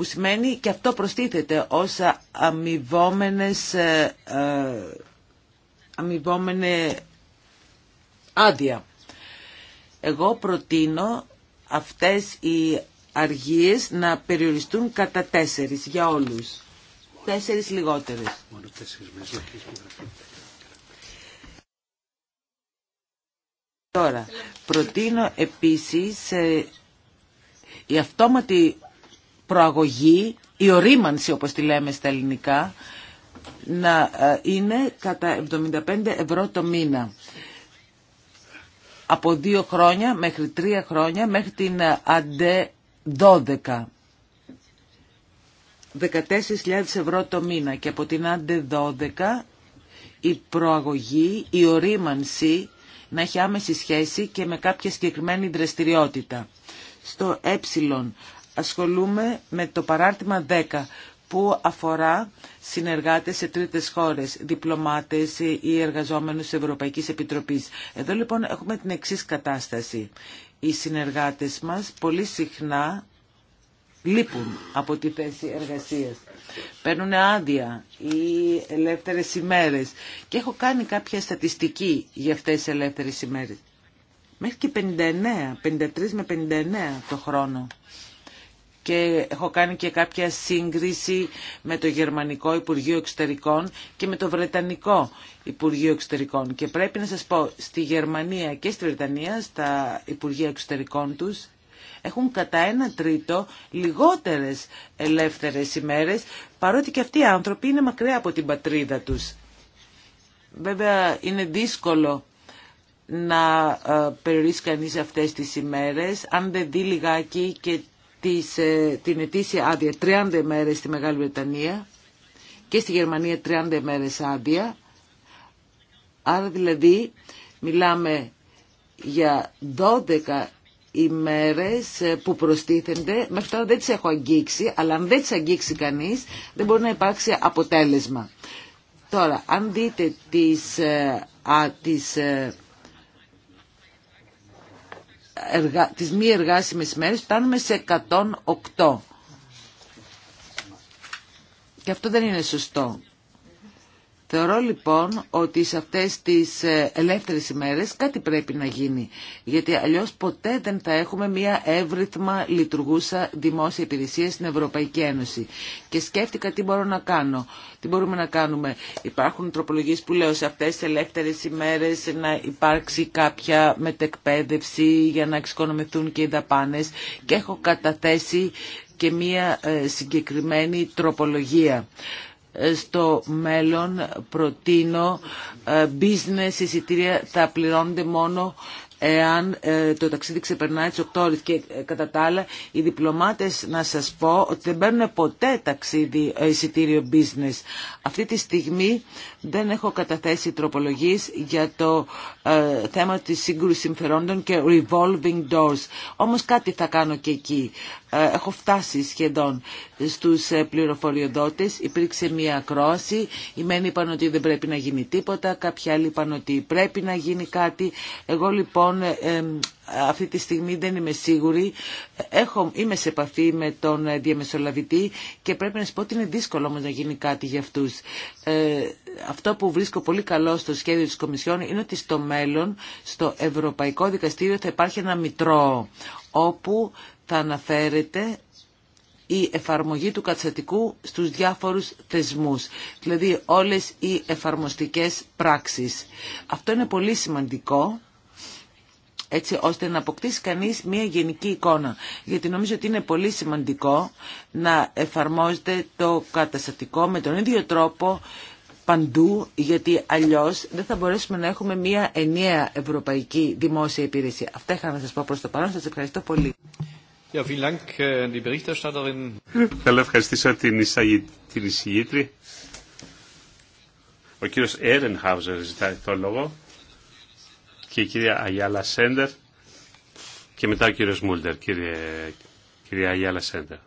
Speaker 3: που σημαίνει και αυτό προστίθεται ως αμοιβόμενες, ε, ε, αμοιβόμενε. άδεια. Εγώ προτείνω αυτές οι αργίες να περιοριστούν κατά τέσσερις για όλους. Τέσσερις λιγότερες. Τώρα, προτείνω επίσης ε, η αυτόματη προαγωγή, η ορίμανση όπως τη λέμε στα ελληνικά, να ε, είναι κατά 75 ευρώ το μήνα. Από δύο χρόνια μέχρι τρία χρόνια μέχρι την ΑΝΤΕ 12. 14.000 ευρώ το μήνα και από την άντε 12 η προαγωγή, η ορίμανση να έχει άμεση σχέση και με κάποια συγκεκριμένη δραστηριότητα. Στο ε ασχολούμαι με το παράρτημα 10 που αφορά συνεργάτες σε τρίτες χώρες, διπλωμάτες ή εργαζόμενους της Ευρωπαϊκής Επιτροπής. Εδώ λοιπόν έχουμε την εξής κατάσταση. Οι συνεργάτες μας πολύ συχνά λείπουν από τη θέση εργασίας. Παίρνουν άδεια ή ελεύθερες ημέρες. Και έχω κάνει κάποια στατιστική για αυτές τις ελεύθερες ημέρες. Μέχρι και 59, 53 με 59 το χρόνο και έχω κάνει και κάποια σύγκριση με το Γερμανικό Υπουργείο Εξωτερικών και με το Βρετανικό Υπουργείο Εξωτερικών. Και πρέπει να σας πω, στη Γερμανία και στη Βρετανία, στα Υπουργεία Εξωτερικών τους, έχουν κατά ένα τρίτο λιγότερες ελεύθερες ημέρες, παρότι και αυτοί οι άνθρωποι είναι μακριά από την πατρίδα τους. Βέβαια είναι δύσκολο να ε, περιορίσει κανείς αυτές τις ημέρες, αν δεν δει λιγάκι και της, ε, την ετήσια άδεια 30 μέρες στη Μεγάλη Βρετανία και στη Γερμανία 30 μέρες άδεια. Άρα δηλαδή μιλάμε για 12 ημέρες ε, που προστίθενται, μέχρι τώρα δεν τις έχω αγγίξει, αλλά αν δεν τις αγγίξει κανείς δεν μπορεί να υπάρξει αποτέλεσμα. Τώρα, αν δείτε τις, ε, τις εργα... τις μη εργάσιμες μέρες φτάνουμε σε 108. Και αυτό δεν είναι σωστό. Θεωρώ λοιπόν ότι σε αυτές τις ε, ελεύθερες ημέρες κάτι πρέπει να γίνει, γιατί αλλιώς ποτέ δεν θα έχουμε μια εύρυθμα λειτουργούσα δημόσια υπηρεσία στην Ευρωπαϊκή Ένωση. Και σκέφτηκα τι μπορώ να κάνω, τι μπορούμε να κάνουμε. Υπάρχουν τροπολογίες που λέω σε αυτές τις ελεύθερες ημέρες να υπάρξει κάποια μετεκπαίδευση για να εξοικονομηθούν και οι δαπάνες και έχω καταθέσει και μια ε, συγκεκριμένη τροπολογία στο μέλλον προτείνω ε, business εισιτήρια θα πληρώνονται μόνο εάν ε, το ταξίδι ξεπερνάει τις 8 ώρες και ε, κατά τα άλλα οι διπλωμάτες να σας πω ότι δεν παίρνουν ποτέ ταξίδι εισιτήριο business. Αυτή τη στιγμή δεν έχω καταθέσει τροπολογής για το θέμα της σύγκρουσης συμφερόντων και revolving doors. Όμως κάτι θα κάνω και εκεί. Ε, έχω φτάσει σχεδόν στους ε, πληροφοριοδότες. Υπήρξε μία ακρόαση. Οι μένοι είπαν ότι δεν πρέπει να γίνει τίποτα. Κάποιοι άλλοι είπαν ότι πρέπει να γίνει κάτι. Εγώ λοιπόν ε, αυτή τη στιγμή δεν είμαι σίγουρη. Έχω, είμαι σε επαφή με τον διαμεσολαβητή και πρέπει να σου πω ότι είναι δύσκολο όμως να γίνει κάτι για αυτούς. Ε, αυτό που βρίσκω πολύ καλό στο σχέδιο της Κομισιόν είναι ότι στο μέλλον, στο Ευρωπαϊκό Δικαστήριο θα υπάρχει ένα μητρό όπου θα αναφέρεται η εφαρμογή του καταστατικού στους διάφορους θεσμούς, δηλαδή όλες οι εφαρμοστικές πράξεις. Αυτό είναι πολύ σημαντικό, έτσι ώστε να αποκτήσει κανείς μια γενική εικόνα, γιατί νομίζω ότι είναι πολύ σημαντικό να εφαρμόζεται το καταστατικό με τον ίδιο τρόπο παντού, γιατί αλλιώς δεν θα μπορέσουμε να έχουμε μια ενιαία ευρωπαϊκή δημόσια υπηρεσία. Αυτά είχα να σας πω προς το παρόν, σας ευχαριστώ πολύ. Καλό
Speaker 2: äh, ευχαριστήσω την, εισηγήτρη. Ο κύριος Έρενχάουζερ ζητάει το λόγο και η κυρία Αγιάλα Σέντερ και μετά ο κύριος Μούλτερ, κυρία Αγιάλα Σέντερ.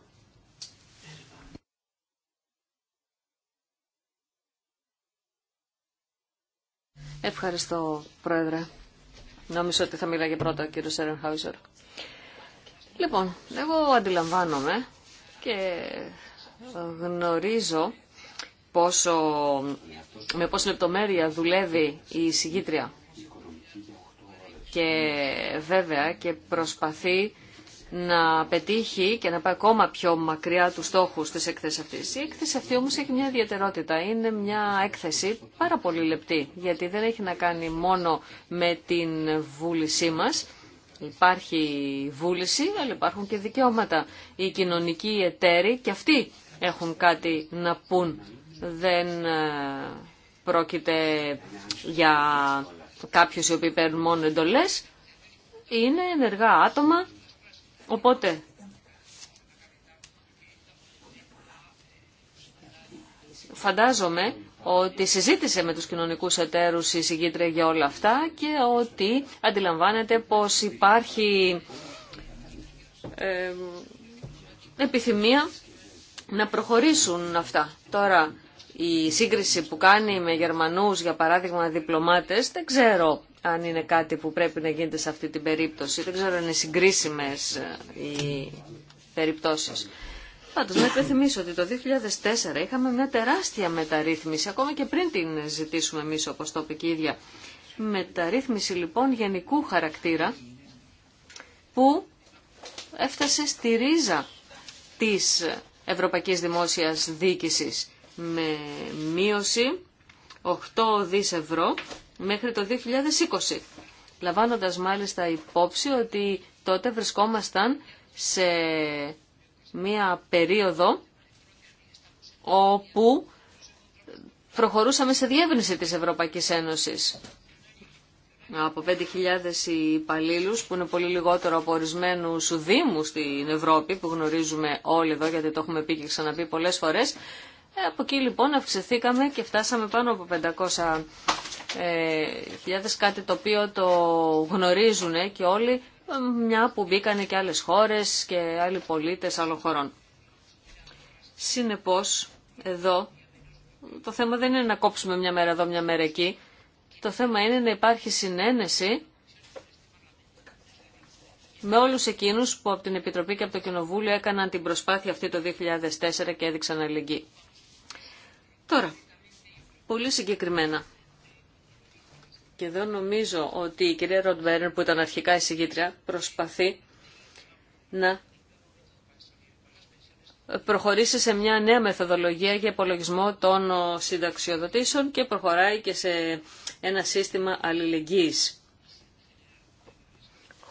Speaker 4: Ευχαριστώ, Πρόεδρε. Νόμιζα ότι θα μιλάγε πρώτα ο κύριος Έρενχάουζερ. Λοιπόν, εγώ αντιλαμβάνομαι και γνωρίζω πόσο, με πόση λεπτομέρεια δουλεύει η συγκήτρια. Και βέβαια και προσπαθεί να πετύχει και να πάει ακόμα πιο μακριά τους στόχου της έκθεσης αυτής. Η έκθεση αυτή όμως έχει μια ιδιαιτερότητα. Είναι μια έκθεση πάρα πολύ λεπτή, γιατί δεν έχει να κάνει μόνο με την βούλησή μας, Υπάρχει βούληση, αλλά υπάρχουν και δικαιώματα. Οι κοινωνικοί εταίροι και αυτοί έχουν κάτι να πούν. Δεν ε, πρόκειται για κάποιους οι οποίοι παίρνουν μόνο εντολές. Είναι ενεργά άτομα, οπότε φαντάζομαι ότι συζήτησε με τους κοινωνικούς εταίρους η συγκήτρια για όλα αυτά και ότι αντιλαμβάνεται πως υπάρχει ε, επιθυμία να προχωρήσουν αυτά. Τώρα, η σύγκριση που κάνει με Γερμανούς, για παράδειγμα, διπλωμάτες, δεν ξέρω αν είναι κάτι που πρέπει να γίνεται σε αυτή την περίπτωση. Δεν ξέρω αν είναι συγκρίσιμες ε, οι περιπτώσεις. Πάντως να υπενθυμίσω ότι το 2004 είχαμε μια τεράστια μεταρρύθμιση, ακόμα και πριν την ζητήσουμε εμείς όπως το είπε ίδια. Μεταρρύθμιση λοιπόν γενικού χαρακτήρα που έφτασε στη ρίζα της Ευρωπαϊκής Δημόσιας Διοίκησης με μείωση 8 δις ευρώ μέχρι το 2020. Λαμβάνοντας μάλιστα υπόψη ότι τότε βρισκόμασταν σε μία περίοδο όπου προχωρούσαμε σε διεύρυνση της Ευρωπαϊκής Ένωσης. Από 5.000 υπαλλήλους που είναι πολύ λιγότερο από ορισμένου δήμου στην Ευρώπη που γνωρίζουμε όλοι εδώ γιατί το έχουμε πει και ξαναπεί πολλές φορές. Ε, από εκεί λοιπόν αυξηθήκαμε και φτάσαμε πάνω από 500.000 ε, κάτι το οποίο το γνωρίζουν και όλοι μια που μπήκανε και άλλες χώρες και άλλοι πολίτες άλλων χωρών. Συνεπώς, εδώ, το θέμα δεν είναι να κόψουμε μια μέρα εδώ, μια μέρα εκεί. Το θέμα είναι να υπάρχει συνένεση με όλους εκείνους που από την Επιτροπή και από το Κοινοβούλιο έκαναν την προσπάθεια αυτή το 2004 και έδειξαν αλληλεγγύη. Τώρα, πολύ συγκεκριμένα. Και εδώ νομίζω ότι η κυρία Ροντβέρνερ που ήταν αρχικά εισηγήτρια προσπαθεί να προχωρήσει σε μια νέα μεθοδολογία για υπολογισμό των συνταξιοδοτήσεων και προχωράει και σε ένα σύστημα αλληλεγγύης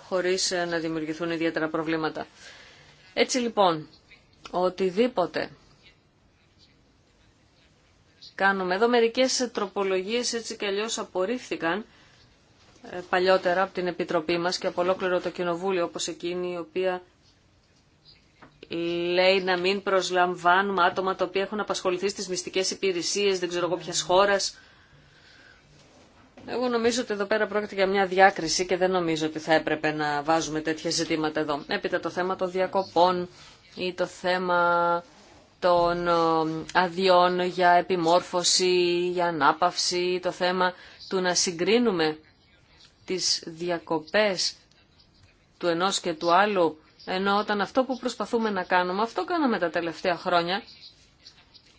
Speaker 4: χωρίς να δημιουργηθούν ιδιαίτερα προβλήματα. Έτσι λοιπόν, οτιδήποτε κάνουμε εδώ. Μερικές τροπολογίες έτσι και αλλιώς απορρίφθηκαν ε, παλιότερα από την Επιτροπή μας και από ολόκληρο το Κοινοβούλιο όπως εκείνη η οποία λέει να μην προσλαμβάνουμε άτομα τα οποία έχουν απασχοληθεί στις μυστικές υπηρεσίες, δεν ξέρω εγώ ποιας χώρας. Εγώ νομίζω ότι εδώ πέρα πρόκειται για μια διάκριση και δεν νομίζω ότι θα έπρεπε να βάζουμε τέτοια ζητήματα εδώ. Έπειτα το θέμα των διακοπών ή το θέμα των ε, αδειών για επιμόρφωση, για ανάπαυση, το θέμα του να συγκρίνουμε τις διακοπές του ενός και του άλλου, ενώ όταν αυτό που προσπαθούμε να κάνουμε, αυτό κάναμε τα τελευταία χρόνια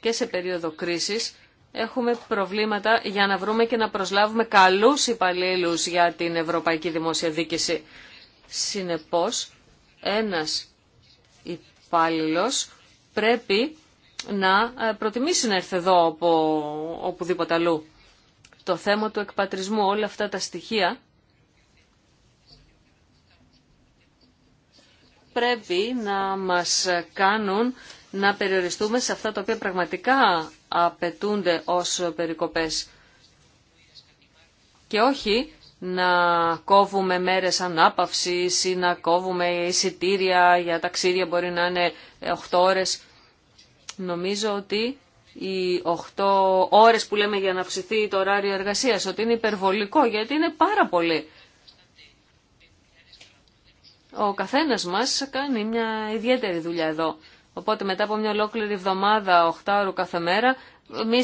Speaker 4: και σε περίοδο κρίσης, έχουμε προβλήματα για να βρούμε και να προσλάβουμε καλούς υπαλλήλους για την Ευρωπαϊκή Δημόσια Δίκηση. Συνεπώς, ένας υπάλληλος πρέπει να ε, προτιμήσει να έρθει εδώ από οπουδήποτε αλλού. Το θέμα του εκπατρισμού, όλα αυτά τα στοιχεία πρέπει να μας κάνουν να περιοριστούμε σε αυτά τα οποία πραγματικά απαιτούνται ως περικοπές και όχι να κόβουμε μέρες ανάπαυσης ή να κόβουμε εισιτήρια για ταξίδια μπορεί να είναι 8 ώρες. Νομίζω ότι οι 8 ώρες που λέμε για να αυξηθεί το ωράριο εργασίας, ότι είναι υπερβολικό γιατί είναι πάρα πολύ. Ο καθένας μας κάνει μια ιδιαίτερη δουλειά εδώ. Οπότε μετά από μια ολόκληρη εβδομάδα, 8 ώρου κάθε μέρα, Εμεί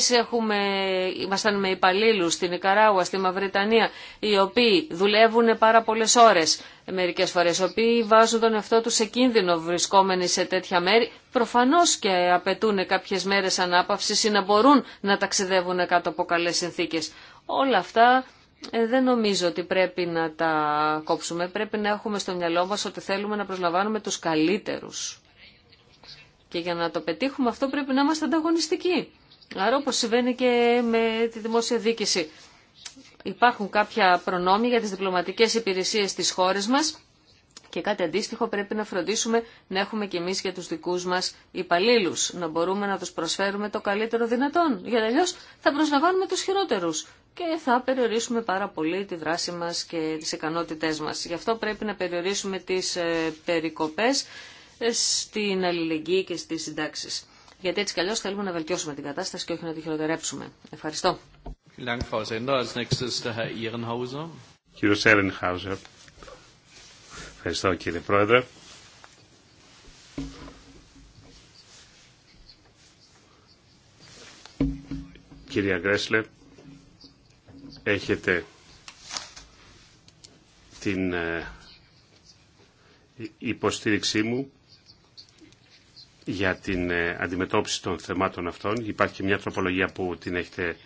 Speaker 4: ήμασταν με υπαλλήλου στην Ικαράουα, στη Μαυριτανία, οι οποίοι δουλεύουν πάρα πολλέ ώρε μερικέ φορέ, οι οποίοι βάζουν τον εαυτό του σε κίνδυνο βρισκόμενοι σε τέτοια μέρη. Προφανώ και απαιτούν κάποιε μέρε ανάπαυση ή να μπορούν να ταξιδεύουν κάτω από καλέ συνθήκε. Όλα αυτά ε, δεν νομίζω ότι πρέπει να τα κόψουμε. Πρέπει να έχουμε στο μυαλό μας ότι θέλουμε να προσλαμβάνουμε του καλύτερου. Και για να το πετύχουμε αυτό πρέπει να είμαστε ανταγωνιστικοί. Άρα όπως συμβαίνει και με τη δημόσια δίκηση. Υπάρχουν κάποια προνόμια για τις διπλωματικές υπηρεσίες της χώρας μας και κάτι αντίστοιχο πρέπει να φροντίσουμε να έχουμε και εμείς για τους δικούς μας υπαλλήλου, να μπορούμε να τους προσφέρουμε το καλύτερο δυνατόν. Για αλλιώ θα προσλαμβάνουμε τους χειρότερους και θα περιορίσουμε πάρα πολύ τη δράση μας και τις ικανότητές μας. Γι' αυτό πρέπει να περιορίσουμε τις ε, περικοπές στην αλληλεγγύη και στις συντάξεις. Γιατί έτσι κι αλλιώς θέλουμε να βελτιώσουμε την κατάσταση και όχι να τη χειροτερέψουμε. Ευχαριστώ.
Speaker 2: Ευχαριστώ κύριε Πρόεδρε. Κυρία Γκρέσλερ, έχετε την ε, υποστήριξή μου για την ε, αντιμετώπιση των θεμάτων αυτών. Υπάρχει μια τροπολογία που την έχετε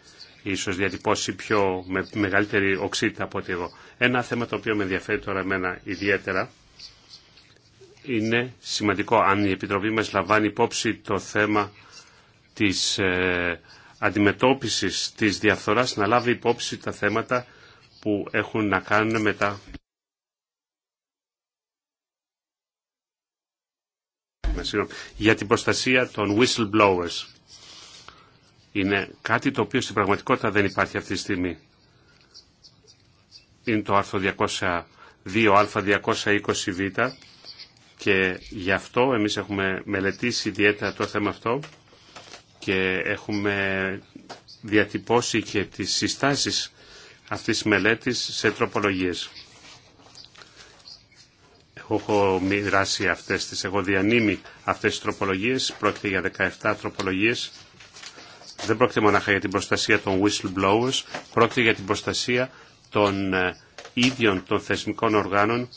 Speaker 2: ίσως διατυπώσει πιο με μεγαλύτερη οξύτητα από ότι εγώ. Ένα θέμα το οποίο με ενδιαφέρει τώρα εμένα ιδιαίτερα είναι σημαντικό αν η Επιτροπή μας λαμβάνει υπόψη το θέμα της ε, αντιμετώπισης της διαφθοράς να λάβει υπόψη τα θέματα που έχουν να κάνουν με τα για την προστασία των whistleblowers. Είναι κάτι το οποίο στην πραγματικότητα δεν υπάρχει αυτή τη στιγμή. Είναι το άρθρο 202α, 220β και γι' αυτό εμείς έχουμε μελετήσει ιδιαίτερα το θέμα αυτό και έχουμε διατυπώσει και τις συστάσεις αυτής της μελέτης σε τροπολογίες έχω μοιράσει αυτές τις, έχω διανύμει αυτές τις τροπολογίες, πρόκειται για 17 τροπολογίες. Δεν πρόκειται μονάχα για την προστασία των whistleblowers, πρόκειται για την προστασία των ε, ίδιων των θεσμικών οργάνων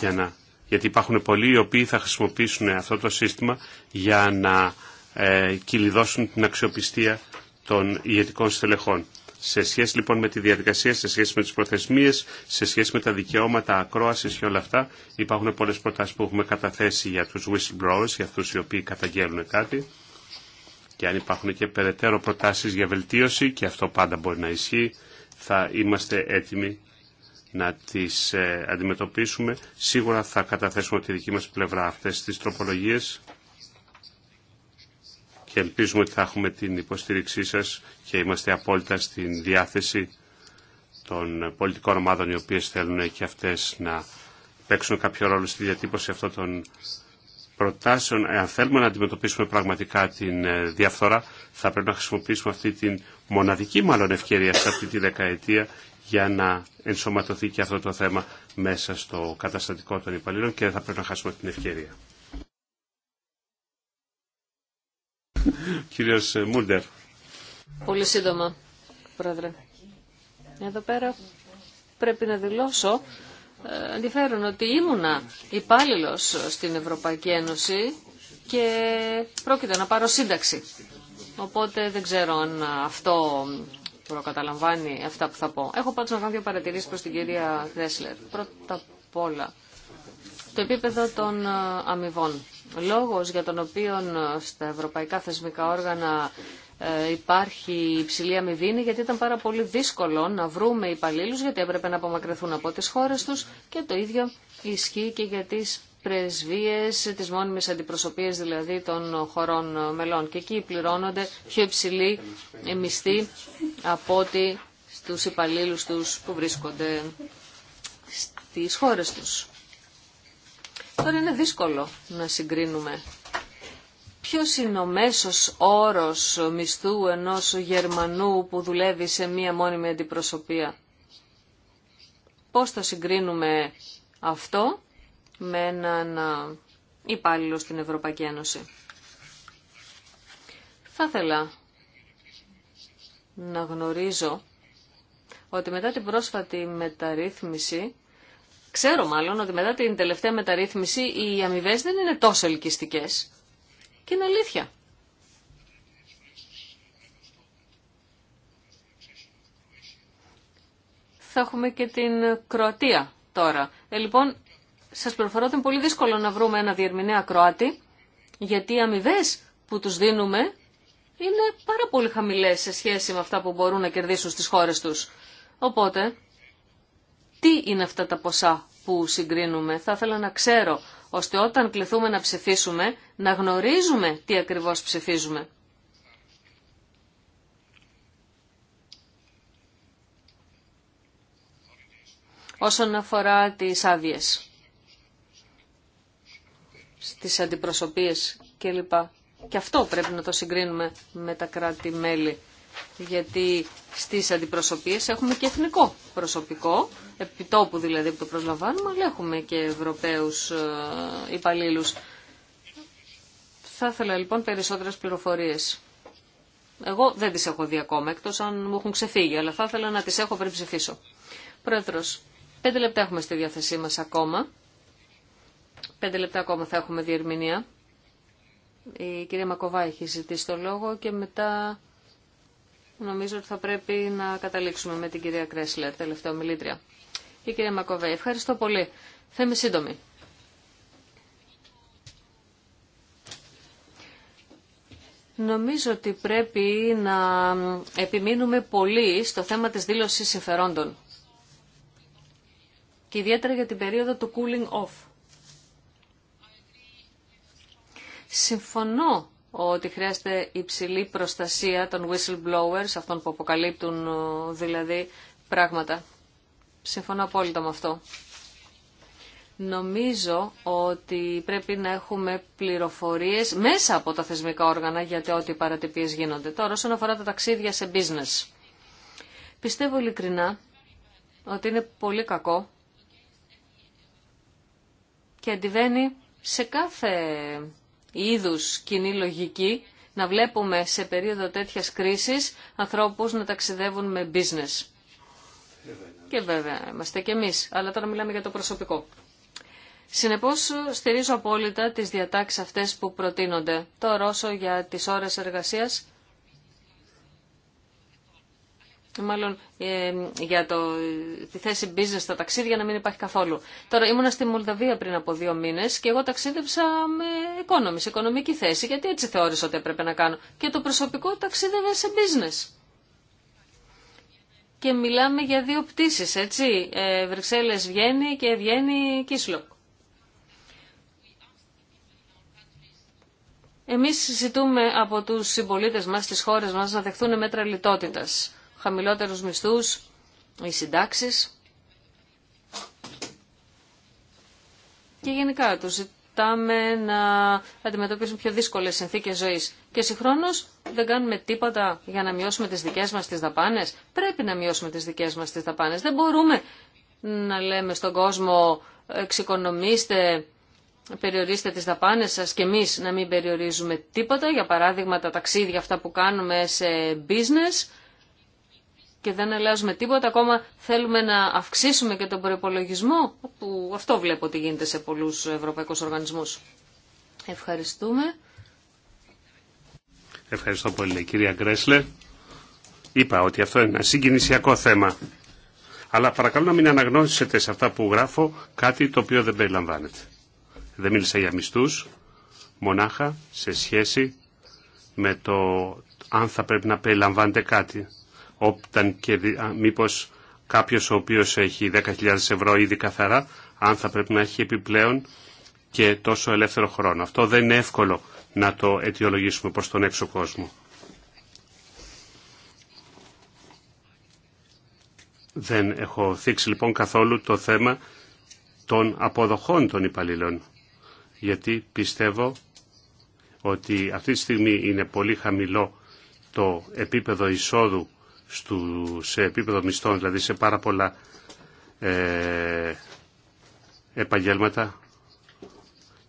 Speaker 2: για να, γιατί υπάρχουν πολλοί οι οποίοι θα χρησιμοποιήσουν αυτό το σύστημα για να ε, κυλιδώσουν την αξιοπιστία των ηγετικών στελεχών σε σχέση λοιπόν με τη διαδικασία, σε σχέση με τι προθεσμίε, σε σχέση με τα δικαιώματα ακρόαση και όλα αυτά. Υπάρχουν πολλέ προτάσει που έχουμε καταθέσει για του whistleblowers, για αυτού οι οποίοι καταγγέλνουν κάτι. Και αν υπάρχουν και περαιτέρω προτάσει για βελτίωση, και αυτό πάντα μπορεί να ισχύει, θα είμαστε έτοιμοι να τις ε, αντιμετωπίσουμε. Σίγουρα θα καταθέσουμε από τη δική μας πλευρά αυτές τις τροπολογίες και ελπίζουμε ότι θα έχουμε την υποστήριξή σας και είμαστε απόλυτα στην διάθεση των πολιτικών ομάδων οι οποίες θέλουν και αυτές να παίξουν κάποιο ρόλο στη διατύπωση αυτών των προτάσεων. Ε, αν θέλουμε να αντιμετωπίσουμε πραγματικά την ε, διαφθορά θα πρέπει να χρησιμοποιήσουμε αυτή την μοναδική μάλλον ευκαιρία σε αυτή τη δεκαετία για να ενσωματωθεί και αυτό το θέμα μέσα στο καταστατικό των υπαλλήλων και δεν θα πρέπει να χάσουμε την ευκαιρία. Κύριος Μούλτερ.
Speaker 4: Πολύ σύντομα, πρόεδρε. Εδώ πέρα πρέπει να δηλώσω ε, ενδιαφέρον ότι ήμουνα υπάλληλο στην Ευρωπαϊκή Ένωση και πρόκειται να πάρω σύνταξη. Οπότε δεν ξέρω αν αυτό προκαταλαμβάνει αυτά που θα πω. Έχω πάντως να κάνω δύο παρατηρήσεις προς την κυρία Δέσλερ. Πρώτα απ' όλα, το επίπεδο των ε, αμοιβών. Λόγος για τον οποίο ε, στα ευρωπαϊκά θεσμικά όργανα ε, υπάρχει υψηλή αμοιβή είναι γιατί ήταν πάρα πολύ δύσκολο να βρούμε υπαλλήλου γιατί έπρεπε να απομακρυνθούν από τις χώρες τους και το ίδιο ισχύει και για τις πρεσβείες, τις μόνιμες αντιπροσωπείες δηλαδή των χωρών μελών. Και εκεί πληρώνονται πιο υψηλή μισθή από ότι στους υπαλλήλου τους που βρίσκονται στις χώρες τους. Τώρα είναι δύσκολο να συγκρίνουμε ποιος είναι ο μέσος όρος μισθού ενός Γερμανού που δουλεύει σε μία μόνιμη αντιπροσωπεία. Πώς θα συγκρίνουμε αυτό με έναν υπάλληλο στην Ευρωπαϊκή Ένωση. Θα ήθελα να γνωρίζω ότι μετά την πρόσφατη μεταρρύθμιση Ξέρω μάλλον ότι μετά την τελευταία μεταρρύθμιση οι αμοιβέ δεν είναι τόσο ελκυστικέ. Και είναι αλήθεια. Θα έχουμε και την Κροατία τώρα. Ε, λοιπόν, σας προφορώ ότι είναι πολύ δύσκολο να βρούμε ένα διερμηνέα Κροάτη, γιατί οι αμοιβέ που τους δίνουμε είναι πάρα πολύ χαμηλές σε σχέση με αυτά που μπορούν να κερδίσουν στις χώρες τους. Οπότε, τι είναι αυτά τα ποσά που συγκρίνουμε. Θα ήθελα να ξέρω, ώστε όταν κληθούμε να ψηφίσουμε, να γνωρίζουμε τι ακριβώς ψηφίζουμε. Όσον αφορά τις άδειε, τις αντιπροσωπείες κλπ. Και αυτό πρέπει να το συγκρίνουμε με τα κράτη-μέλη γιατί στις αντιπροσωπείες έχουμε και εθνικό προσωπικό, επιτόπου δηλαδή που το προσλαμβάνουμε, αλλά έχουμε και Ευρωπαίους ε, υπαλλήλους. Θα ήθελα λοιπόν περισσότερες πληροφορίες. Εγώ δεν τις έχω δει ακόμα, εκτός αν μου έχουν ξεφύγει, αλλά θα ήθελα να τις έχω πριν ψηφίσω. Πρόεδρος, πέντε λεπτά έχουμε στη διάθεσή μας ακόμα. Πέντε λεπτά ακόμα θα έχουμε διερμηνία. Η κυρία Μακοβά έχει ζητήσει το λόγο και μετά νομίζω ότι θα πρέπει να καταλήξουμε με την κυρία Κρέσλερ, τελευταία ομιλήτρια. Η κυρία Μακοβέ, ευχαριστώ πολύ. Θα είμαι σύντομη. Νομίζω ότι πρέπει να επιμείνουμε πολύ στο θέμα της δήλωσης συμφερόντων. Και ιδιαίτερα για την περίοδο του cooling off. Συμφωνώ ότι χρειάζεται υψηλή προστασία των whistleblowers, αυτών που αποκαλύπτουν δηλαδή πράγματα. Συμφωνώ απόλυτα με αυτό. Νομίζω ότι πρέπει να έχουμε πληροφορίες μέσα από τα θεσμικά όργανα γιατί ό,τι παρατυπίες γίνονται. Τώρα όσον αφορά τα ταξίδια σε business. Πιστεύω ειλικρινά ότι είναι πολύ κακό και αντιβαίνει σε κάθε είδου κοινή λογική να βλέπουμε σε περίοδο τέτοιας κρίσης ανθρώπους να ταξιδεύουν με business. Και βέβαια είμαστε και εμείς, αλλά τώρα μιλάμε για το προσωπικό. Συνεπώς στηρίζω απόλυτα τις διατάξεις αυτές που προτείνονται. Το ρώσο για τις ώρες εργασίας μάλλον ε, για το, τη θέση business στα ταξίδια να μην υπάρχει καθόλου. Τώρα ήμουνα στη Μολδαβία πριν από δύο μήνε και εγώ ταξίδεψα με οικόνομη, σε οικονομική θέση, γιατί έτσι θεώρησα ότι έπρεπε να κάνω. Και το προσωπικό ταξίδευε σε business. Και μιλάμε για δύο πτήσει, έτσι. Ε, Βρυξέλλε βγαίνει και βγαίνει Κίσλοκ. Εμείς συζητούμε από τους συμπολίτες μας, στις χώρες μας, να δεχθούν μέτρα λιτότητας χαμηλότερους μισθούς, οι συντάξεις. Και γενικά του ζητάμε να αντιμετωπίσουν πιο δύσκολες συνθήκες ζωής. Και συγχρόνως δεν κάνουμε τίποτα για να μειώσουμε τις δικές μας τις δαπάνες. Πρέπει να μειώσουμε τις δικές μας τις δαπάνες. Δεν μπορούμε να λέμε στον κόσμο εξοικονομήστε, περιορίστε τις δαπάνες σας και εμείς να μην περιορίζουμε τίποτα. Για παράδειγμα τα ταξίδια αυτά που κάνουμε σε business και δεν αλλάζουμε τίποτα, ακόμα θέλουμε να αυξήσουμε και τον προπολογισμό, που αυτό βλέπω ότι γίνεται σε πολλούς ευρωπαϊκούς οργανισμούς. Ευχαριστούμε.
Speaker 2: Ευχαριστώ πολύ, κυρία Γκρέσλε. Είπα ότι αυτό είναι ένα συγκινησιακό θέμα. Αλλά παρακαλώ να μην αναγνώρισετε σε αυτά που γράφω κάτι το οποίο δεν περιλαμβάνεται. Δεν μίλησα για μισθού, μονάχα σε σχέση με το αν θα πρέπει να περιλαμβάνεται κάτι όταν και μήπως κάποιος ο οποίος έχει 10.000 ευρώ ήδη καθαρά, αν θα πρέπει να έχει επιπλέον και τόσο ελεύθερο χρόνο. Αυτό δεν είναι εύκολο να το αιτιολογήσουμε προς τον έξω κόσμο. Δεν έχω θίξει λοιπόν καθόλου το θέμα των αποδοχών των υπαλλήλων, γιατί πιστεύω ότι αυτή τη στιγμή είναι πολύ χαμηλό το επίπεδο εισόδου στο, σε επίπεδο μισθών, δηλαδή σε πάρα πολλά ε, επαγγέλματα.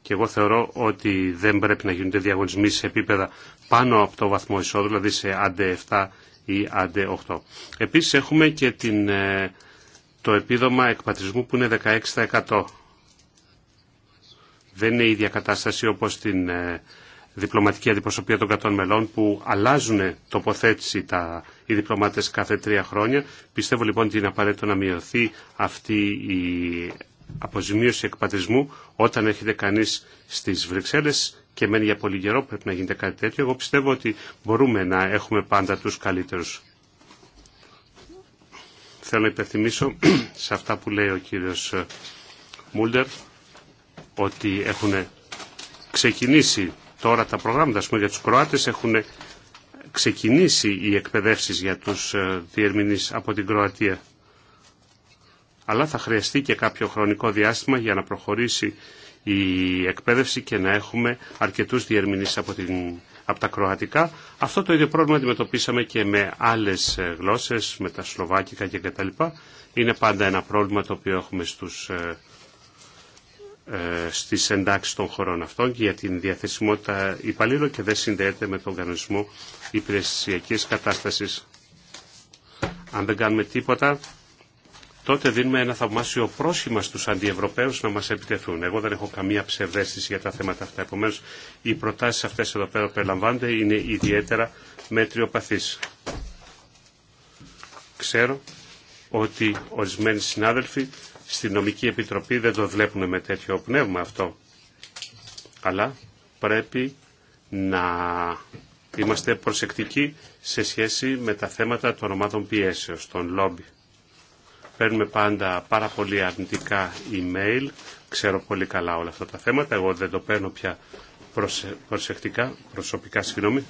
Speaker 2: Και εγώ θεωρώ ότι δεν πρέπει να γίνονται διαγωνισμοί σε επίπεδα πάνω από το βαθμό εισόδου, δηλαδή σε άντε 7 ή άντε 8. Επίσης έχουμε και την, ε, το επίδομα εκπατρισμού που είναι 16%. Δεν είναι η ίδια κατάσταση όπως την ε, διπλωματική αντιπροσωπεία των κρατών μελών που αλλάζουν τοποθέτηση τα, οι διπλωμάτες κάθε τρία χρόνια. Πιστεύω λοιπόν ότι είναι απαραίτητο να μειωθεί αυτή η αποζημίωση εκπατρισμού όταν έρχεται κανείς στις Βρυξέλλες και μένει για πολύ καιρό πρέπει να γίνεται κάτι τέτοιο. Εγώ πιστεύω ότι μπορούμε να έχουμε πάντα τους καλύτερους. Θέλω να υπενθυμίσω σε αυτά που λέει ο κύριος Μούλτερ ότι έχουν ξεκινήσει Τώρα τα προγράμματα πούμε, για τους Κροάτες έχουν ξεκινήσει οι εκπαιδεύσεις για τους ε, διερμηνείς από την Κροατία. Αλλά θα χρειαστεί και κάποιο χρονικό διάστημα για να προχωρήσει η εκπαίδευση και να έχουμε αρκετούς διερμηνείς από, την, από τα κροατικά. Αυτό το ίδιο πρόβλημα αντιμετωπίσαμε και με άλλες ε, γλώσσες, με τα σλοβάκικα και κτλ. Είναι πάντα ένα πρόβλημα το οποίο έχουμε στους ε, ε, στις εντάξεις των χωρών αυτών και για την διαθεσιμότητα υπαλλήλων και δεν συνδέεται με τον κανονισμό υπηρεσιακής κατάστασης. Αν δεν κάνουμε τίποτα, τότε δίνουμε ένα θαυμάσιο πρόσχημα στους αντιευρωπαίους να μας επιτεθούν. Εγώ δεν έχω καμία ψευδέστηση για τα θέματα αυτά. Επομένως, οι προτάσεις αυτές εδώ πέρα που περιλαμβάνονται είναι ιδιαίτερα μετριοπαθείς. Ξέρω ότι ορισμένοι συνάδελφοι στην νομική επιτροπή δεν το βλέπουν με τέτοιο πνεύμα αυτό. Αλλά πρέπει να είμαστε προσεκτικοί σε σχέση με τα θέματα των ομάδων πιέσεως, των λόμπι. Παίρνουμε πάντα πάρα πολύ αρνητικά email, ξέρω πολύ καλά όλα αυτά τα θέματα, εγώ δεν το παίρνω πια προσεκτικά, προσωπικά συγγνώμη.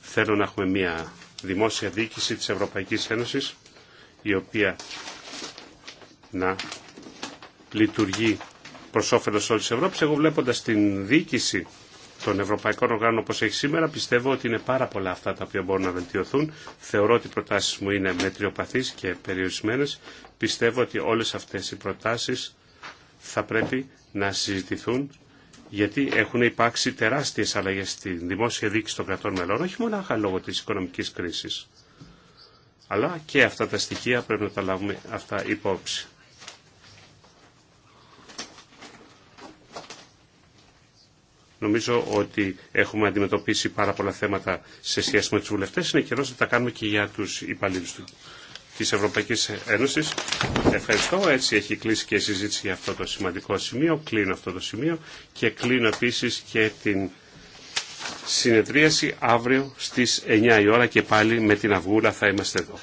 Speaker 2: Θέλω να έχουμε μια δημόσια διοίκηση της Ευρωπαϊκής Ένωσης, η οποία να λειτουργεί προ όφελο όλη τη Ευρώπη. Εγώ βλέποντα την διοίκηση των ευρωπαϊκών οργάνων όπω έχει σήμερα πιστεύω ότι είναι πάρα πολλά αυτά τα οποία μπορούν να βελτιωθούν. Θεωρώ ότι οι προτάσει μου είναι μετριοπαθεί και περιορισμένε. Πιστεύω ότι όλε αυτέ οι προτάσει θα πρέπει να συζητηθούν γιατί έχουν υπάρξει τεράστιες αλλαγές στη δημόσια διοίκηση των κρατών μελών, όχι μονάχα λόγω της οικονομικής κρίσης. Αλλά και αυτά τα στοιχεία πρέπει να τα λάβουμε αυτά υπόψη. Νομίζω ότι έχουμε αντιμετωπίσει πάρα πολλά θέματα σε σχέση με τους βουλευτές. Είναι καιρός να τα κάνουμε και για τους υπαλλήλους του της Ευρωπαϊκής Ένωσης. Ευχαριστώ. Έτσι έχει κλείσει και η συζήτηση για αυτό το σημαντικό σημείο. Κλείνω αυτό το σημείο και κλείνω επίσης και την συνεδρίαση αύριο στις 9 η ώρα και πάλι με την αυγούρα θα είμαστε εδώ.